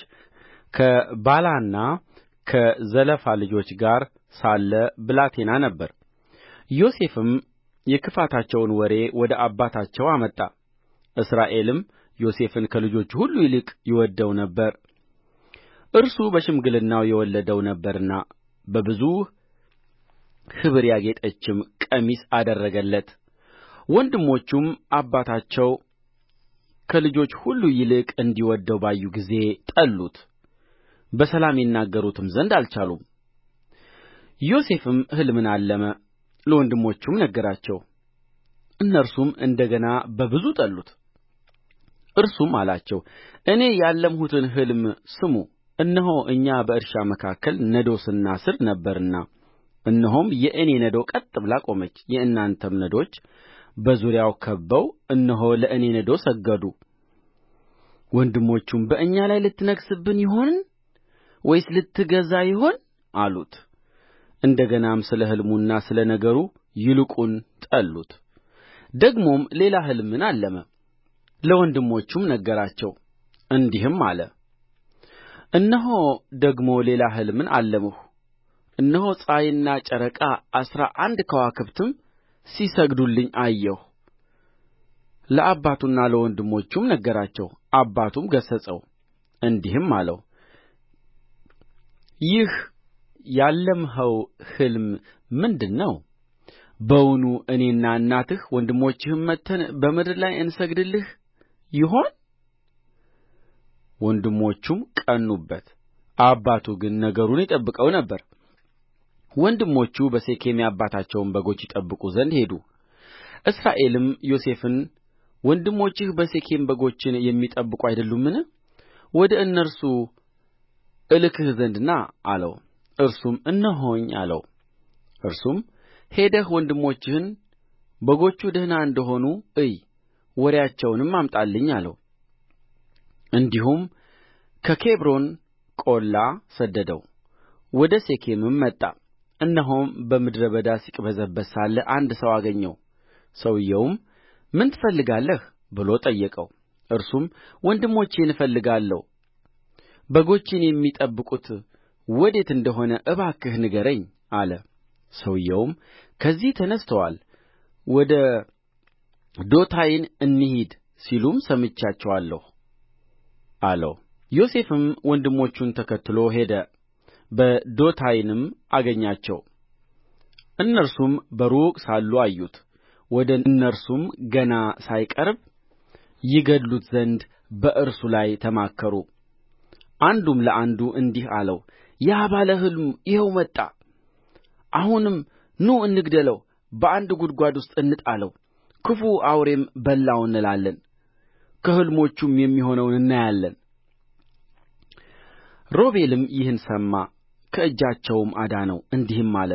ከባላና ከዘለፋ ልጆች ጋር ሳለ ብላቴና ነበረ። ዮሴፍም የክፋታቸውን ወሬ ወደ አባታቸው አመጣ። እስራኤልም ዮሴፍን ከልጆቹ ሁሉ ይልቅ ይወደው ነበር፣ እርሱ በሽምግልናው የወለደው ነበርና በብዙ ኅብር ያጌጠችም ቀሚስ አደረገለት ወንድሞቹም አባታቸው ከልጆቹ ሁሉ ይልቅ እንዲወደው ባዩ ጊዜ ጠሉት በሰላም ይናገሩትም ዘንድ አልቻሉም ዮሴፍም ሕልምን አለመ ለወንድሞቹም ነገራቸው እነርሱም እንደ ገና በብዙ ጠሉት እርሱም አላቸው እኔ ያለምሁትን ሕልም ስሙ እነሆ እኛ በእርሻ መካከል ነዶ ስናስር ነበርና እነሆም የእኔ ነዶ ቀጥ ብላ ቆመች የእናንተም ነዶች በዙሪያው ከብበው እነሆ ለእኔ ነዶ ሰገዱ ወንድሞቹም በእኛ ላይ ልትነግሥብን ይሆን ወይስ ልትገዛ ይሆን አሉት እንደ ገናም ስለ ሕልሙና ስለ ነገሩ ይልቁን ጠሉት ደግሞም ሌላ ሕልምን አለመ ለወንድሞቹም ነገራቸው እንዲህም አለ እነሆ ደግሞ ሌላ ሕልምን አለምሁ እነሆ ፀሐይና ጨረቃ አሥራ አንድ ከዋክብትም ሲሰግዱልኝ አየሁ ለአባቱና ለወንድሞቹም ነገራቸው አባቱም ገሠጸው እንዲህም አለው ይህ ያለምኸው ሕልም ምንድር ነው በውኑ እኔና እናትህ ወንድሞችህም መጥተን በምድር ላይ እንሰግድልህ ይሆን ወንድሞቹም ቀኑበት አባቱ ግን ነገሩን ይጠብቀው ነበር ወንድሞቹ በሴኬም የአባታቸውን በጎች ይጠብቁ ዘንድ ሄዱ እስራኤልም ዮሴፍን ወንድሞችህ በሴኬም በጎችን የሚጠብቁ አይደሉምን ወደ እነርሱ እልክህ ዘንድ ና አለው እርሱም እነሆኝ አለው እርሱም ሄደህ ወንድሞችህን በጎቹ ደህና እንደ ሆኑ እይ ወሬአቸውንም አምጣልኝ አለው እንዲሁም ከኬብሮን ቈላ ሰደደው ወደ ሴኬምም መጣ እነሆም በምድረ በዳ ሲቅበዘበዝ ሳለ አንድ ሰው አገኘው ሰውዮውም ምን ትፈልጋለህ ብሎ ጠየቀው እርሱም ወንድሞቼን እፈልጋለሁ በጎቼን የሚጠብቁት ወዴት እንደ ሆነ እባክህ ንገረኝ አለ ሰውዮውም ከዚህ ተነሥተዋል ወደ ዶታይን እንሂድ ሲሉም ሰምቻቸዋለሁ አለው ዮሴፍም ወንድሞቹን ተከትሎ ሄደ በዶታይንም አገኛቸው እነርሱም በሩቅ ሳሉ አዩት ወደ እነርሱም ገና ሳይቀርብ ይገድሉት ዘንድ በእርሱ ላይ ተማከሩ አንዱም ለአንዱ እንዲህ አለው ያ ባለ ሕልም ይኸው መጣ አሁንም ኑ እንግደለው በአንድ ጕድጓድ ውስጥ እንጣለው ክፉ አውሬም በላው እንላለን ከሕልሞቹም የሚሆነውን እናያለን ሮቤልም ይህን ሰማ ከእጃቸውም አዳነው እንዲህም አለ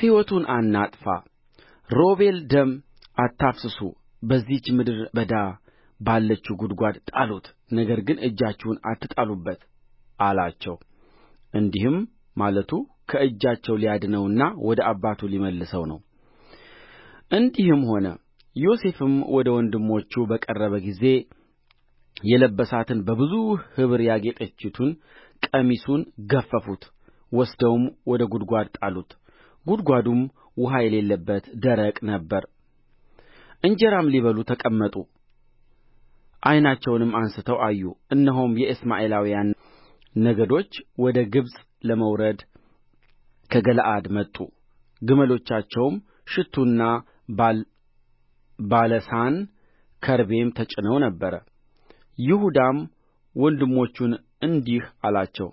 ሕይወቱን አናጥፋ ሮቤል ደም አታፍስሱ በዚህች ምድረ በዳ ባለችው ጕድጓድ ጣሉት ነገር ግን እጃችሁን አትጣሉበት አላቸው እንዲህም ማለቱ ከእጃቸው ሊያድነውና ወደ አባቱ ሊመልሰው ነው እንዲህም ሆነ ዮሴፍም ወደ ወንድሞቹ በቀረበ ጊዜ የለበሳትን በብዙ ኅብር ያጌጠቺቱን ቀሚሱን ገፈፉት ወስደውም ወደ ጕድጓድ ጣሉት ጕድጓዱም ውኃ የሌለበት ደረቅ ነበረ እንጀራም ሊበሉ ተቀመጡ ዓይናቸውንም አንሥተው አዩ እነሆም የእስማኤላውያን ነገዶች ወደ ግብፅ ለመውረድ ከገለዓድ መጡ ግመሎቻቸውም ሽቱና ባለሳን ከርቤም ተጭነው ነበር ይሁዳም ወንድሞቹን እንዲህ አላቸው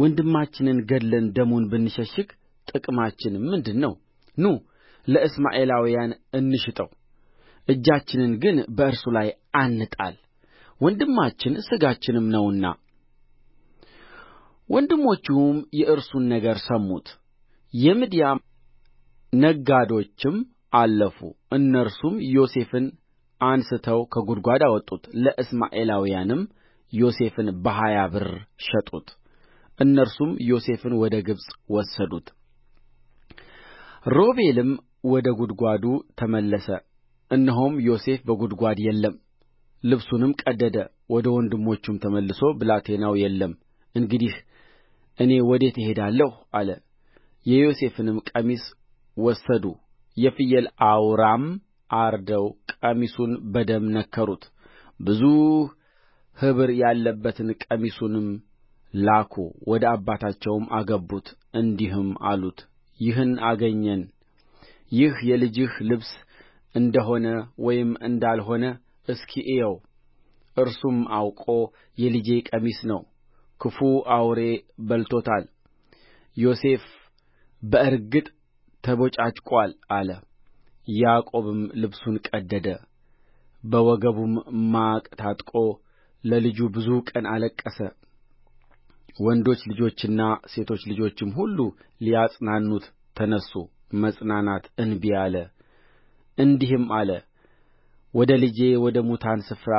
ወንድማችንን ገድለን ደሙን ብንሸሽግ ጥቅማችን ምንድር ነው ኑ ለእስማኤላውያን እንሽጠው እጃችንን ግን በእርሱ ላይ አንጣል ወንድማችን ሥጋችንም ነውና ወንድሞቹም የእርሱን ነገር ሰሙት የምድያም ነጋዶችም አለፉ እነርሱም ዮሴፍን አንስተው ከጕድጓድ አወጡት ለእስማኤላውያንም ዮሴፍን በሀያ ብር ሸጡት እነርሱም ዮሴፍን ወደ ግብፅ ወሰዱት ሮቤልም ወደ ጕድጓዱ ተመለሰ እነሆም ዮሴፍ በጕድጓድ የለም ልብሱንም ቀደደ ወደ ወንድሞቹም ተመልሶ ብላቴናው የለም እንግዲህ እኔ ወዴት እሄዳለሁ አለ የዮሴፍንም ቀሚስ ወሰዱ የፍየል አውራም አርደው ቀሚሱን በደም ነከሩት ብዙ ኅብር ያለበትን ቀሚሱንም ላኩ ወደ አባታቸውም አገቡት እንዲህም አሉት ይህን አገኘን ይህ የልጅህ ልብስ እንደ ሆነ ወይም እንዳልሆነ እስኪ እየው እርሱም አውቆ የልጄ ቀሚስ ነው ክፉ አውሬ በልቶታል ዮሴፍ በእርግጥ ተቦጫጭቋል አለ ያዕቆብም ልብሱን ቀደደ በወገቡም ማቅ ታጥቆ ለልጁ ብዙ ቀን አለቀሰ ወንዶች ልጆችና ሴቶች ልጆችም ሁሉ ሊያጽናኑት ተነሡ መጽናናት እንቢ አለ እንዲህም አለ ወደ ልጄ ወደ ሙታን ስፍራ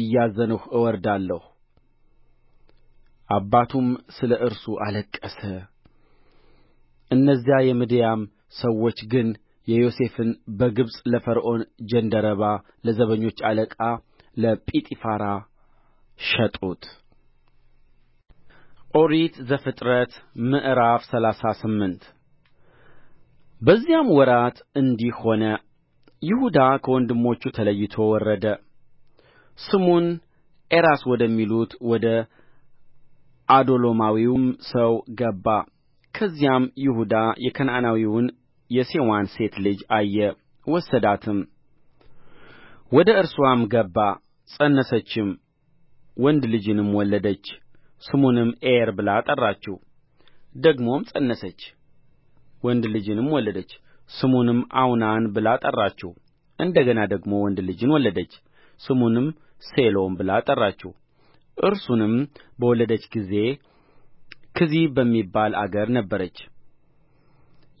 እያዘንሁ እወርዳለሁ አባቱም ስለ እርሱ አለቀሰ እነዚያ የምድያም ሰዎች ግን የዮሴፍን በግብፅ ለፈርዖን ጃንደረባ ለዘበኞች አለቃ ለጲጥፋራ ሸጡት ኦሪት ዘፍጥረት ምዕራፍ ሰላሳ ስምንት በዚያም ወራት እንዲህ ሆነ ይሁዳ ከወንድሞቹ ተለይቶ ወረደ ስሙን ኤራስ ወደሚሉት ወደ ዓዶሎማዊውም ሰው ገባ ከዚያም ይሁዳ የከነዓናዊውን የሴዋን ሴት ልጅ አየ ወሰዳትም ወደ እርስዋም ገባ ፀነሰችም ወንድ ልጅንም ወለደች ስሙንም ኤር ብላ ጠራችው ደግሞም ፀነሰች ወንድ ልጅንም ወለደች ስሙንም አውናን ብላ ጠራችው እንደ ገና ደግሞ ወንድ ልጅን ወለደች ስሙንም ሴሎም ብላ ጠራችው እርሱንም በወለደች ጊዜ ክዚ በሚባል አገር ነበረች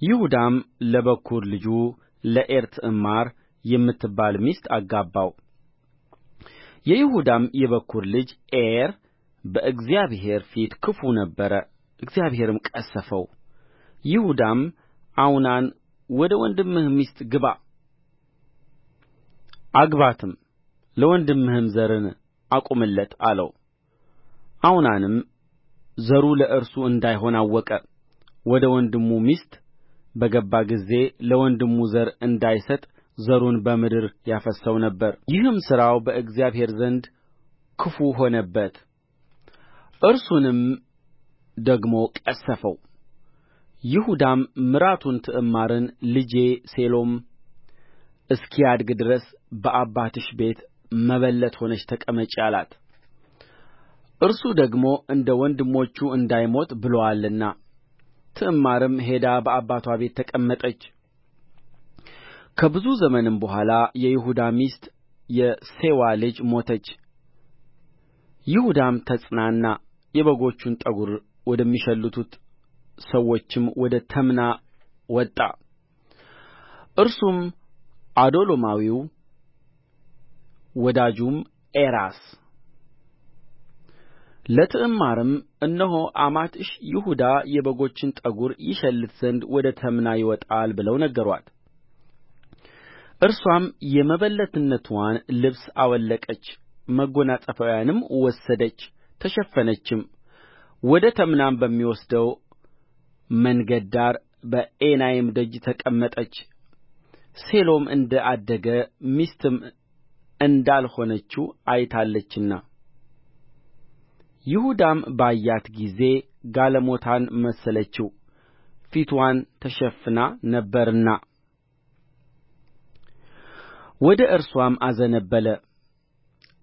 ይሁዳም ለበኵር ልጁ ለዔር ትዕማር የምትባል ሚስት አጋባው የይሁዳም የበኵር ልጅ ዔር በእግዚአብሔር ፊት ክፉ ነበረ እግዚአብሔርም ቀሠፈው ይሁዳም አውናን ወደ ወንድምህ ሚስት ግባ አግባትም ለወንድምህም ዘርን አቁምለት አለው አውናንም ዘሩ ለእርሱ እንዳይሆን አወቀ ወደ ወንድሙ ሚስት በገባ ጊዜ ለወንድሙ ዘር እንዳይሰጥ ዘሩን በምድር ያፈስሰው ነበር ይህም ሥራው በእግዚአብሔር ዘንድ ክፉ ሆነበት እርሱንም ደግሞ ቀሠፈው ይሁዳም ምራቱን ትዕማርን ልጄ ሴሎም እስኪያድግ ድረስ በአባትሽ ቤት መበለት ሆነሽ ተቀመጪ አላት እርሱ ደግሞ እንደ ወንድሞቹ እንዳይሞት ብሎአልና ትዕማርም ሄዳ በአባትዋ ቤት ተቀመጠች ከብዙ ዘመንም በኋላ የይሁዳ ሚስት የሴዋ ልጅ ሞተች ይሁዳም ተጽናና የበጎቹን ጠጕር ወደሚሸልቱት ሰዎችም ወደ ተምና ወጣ እርሱም ዓዶሎማዊው ወዳጁም ኤራስ ለትዕማርም እነሆ አማትሽ ይሁዳ የበጎችን ጠጕር ይሸልት ዘንድ ወደ ተምና ይወጣል ብለው ነገሩአት እርስዋም የመበለትነትዋን ልብስ አወለቀች መጎናጸፊያዋንም ወሰደች ተሸፈነችም ወደ ተምናም በሚወስደው መንገድ ዳር በኤናይም ደጅ ተቀመጠች ሴሎም እንደ አደገ ሚስትም እንዳልሆነችው አይታለችና ይሁዳም ባያት ጊዜ ጋለሞታን መሰለችው ፊትዋን ተሸፍና ነበርና ወደ እርስዋም አዘነበለ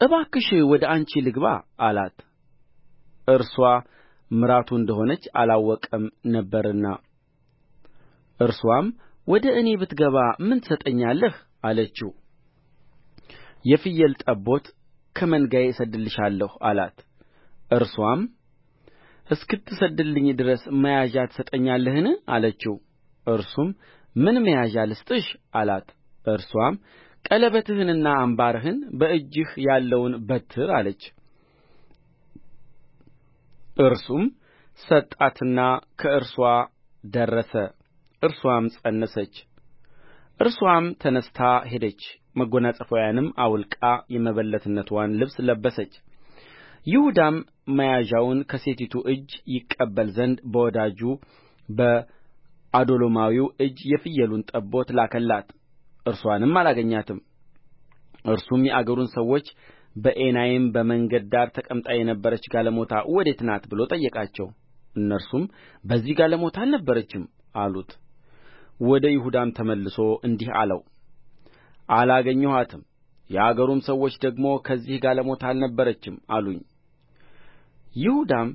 እባክሽ ወደ አንቺ ልግባ አላት እርስዋ ምራቱ እንደ ሆነች አላወቀም ነበርና እርስዋም ወደ እኔ ብትገባ ምን ትሰጠኛለህ አለችው የፍየል ጠቦት ከመንጋዬ እሰድድልሻለሁ አላት እርስዋም እስክትሰድድልኝ ድረስ መያዣ ትሰጠኛለህን አለችው እርሱም ምን መያዣ ልስጥሽ አላት እርስዋም ቀለበትህንና አምባርህን በእጅህ ያለውን በትር አለች እርሱም ሰጣትና ከእርስዋ ደረሰ እርስዋም ፀነሰች እርስዋም ተነሥታ ሄደች መጎናጸፊያዋንም አውልቃ የመበለትነትዋን ልብስ ለበሰች ይሁዳም መያዣውን ከሴቲቱ እጅ ይቀበል ዘንድ በወዳጁ በዓዶሎማዊው እጅ የፍየሉን ጠቦት ላከላት እርስዋንም አላገኛትም እርሱም የአገሩን ሰዎች በኤናይም በመንገድ ዳር ተቀምጣ የነበረች ጋለሞታ ወዴት ናት ብሎ ጠየቃቸው እነርሱም በዚህ ጋለሞታ አልነበረችም አሉት ወደ ይሁዳም ተመልሶ እንዲህ አለው አላገኘኋትም የአገሩም ሰዎች ደግሞ ከዚህ ጋለሞታ አልነበረችም አሉኝ ይሁዳም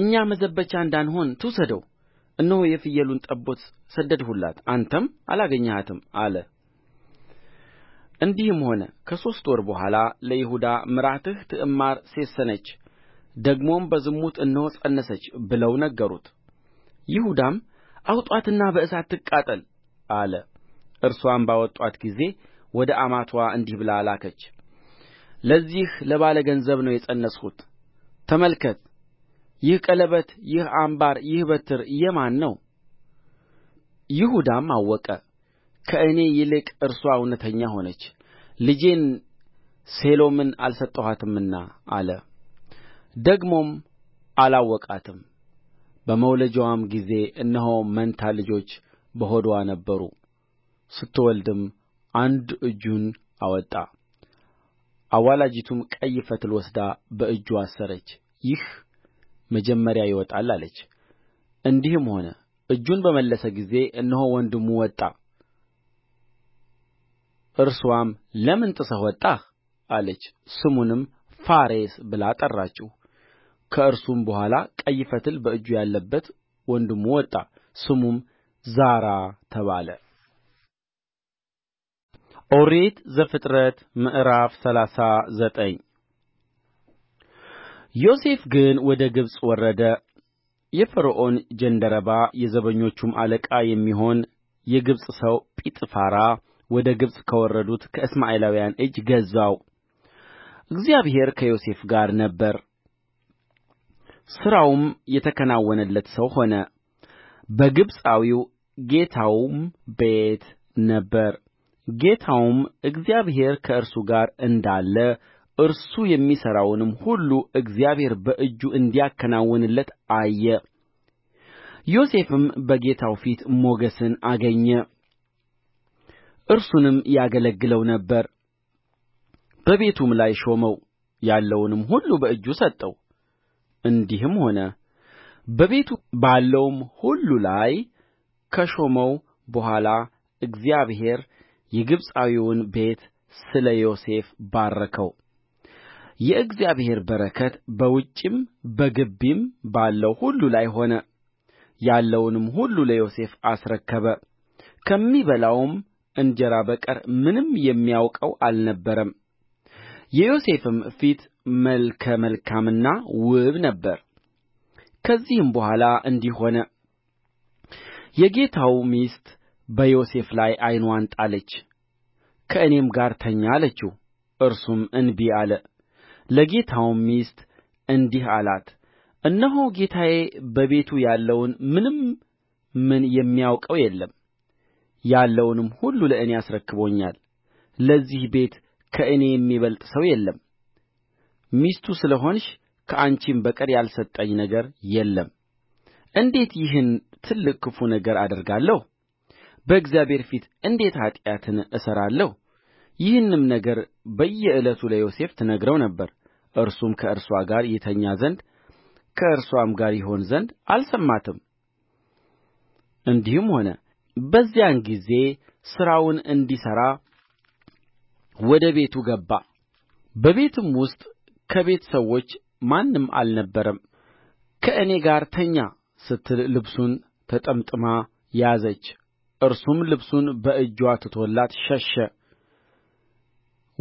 እኛ መዘበቻ እንዳንሆን ትውሰደው እነሆ የፍየሉን ጠቦት ሰደድሁላት አንተም አላገኘሃትም አለ እንዲህም ሆነ ከሦስት ወር በኋላ ለይሁዳ ምራትህ ትዕማር ሴሰነች ደግሞም በዝሙት እነሆ ፀነሰች ብለው ነገሩት ይሁዳም አውጡአትና በእሳት ትቃጠል አለ እርስዋም ባወጡአት ጊዜ ወደ አማትዋ እንዲህ ብላ ላከች ለዚህ ለባለ ገንዘብ ነው የፀነስሁት ተመልከት ይህ ቀለበት ይህ አምባር ይህ በትር የማን ነው ይሁዳም አወቀ ከእኔ ይልቅ እርስዋ እውነተኛ ሆነች ልጄን ሴሎምን አልሰጠኋትምና አለ ደግሞም አላወቃትም በመውለጃዋም ጊዜ እነሆ መንታ ልጆች በሆድዋ ነበሩ ስትወልድም አንዱ እጁን አወጣ አዋላጂቱም ቀይ ፈትል ወስዳ በእጁ አሰረች ይህ መጀመሪያ ይወጣል አለች እንዲህም ሆነ እጁን በመለሰ ጊዜ እነሆ ወንድሙ ወጣ እርስዋም ለምን ጥስህ ወጣህ አለች ስሙንም ፋሬስ ብላ ጠራችው ከእርሱም በኋላ ቀይ ፈትል በእጁ ያለበት ወንድሙ ወጣ ስሙም ዛራ ተባለ ኦሪት ዘፍጥረት ምዕራፍ ሰላሳ ዘጠኝ ዮሴፍ ግን ወደ ግብፅ ወረደ የፈርዖን ጃንደረባ የዘበኞቹም አለቃ የሚሆን የግብፅ ሰው ጲጥፋራ ወደ ግብፅ ከወረዱት ከእስማኤላውያን እጅ ገዛው እግዚአብሔር ከዮሴፍ ጋር ነበረ ሥራውም የተከናወነለት ሰው ሆነ በግብፃዊው ጌታውም ቤት ነበረ ጌታውም እግዚአብሔር ከእርሱ ጋር እንዳለ እርሱ የሚሠራውንም ሁሉ እግዚአብሔር በእጁ እንዲያከናውንለት አየ ዮሴፍም በጌታው ፊት ሞገስን አገኘ እርሱንም ያገለግለው ነበር በቤቱም ላይ ሾመው ያለውንም ሁሉ በእጁ ሰጠው እንዲህም ሆነ በቤቱ ባለውም ሁሉ ላይ ከሾመው በኋላ እግዚአብሔር የግብፃዊውን ቤት ስለ ዮሴፍ ባረከው የእግዚአብሔር በረከት በውጭም በግቢም ባለው ሁሉ ላይ ሆነ ያለውንም ሁሉ ለዮሴፍ አስረከበ ከሚበላውም እንጀራ በቀር ምንም የሚያውቀው አልነበረም የዮሴፍም ፊት መልከ መልካምና ውብ ነበረ ከዚህም በኋላ እንዲህ ሆነ የጌታው ሚስት በዮሴፍ ላይ ዓይንዋን ጣለች ከእኔም ጋር ተኛ አለችው እርሱም እንቢ አለ ለጌታውም ሚስት እንዲህ አላት እነሆ ጌታዬ በቤቱ ያለውን ምንም ምን የሚያውቀው የለም ያለውንም ሁሉ ለእኔ አስረክቦኛል ለዚህ ቤት ከእኔ የሚበልጥ ሰው የለም ሚስቱ ስለ ሆንሽ ከአንቺም በቀር ያልሰጠኝ ነገር የለም እንዴት ይህን ትልቅ ክፉ ነገር አደርጋለሁ በእግዚአብሔር ፊት እንዴት ኃጢአትን እሠራለሁ ይህንም ነገር በየዕለቱ ለዮሴፍ ትነግረው ነበር እርሱም ከእርስዋ ጋር ይተኛ ዘንድ ከእርስዋም ጋር ይሆን ዘንድ አልሰማትም እንዲህም ሆነ በዚያን ጊዜ ሥራውን እንዲሠራ ወደ ቤቱ ገባ በቤትም ውስጥ ከቤት ሰዎች ማንም አልነበረም ከእኔ ጋር ተኛ ስትል ልብሱን ተጠምጥማ ያዘች እርሱም ልብሱን በእጅዋ ትቶላት ሸሸ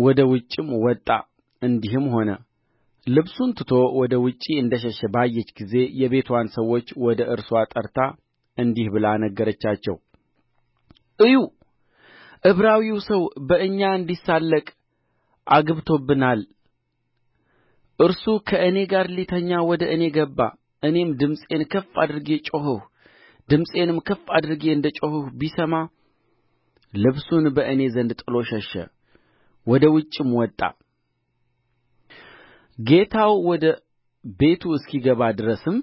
ወደ ውጭም ወጣ እንዲህም ሆነ ልብሱን ትቶ ወደ ውጭ እንደ ሸሸ ባየች ጊዜ የቤትዋን ሰዎች ወደ እርስዋ ጠርታ እንዲህ ብላ ነገረቻቸው እዩ ዕብራዊው ሰው በእኛ እንዲሳለቅ አግብቶብናል እርሱ ከእኔ ጋር ሊተኛ ወደ እኔ ገባ እኔም ድምፄን ከፍ አድርጌ ጮኽሁ ድምፄንም ከፍ አድርጌ እንደ ጮኽሁ ቢሰማ ልብሱን በእኔ ዘንድ ጥሎ ሸሸ ወደ ውጭም ወጣ ጌታው ወደ ቤቱ እስኪገባ ድረስም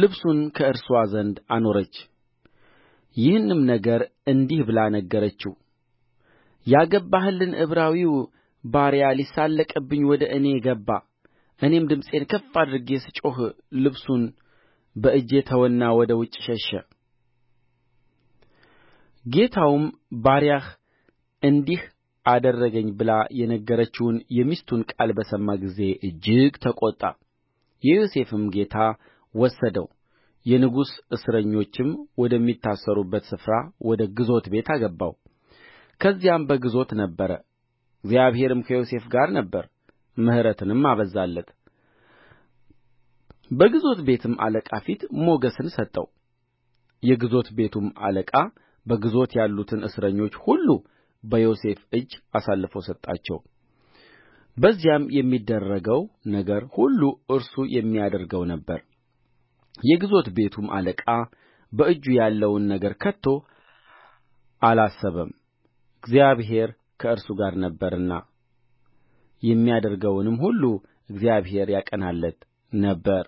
ልብሱን ከእርስዋ ዘንድ አኖረች ይህንም ነገር እንዲህ ብላ ነገረችው ያገባህልን ዕብራዊው ባሪያ ሊሳለቅብኝ ወደ እኔ ገባ እኔም ድምፄን ከፍ አድርጌ ስጮኽ ልብሱን በእጄ ተወና ወደ ውጭ ሸሸ ጌታውም ባሪያህ እንዲህ አደረገኝ ብላ የነገረችውን የሚስቱን ቃል በሰማ ጊዜ እጅግ ተቈጣ የዮሴፍም ጌታ ወሰደው የንጉሥ እስረኞችም ወደሚታሰሩበት ስፍራ ወደ ግዞት ቤት አገባው ከዚያም በግዞት ነበረ እግዚአብሔርም ከዮሴፍ ጋር ነበረ ምሕረትንም አበዛለት በግዞት ቤቱም አለቃ ፊት ሞገስን ሰጠው የግዞት ቤቱም አለቃ በግዞት ያሉትን እስረኞች ሁሉ በዮሴፍ እጅ አሳልፎ ሰጣቸው በዚያም የሚደረገው ነገር ሁሉ እርሱ የሚያደርገው ነበር የግዞት ቤቱም አለቃ በእጁ ያለውን ነገር ከቶ አላሰበም እግዚአብሔር ከእርሱ ጋር ነበረና የሚያደርገውንም ሁሉ እግዚአብሔር ያቀናለት ነበር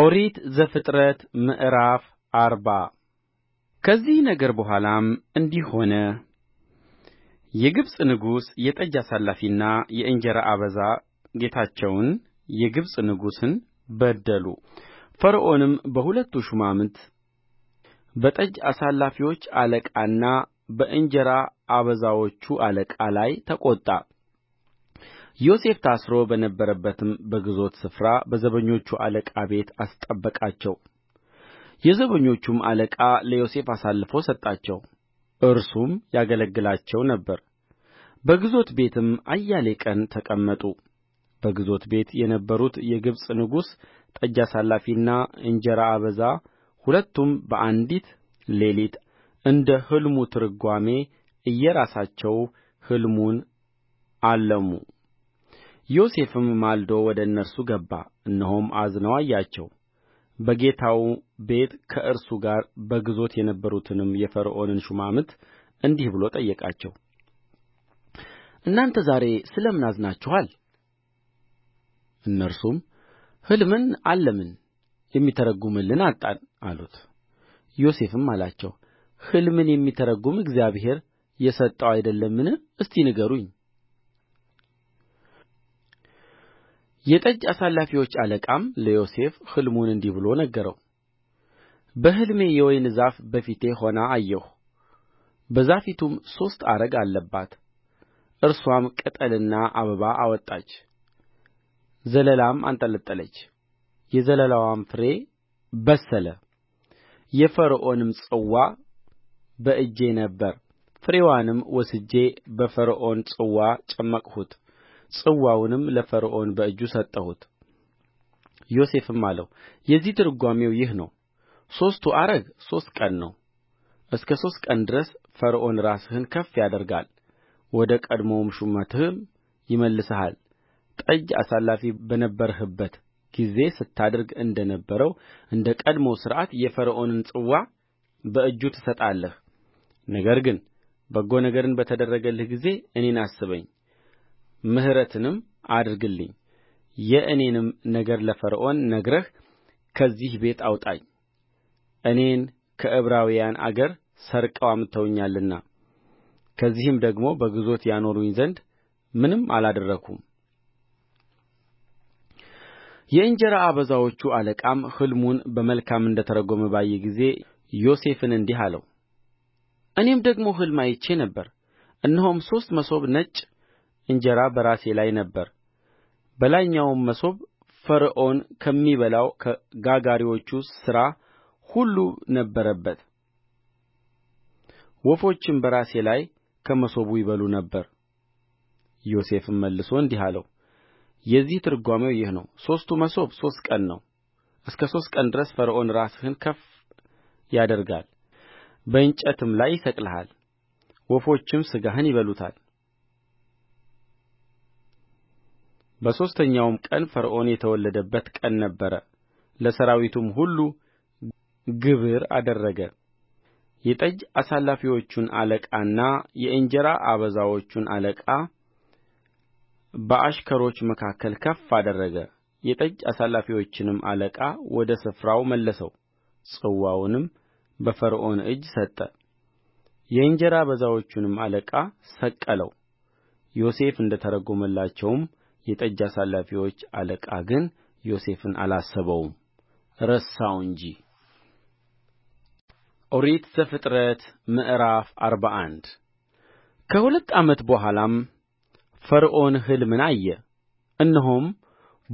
ኦሪት ዘፍጥረት ምዕራፍ አርባ ከዚህ ነገር በኋላም እንዲህ ሆነ የግብፅ ንጉሥ የጠጅ አሳላፊና የእንጀራ አበዛ ጌታቸውን የግብፅ ንጉሥን በደሉ ፈርዖንም በሁለቱ ሹማምት በጠጅ አሳላፊዎች አለቃና በእንጀራ አበዛዎቹ አለቃ ላይ ተቈጣ ዮሴፍ ታስሮ በነበረበትም በግዞት ስፍራ በዘበኞቹ አለቃ ቤት አስጠበቃቸው የዘበኞቹም አለቃ ለዮሴፍ አሳልፎ ሰጣቸው እርሱም ያገለግላቸው ነበር በግዞት ቤትም አያሌ ቀን ተቀመጡ በግዞት ቤት የነበሩት የግብፅ ንጉሥ ጠጅ አሳላፊና እንጀራ አበዛ ሁለቱም በአንዲት ሌሊት እንደ ሕልሙ ትርጓሜ እየራሳቸው ሕልሙን አለሙ ዮሴፍም ማልዶ ወደ እነርሱ ገባ እነሆም አዝነው አያቸው በጌታው ቤት ከእርሱ ጋር በግዞት የነበሩትንም የፈርዖንን ሹማምት እንዲህ ብሎ ጠየቃቸው እናንተ ዛሬ ስለ ምን አዝናችኋል እነርሱም ሕልምን አለምን የሚተረጕምልን አጣን አሉት ዮሴፍም አላቸው ሕልምን የሚተረጕም እግዚአብሔር የሰጠው አይደለምን እስቲ ንገሩኝ የጠጅ አሳላፊዎች አለቃም ለዮሴፍ ሕልሙን እንዲህ ብሎ ነገረው በሕልሜ የወይን ዛፍ በፊቴ ሆና አየሁ በዛፊቱም ሦስት አረግ አለባት እርስዋም ቅጠልና አበባ አወጣች ዘለላም አንጠለጠለች የዘለላዋም ፍሬ በሰለ የፈርዖንም ጽዋ በእጄ ነበረ ፍሬዋንም ወስጄ በፈርዖን ጽዋ ጨመቅሁት ጽዋውንም ለፈርዖን በእጁ ሰጠሁት ዮሴፍም አለው የዚህ ትርጓሜው ይህ ነው ሦስቱ አረግ ሦስት ቀን ነው እስከ ሦስት ቀን ድረስ ፈርዖን ራስህን ከፍ ያደርጋል ወደ ቀድሞውም ሹመትህም ይመልስሃል ጠጅ አሳላፊ በነበርህበት ጊዜ ስታደርግ እንደ ነበረው እንደ ቀድሞው ሥርዓት የፈርዖንን ጽዋ በእጁ ትሰጣለህ ነገር ግን በጎ ነገርን በተደረገልህ ጊዜ እኔን አስበኝ ምሕረትንም አድርግልኝ የእኔንም ነገር ለፈርዖን ነግረህ ከዚህ ቤት አውጣኝ እኔን ከዕብራውያን አገር ሰርቀው አምጥተውኛልና ከዚህም ደግሞ በግዞት ያኖሩኝ ዘንድ ምንም አላደረግሁም የእንጀራ አበዛዎቹ አለቃም ሕልሙን በመልካም እንደ ተረጎመ ባየ ጊዜ ዮሴፍን እንዲህ አለው እኔም ደግሞ ሕልም አይቼ ነበር እነሆም ሦስት መሶብ ነጭ እንጀራ በራሴ ላይ ነበረ በላይኛውም መሶብ ፈርዖን ከሚበላው ከጋጋሪዎቹ ሥራ ሁሉ ነበረበት ወፎችም በራሴ ላይ ከመሶቡ ይበሉ ነበር ዮሴፍም መልሶ እንዲህ አለው የዚህ ትርጓሜው ይህ ነው ሦስቱ መሶብ ሦስት ቀን ነው እስከ ሦስት ቀን ድረስ ፈርዖን ራስህን ከፍ ያደርጋል በእንጨትም ላይ ይሰቅልሃል ወፎችም ሥጋህን ይበሉታል በሦስተኛውም ቀን ፈርዖን የተወለደበት ቀን ነበረ ለሠራዊቱም ሁሉ ግብር አደረገ የጠጅ አሳላፊዎቹን አለቃና የእንጀራ አበዛዎቹን አለቃ በአሽከሮች መካከል ከፍ አደረገ የጠጅ አሳላፊዎችንም አለቃ ወደ ስፍራው መለሰው ጽዋውንም በፈርዖን እጅ ሰጠ የእንጀራ አበዛዎቹንም አለቃ ሰቀለው ዮሴፍ እንደ ተረጎመላቸው የጠጅ አሳላፊዎች አለቃ ግን ዮሴፍን አላሰበውም ረሳው እንጂ ኦሪት ዘፍጥረት ምዕራፍ አርባ አንድ ከሁለት ዓመት በኋላም ፈርዖን ሕልምን አየ እነሆም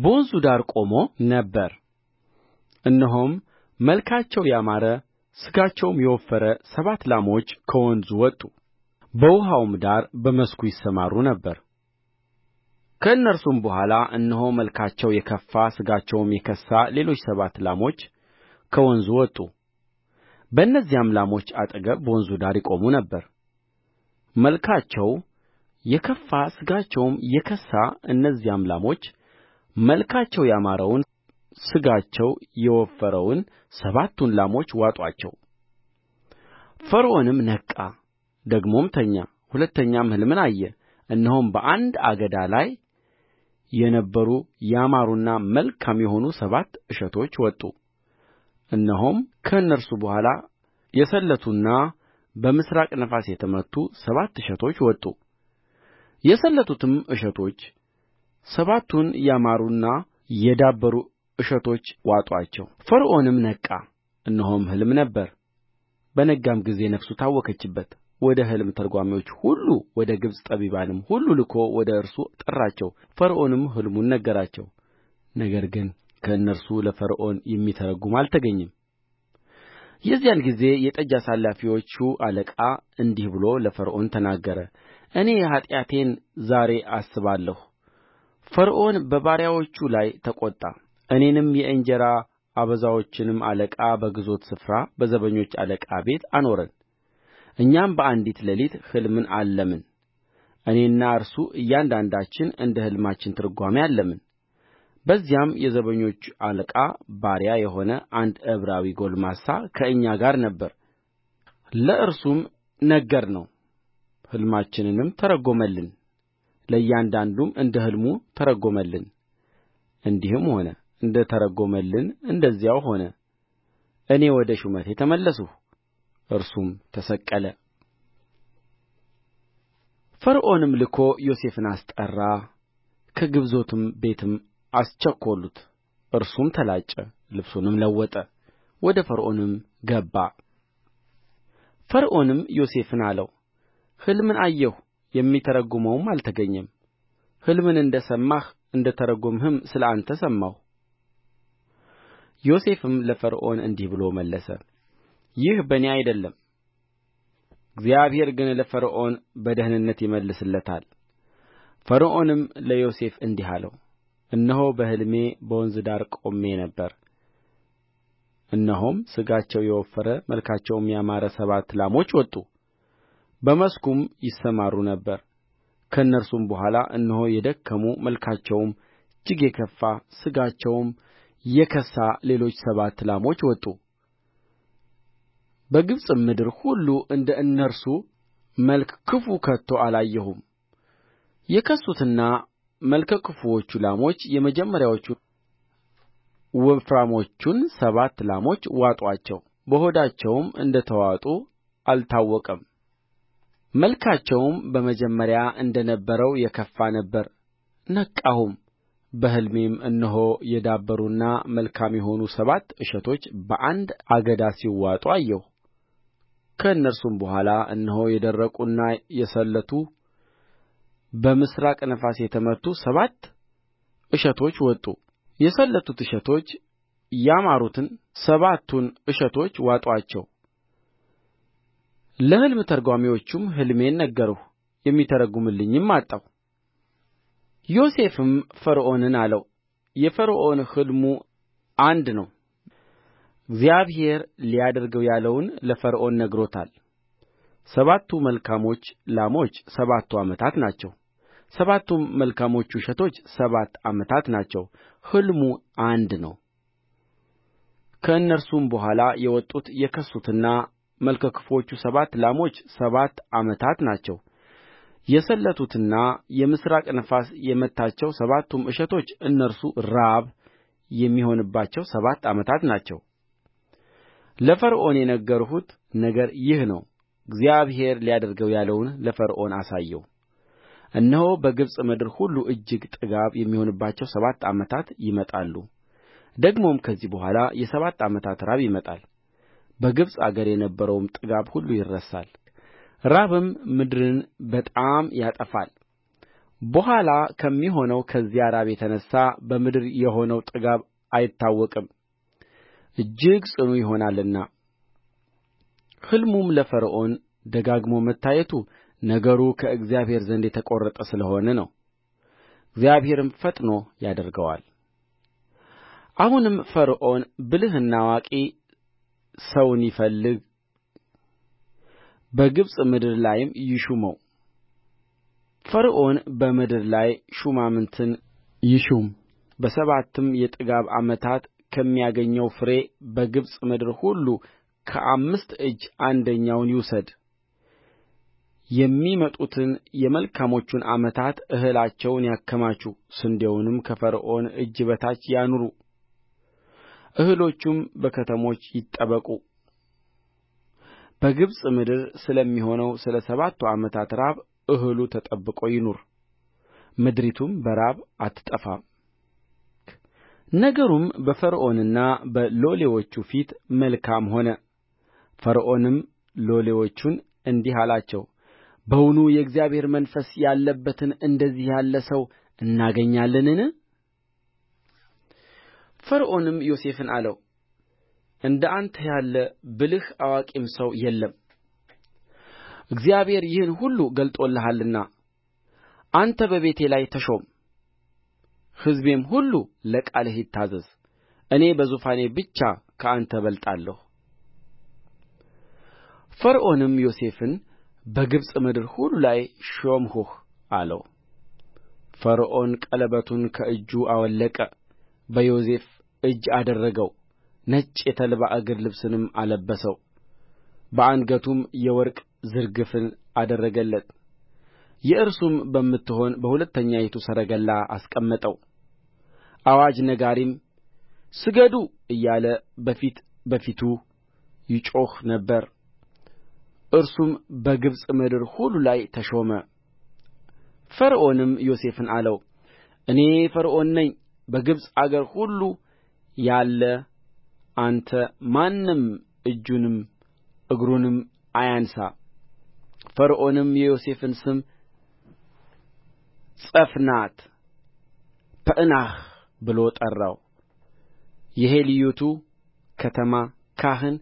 በወንዙ ዳር ቆሞ ነበር እነሆም መልካቸው ያማረ ሥጋቸውም የወፈረ ሰባት ላሞች ከወንዙ ወጡ በውኃውም ዳር በመስኩ ይሰማሩ ነበር ከእነርሱም በኋላ እነሆ መልካቸው የከፋ ሥጋቸውም የከሳ ሌሎች ሰባት ላሞች ከወንዙ ወጡ በእነዚያም ላሞች አጠገብ በወንዙ ዳር ይቆሙ ነበር መልካቸው የከፋ ሥጋቸውም የከሳ እነዚያም ላሞች መልካቸው ያማረውን ሥጋቸው የወፈረውን ሰባቱን ላሞች ዋጡአቸው ፈርዖንም ነቃ ደግሞም ተኛ ሁለተኛም ሕልምን አየ እነሆም በአንድ አገዳ ላይ የነበሩ ያማሩና መልካም የሆኑ ሰባት እሸቶች ወጡ እነሆም ከእነርሱ በኋላ የሰለቱና በምሥራቅ ነፋስ የተመቱ ሰባት እሸቶች ወጡ የሰለቱትም እሸቶች ሰባቱን ያማሩና የዳበሩ እሸቶች ዋጡአቸው ፈርዖንም ነቃ እነሆም ሕልም ነበረ በነጋም ጊዜ ነፍሱ ታወከችበት ወደ ሕልም ተርጓሚዎች ሁሉ ወደ ግብፅ ጠቢባንም ሁሉ ልኮ ወደ እርሱ ጠራቸው ፈርዖንም ሕልሙን ነገራቸው ነገር ግን ከእነርሱ ለፈርዖን የሚተረጕም አልተገኘም የዚያን ጊዜ የጠጅ አሳላፊዎቹ አለቃ እንዲህ ብሎ ለፈርዖን ተናገረ እኔ ኃጢአቴን ዛሬ አስባለሁ ፈርዖን በባሪያዎቹ ላይ ተቈጣ እኔንም የእንጀራ አበዛዎችንም አለቃ በግዞት ስፍራ በዘበኞች አለቃ ቤት አኖረን እኛም በአንዲት ሌሊት ሕልምን አለምን እኔና እርሱ እያንዳንዳችን እንደ ሕልማችን ትርጓሜ አለምን በዚያም የዘበኞች አለቃ ባሪያ የሆነ አንድ ዕብራዊ ጎልማሳ ከእኛ ጋር ነበረ ለእርሱም ነገርነው ሕልማችንንም ተረጐመልን ለእያንዳንዱም እንደ ሕልሙ ተረጐመልን እንዲህም ሆነ እንደ ተረጐመልን እንደዚያው ሆነ እኔ ወደ ሹመቴ ተመለስሁ እርሱም ተሰቀለ ፈርዖንም ልኮ ዮሴፍን አስጠራ ከግዞትም ቤትም አስቸኰሉት እርሱም ተላጨ ልብሱንም ለወጠ ወደ ፈርዖንም ገባ ፈርዖንም ዮሴፍን አለው ሕልምን አየሁ የሚተረጕመውም አልተገኘም ሕልምን እንደ ሰማህ እንደ ተረጐምህም ስለ አንተ ሰማሁ ዮሴፍም ለፈርዖን እንዲህ ብሎ መለሰ ይህ በእኔ አይደለም እግዚአብሔር ግን ለፈርዖን በደኅንነት ይመልስለታል ፈርዖንም ለዮሴፍ እንዲህ አለው እነሆ በሕልሜ በወንዝ ዳር ቆሜ ነበር እነሆም ሥጋቸው የወፈረ መልካቸውም ያማረ ሰባት ላሞች ወጡ በመስኩም ይሰማሩ ነበር ከእነርሱም በኋላ እነሆ የደከሙ መልካቸውም እጅግ የከፋ ሥጋቸውም የከሳ ሌሎች ሰባት ላሞች ወጡ በግብፅም ምድር ሁሉ እንደ እነርሱ መልክ ክፉ ከቶ አላየሁም የከሱትና መልከ ክፋዎቹ ላሞች የመጀመሪያዎቹ ወፍራሞቹን ሰባት ላሞች ዋጡአቸው በሆዳቸውም እንደ ተዋጡ አልታወቀም መልካቸውም በመጀመሪያ እንደ ነበረው የከፋ ነበረ ነቃሁም በሕልሜም እነሆ የዳበሩና መልካም የሆኑ ሰባት እሸቶች በአንድ አገዳ ሲዋጡ አየሁ ከእነርሱም በኋላ እነሆ የደረቁና የሰለቱ በምሥራቅ ነፋስ የተመቱ ሰባት እሸቶች ወጡ የሰለቱት እሸቶች ያማሩትን ሰባቱን እሸቶች ዋጡአቸው ለሕልም ተርጓሚዎቹም ሕልሜን ነገርሁ የሚተረጕምልኝም አጣሁ ዮሴፍም ፈርዖንን አለው የፈርዖን ሕልሙ አንድ ነው እግዚአብሔር ሊያደርገው ያለውን ለፈርዖን ነግሮታል ሰባቱ መልካሞች ላሞች ሰባት ዓመታት ናቸው ሰባቱም መልካሞች እሸቶች ሰባት ዓመታት ናቸው ሕልሙ አንድ ነው ከእነርሱም በኋላ የወጡት የከሱትና መልከ ክፋዎቹ ሰባት ላሞች ሰባት ዓመታት ናቸው የሰለቱትና የምሥራቅ ነፋስ የመታቸው ሰባቱም እሸቶች እነርሱ ራብ የሚሆንባቸው ሰባት ዓመታት ናቸው ለፈርዖን የነገርሁት ነገር ይህ ነው እግዚአብሔር ሊያደርገው ያለውን ለፈርዖን አሳየው እነሆ በግብፅ ምድር ሁሉ እጅግ ጥጋብ የሚሆንባቸው ሰባት ዓመታት ይመጣሉ ደግሞም ከዚህ በኋላ የሰባት ዓመት ራብ ይመጣል በግብፅ አገር የነበረውም ጥጋብ ሁሉ ይረሳል ራብም ምድርን በጣም ያጠፋል በኋላ ከሚሆነው ከዚያ ራብ የተነሣ በምድር የሆነው ጥጋብ አይታወቅም እጅግ ጽኑ ይሆናልና ሕልሙም ለፈርዖን ደጋግሞ መታየቱ ነገሩ ከእግዚአብሔር ዘንድ የተቈረጠ ስለ ሆነ ነው እግዚአብሔርም ፈጥኖ ያደርገዋል አሁንም ፈርዖን ብልህና አዋቂ ሰውን ይፈልግ በግብፅ ምድር ላይም ይሹመው ፈርዖን በምድር ላይ ሹማምትን ይሹም በሰባትም የጥጋብ ዓመታት ከሚያገኘው ፍሬ በግብፅ ምድር ሁሉ ከአምስት እጅ አንደኛውን ይውሰድ የሚመጡትን የመልካሞቹን ዓመታት እህላቸውን ያከማቹ ስንዴውንም ከፈርዖን እጅ በታች ያኑሩ እህሎቹም በከተሞች ይጠበቁ በግብፅ ምድር ስለሚሆነው ስለ ሰባቱ ዓመት ራብ እህሉ ተጠብቆ ይኑር ምድሪቱም በራብ አትጠፋም ነገሩም በፈርዖንና በሎሌዎቹ ፊት መልካም ሆነ ፈርዖንም ሎሌዎቹን እንዲህ አላቸው በውኑ የእግዚአብሔር መንፈስ ያለበትን እንደዚህ ያለ ሰው እናገኛለንን ፈርዖንም ዮሴፍን አለው እንደ አንተ ያለ ብልህ አዋቂም ሰው የለም እግዚአብሔር ይህን ሁሉ ገልጦልሃልና አንተ በቤቴ ላይ ተሾም ሕዝቤም ሁሉ ለቃልህ ይታዘዝ እኔ በዙፋኔ ብቻ ከአንተ እበልጣለሁ ፈርዖንም ዮሴፍን በግብፅ ምድር ሁሉ ላይ ሾምሁህ አለው ፈርዖን ቀለበቱን ከእጁ አወለቀ በዮሴፍ እጅ አደረገው ነጭ የተልባ እግር ልብስንም አለበሰው በአንገቱም የወርቅ ዝርግፍን አደረገለት የእርሱም በምትሆን በሁለተኛይቱ ሰረገላ አስቀመጠው አዋጅ ነጋሪም ስገዱ እያለ በፊት በፊቱ ይጮኽ ነበር እርሱም በግብፅ ምድር ሁሉ ላይ ተሾመ ፈርዖንም ዮሴፍን አለው እኔ ፈርዖን ነኝ በግብፅ አገር ሁሉ ያለ አንተ ማንም እጁንም እግሩንም አያንሣ ፈርዖንም የዮሴፍን ስም ጸፍናት ፐዕናህ ብሎ ጠራው የሄልዮቱ ከተማ ካህን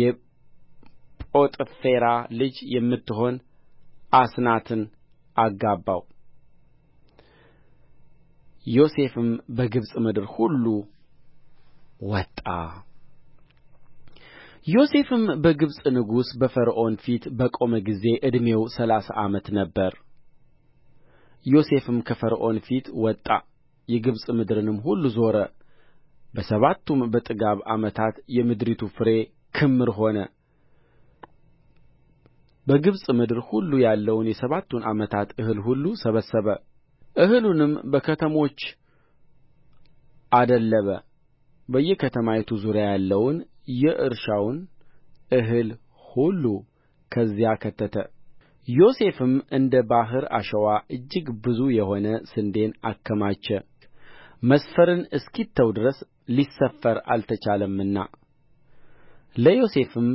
የጶጥፌራ ልጅ የምትሆን አስናትን አጋባው ዮሴፍም በግብፅ ምድር ሁሉ ወጣ ዮሴፍም በግብፅ ንጉሥ በፈርዖን ፊት በቆመ ጊዜ ዕድሜው ሠላሳ ዓመት ነበረ ዮሴፍም ከፈርዖን ፊት ወጣ የግብፅ ምድርንም ሁሉ ዞረ በሰባቱም በጥጋብ ዓመታት የምድሪቱ ፍሬ ክምር ሆነ በግብፅ ምድር ሁሉ ያለውን የሰባቱን ዓመታት እህል ሁሉ ሰበሰበ እህሉንም በከተሞች አደለበ በየከተማይቱ ዙሪያ ያለውን የእርሻውን እህል ሁሉ ከዚያ ከተተ ዮሴፍም እንደ ባሕር አሸዋ እጅግ ብዙ የሆነ ስንዴን አከማቸ መስፈርን እስኪተው ድረስ ሊሰፈር አልተቻለምና ለዮሴፍም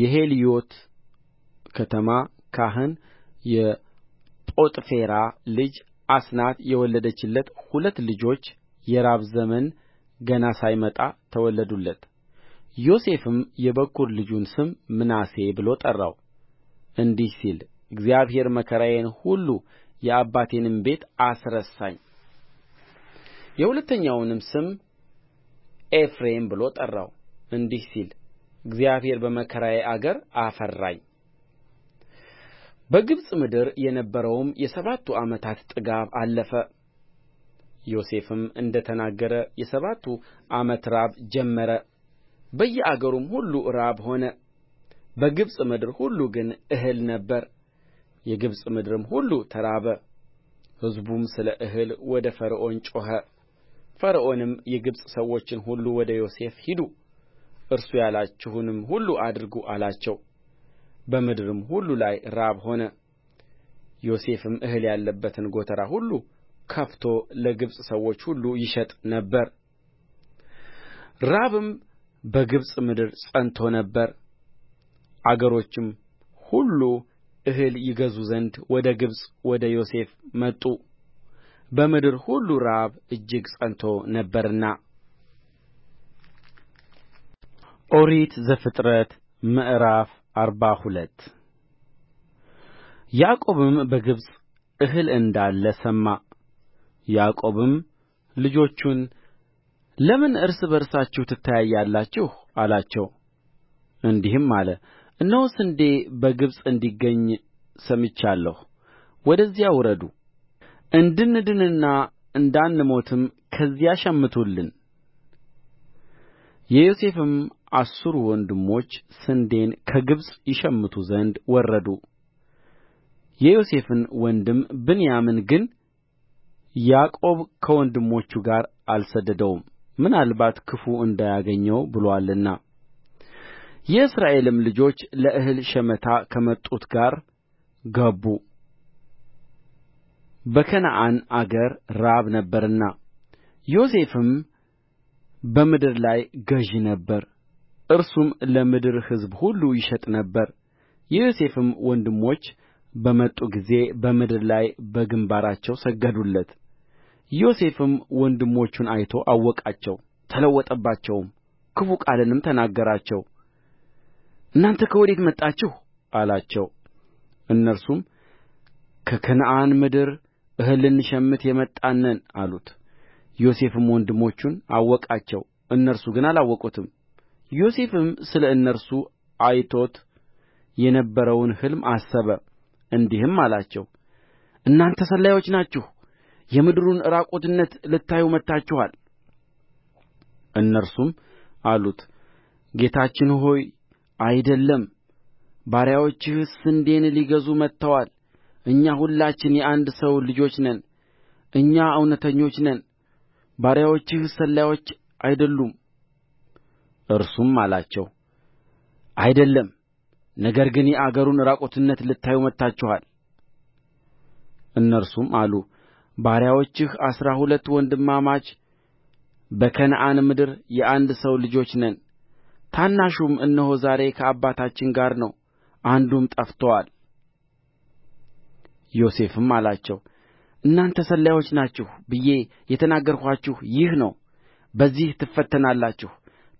የሄልዮቱ ከተማ ካህን የጶጥፌራ ልጅ አስናት የወለደችለት ሁለት ልጆች የራብ ዘመን ገና ሳይመጣ ተወለዱለት ዮሴፍም የበኵር ልጁን ስም ምናሴ ብሎ ጠራው እንዲህ ሲል እግዚአብሔር መከራዬን ሁሉ የአባቴንም ቤት አስረሳኝ የሁለተኛውንም ስም ኤፍሬም ብሎ ጠራው እንዲህ ሲል እግዚአብሔር በመከራዬ አገር አፈራኝ በግብፅ ምድር የነበረውም የሰባቱ ዓመታት ጥጋብ አለፈ ዮሴፍም እንደ ተናገረ የሰባቱ ዓመት ራብ ጀመረ በየአገሩም ሁሉ ራብ ሆነ በግብፅ ምድር ሁሉ ግን እህል ነበረ የግብፅ ምድርም ሁሉ ተራበ ሕዝቡም ስለ እህል ወደ ፈርዖን ጮኸ ፈርዖንም የግብፅ ሰዎችን ሁሉ ወደ ዮሴፍ ሂዱ እርሱ ያላችሁንም ሁሉ አድርጉ አላቸው በምድርም ሁሉ ላይ ራብ ሆነ ዮሴፍም እህል ያለበትን ጎተራ ሁሉ ከፍቶ ለግብፅ ሰዎች ሁሉ ይሸጥ ነበር ራብም በግብፅ ምድር ጸንቶ ነበር አገሮችም ሁሉ እህል ይገዙ ዘንድ ወደ ግብፅ ወደ ዮሴፍ መጡ በምድር ሁሉ ራብ እጅግ ጸንቶ ነበርና ኦሪት ዘፍጥረት ምዕራፍ አርባ ሁለት ያዕቆብም በግብፅ እህል እንዳለ ሰማ ያዕቆብም ልጆቹን ለምን እርስ በርሳችሁ ትተያያላችሁ አላቸው እንዲህም አለ እነሆ ስንዴ በግብፅ እንዲገኝ ሰምቻለሁ ወደዚያ ውረዱ እንድንድንና እንዳንሞትም ከዚያ ሸምቱልን የዮሴፍም አሥሩ ወንድሞች ስንዴን ከግብፅ ይሸምቱ ዘንድ ወረዱ የዮሴፍን ወንድም ብንያምን ግን ያዕቆብ ከወንድሞቹ ጋር አልሰደደውም ምናልባት ክፉ እንዳያገኘው ብሎአልና የእስራኤልም ልጆች ለእህል ሸመታ ከመጡት ጋር ገቡ በከነዓን አገር ራብ ነበርና ዮሴፍም በምድር ላይ ገዥ ነበረ እርሱም ለምድር ሕዝብ ሁሉ ይሸጥ ነበር የዮሴፍም ወንድሞች በመጡ ጊዜ በምድር ላይ በግምባራቸው ሰገዱለት ዮሴፍም ወንድሞቹን አይቶ አወቃቸው ተለወጠባቸውም ክፉ ቃልንም ተናገራቸው እናንተ ከወዴት መጣችሁ አላቸው እነርሱም ከከነዓን ምድር እህል ልንሸምት የመጣን ነን አሉት ዮሴፍም ወንድሞቹን አወቃቸው እነርሱ ግን አላወቁትም ዮሴፍም ስለ እነርሱ አይቶት የነበረውን ሕልም አሰበ እንዲህም አላቸው እናንተ ሰላዮች ናችሁ የምድሩን ዕራቁትነት ልታዩ መጥታችኋል እነርሱም አሉት ጌታችን ሆይ አይደለም ባሪያዎችህ ስንዴን ሊገዙ መጥተዋል እኛ ሁላችን የአንድ ሰው ልጆች ነን እኛ እውነተኞች ነን ባሪያዎችህ ሰላዮች አይደሉም እርሱም አላቸው አይደለም ነገር ግን የአገሩን ዕራቁትነት ልታዩ መጥታችኋል እነርሱም አሉ ባሪያዎችህ አሥራ ሁለት ወንድማማች በከነዓን ምድር የአንድ ሰው ልጆች ነን ታናሹም እነሆ ዛሬ ከአባታችን ጋር ነው አንዱም ጠፍቶአል ዮሴፍም አላቸው እናንተ ሰላዮች ናችሁ ብዬ የተናገርኋችሁ ይህ ነው በዚህ ትፈተናላችሁ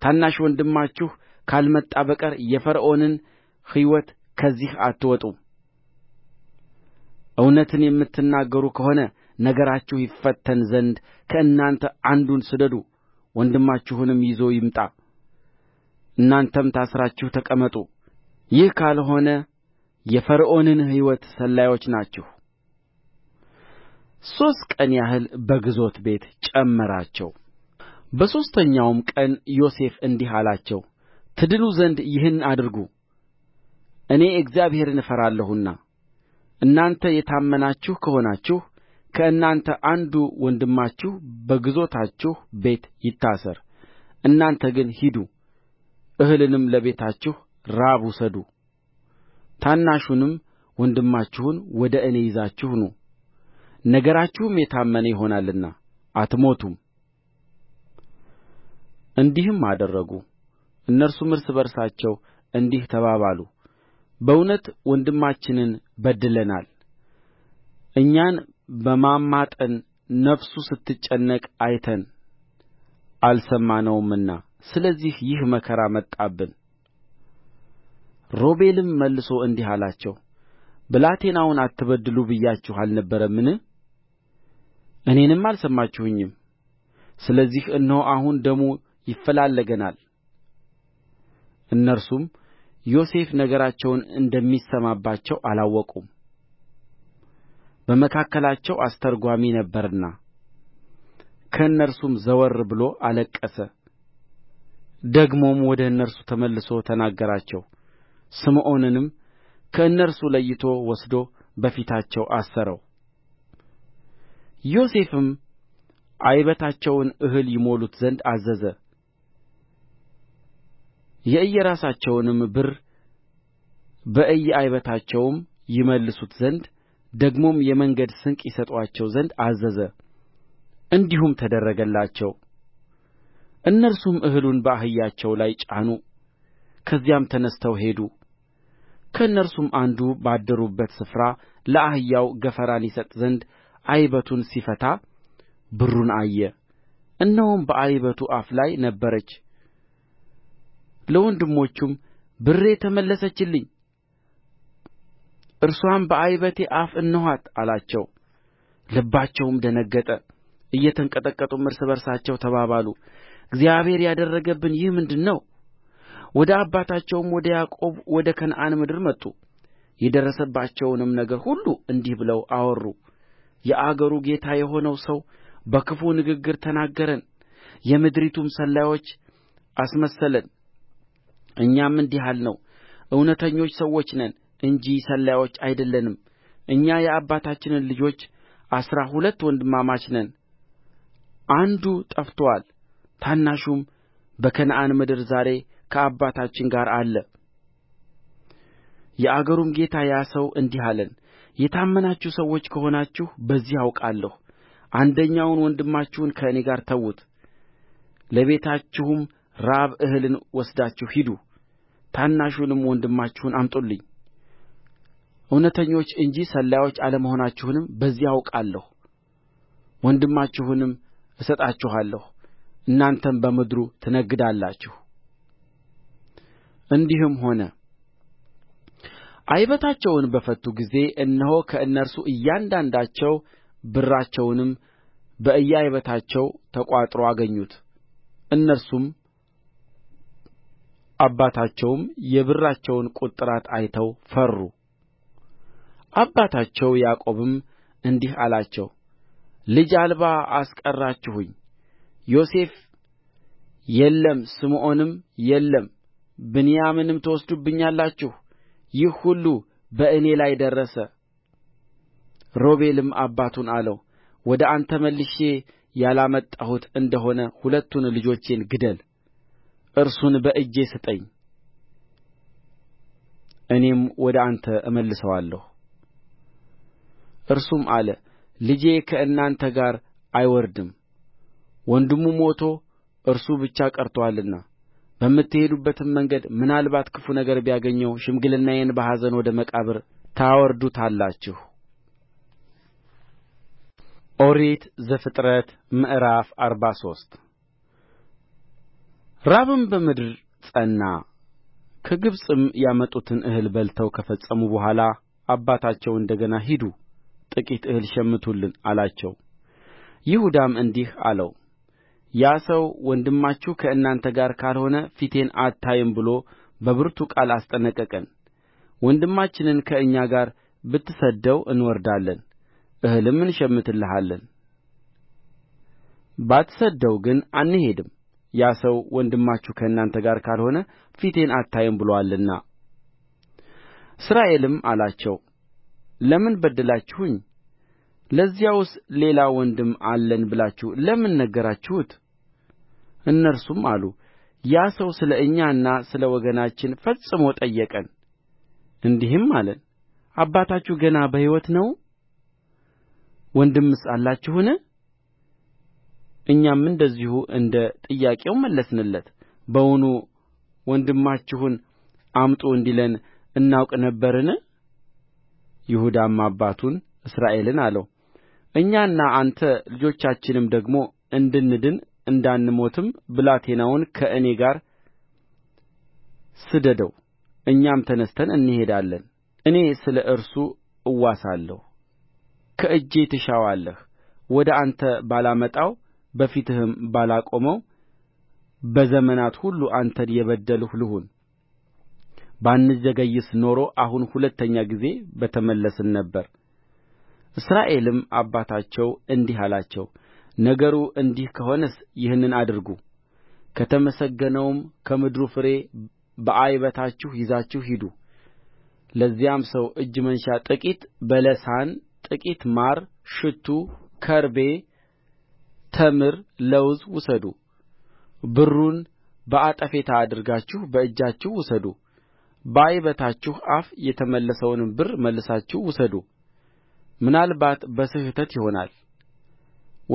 ታናሽ ወንድማችሁ ካልመጣ በቀር የፈርዖንን ሕይወት ከዚህ አትወጡም እውነትን የምትናገሩ ከሆነ ነገራችሁ ይፈተን ዘንድ ከእናንተ አንዱን ስደዱ ወንድማችሁንም ይዞ ይምጣ እናንተም ታስራችሁ ተቀመጡ ይህ ካልሆነ የፈርዖንን ሕይወት ሰላዮች ናችሁ ሦስት ቀን ያህል በግዞት ቤት ጨመራቸው በሦስተኛውም ቀን ዮሴፍ እንዲህ አላቸው ትድኑ ዘንድ ይህን አድርጉ እኔ እግዚአብሔርን እፈራለሁና እናንተ የታመናችሁ ከሆናችሁ ከእናንተ አንዱ ወንድማችሁ በግዞታችሁ ቤት ይታሰር እናንተ ግን ሂዱ እህልንም ለቤታችሁ ራብ ውሰዱ ታናሹንም ወንድማችሁን ወደ እኔ ይዛችሁ ኑ ነገራችሁም የታመነ ይሆናልና አትሞቱም እንዲህም አደረጉ እነርሱም እርስ በርሳቸው እንዲህ ተባባሉ በእውነት ወንድማችንን በድለናል እኛን በማማጠን ነፍሱ ስትጨነቅ አይተን አልሰማነውምና ስለዚህ ይህ መከራ መጣብን ሮቤልም መልሶ እንዲህ አላቸው ብላቴናውን አትበድሉ ብያችሁ አልነበረምን እኔንም አልሰማችሁኝም ስለዚህ እነሆ አሁን ደሙ ይፈላለገናል እነርሱም ዮሴፍ ነገራቸውን እንደሚሰማባቸው አላወቁም በመካከላቸው አስተርጓሚ ነበረና ከእነርሱም ዘወር ብሎ አለቀሰ ደግሞም ወደ እነርሱ ተመልሶ ተናገራቸው ስምዖንንም ከእነርሱ ለይቶ ወስዶ በፊታቸው አሰረው ዮሴፍም ዓይበታቸውን እህል ይሞሉት ዘንድ አዘዘ የእየራሳቸውንም ብር በእየዓይበታቸው ይመልሱት ዘንድ ደግሞም የመንገድ ስንቅ ይሰጡአቸው ዘንድ አዘዘ እንዲሁም ተደረገላቸው እነርሱም እህሉን በአህያቸው ላይ ጫኑ ከዚያም ተነሥተው ሄዱ ከእነርሱም አንዱ ባደሩበት ስፍራ ለአህያው ገፈራን ይሰጥ ዘንድ ዓይበቱን ሲፈታ ብሩን አየ እነሆም በዓይበቱ አፍ ላይ ነበረች ለወንድሞቹም ብሬ ተመለሰችልኝ እርስዋም በዓይበቴ አፍ እነኋት አላቸው ልባቸውም ደነገጠ እየተንቀጠቀጡም እርስ በርሳቸው ተባባሉ እግዚአብሔር ያደረገብን ይህ ምንድር ነው ወደ አባታቸውም ወደ ያዕቆብ ወደ ከነዓን ምድር መጡ የደረሰባቸውንም ነገር ሁሉ እንዲህ ብለው አወሩ የአገሩ ጌታ የሆነው ሰው በክፉ ንግግር ተናገረን የምድሪቱም ሰላዮች አስመሰለን እኛም እንዲህ አልነው እውነተኞች ሰዎች ነን እንጂ ሰላዮች አይደለንም እኛ የአባታችን ልጆች አሥራ ሁለት ወንድማማች ነን አንዱ ጠፍቶአል ታናሹም በከነዓን ምድር ዛሬ ከአባታችን ጋር አለ የአገሩም ጌታ ያ ሰው እንዲህ አለን የታመናችሁ ሰዎች ከሆናችሁ በዚህ አውቃለሁ አንደኛውን ወንድማችሁን ከእኔ ጋር ተዉት ለቤታችሁም ራብ እህልን ወስዳችሁ ሂዱ ታናሹንም ወንድማችሁን አምጡልኝ እውነተኞች እንጂ ሰላዮች አለመሆናችሁንም በዚህ አውቃለሁ ወንድማችሁንም እሰጣችኋለሁ እናንተም በምድሩ ትነግዳላችሁ እንዲህም ሆነ ዓይበታቸውን በፈቱ ጊዜ እነሆ ከእነርሱ እያንዳንዳቸው ብራቸውንም በእየዓይበታቸው ተቋጥሮ አገኙት እነርሱም አባታቸውም የብራቸውን ቍጥራት አይተው ፈሩ አባታቸው ያዕቆብም እንዲህ አላቸው ልጅ አልባ አስቀራችሁኝ ዮሴፍ የለም ስምዖንም የለም ብንያምንም ትወስዱብኛላችሁ ይህ ሁሉ በእኔ ላይ ደረሰ ሮቤልም አባቱን አለው ወደ አንተ መልሼ ያላመጣሁት እንደ ሆነ ሁለቱን ልጆቼን ግደል እርሱን በእጄ ስጠኝ እኔም ወደ አንተ እመልሰዋለሁ እርሱም አለ ልጄ ከእናንተ ጋር አይወርድም ወንድሙ ሞቶ እርሱ ብቻ ቀርቶአልና በምትሄዱበትም መንገድ ምናልባት ክፉ ነገር ቢያገኘው ሽምግልናዬን በኀዘን ወደ መቃብር ታወርዱታላችሁ ኦሪት ዘፍጥረት ምዕራፍ አርባ ሶስት ራብም በምድር ጸና ከግብፅም ያመጡትን እህል በልተው ከፈጸሙ በኋላ አባታቸው እንደ ገና ሂዱ ጥቂት እህል ሸምቱልን አላቸው ይሁዳም እንዲህ አለው ያ ሰው ወንድማችሁ ከእናንተ ጋር ካልሆነ ፊቴን አታዩም ብሎ በብርቱ ቃል አስጠነቀቀን ወንድማችንን ከእኛ ጋር ብትሰድደው እንወርዳለን እህልም እንሸምትልሃለን ባትሰድደው ግን አንሄድም ያ ሰው ወንድማችሁ ከእናንተ ጋር ካልሆነ ፊቴን አታዩም ብሎአልና እስራኤልም አላቸው ለምን በደላችሁኝ ለዚያውስ ሌላ ወንድም አለን ብላችሁ ለምን ነገራችሁት እነርሱም አሉ ያ ሰው ስለ እኛና ስለ ወገናችን ፈጽሞ ጠየቀን እንዲህም አለን አባታችሁ ገና በሕይወት ነው ወንድምስ አላችሁን እኛም እንደዚሁ እንደ ጥያቄው መለስንለት በውኑ ወንድማችሁን አምጡ እንዲለን እናውቅ ነበርን ይሁዳም አባቱን እስራኤልን አለው እኛና አንተ ልጆቻችንም ደግሞ እንድንድን እንዳንሞትም ብላቴናውን ከእኔ ጋር ስደደው እኛም ተነሥተን እንሄዳለን እኔ ስለ እርሱ እዋሳለሁ ከእጄ ትሻዋለህ ወደ አንተ ባላመጣው በፊትህም ባላቆመው በዘመናት ሁሉ አንተን የበደልሁ ልሁን ባንዘገይስ ኖሮ አሁን ሁለተኛ ጊዜ በተመለስን ነበር እስራኤልም አባታቸው እንዲህ አላቸው ነገሩ እንዲህ ከሆነስ ይህንን አድርጉ ከተመሰገነውም ከምድሩ ፍሬ በዓይበታችሁ ይዛችሁ ሂዱ ለዚያም ሰው እጅ መንሻ ጥቂት በለሳን ጥቂት ማር ሽቱ ከርቤ ተምር ለውዝ ውሰዱ ብሩን በአጠፌታ አድርጋችሁ በእጃችሁ ውሰዱ በዓይበታችሁ አፍ የተመለሰውንም ብር መልሳችሁ ውሰዱ ምናልባት በስሕተት ይሆናል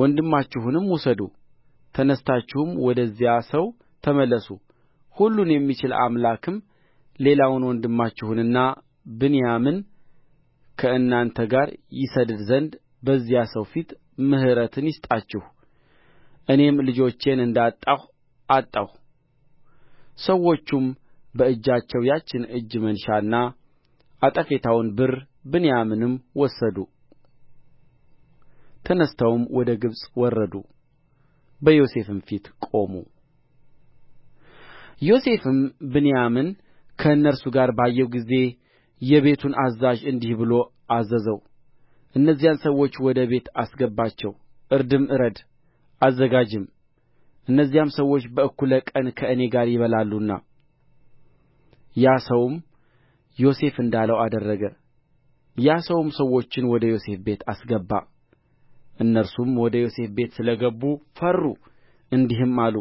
ወንድማችሁንም ውሰዱ ተነሥታችሁም ወደዚያ ሰው ተመለሱ ሁሉን የሚችል አምላክም ሌላውን ወንድማችሁንና ብንያምን ከእናንተ ጋር ይሰድድ ዘንድ በዚያ ሰው ፊት ምሕረትን ይስጣችሁ እኔም ልጆቼን እንዳጣሁ አጣሁ ሰዎቹም በእጃቸው ያችን እጅ መንሻና አጠፌታውን ብር ብንያምንም ወሰዱ ተነሥተውም ወደ ግብፅ ወረዱ በዮሴፍም ፊት ቆሙ ዮሴፍም ብንያምን ከእነርሱ ጋር ባየው ጊዜ የቤቱን አዛዥ እንዲህ ብሎ አዘዘው እነዚያን ሰዎች ወደ ቤት አስገባቸው እርድም እረድ አዘጋጅም እነዚያም ሰዎች በእኩለ ቀን ከእኔ ጋር ይበላሉና ያ ሰውም ዮሴፍ እንዳለው አደረገ ያ ሰውም ሰዎችን ወደ ዮሴፍ ቤት አስገባ እነርሱም ወደ ዮሴፍ ቤት ስለ ገቡ ፈሩ እንዲህም አሉ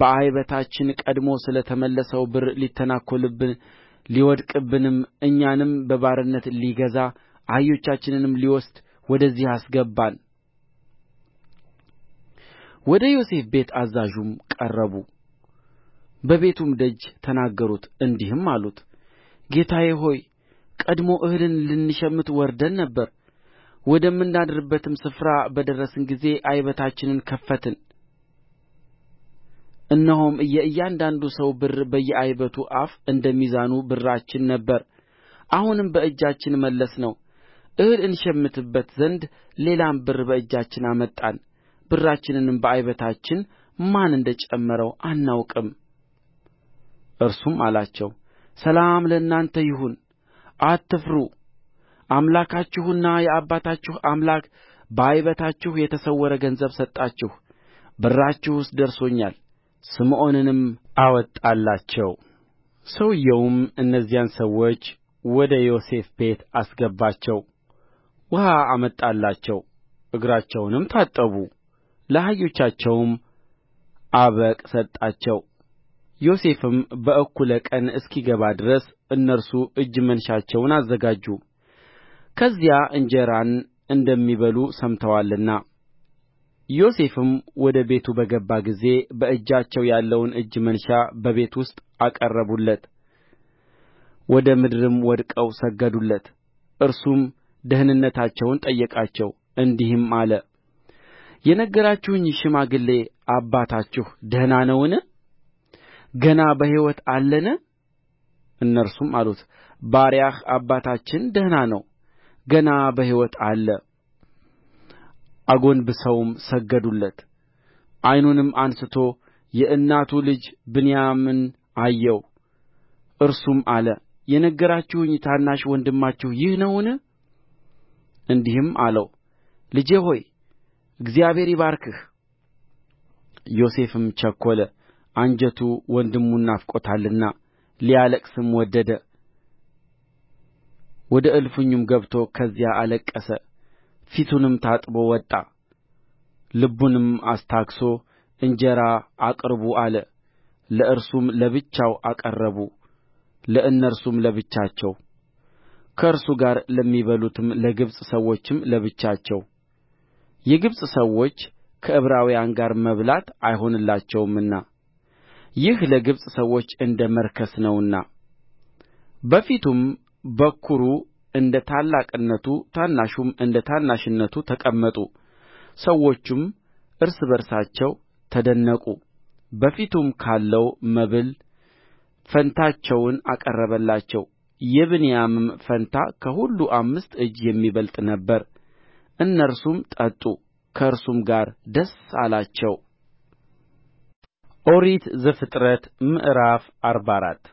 በዓይበታችን ቀድሞ ስለ ተመለሰው ብር ሊተናኰልብን ሊወድቅብንም እኛንም በባርነት ሊገዛ አህዮቻችንንም ሊወስድ ወደዚህ አስገባን ወደ ዮሴፍ ቤት አዛዥም ቀረቡ በቤቱም ደጅ ተናገሩት እንዲህም አሉት ጌታዬ ሆይ ቀድሞ እህልን ልንሸምት ወርደን ነበር ወደምናድርበትም ስፍራ በደረስን ጊዜ ዓይበታችንን ከፈትን እነሆም የእያንዳንዱ ሰው ብር በየዓይበቱ አፍ እንደ ሚዛኑ ብራችን ነበረ አሁንም በእጃችን መለስነው እህል እንሸምትበት ዘንድ ሌላም ብር በእጃችን አመጣን ብራችንንም በዓይበታችን ማን እንደ ጨመረው አናውቅም እርሱም አላቸው ሰላም ለእናንተ ይሁን አትፍሩ አምላካችሁና የአባታችሁ አምላክ በዓይበታችሁ የተሰወረ ገንዘብ ሰጣችሁ ብራችሁስ ደርሶኛል ስምዖንንም አወጣላቸው ሰውዮውም እነዚያን ሰዎች ወደ ዮሴፍ ቤት አስገባቸው ውኃ አመጣላቸው እግራቸውንም ታጠቡ ለአህዮቻቸውም አበቅ ሰጣቸው ዮሴፍም በእኩለ ቀን እስኪገባ ድረስ እነርሱ እጅ መንሻቸውን አዘጋጁ ከዚያ እንጀራን እንደሚበሉ ሰምተዋልና ዮሴፍም ወደ ቤቱ በገባ ጊዜ በእጃቸው ያለውን እጅ መንሻ በቤት ውስጥ አቀረቡለት ወደ ምድርም ወድቀው ሰገዱለት እርሱም ደኅንነታቸውን ጠየቃቸው እንዲህም አለ የነገራችሁኝ ሽማግሌ አባታችሁ ደህና ነውን ገና በሕይወት አለን እነርሱም አሉት ባሪያህ አባታችን ደህና ነው ገና በሕይወት አለ አጐንብሰውም ሰገዱለት ዓይኑንም አንሥቶ የእናቱ ልጅ ብንያምን አየው እርሱም አለ የነገራችሁኝ ታናሽ ወንድማችሁ ይህ ነውን እንዲህም አለው ልጄ ሆይ እግዚአብሔር ይባርክህ ዮሴፍም ቸኰለ አንጀቱ ወንድሙን ናፍቆታልና ሊያለቅስም ወደደ ወደ እልፍኙም ገብቶ ከዚያ አለቀሰ ፊቱንም ታጥቦ ወጣ ልቡንም አስታግሦ እንጀራ አቅርቡ አለ ለእርሱም ለብቻው አቀረቡ ለእነርሱም ለብቻቸው ከእርሱ ጋር ለሚበሉትም ለግብፅ ሰዎችም ለብቻቸው የግብፅ ሰዎች ከዕብራውያን ጋር መብላት አይሆንላቸውምና ይህ ለግብፅ ሰዎች እንደ መርከስ ነውና በፊቱም በኵሩ እንደ ታላቅነቱ ታናሹም እንደ ታናሽነቱ ተቀመጡ ሰዎቹም እርስ በርሳቸው ተደነቁ በፊቱም ካለው መብል ፈንታቸውን አቀረበላቸው የብንያምም ፈንታ ከሁሉ አምስት እጅ የሚበልጥ ነበረ እነርሱም ጠጡ ከእርሱም ጋር ደስ አላቸው ኦሪት ዘፍጥረት ምዕራፍ አርባ አራት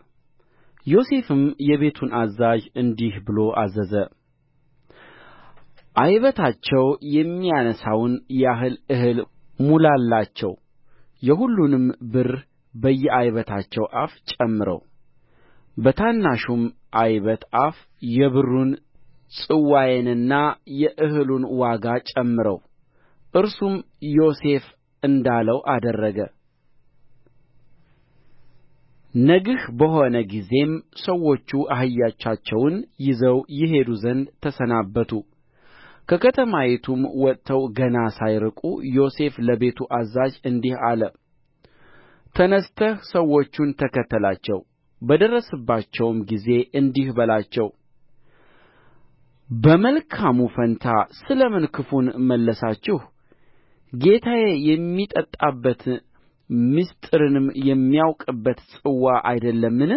ዮሴፍም የቤቱን አዛዥ እንዲህ ብሎ አዘዘ ዓይበታቸው የሚያነሣውን ያህል እህል ሙላላቸው የሁሉንም ብር በየዓይበታቸው አፍ ጨምረው በታናሹም ዓይበት አፍ የብሩን ጽዋዬንና የእህሉን ዋጋ ጨምረው እርሱም ዮሴፍ እንዳለው አደረገ ነግህ በሆነ ጊዜም ሰዎቹ አህዮቻቸውን ይዘው ይሄዱ ዘንድ ተሰናበቱ ከከተማይቱም ወጥተው ገና ሳይርቁ ዮሴፍ ለቤቱ አዛዥ እንዲህ አለ ተነሥተህ ሰዎቹን ተከተላቸው በደረስህባቸውም ጊዜ እንዲህ በላቸው በመልካሙ ፋንታ ስለ ምን ክፉን መለሳችሁ ጌታዬ የሚጠጣበት ምሥጢርንም የሚያውቅበት ጽዋ አይደለምን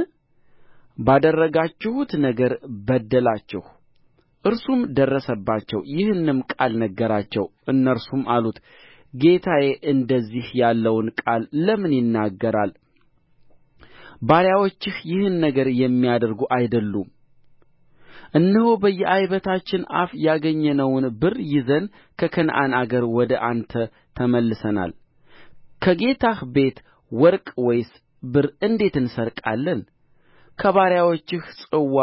ባደረጋችሁት ነገር በደላችሁ እርሱም ደረሰባቸው ይህንም ቃል ነገራቸው እነርሱም አሉት ጌታዬ እንደዚህ ያለውን ቃል ለምን ይናገራል ባሪያዎችህ ይህን ነገር የሚያደርጉ አይደሉም እነሆ በየዓይበታችን አፍ ያገኘነውን ብር ይዘን ከከነዓን አገር ወደ አንተ ተመልሰናል ከጌታህ ቤት ወርቅ ወይስ ብር እንዴት እንሰርቃለን ከባሪያዎችህ ጽዋ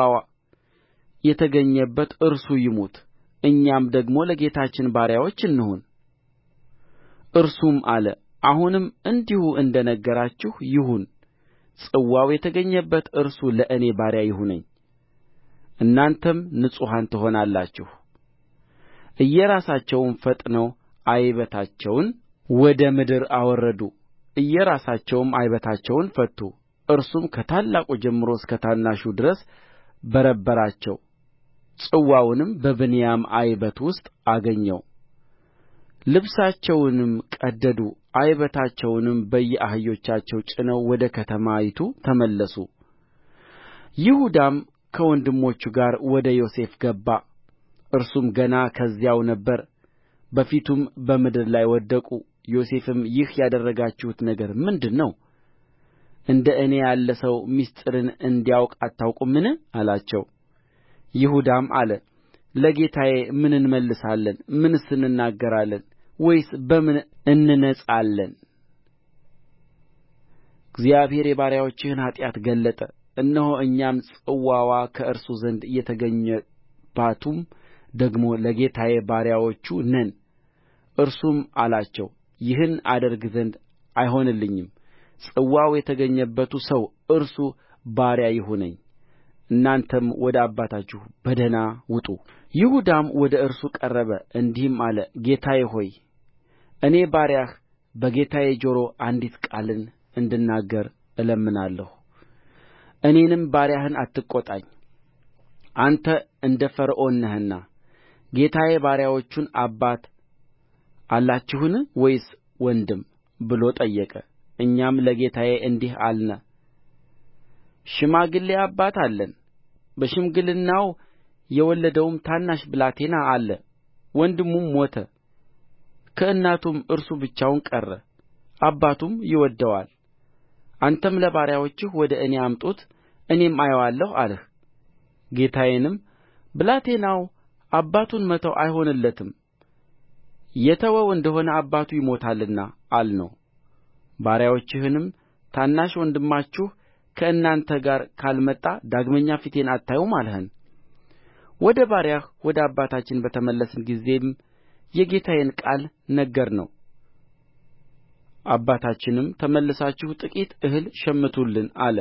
የተገኘበት እርሱ ይሙት እኛም ደግሞ ለጌታችን ባሪያዎች እንሁን እርሱም አለ አሁንም እንዲሁ እንደ ነገራችሁ ይሁን ጽዋው የተገኘበት እርሱ ለእኔ ባሪያ ይሁነኝ እናንተም ንጹሐን ትሆናላችሁ እየራሳቸውም ፈጥነው ዓይበታቸውን ወደ ምድር አወረዱ እየራሳቸውም ዓይበታቸውን ፈቱ እርሱም ከታላቁ ጀምሮ እስከ ታናሹ ድረስ በረበራቸው ጽዋውንም በብንያም ዓይበት ውስጥ አገኘው ልብሳቸውንም ቀደዱ ዓይበታቸውንም በየአህዮቻቸው ጭነው ወደ ከተማይቱ ተመለሱ ይሁዳም ከወንድሞቹ ጋር ወደ ዮሴፍ ገባ እርሱም ገና ከዚያው ነበረ በፊቱም በምድር ላይ ወደቁ ዮሴፍም ይህ ያደረጋችሁት ነገር ምንድር ነው እንደ እኔ ያለ ሰው ምሥጢርን እንዲያውቅ አታውቁምን አላቸው ይሁዳም አለ ለጌታዬ ምን እንመልሳለን ምንስ እንናገራለን ወይስ በምን እንነጻለን እግዚአብሔር የባሪያዎችህን ኃጢአት ገለጠ እነሆ እኛም ጽዋዋ ከእርሱ ዘንድ የተገኘባቱም ደግሞ ለጌታዬ ባሪያዎቹ ነን እርሱም አላቸው ይህን አደርግ ዘንድ አይሆንልኝም ጽዋው የተገኘበቱ ሰው እርሱ ባሪያ ይሁነኝ እናንተም ወደ አባታችሁ በደኅና ውጡ ይሁዳም ወደ እርሱ ቀረበ እንዲህም አለ ጌታዬ ሆይ እኔ ባሪያህ በጌታዬ ጆሮ አንዲት ቃልን እንድናገር እለምናለሁ እኔንም ባሪያህን አትቆጣኝ አንተ እንደ ፈርዖን ነህና ጌታዬ ባሪያዎቹን አባት አላችሁን ወይስ ወንድም ብሎ ጠየቀ እኛም ለጌታዬ እንዲህ አልነ ሽማግሌ አባት አለን በሽምግልናው የወለደውም ታናሽ ብላቴና አለ ወንድሙም ሞተ ከእናቱም እርሱ ብቻውን ቀረ አባቱም ይወድደዋል አንተም ለባሪያዎችህ ወደ እኔ አምጡት እኔም አየዋለሁ አልህ ጌታዬንም ብላቴናው አባቱን መተው አይሆንለትም የተወው እንደ ሆነ አባቱ ይሞታልና አልነው ባሪያዎችህንም ታናሽ ወንድማችሁ ከእናንተ ጋር ካልመጣ ዳግመኛ ፊቴን አታዩም አልኸን ወደ ባሪያህ ወደ አባታችን በተመለስን ጊዜም የጌታዬን ቃል ነገርነው አባታችንም ተመልሳችሁ ጥቂት እህል ሸምቱልን አለ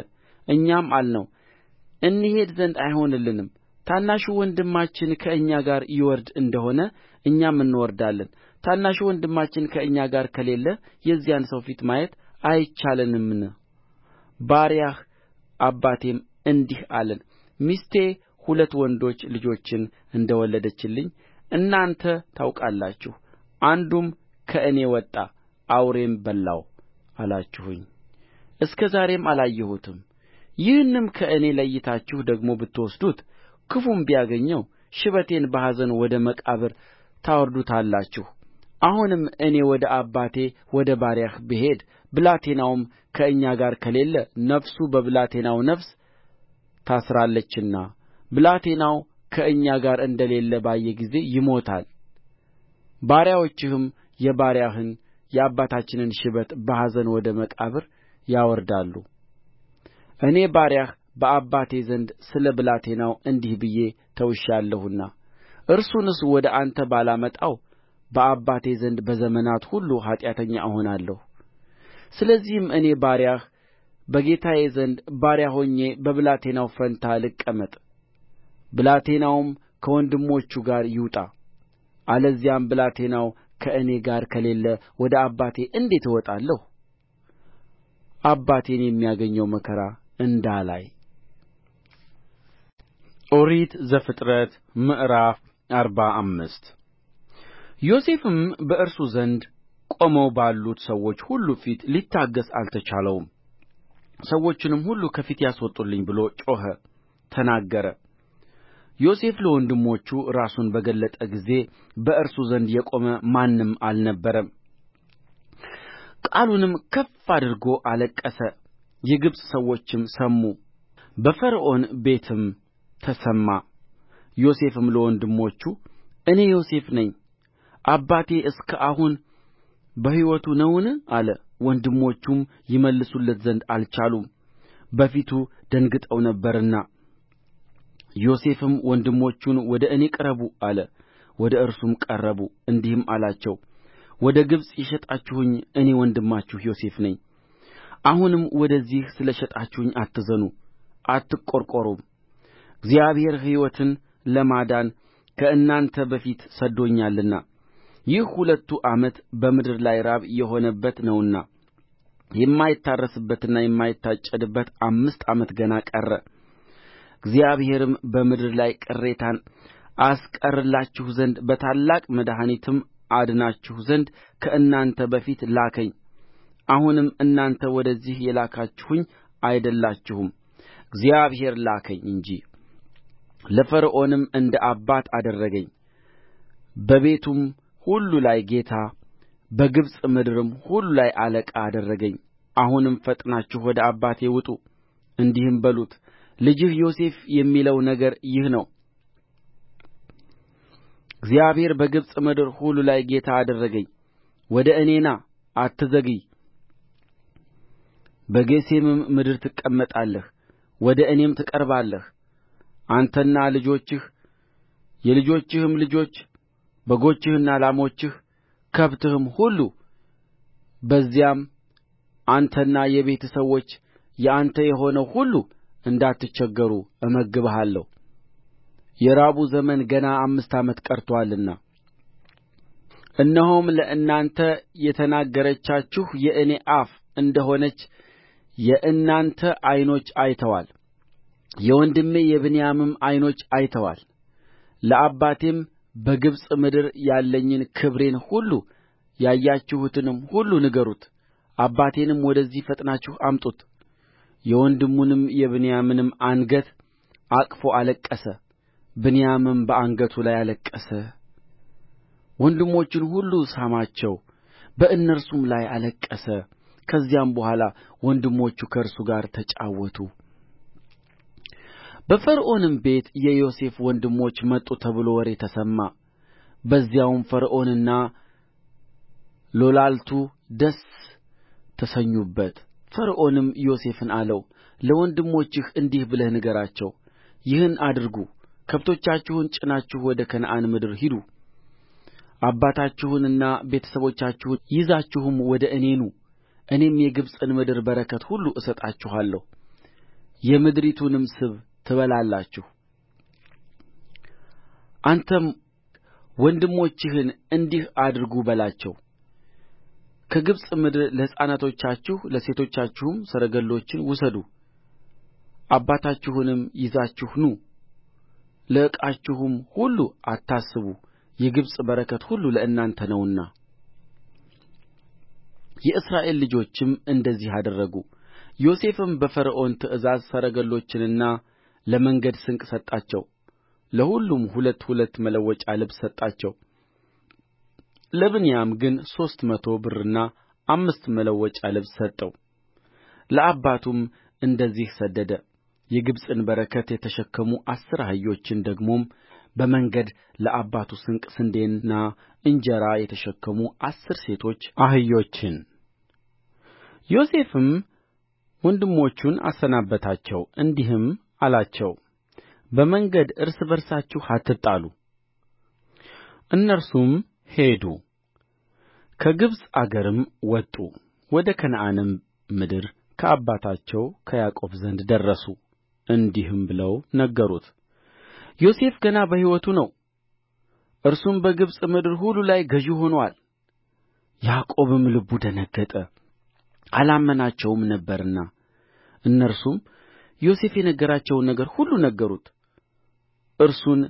እኛም አልነው እንሄድ ዘንድ አይሆንልንም ታናሹ ወንድማችን ከእኛ ጋር ይወርድ እንደ ሆነ እኛም እንወርዳለን ታናሹ ወንድማችን ከእኛ ጋር ከሌለ የዚያን ሰው ፊት ማየት አይቻለንምና ባሪያህ አባቴም እንዲህ አለን ሚስቴ ሁለት ወንዶች ልጆችን እንደ ወለደችልኝ እናንተ ታውቃላችሁ አንዱም ከእኔ ወጣ አውሬም በላው አላችሁኝ እስከ ዛሬም አላየሁትም ይህንም ከእኔ ለይታችሁ ደግሞ ብትወስዱት ክፉም ቢያገኘው ሽበቴን በኀዘን ወደ መቃብር ታወርዱታላችሁ አሁንም እኔ ወደ አባቴ ወደ ባሪያህ ብሄድ ብላቴናውም ከእኛ ጋር ከሌለ ነፍሱ በብላቴናው ነፍስ ታስራለችና ብላቴናው ከእኛ ጋር እንደሌለ ባየ ጊዜ ይሞታል ባሪያዎችህም የባሪያህን የአባታችንን ሽበት በኀዘን ወደ መቃብር ያወርዳሉ እኔ ባሪያህ በአባቴ ዘንድ ስለ ብላቴናው እንዲህ ብዬ ተውሼአለሁና እርሱንስ ወደ አንተ ባላመጣው በአባቴ ዘንድ በዘመናት ሁሉ ኃጢአተኛ እሆናለሁ ስለዚህም እኔ ባሪያህ በጌታዬ ዘንድ ባሪያ ሆኜ በብላቴናው ፋንታ ልቀመጥ ብላቴናውም ከወንድሞቹ ጋር ይውጣ አለዚያም ብላቴናው ከእኔ ጋር ከሌለ ወደ አባቴ እንዴት እወጣለሁ አባቴን የሚያገኘው መከራ እንዳላይ ኦሪት ዘፍጥረት ምዕራፍ አርባ አምስት ዮሴፍም በእርሱ ዘንድ ቆመው ባሉት ሰዎች ሁሉ ፊት ሊታገሥ አልተቻለውም ሰዎቹንም ሁሉ ከፊቴ አስወጡልኝ ብሎ ጮኸ ተናገረ ዮሴፍ ለወንድሞቹ ራሱን በገለጠ ጊዜ በእርሱ ዘንድ የቆመ ማንም አልነበረም ቃሉንም ከፍ አድርጎ አለቀሰ የግብፅ ሰዎችም ሰሙ በፈርዖን ቤትም ተሰማ ዮሴፍም ለወንድሞቹ እኔ ዮሴፍ ነኝ አባቴ እስከ አሁን በሕይወቱ ነውን አለ ወንድሞቹም ይመልሱለት ዘንድ አልቻሉም በፊቱ ደንግጠው ነበርና ዮሴፍም ወንድሞቹን ወደ እኔ ቅረቡ አለ ወደ እርሱም ቀረቡ እንዲህም አላቸው ወደ ግብፅ የሸጣችሁኝ እኔ ወንድማችሁ ዮሴፍ ነኝ አሁንም ወደዚህ ስለ ሸጣችሁኝ አትዘኑ አትቈርቈሩም እግዚአብሔር ሕይወትን ለማዳን ከእናንተ በፊት ሰድዶኛልና ይህ ሁለቱ ዓመት በምድር ላይ ራብ የሆነበት ነውና የማይታረስበትና የማይታጨድበት አምስት ዓመት ገና ቀረ እግዚአብሔርም በምድር ላይ ቅሬታን አስቀርላችሁ ዘንድ በታላቅ መድኃኒትም አድናችሁ ዘንድ ከእናንተ በፊት ላከኝ አሁንም እናንተ ወደዚህ የላካችሁኝ አይደላችሁም እግዚአብሔር ላከኝ እንጂ ለፈርዖንም እንደ አባት አደረገኝ በቤቱም ሁሉ ላይ ጌታ በግብፅ ምድርም ሁሉ ላይ አለቃ አደረገኝ አሁንም ፈጥናችሁ ወደ አባቴ ውጡ እንዲህም በሉት ልጅህ ዮሴፍ የሚለው ነገር ይህ ነው እግዚአብሔር በግብፅ ምድር ሁሉ ላይ ጌታ አደረገኝ ወደ እኔ ና አትዘግይ በጌሤምም ምድር ትቀመጣለህ ወደ እኔም ትቀርባለህ አንተና ልጆችህ የልጆችህም ልጆች በጎችህና ላሞችህ ከብትህም ሁሉ በዚያም አንተና የቤትህ ሰዎች የአንተ የሆነው ሁሉ እንዳትቸገሩ እመግብሃለሁ የራቡ ዘመን ገና አምስት ዓመት ቀርቶአልና እነሆም ለእናንተ የተናገረቻችሁ የእኔ አፍ እንደ ሆነች የእናንተ ዓይኖች አይተዋል የወንድሜ የብንያምም ዓይኖች አይተዋል ለአባቴም በግብፅ ምድር ያለኝን ክብሬን ሁሉ ያያችሁትንም ሁሉ ንገሩት አባቴንም ወደዚህ ፈጥናችሁ አምጡት የወንድሙንም የብንያምንም አንገት አቅፎ አለቀሰ ብንያምም በአንገቱ ላይ አለቀሰ ወንድሞቹን ሁሉ ሳማቸው በእነርሱም ላይ አለቀሰ ከዚያም በኋላ ወንድሞቹ ከእርሱ ጋር ተጫወቱ በፈርዖንም ቤት የዮሴፍ ወንድሞች መጡ ተብሎ ወሬ ተሰማ በዚያውም ፈርዖንና ሎላልቱ ደስ ተሰኙበት ፈርዖንም ዮሴፍን አለው ለወንድሞችህ እንዲህ ብለህ ንገራቸው ይህን አድርጉ ከብቶቻችሁን ጭናችሁ ወደ ከነዓን ምድር ሂዱ አባታችሁንና ቤተ ሰቦቻችሁን ይዛችሁም ወደ እኔ ኑ እኔም የግብፅን ምድር በረከት ሁሉ እሰጣችኋለሁ የምድሪቱንም ስብ ትበላላችሁ አንተም ወንድሞችህን እንዲህ አድርጉ በላቸው ከግብፅ ምድር ለሕፃናቶቻችሁ ለሴቶቻችሁም ሰረገሎችን ውሰዱ አባታችሁንም ይዛችሁ ኑ ለዕቃችሁም ሁሉ አታስቡ የግብፅ በረከት ሁሉ ለእናንተ ነውና የእስራኤል ልጆችም እንደዚህ አደረጉ ዮሴፍም በፈርዖን ትእዛዝ ሰረገሎችንና ለመንገድ ስንቅ ሰጣቸው ለሁሉም ሁለት ሁለት መለወጫ ልብስ ሰጣቸው ለብንያም ግን ሦስት መቶ ብርና አምስት መለወጫ ልብስ ሰጠው ለአባቱም እንደዚህ ሰደደ የግብፅን በረከት የተሸከሙ አሥር አህዮችን ደግሞም በመንገድ ለአባቱ ስንቅ ስንዴና እንጀራ የተሸከሙ አሥር ሴቶች አህዮችን ዮሴፍም ወንድሞቹን አሰናበታቸው እንዲህም አላቸው በመንገድ እርስ በርሳችሁ አትጣሉ እነርሱም ሄዱ ከግብፅ አገርም ወጡ ወደ ከነዓንም ምድር ከአባታቸው ከያዕቆብ ዘንድ ደረሱ እንዲህም ብለው ነገሩት ዮሴፍ ገና በሕይወቱ ነው እርሱም በግብፅ ምድር ሁሉ ላይ ገዥ ሆኖአል ያዕቆብም ልቡ ደነገጠ አላመናቸውም ነበርና እነርሱም ዮሴፍ የነገራቸውን ነገር ሁሉ ነገሩት እርሱን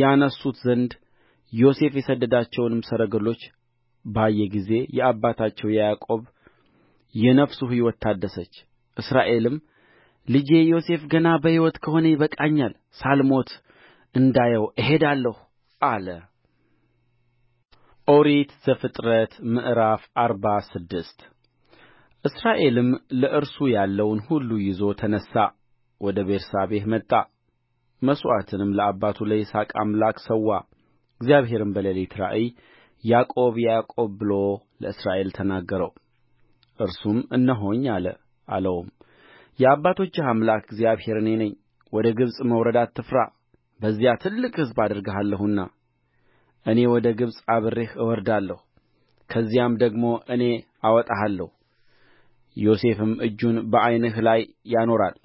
ያነሡት ዘንድ ዮሴፍ የሰደዳቸውንም ሰረገሎች ባየ ጊዜ የአባታቸው የያዕቆብ የነፍሱ ሕይወት ታደሰች እስራኤልም ልጄ ዮሴፍ ገና በሕይወት ከሆነ ይበቃኛል ሳልሞት እንዳየው እሄዳለሁ አለ ኦሪት ዘፍጥረት ምዕራፍ አርባ ስድስት እስራኤልም ለእርሱ ያለውን ሁሉ ይዞ ተነሣ ወደ ቤርሳቤህ መጣ መሥዋዕትንም ለአባቱ ለይስሐቅ አምላክ ሠዋ እግዚአብሔርም በሌሊት ራእይ ያዕቆብ ያዕቆብ ብሎ ለእስራኤል ተናገረው እርሱም እነሆኝ አለ አለውም የአባቶችህ አምላክ እግዚአብሔር እኔ ነኝ ወደ ግብፅ መውረድ አትፍራ በዚያ ትልቅ ሕዝብ አደርግሃለሁና እኔ ወደ ግብፅ አብሬህ እወርዳለሁ ከዚያም ደግሞ እኔ አወጣሃለሁ ዮሴፍም እጁን በዓይንህ ላይ ያኖራል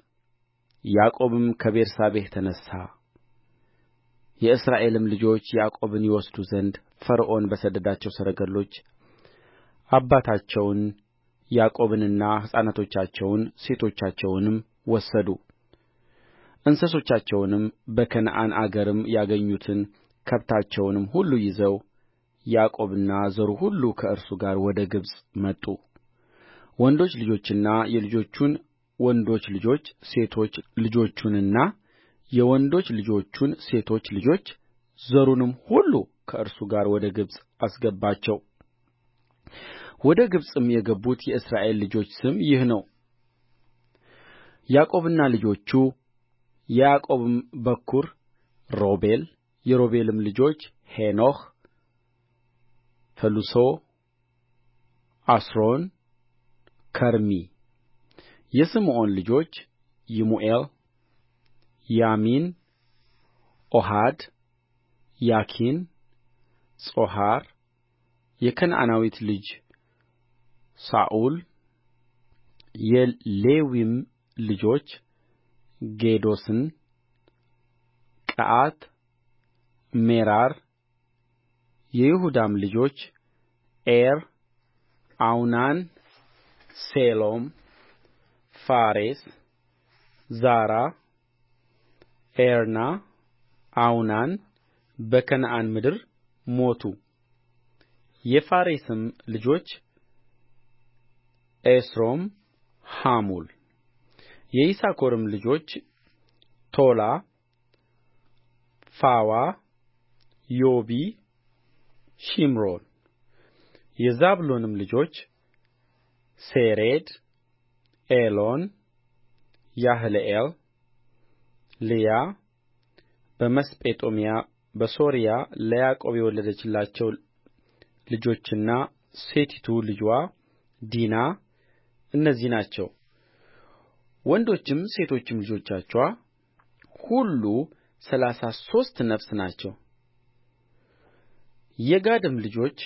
ያዕቆብም ከቤርሳቤህ ተነሣ የእስራኤልም ልጆች ያዕቆብን ይወስዱ ዘንድ ፈርዖን በሰደዳቸው ሰረገሎች አባታቸውን ያዕቆብንና ሕፃናቶቻቸውን ሴቶቻቸውንም ወሰዱ እንስሶቻቸውንም በከነዓን አገርም ያገኙትን ከብታቸውንም ሁሉ ይዘው ያዕቆብና ዘሩ ሁሉ ከእርሱ ጋር ወደ ግብፅ መጡ ወንዶች ልጆቹንና የልጆቹን ወንዶች ልጆች ሴቶች ልጆቹንና የወንዶች ልጆቹን ሴቶች ልጆች ዘሩንም ሁሉ ከእርሱ ጋር ወደ ግብፅ አስገባቸው ወደ ግብፅም የገቡት የእስራኤል ልጆች ስም ይህ ነው ያዕቆብና ልጆቹ የያዕቆብም በኵር ሮቤል የሮቤልም ልጆች ሄኖኅ ፈሉሶ አስሮን ከርሚ የስምዖን ልጆች ይሙኤል ያሚን ኦሃድ ያኪን ጾሐር የከነዓናዊት ልጅ ሳኡል የሌዊም ልጆች ጌዶስን ቀዓት ሜራር የይሁዳም ልጆች ኤር አውናን ሴሎም ፋሬስ ዛራ ዔርና አውናን በከነዓን ምድር ሞቱ የፋሬስም ልጆች ኤስሮም ሐሙል የይሳኮርም ልጆች ቶላ ፉዋ ዮቢ ሺምሮን የዛብሎንም ልጆች ሴሬድ ኤሎን ያህልኤል ልያ በመስጴጦምያ በሶርያ ለያዕቆብ የወለደችላቸው ልጆችና ሴቲቱ ልጅዋ ዲና እነዚህ ናቸው ወንዶችም ሴቶችም ልጆቻቸው ሁሉ ሠላሳ ሦስት ነፍስ ናቸው የጋድም ልጆች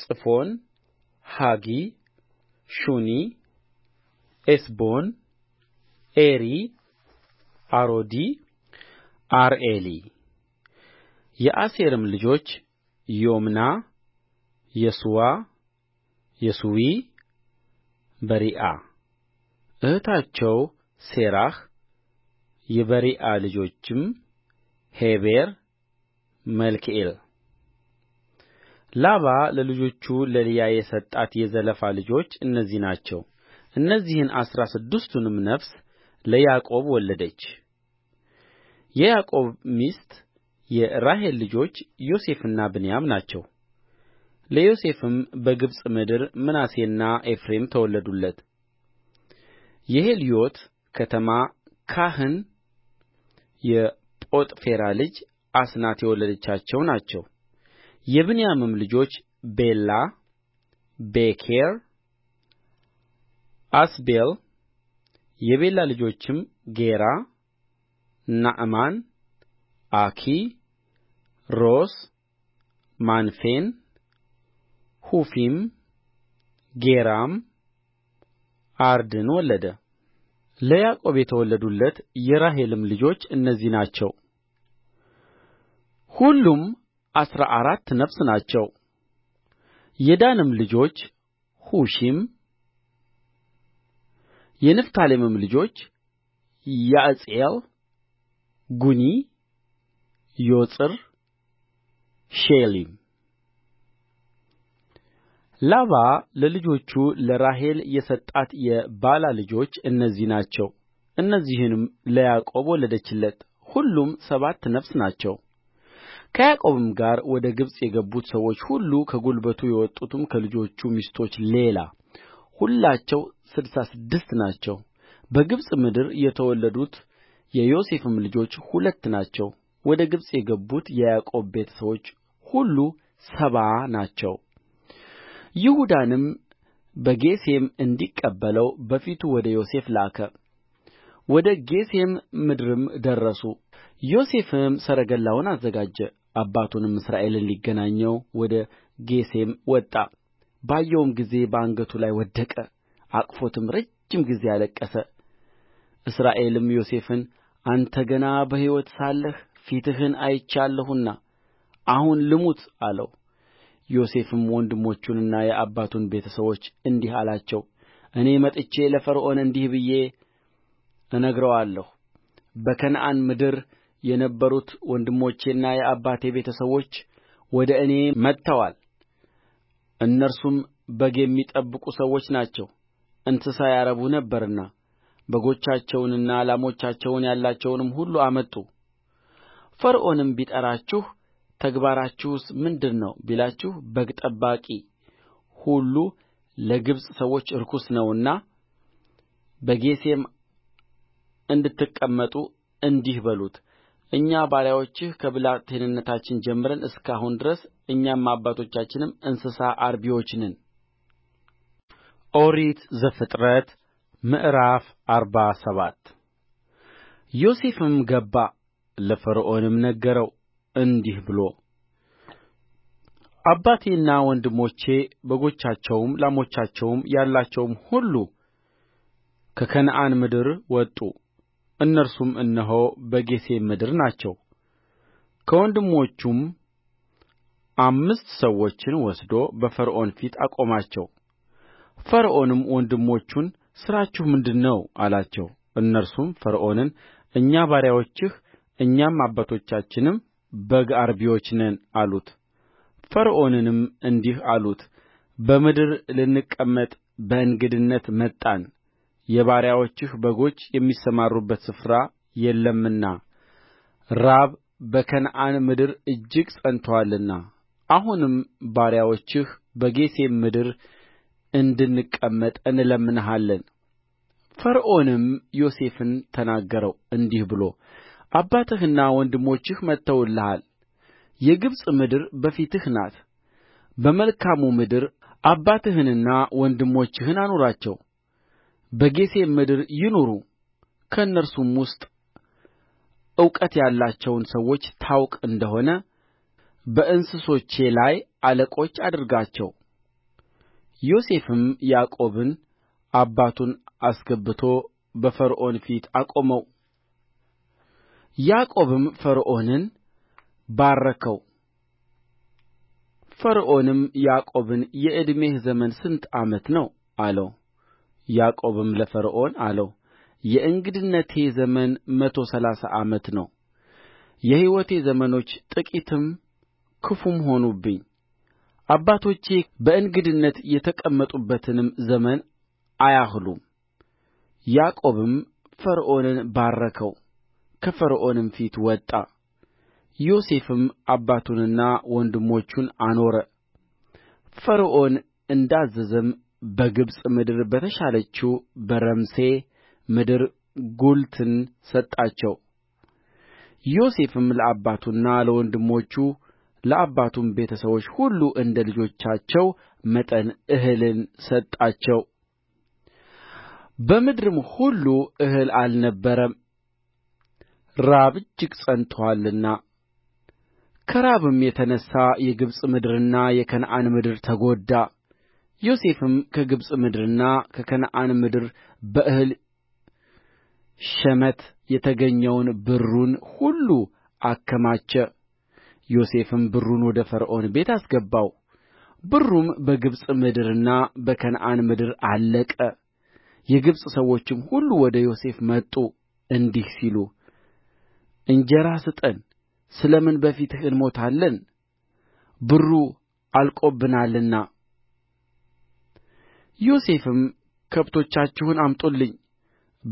ጽፎን ሐጊ ሹኒ ኤስቦን ኤሪ አሮዲ አርኤሊ የአሴርም ልጆች ዪምና የሱዋ የሱዊ በሪዓ እኅታቸው ሤራሕ የበሪዓ ልጆችም ሔቤር መልክኤል ላባ ለልጆቹ ለልያ የሰጣት የዘለፋ ልጆች እነዚህ ናቸው እነዚህን አሥራ ስድስቱንም ነፍስ ለያዕቆብ ወለደች የያዕቆብ ሚስት የራሔል ልጆች ዮሴፍና ብንያም ናቸው ለዮሴፍም በግብፅ ምድር ምናሴና ኤፍሬም ተወለዱለት የሄልዮቱ ከተማ ካህን የጶጥፌራ ልጅ አስናት የወለደቻቸው ናቸው የብንያምም ልጆች ቤላ ቤኬር አስቤል የቤላ ልጆችም ጌራ ናዕማን አኪ ሮስ ማንፌን ሑፊም ጌራም አርድን ወለደ ለያዕቆብ የተወለዱለት የራሔልም ልጆች እነዚህ ናቸው ሁሉም አሥራ አራት ነፍስ ናቸው የዳንም ልጆች ሑሺም የንፍታሌምም ልጆች ያዕጽኤል ጉኒ ዬጽር ሼሊም ላባ ለልጆቹ ለራሔል የሰጣት የባላ ልጆች እነዚህ ናቸው እነዚህንም ለያዕቆብ ወለደችለት ሁሉም ሰባት ነፍስ ናቸው ከያዕቆብም ጋር ወደ ግብፅ የገቡት ሰዎች ሁሉ ከጉልበቱ የወጡትም ከልጆቹ ሚስቶች ሌላ ሁላቸው ስድሳ ስድስት ናቸው በግብፅ ምድር የተወለዱት የዮሴፍም ልጆች ሁለት ናቸው ወደ ግብፅ የገቡት የያዕቆብ ቤተ ሰዎች ሁሉ ሰባ ናቸው ይሁዳንም በጌሤም እንዲቀበለው በፊቱ ወደ ዮሴፍ ላከ ወደ ጌሤም ምድርም ደረሱ ዮሴፍም ሰረገላውን አዘጋጀ አባቱንም እስራኤልን ሊገናኘው ወደ ጌሤም ወጣ ባየውም ጊዜ በአንገቱ ላይ ወደቀ አቅፎትም ረጅም ጊዜ አለቀሰ እስራኤልም ዮሴፍን አንተ ገና በሕይወት ሳለህ ፊትህን አይቼአለሁና አሁን ልሙት አለው ዮሴፍም ወንድሞቹንና የአባቱን ቤተ ሰዎች እንዲህ አላቸው እኔ መጥቼ ለፈርዖን እንዲህ ብዬ እነግረዋለሁ በከነዓን ምድር የነበሩት ወንድሞቼና የአባቴ ቤተ ሰዎች ወደ እኔ መጥተዋል እነርሱም በግ የሚጠብቁ ሰዎች ናቸው እንስሳ ያረቡ ነበርና በጎቻቸውንና ላሞቻቸውን ያላቸውንም ሁሉ አመጡ ፈርዖንም ቢጠራችሁ ተግባራችሁስ ምንድር ነው ቢላችሁ በግ ጠባቂ ሁሉ ለግብፅ ሰዎች ርኩስ ነውና በጌሤም እንድትቀመጡ እንዲህ በሉት እኛ ባሪያዎችህ ከብላቴንነታችን ጀምረን እስከ አሁን ድረስ እኛም አባቶቻችንም እንስሳ አርቢዎች ነን ኦሪት ዘፍጥረት ምዕራፍ አርባ ሰባት ዮሴፍም ገባ ለፈርዖንም ነገረው እንዲህ ብሎ አባቴና ወንድሞቼ በጎቻቸውም ላሞቻቸውም ያላቸውም ሁሉ ከከነዓን ምድር ወጡ እነርሱም እነሆ በጌሤም ምድር ናቸው ከወንድሞቹም አምስት ሰዎችን ወስዶ በፈርዖን ፊት አቆማቸው ፈርዖንም ወንድሞቹን ሥራችሁ ምንድር ነው አላቸው እነርሱም ፈርዖንን እኛ ባሪያዎችህ እኛም አባቶቻችንም በግ አርቢዎች ነን አሉት ፈርዖንንም እንዲህ አሉት በምድር ልንቀመጥ በእንግድነት መጣን የባሪያዎችህ በጎች የሚሰማሩበት ስፍራ የለምና ራብ በከነዓን ምድር እጅግ ጸንቶአልና አሁንም ባሪያዎችህ በጌሤም ምድር እንድንቀመጥ እንለምንሃለን ፈርዖንም ዮሴፍን ተናገረው እንዲህ ብሎ አባትህና ወንድሞችህ መጥተውልሃል የግብፅ ምድር በፊትህ ናት በመልካሙ ምድር አባትህንና ወንድሞችህን አኑራቸው በጌሤም ምድር ይኑሩ ከእነርሱም ውስጥ እውቀት ያላቸውን ሰዎች ታውቅ እንደሆነ በእንስሶቼ ላይ አለቆች አድርጋቸው ዮሴፍም ያዕቆብን አባቱን አስገብቶ በፈርዖን ፊት አቆመው ያዕቆብም ፈርዖንን ባረከው ፈርዖንም ያዕቆብን የዕድሜህ ዘመን ስንት ዓመት ነው አለው ያዕቆብም ለፈርዖን አለው የእንግድነቴ ዘመን መቶ ሠላሳ ዓመት ነው የሕይወቴ ዘመኖች ጥቂትም ክፉም ሆኑብኝ አባቶቼ በእንግድነት የተቀመጡበትንም ዘመን አያህሉም ያዕቆብም ፈርዖንን ባረከው ከፈርዖንም ፊት ወጣ ዮሴፍም አባቱንና ወንድሞቹን አኖረ ፈርዖን እንዳዘዘም በግብፅ ምድር በተሻለችው በረምሴ ምድር ጉልትን ሰጣቸው ዮሴፍም ለአባቱና ለወንድሞቹ ለአባቱም ቤተ ሰቦች ሁሉ እንደ ልጆቻቸው መጠን እህልን ሰጣቸው በምድርም ሁሉ እህል አልነበረም ራብ እጅግ ጸንቶአልና ከራብም የተነሣ የግብፅ ምድርና የከነዓን ምድር ተጎዳ ዮሴፍም ከግብፅ ምድርና ከከነዓን ምድር በእህል ሸመት የተገኘውን ብሩን ሁሉ አከማቸ ዮሴፍም ብሩን ወደ ፈርዖን ቤት አስገባው ብሩም በግብፅ ምድርና በከነዓን ምድር አለቀ የግብፅ ሰዎችም ሁሉ ወደ ዮሴፍ መጡ እንዲህ ሲሉ እንጀራ ስጠን ስለ ምን በፊትህ እንሞታለን ብሩ አልቆብናልና ዮሴፍም ከብቶቻችሁን አምጡልኝ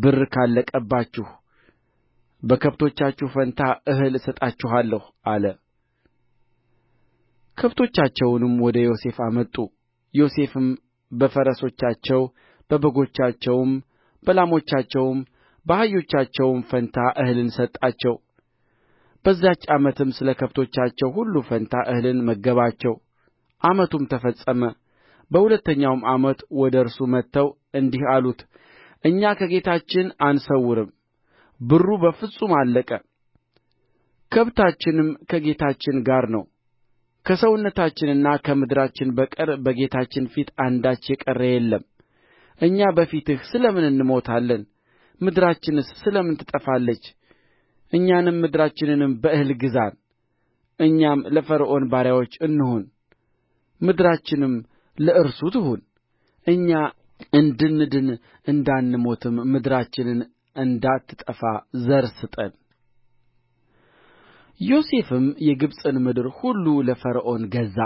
ብር ካለቀባችሁ በከብቶቻችሁ ፋንታ እህል እሰጣችኋለሁ አለ ከብቶቻቸውንም ወደ ዮሴፍ አመጡ ዮሴፍም በፈረሶቻቸው በበጎቻቸውም በላሞቻቸውም በአህዮቻቸውም ፋንታ እህልን ሰጣቸው በዛች ዓመትም ስለ ከብቶቻቸው ሁሉ ፋንታ እህልን መገባቸው ዓመቱም ተፈጸመ በሁለተኛውም ዓመት ወደ እርሱ መጥተው እንዲህ አሉት እኛ ከጌታችን አንሰውርም ብሩ በፍጹም አለቀ ከብታችንም ከጌታችን ጋር ነው ከሰውነታችንና ከምድራችን በቀር በጌታችን ፊት አንዳች የቀረ የለም እኛ በፊትህ ስለ ምን እንሞታለን ምድራችንስ ስለ ምን ትጠፋለች እኛንም ምድራችንንም በእህል ግዛን እኛም ለፈርዖን ባሪያዎች እንሁን ምድራችንም ለእርሱ ትሁን እኛ እንድንድን እንዳንሞትም ምድራችንን እንዳትጠፋ ዘር ስጠን ዮሴፍም የግብፅን ምድር ሁሉ ለፈርዖን ገዛ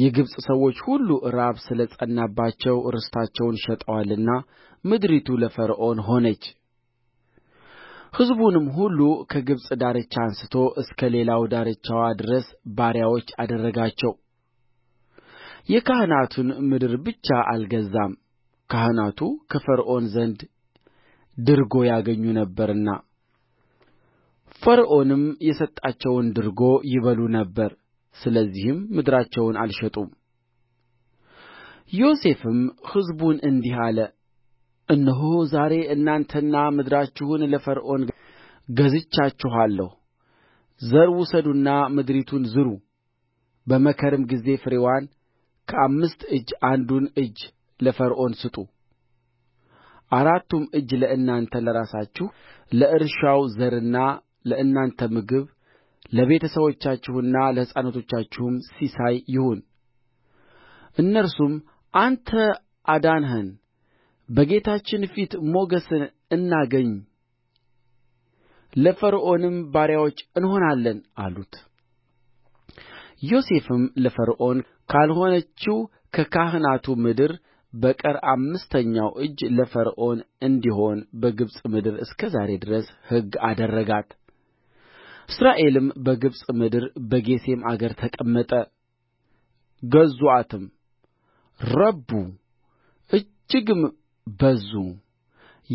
የግብፅ ሰዎች ሁሉ ራብ ስለ ጸናባቸው ርስታቸውን ሸጠዋልና ምድሪቱ ለፈርዖን ሆነች ሕዝቡንም ሁሉ ከግብፅ ዳርቻ አንሥቶ እስከ ሌላው ዳርቻዋ ድረስ ባሪያዎች አደረጋቸው የካህናቱን ምድር ብቻ አልገዛም ካህናቱ ከፈርዖን ዘንድ ድርጎ ያገኙ ነበርና ፈርዖንም የሰጣቸውን ድርጎ ይበሉ ነበር ስለዚህም ምድራቸውን አልሸጡም ዮሴፍም ሕዝቡን እንዲህ አለ እነሆ ዛሬ እናንተንና ምድራችሁን ለፈርዖን ገዝቻችኋለሁ ዘር ውሰዱና ምድሪቱን ዝሩ በመከርም ጊዜ ፍሬዋን ከአምስት እጅ አንዱን እጅ ለፈርዖን ስጡ አራቱም እጅ ለእናንተ ለራሳችሁ ለእርሻው ዘርና ለእናንተ ምግብ ለቤተ ሰዎቻችሁና ለሕፃናቶቻችሁም ሲሳይ ይሁን እነርሱም አንተ አዳንኸን በጌታችን ፊት ሞገስን እናገኝ ለፈርዖንም ባሪያዎች እንሆናለን አሉት ዮሴፍም ለፈርዖን ካልሆነችው ከካህናቱ ምድር በቀር አምስተኛው እጅ ለፈርዖን እንዲሆን በግብፅ ምድር እስከ ዛሬ ድረስ ሕግ አደረጋት እስራኤልም በግብፅ ምድር በጌሤም አገር ተቀመጠ ገዙአትም ረቡ እጅግም በዙ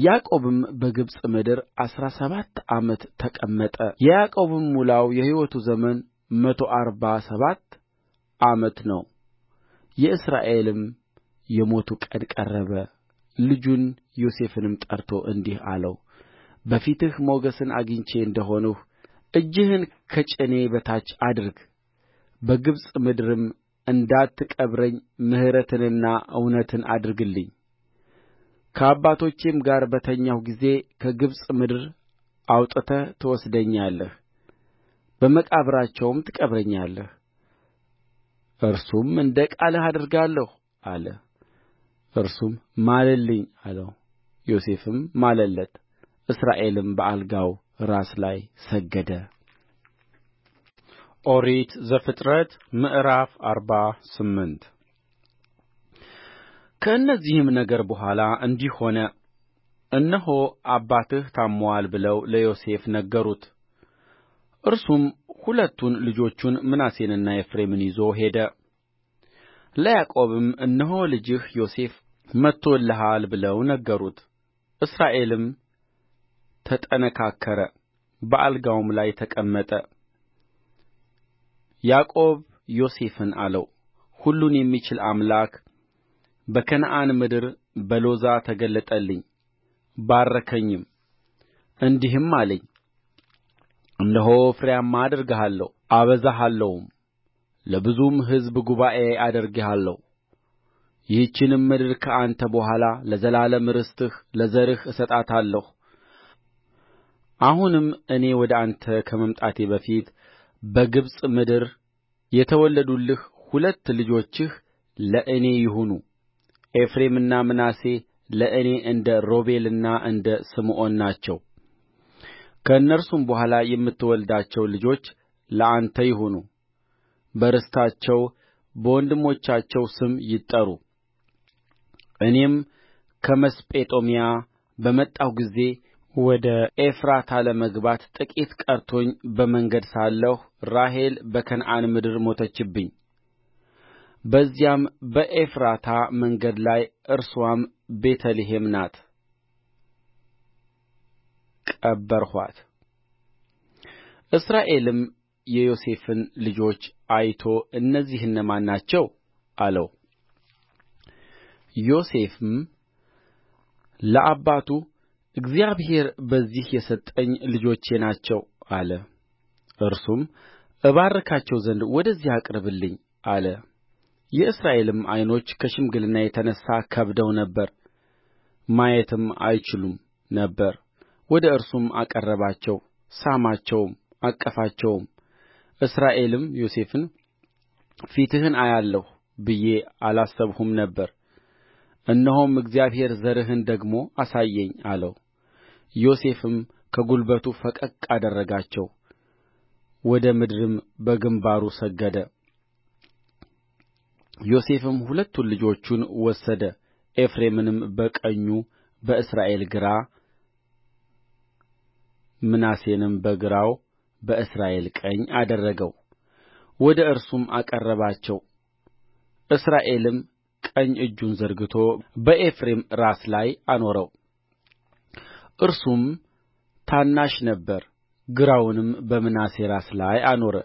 ያዕቆብም በግብፅ ምድር አሥራ ሰባት ዓመት ተቀመጠ የያዕቆብም ሙላው የሕይወቱ ዘመን መቶ አርባ ሰባት ዓመት ነው የእስራኤልም የሞቱ ቀን ቀረበ ልጁን ዮሴፍንም ጠርቶ እንዲህ አለው በፊትህ ሞገስን አግኝቼ እንደ ሆንሁ እጅህን ከጭኔ በታች አድርግ በግብፅ ምድርም እንዳትቀብረኝ ምሕረትንና እውነትን አድርግልኝ ከአባቶቼም ጋር በተኛሁ ጊዜ ከግብፅ ምድር አውጥተህ ትወስደኛለህ በመቃብራቸውም ትቀብረኛለህ እርሱም እንደ ቃልህ አደርጋለሁ አለ እርሱም ማልልኝ አለው ዮሴፍም ማለለት እስራኤልም በአልጋው ራስ ላይ ሰገደ ኦሪት ዘፍጥረት ምዕራፍ አርባ ስምንት ከእነዚህም ነገር በኋላ እንዲህ ሆነ እነሆ አባትህ ታምሞአል ብለው ለዮሴፍ ነገሩት እርሱም ሁለቱን ልጆቹን ምናሴንና ኤፍሬምን ይዞ ሄደ ለያዕቆብም እነሆ ልጅህ ዮሴፍ መጥቶልሃል ብለው ነገሩት እስራኤልም ተጠነካከረ በአልጋውም ላይ ተቀመጠ ያዕቆብ ዮሴፍን አለው ሁሉን የሚችል አምላክ በከነዓን ምድር በሎዛ ተገለጠልኝ ባረከኝም እንዲህም አለኝ እነሆ ፍሬያማ አደርግሃለሁ አበዛሃለሁም ለብዙም ሕዝብ ጉባኤ አደርግሃለሁ ይህችንም ምድር ከአንተ በኋላ ለዘላለም ርስት ለዘርህ እሰጣታለሁ አሁንም እኔ ወደ አንተ ከመምጣቴ በፊት በግብፅ ምድር የተወለዱልህ ሁለት ልጆችህ ለእኔ ይሁኑ ኤፍሬምና ምናሴ ለእኔ እንደ ሮቤልና እንደ ስምዖን ናቸው ከእነርሱም በኋላ የምትወልዳቸው ልጆች ለአንተ ይሁኑ በርስታቸው በወንድሞቻቸው ስም ይጠሩ እኔም ከመስጴጦምያ በመጣሁ ጊዜ ወደ ኤፍራታ ለመግባት ጥቂት ቀርቶኝ በመንገድ ሳለሁ ራሔል በከነዓን ምድር ሞተችብኝ በዚያም በኤፍራታ መንገድ ላይ እርስዋም ቤተ ልሔም ናት ቀበርኋት እስራኤልም የዮሴፍን ልጆች አይቶ እነዚህ እነማን ናቸው አለው ዮሴፍም ለአባቱ እግዚአብሔር በዚህ የሰጠኝ ልጆቼ ናቸው አለ እርሱም እባርካቸው ዘንድ ወደዚህ አቅርብልኝ አለ የእስራኤልም ዓይኖች ከሽምግልና የተነሣ ከብደው ነበር ማየትም አይችሉም ነበር ወደ እርሱም አቀረባቸው ሳማቸውም አቀፋቸውም እስራኤልም ዮሴፍን ፊትህን አያለሁ ብዬ አላሰብሁም ነበር እነሆም እግዚአብሔር ዘርህን ደግሞ አሳየኝ አለው ዮሴፍም ከጕልበቱ ፈቀቅ አደረጋቸው ወደ ምድርም በግምባሩ ሰገደ ዮሴፍም ሁለቱን ልጆቹን ወሰደ ኤፍሬምንም በቀኙ በእስራኤል ግራ ምናሴንም በግራው በእስራኤል ቀኝ አደረገው ወደ እርሱም አቀረባቸው እስራኤልም ቀኝ እጁን ዘርግቶ በኤፍሬም ራስ ላይ አኖረው እርሱም ታናሽ ነበረ ግራውንም በምናሴ ራስ ላይ አኖረ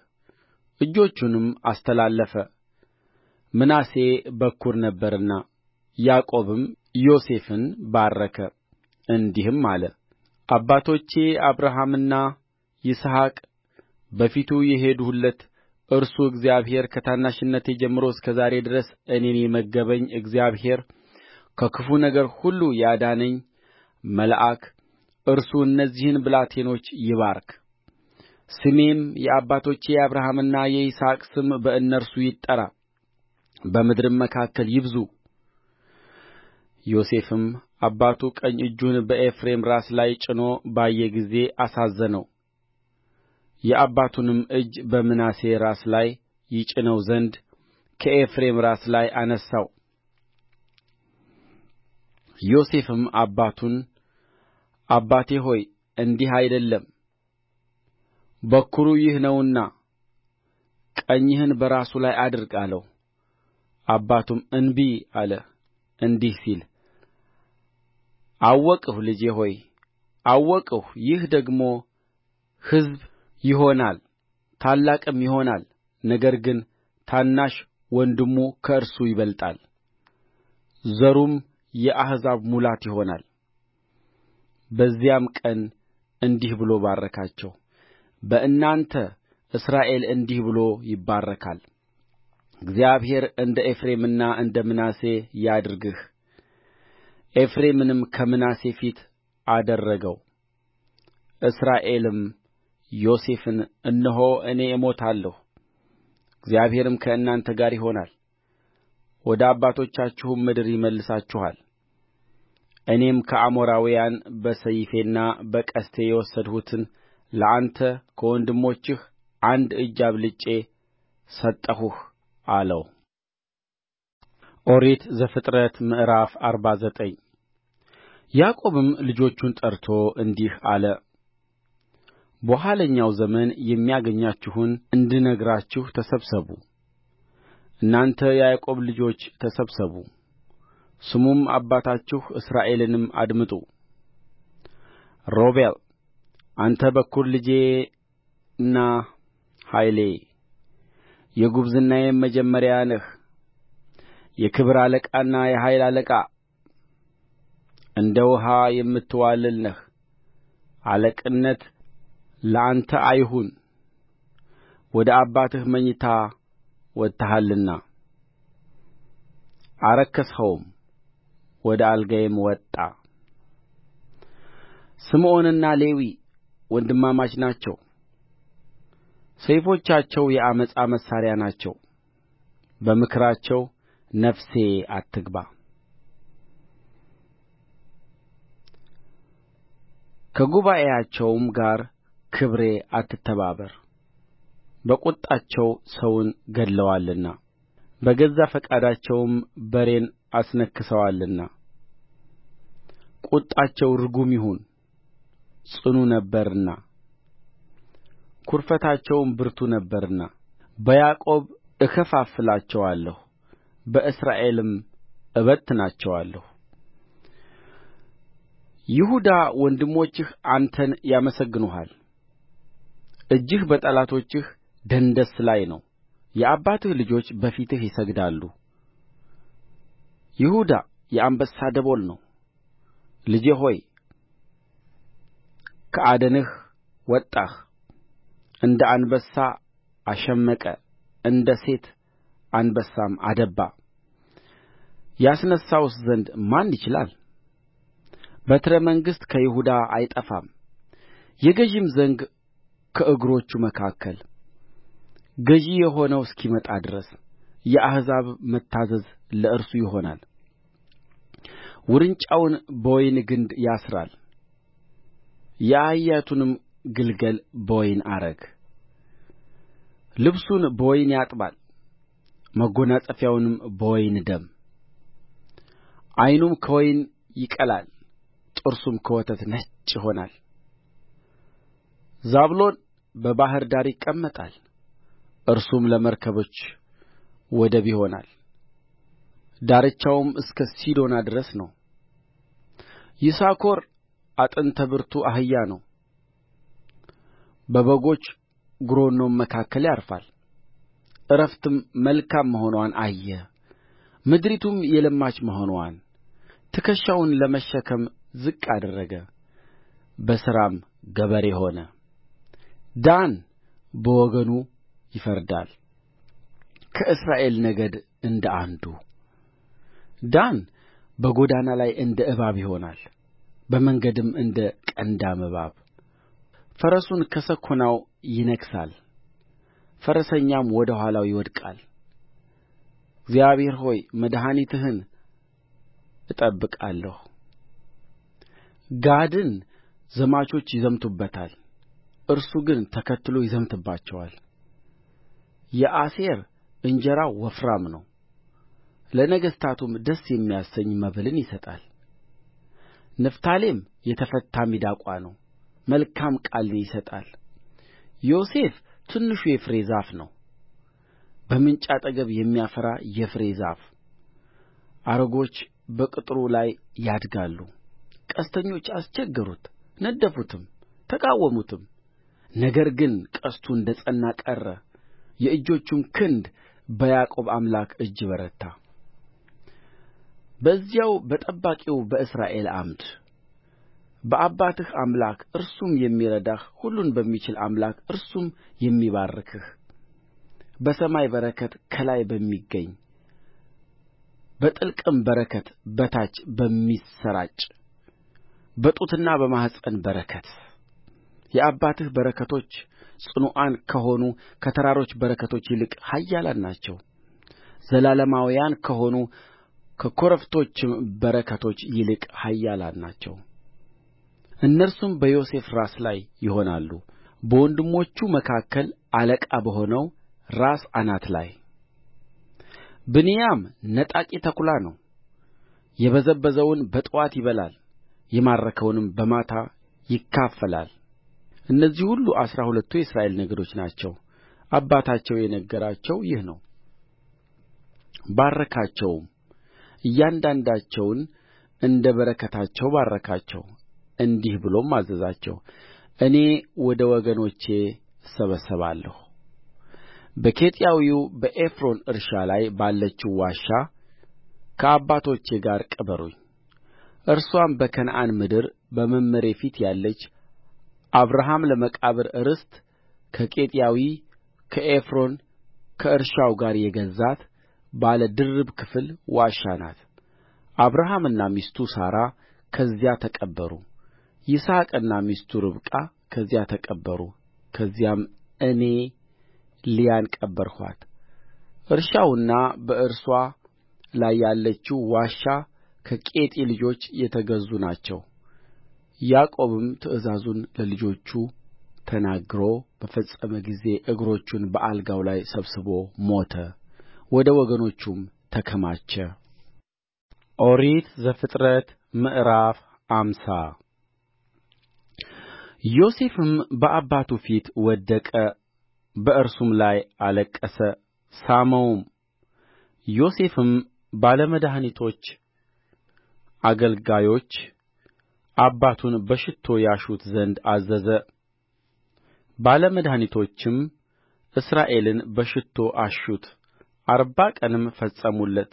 እጆቹንም አስተላለፈ ምናሴ በኵር ነበርና ያዕቆብም ዮሴፍን ባረከ እንዲህም አለ አባቶቼ አብርሃምና ይስሐቅ በፊቱ የሄድሁለት እርሱ እግዚአብሔር ከታናሽነቴ ጀምሮ እስከ ዛሬ ድረስ እኔን የመገበኝ እግዚአብሔር ከክፉ ነገር ሁሉ ያዳነኝ መልአክ እርሱ እነዚህን ብላቴኖች ይባርክ ስሜም የአባቶቼ የአብርሃምና የይስሐቅ ስም በእነርሱ ይጠራ በምድርም መካከል ይብዙ ዮሴፍም አባቱ ቀኝ እጁን በኤፍሬም ራስ ላይ ጭኖ ባየ ጊዜ አሳዘነው የአባቱንም እጅ በምናሴ ራስ ላይ ይጭነው ዘንድ ከኤፍሬም ራስ ላይ አነሣው ዮሴፍም አባቱን አባቴ ሆይ እንዲህ አይደለም በኵሩ ይህ ነውና ቀኝህን በራሱ ላይ አድርግ አለው አባቱም እንቢ አለ እንዲህ ሲል አወቅሁ ልጄ ሆይ አወቅሁ ይህ ደግሞ ሕዝብ ይሆናል ታላቅም ይሆናል ነገር ግን ታናሽ ወንድሙ ከእርሱ ይበልጣል ዘሩም የአሕዛብ ሙላት ይሆናል በዚያም ቀን እንዲህ ብሎ ባረካቸው በእናንተ እስራኤል እንዲህ ብሎ ይባረካል እግዚአብሔር እንደ ኤፍሬምና እንደ ምናሴ ያድርግህ ኤፍሬምንም ከምናሴ ፊት አደረገው እስራኤልም ዮሴፍን እነሆ እኔ እሞታለሁ እግዚአብሔርም ከእናንተ ጋር ይሆናል ወደ አባቶቻችሁም ምድር ይመልሳችኋል እኔም ከአሞራውያን በሰይፌና በቀስቴ የወሰድሁትን ለአንተ ከወንድሞችህ አንድ እጅ አብልጬ ሰጠሁህ አለው ኦሪት ዘፍጥረት ምዕራፍ አርባ ዘጠኝ ያዕቆብም ልጆቹን ጠርቶ እንዲህ አለ በኋለኛው ዘመን የሚያገኛችሁን እንድነግራችሁ ተሰብሰቡ እናንተ የያዕቆብ ልጆች ተሰብሰቡ ስሙም አባታችሁ እስራኤልንም አድምጡ ሮቤል አንተ በኵር ልጄና ኃይሌ የጕብዝናዬም መጀመሪያ ነህ የክብር አለቃና የኃይል አለቃ እንደ ውኃ የምትዋልል ነህ አለቅነት ለአንተ አይሁን ወደ አባትህ መኝታ ወጥተሃልና አረከስኸውም ወደ አልጋዬም ወጣ ስምዖንና ሌዊ ወንድማማች ናቸው ሰይፎቻቸው የዓመፃ መሣሪያ ናቸው በምክራቸው ነፍሴ አትግባ ከጉባኤአቸውም ጋር ክብሬ አትተባበር በቍጣቸው ሰውን ገድለዋልና በገዛ ፈቃዳቸውም በሬን አስነክሰዋልና ቍጣቸው ርጉም ይሁን ጽኑ ነበርና ኵርፈታቸውም ብርቱ ነበርና በያዕቆብ እከፋፍላቸዋለሁ በእስራኤልም እበትናቸዋለሁ ይሁዳ ወንድሞችህ አንተን ያመሰግኑሃል እጅህ በጠላቶችህ ደንደስ ላይ ነው የአባትህ ልጆች በፊትህ ይሰግዳሉ ይሁዳ የአንበሳ ደቦል ነው ልጄ ሆይ ከአደንህ ወጣህ እንደ አንበሳ አሸመቀ እንደ ሴት አንበሳም አደባ ያስነሣውስ ዘንድ ማን ይችላል በትረ መንግሥት ከይሁዳ አይጠፋም የገዥም ዘንግ ከእግሮቹ መካከል ገዥ የሆነው እስኪመጣ ድረስ የአሕዛብ መታዘዝ ለእርሱ ይሆናል ውርንጫውን በወይን ግንድ ያስራል የአህያይቱንም ግልገል በወይን አረግ ልብሱን በወይን ያጥባል መጎናጸፊያውንም በወይን ደም ዓይኑም ከወይን ይቀላል ጥርሱም ከወተት ነጭ ይሆናል ዛብሎን በባሕር ዳር ይቀመጣል እርሱም ለመርከቦች ወደብ ይሆናል ዳርቻውም እስከ ሲዶና ድረስ ነው ይሳኮር አጥንተ ብርቱ አህያ ነው በበጎች ጕረኖም መካከል ያርፋል ዕረፍትም መልካም መሆንዋን አየ ምድሪቱም የለማች መሆንዋን ትከሻውን ለመሸከም ዝቅ አደረገ በሥራም ገበሬ ሆነ ዳን በወገኑ ይፈርዳል ከእስራኤል ነገድ እንደ አንዱ ዳን በጎዳና ላይ እንደ እባብ ይሆናል በመንገድም እንደ ቀንዳም እባብ ፈረሱን ከሰኮናው ይነክሳል ፈረሰኛም ወደ ኋላው ይወድቃል እግዚአብሔር ሆይ መድኃኒትህን እጠብቃለሁ ጋድን ዘማቾች ይዘምቱበታል እርሱ ግን ተከትሎ ይዘምትባቸዋል የአሴር እንጀራው ወፍራም ነው ለነገሥታቱም ደስ የሚያሰኝ መብልን ይሰጣል ንፍታሌም የተፈታ ሚዳቋ ነው መልካም ቃልን ይሰጣል ዮሴፍ ትንሹ የፍሬ ዛፍ ነው በምንጭ አጠገብ የሚያፈራ የፍሬ ዛፍ አረጎች በቅጥሩ ላይ ያድጋሉ ቀስተኞች አስቸገሩት ነደፉትም ተቃወሙትም ነገር ግን ቀስቱ እንደ ጸና ቀረ የእጆቹም ክንድ በያዕቆብ አምላክ እጅ በረታ በዚያው በጠባቂው በእስራኤል ዓምድ በአባትህ አምላክ እርሱም የሚረዳህ ሁሉን በሚችል አምላክ እርሱም የሚባርክህ በሰማይ በረከት ከላይ በሚገኝ በጥልቅም በረከት በታች በሚሠራጭ በጡትና በማኅፀን በረከት የአባትህ በረከቶች ጽኑዓን ከሆኑ ከተራሮች በረከቶች ይልቅ ኃያላን ናቸው ዘላለማውያን ከሆኑ ከኮረብቶችም በረከቶች ይልቅ ኃያላን ናቸው እነርሱም በዮሴፍ ራስ ላይ ይሆናሉ በወንድሞቹ መካከል አለቃ በሆነው ራስ አናት ላይ ብንያም ነጣቂ ተኵላ ነው የበዘበዘውን በጥዋት ይበላል የማረከውንም በማታ ይካፈላል እነዚህ ሁሉ አሥራ ሁለቱ የእስራኤል ነገዶች ናቸው አባታቸው የነገራቸው ይህ ነው ባረካቸውም እያንዳንዳቸውን እንደ በረከታቸው ባረካቸው እንዲህ ብሎም አዘዛቸው እኔ ወደ ወገኖቼ እሰበሰባለሁ በኬጢያዊው በኤፍሮን እርሻ ላይ ባለችው ዋሻ ከአባቶቼ ጋር ቅበሩኝ እርስዋም በከነዓን ምድር በመምሬ ፊት ያለች አብርሃም ለመቃብር ርስት ከኬጢያዊ ከኤፍሮን ከእርሻው ጋር የገዛት ባለ ድርብ ክፍል ዋሻ ናት አብርሃምና ሚስቱ ሣራ ከዚያ ተቀበሩ ይስሐቅና ሚስቱ ርብቃ ከዚያ ተቀበሩ ከዚያም እኔ ልያን ቀበርኋት እርሻውና በእርሷ ላይ ያለችው ዋሻ ከኬጢ ልጆች የተገዙ ናቸው ያዕቆብም ትእዛዙን ለልጆቹ ተናግሮ በፈጸመ ጊዜ እግሮቹን በአልጋው ላይ ሰብስቦ ሞተ ወደ ወገኖቹም ተከማቸ ኦሪት ዘፍጥረት ምዕራፍ አምሳ ዮሴፍም በአባቱ ፊት ወደቀ በእርሱም ላይ አለቀሰ ሳመውም ዮሴፍም ባለመድኃኒቶች አገልጋዮች አባቱን በሽቱ ያሹት ዘንድ አዘዘ ባለ መድኃኒቶችም እስራኤልን በሽቱ አሹት አርባ ቀንም ፈጸሙለት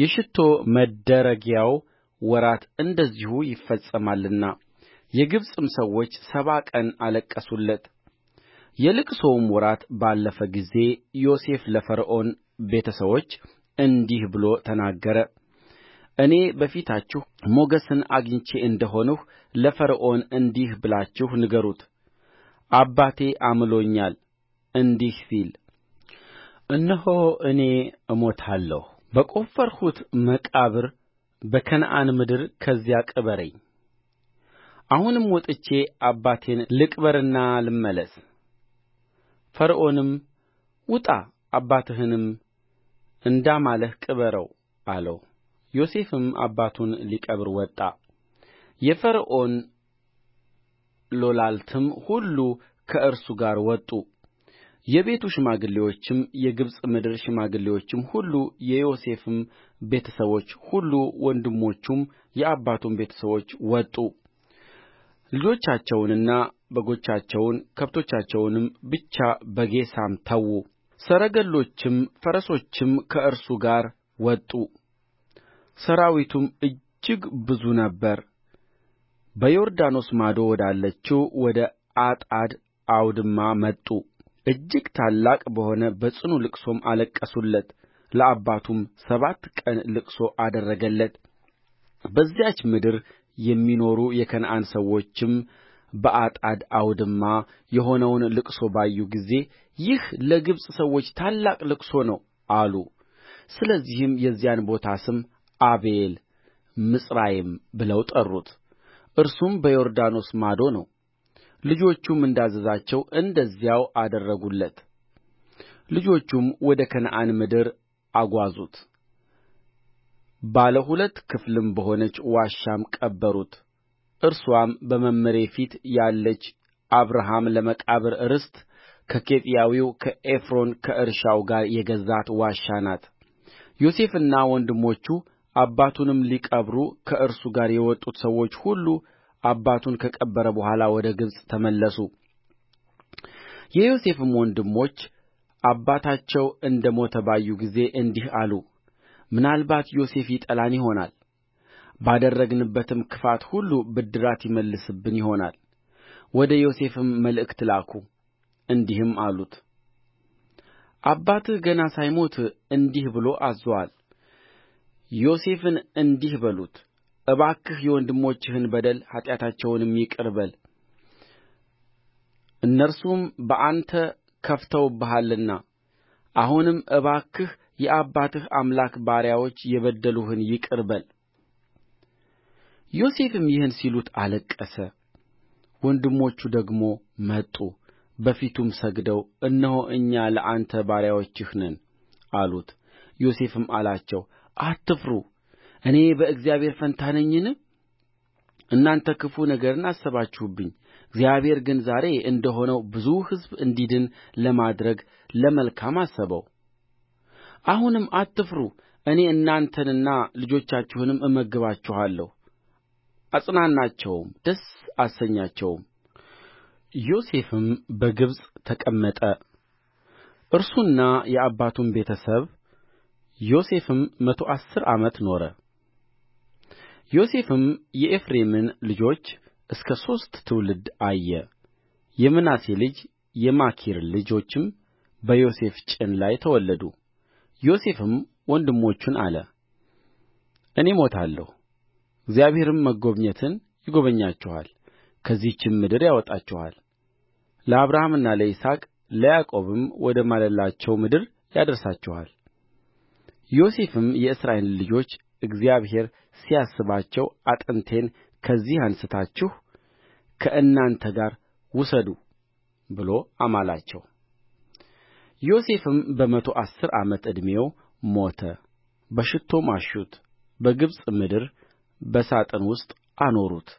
የሽቱ መደረጊያው ወራት እንደዚሁ ይፈጸማልና የግብፅም ሰዎች ሰባ ቀን አለቀሱለት የልቅሶውም ወራት ባለፈ ጊዜ ዮሴፍ ለፈርዖን ቤተ እንዲህ ብሎ ተናገረ እኔ በፊታችሁ ሞገስን አግኝቼ እንደ ሆንሁ ለፈርዖን እንዲህ ብላችሁ ንገሩት አባቴ አምሎኛል እንዲህ ሲል እነሆ እኔ እሞታለሁ በቈፈርሁት መቃብር በከነዓን ምድር ከዚያ ቅበረኝ አሁንም ወጥቼ አባቴን ልቅበርና ልመለስ ፈርዖንም ውጣ አባትህንም እንዳማለህ ቅበረው አለው ዮሴፍም አባቱን ሊቀብር ወጣ የፈርዖን ሎላልትም ሁሉ ከእርሱ ጋር ወጡ የቤቱ ሽማግሌዎችም የግብፅ ምድር ሽማግሌዎችም ሁሉ የዮሴፍም ቤተ ሰቦች ሁሉ ወንድሞቹም የአባቱም ቤተ ሰቦች ወጡ ልጆቻቸውንና በጎቻቸውን ከብቶቻቸውንም ብቻ በጌሤም ተዉ ሰረገሎችም ፈረሶችም ከእርሱ ጋር ወጡ ሠራዊቱም እጅግ ብዙ ነበረ በዮርዳኖስ ማዶ ወዳለችው ወደ አጣድ አውድማ መጡ እጅግ ታላቅ በሆነ በጽኑ ልቅሶም አለቀሱለት ለአባቱም ሰባት ቀን ልቅሶ አደረገለት በዚያች ምድር የሚኖሩ የከነዓን ሰዎችም በአጣድ አውድማ የሆነውን ልቅሶ ባዩ ጊዜ ይህ ለግብፅ ሰዎች ታላቅ ልቅሶ ነው አሉ ስለዚህም የዚያን ቦታ ስም አቤል ምጽራይም ብለው ጠሩት እርሱም በዮርዳኖስ ማዶ ነው ልጆቹም እንዳዘዛቸው እንደዚያው አደረጉለት ልጆቹም ወደ ከነዓን ምድር አጓዙት ባለ ሁለት ክፍልም በሆነች ዋሻም ቀበሩት እርስዋም በመምሬ ፊት ያለች አብርሃም ለመቃብር ርስት ከኬጢያዊው ከኤፍሮን ከእርሻው ጋር የገዛት ዋሻ ናት ዮሴፍና ወንድሞቹ አባቱንም ሊቀብሩ ከእርሱ ጋር የወጡት ሰዎች ሁሉ አባቱን ከቀበረ በኋላ ወደ ግብፅ ተመለሱ የዮሴፍም ወንድሞች አባታቸው እንደ ሞተ ባዩ ጊዜ እንዲህ አሉ ምናልባት ዮሴፍ ይጠላን ይሆናል ባደረግንበትም ክፋት ሁሉ ብድራት ይመልስብን ይሆናል ወደ ዮሴፍም መልእክት ላኩ እንዲህም አሉት አባትህ ገና ሳይሞት እንዲህ ብሎ አዝዞአል ዮሴፍን እንዲህ በሉት እባክህ የወንድሞችህን በደል ኃጢአታቸውንም ይቅር በል እነርሱም በአንተ ከፍተውብሃልና አሁንም እባክህ የአባትህ አምላክ ባሪያዎች የበደሉህን ይቅር በል ዮሴፍም ይህን ሲሉት አለቀሰ ወንድሞቹ ደግሞ መጡ በፊቱም ሰግደው እነሆ እኛ ለአንተ ባሪያዎችህ ነን አሉት ዮሴፍም አላቸው አትፍሩ እኔ በእግዚአብሔር ፋንታ ነኝን እናንተ ክፉ ነገርን አሰባችሁብኝ እግዚአብሔር ግን ዛሬ እንደ ሆነው ብዙ ሕዝብ እንዲድን ለማድረግ ለመልካም አሰበው አሁንም አትፍሩ እኔ እናንተንና ልጆቻችሁንም እመግባችኋለሁ አጽናናቸውም ደስ አሰኛቸውም ዮሴፍም በግብፅ ተቀመጠ እርሱና የአባቱም ቤተ ሰብ ዮሴፍም መቶ አሥር ዓመት ኖረ ዮሴፍም የኤፍሬምን ልጆች እስከ ሦስት ትውልድ አየ የምናሴ ልጅ የማኪር ልጆችም በዮሴፍ ጭን ላይ ተወለዱ ዮሴፍም ወንድሞቹን አለ እኔ እሞታለሁ እግዚአብሔርም መጐብኘትን ይጐበኛችኋል ከዚህችም ምድር ያወጣችኋል ለአብርሃምና ለይስሐቅ ለያዕቆብም ወደ ማለላቸው ምድር ያደርሳችኋል ዮሴፍም የእስራኤልን ልጆች እግዚአብሔር ሲያስባቸው አጥንቴን ከዚህ አንሥታችሁ ከእናንተ ጋር ውሰዱ ብሎ አማላቸው ዮሴፍም በመቶ አሥር ዓመት ዕድሜው ሞተ በሽቱም አሹት በግብፅ ምድር በሣጥን ውስጥ አኖሩት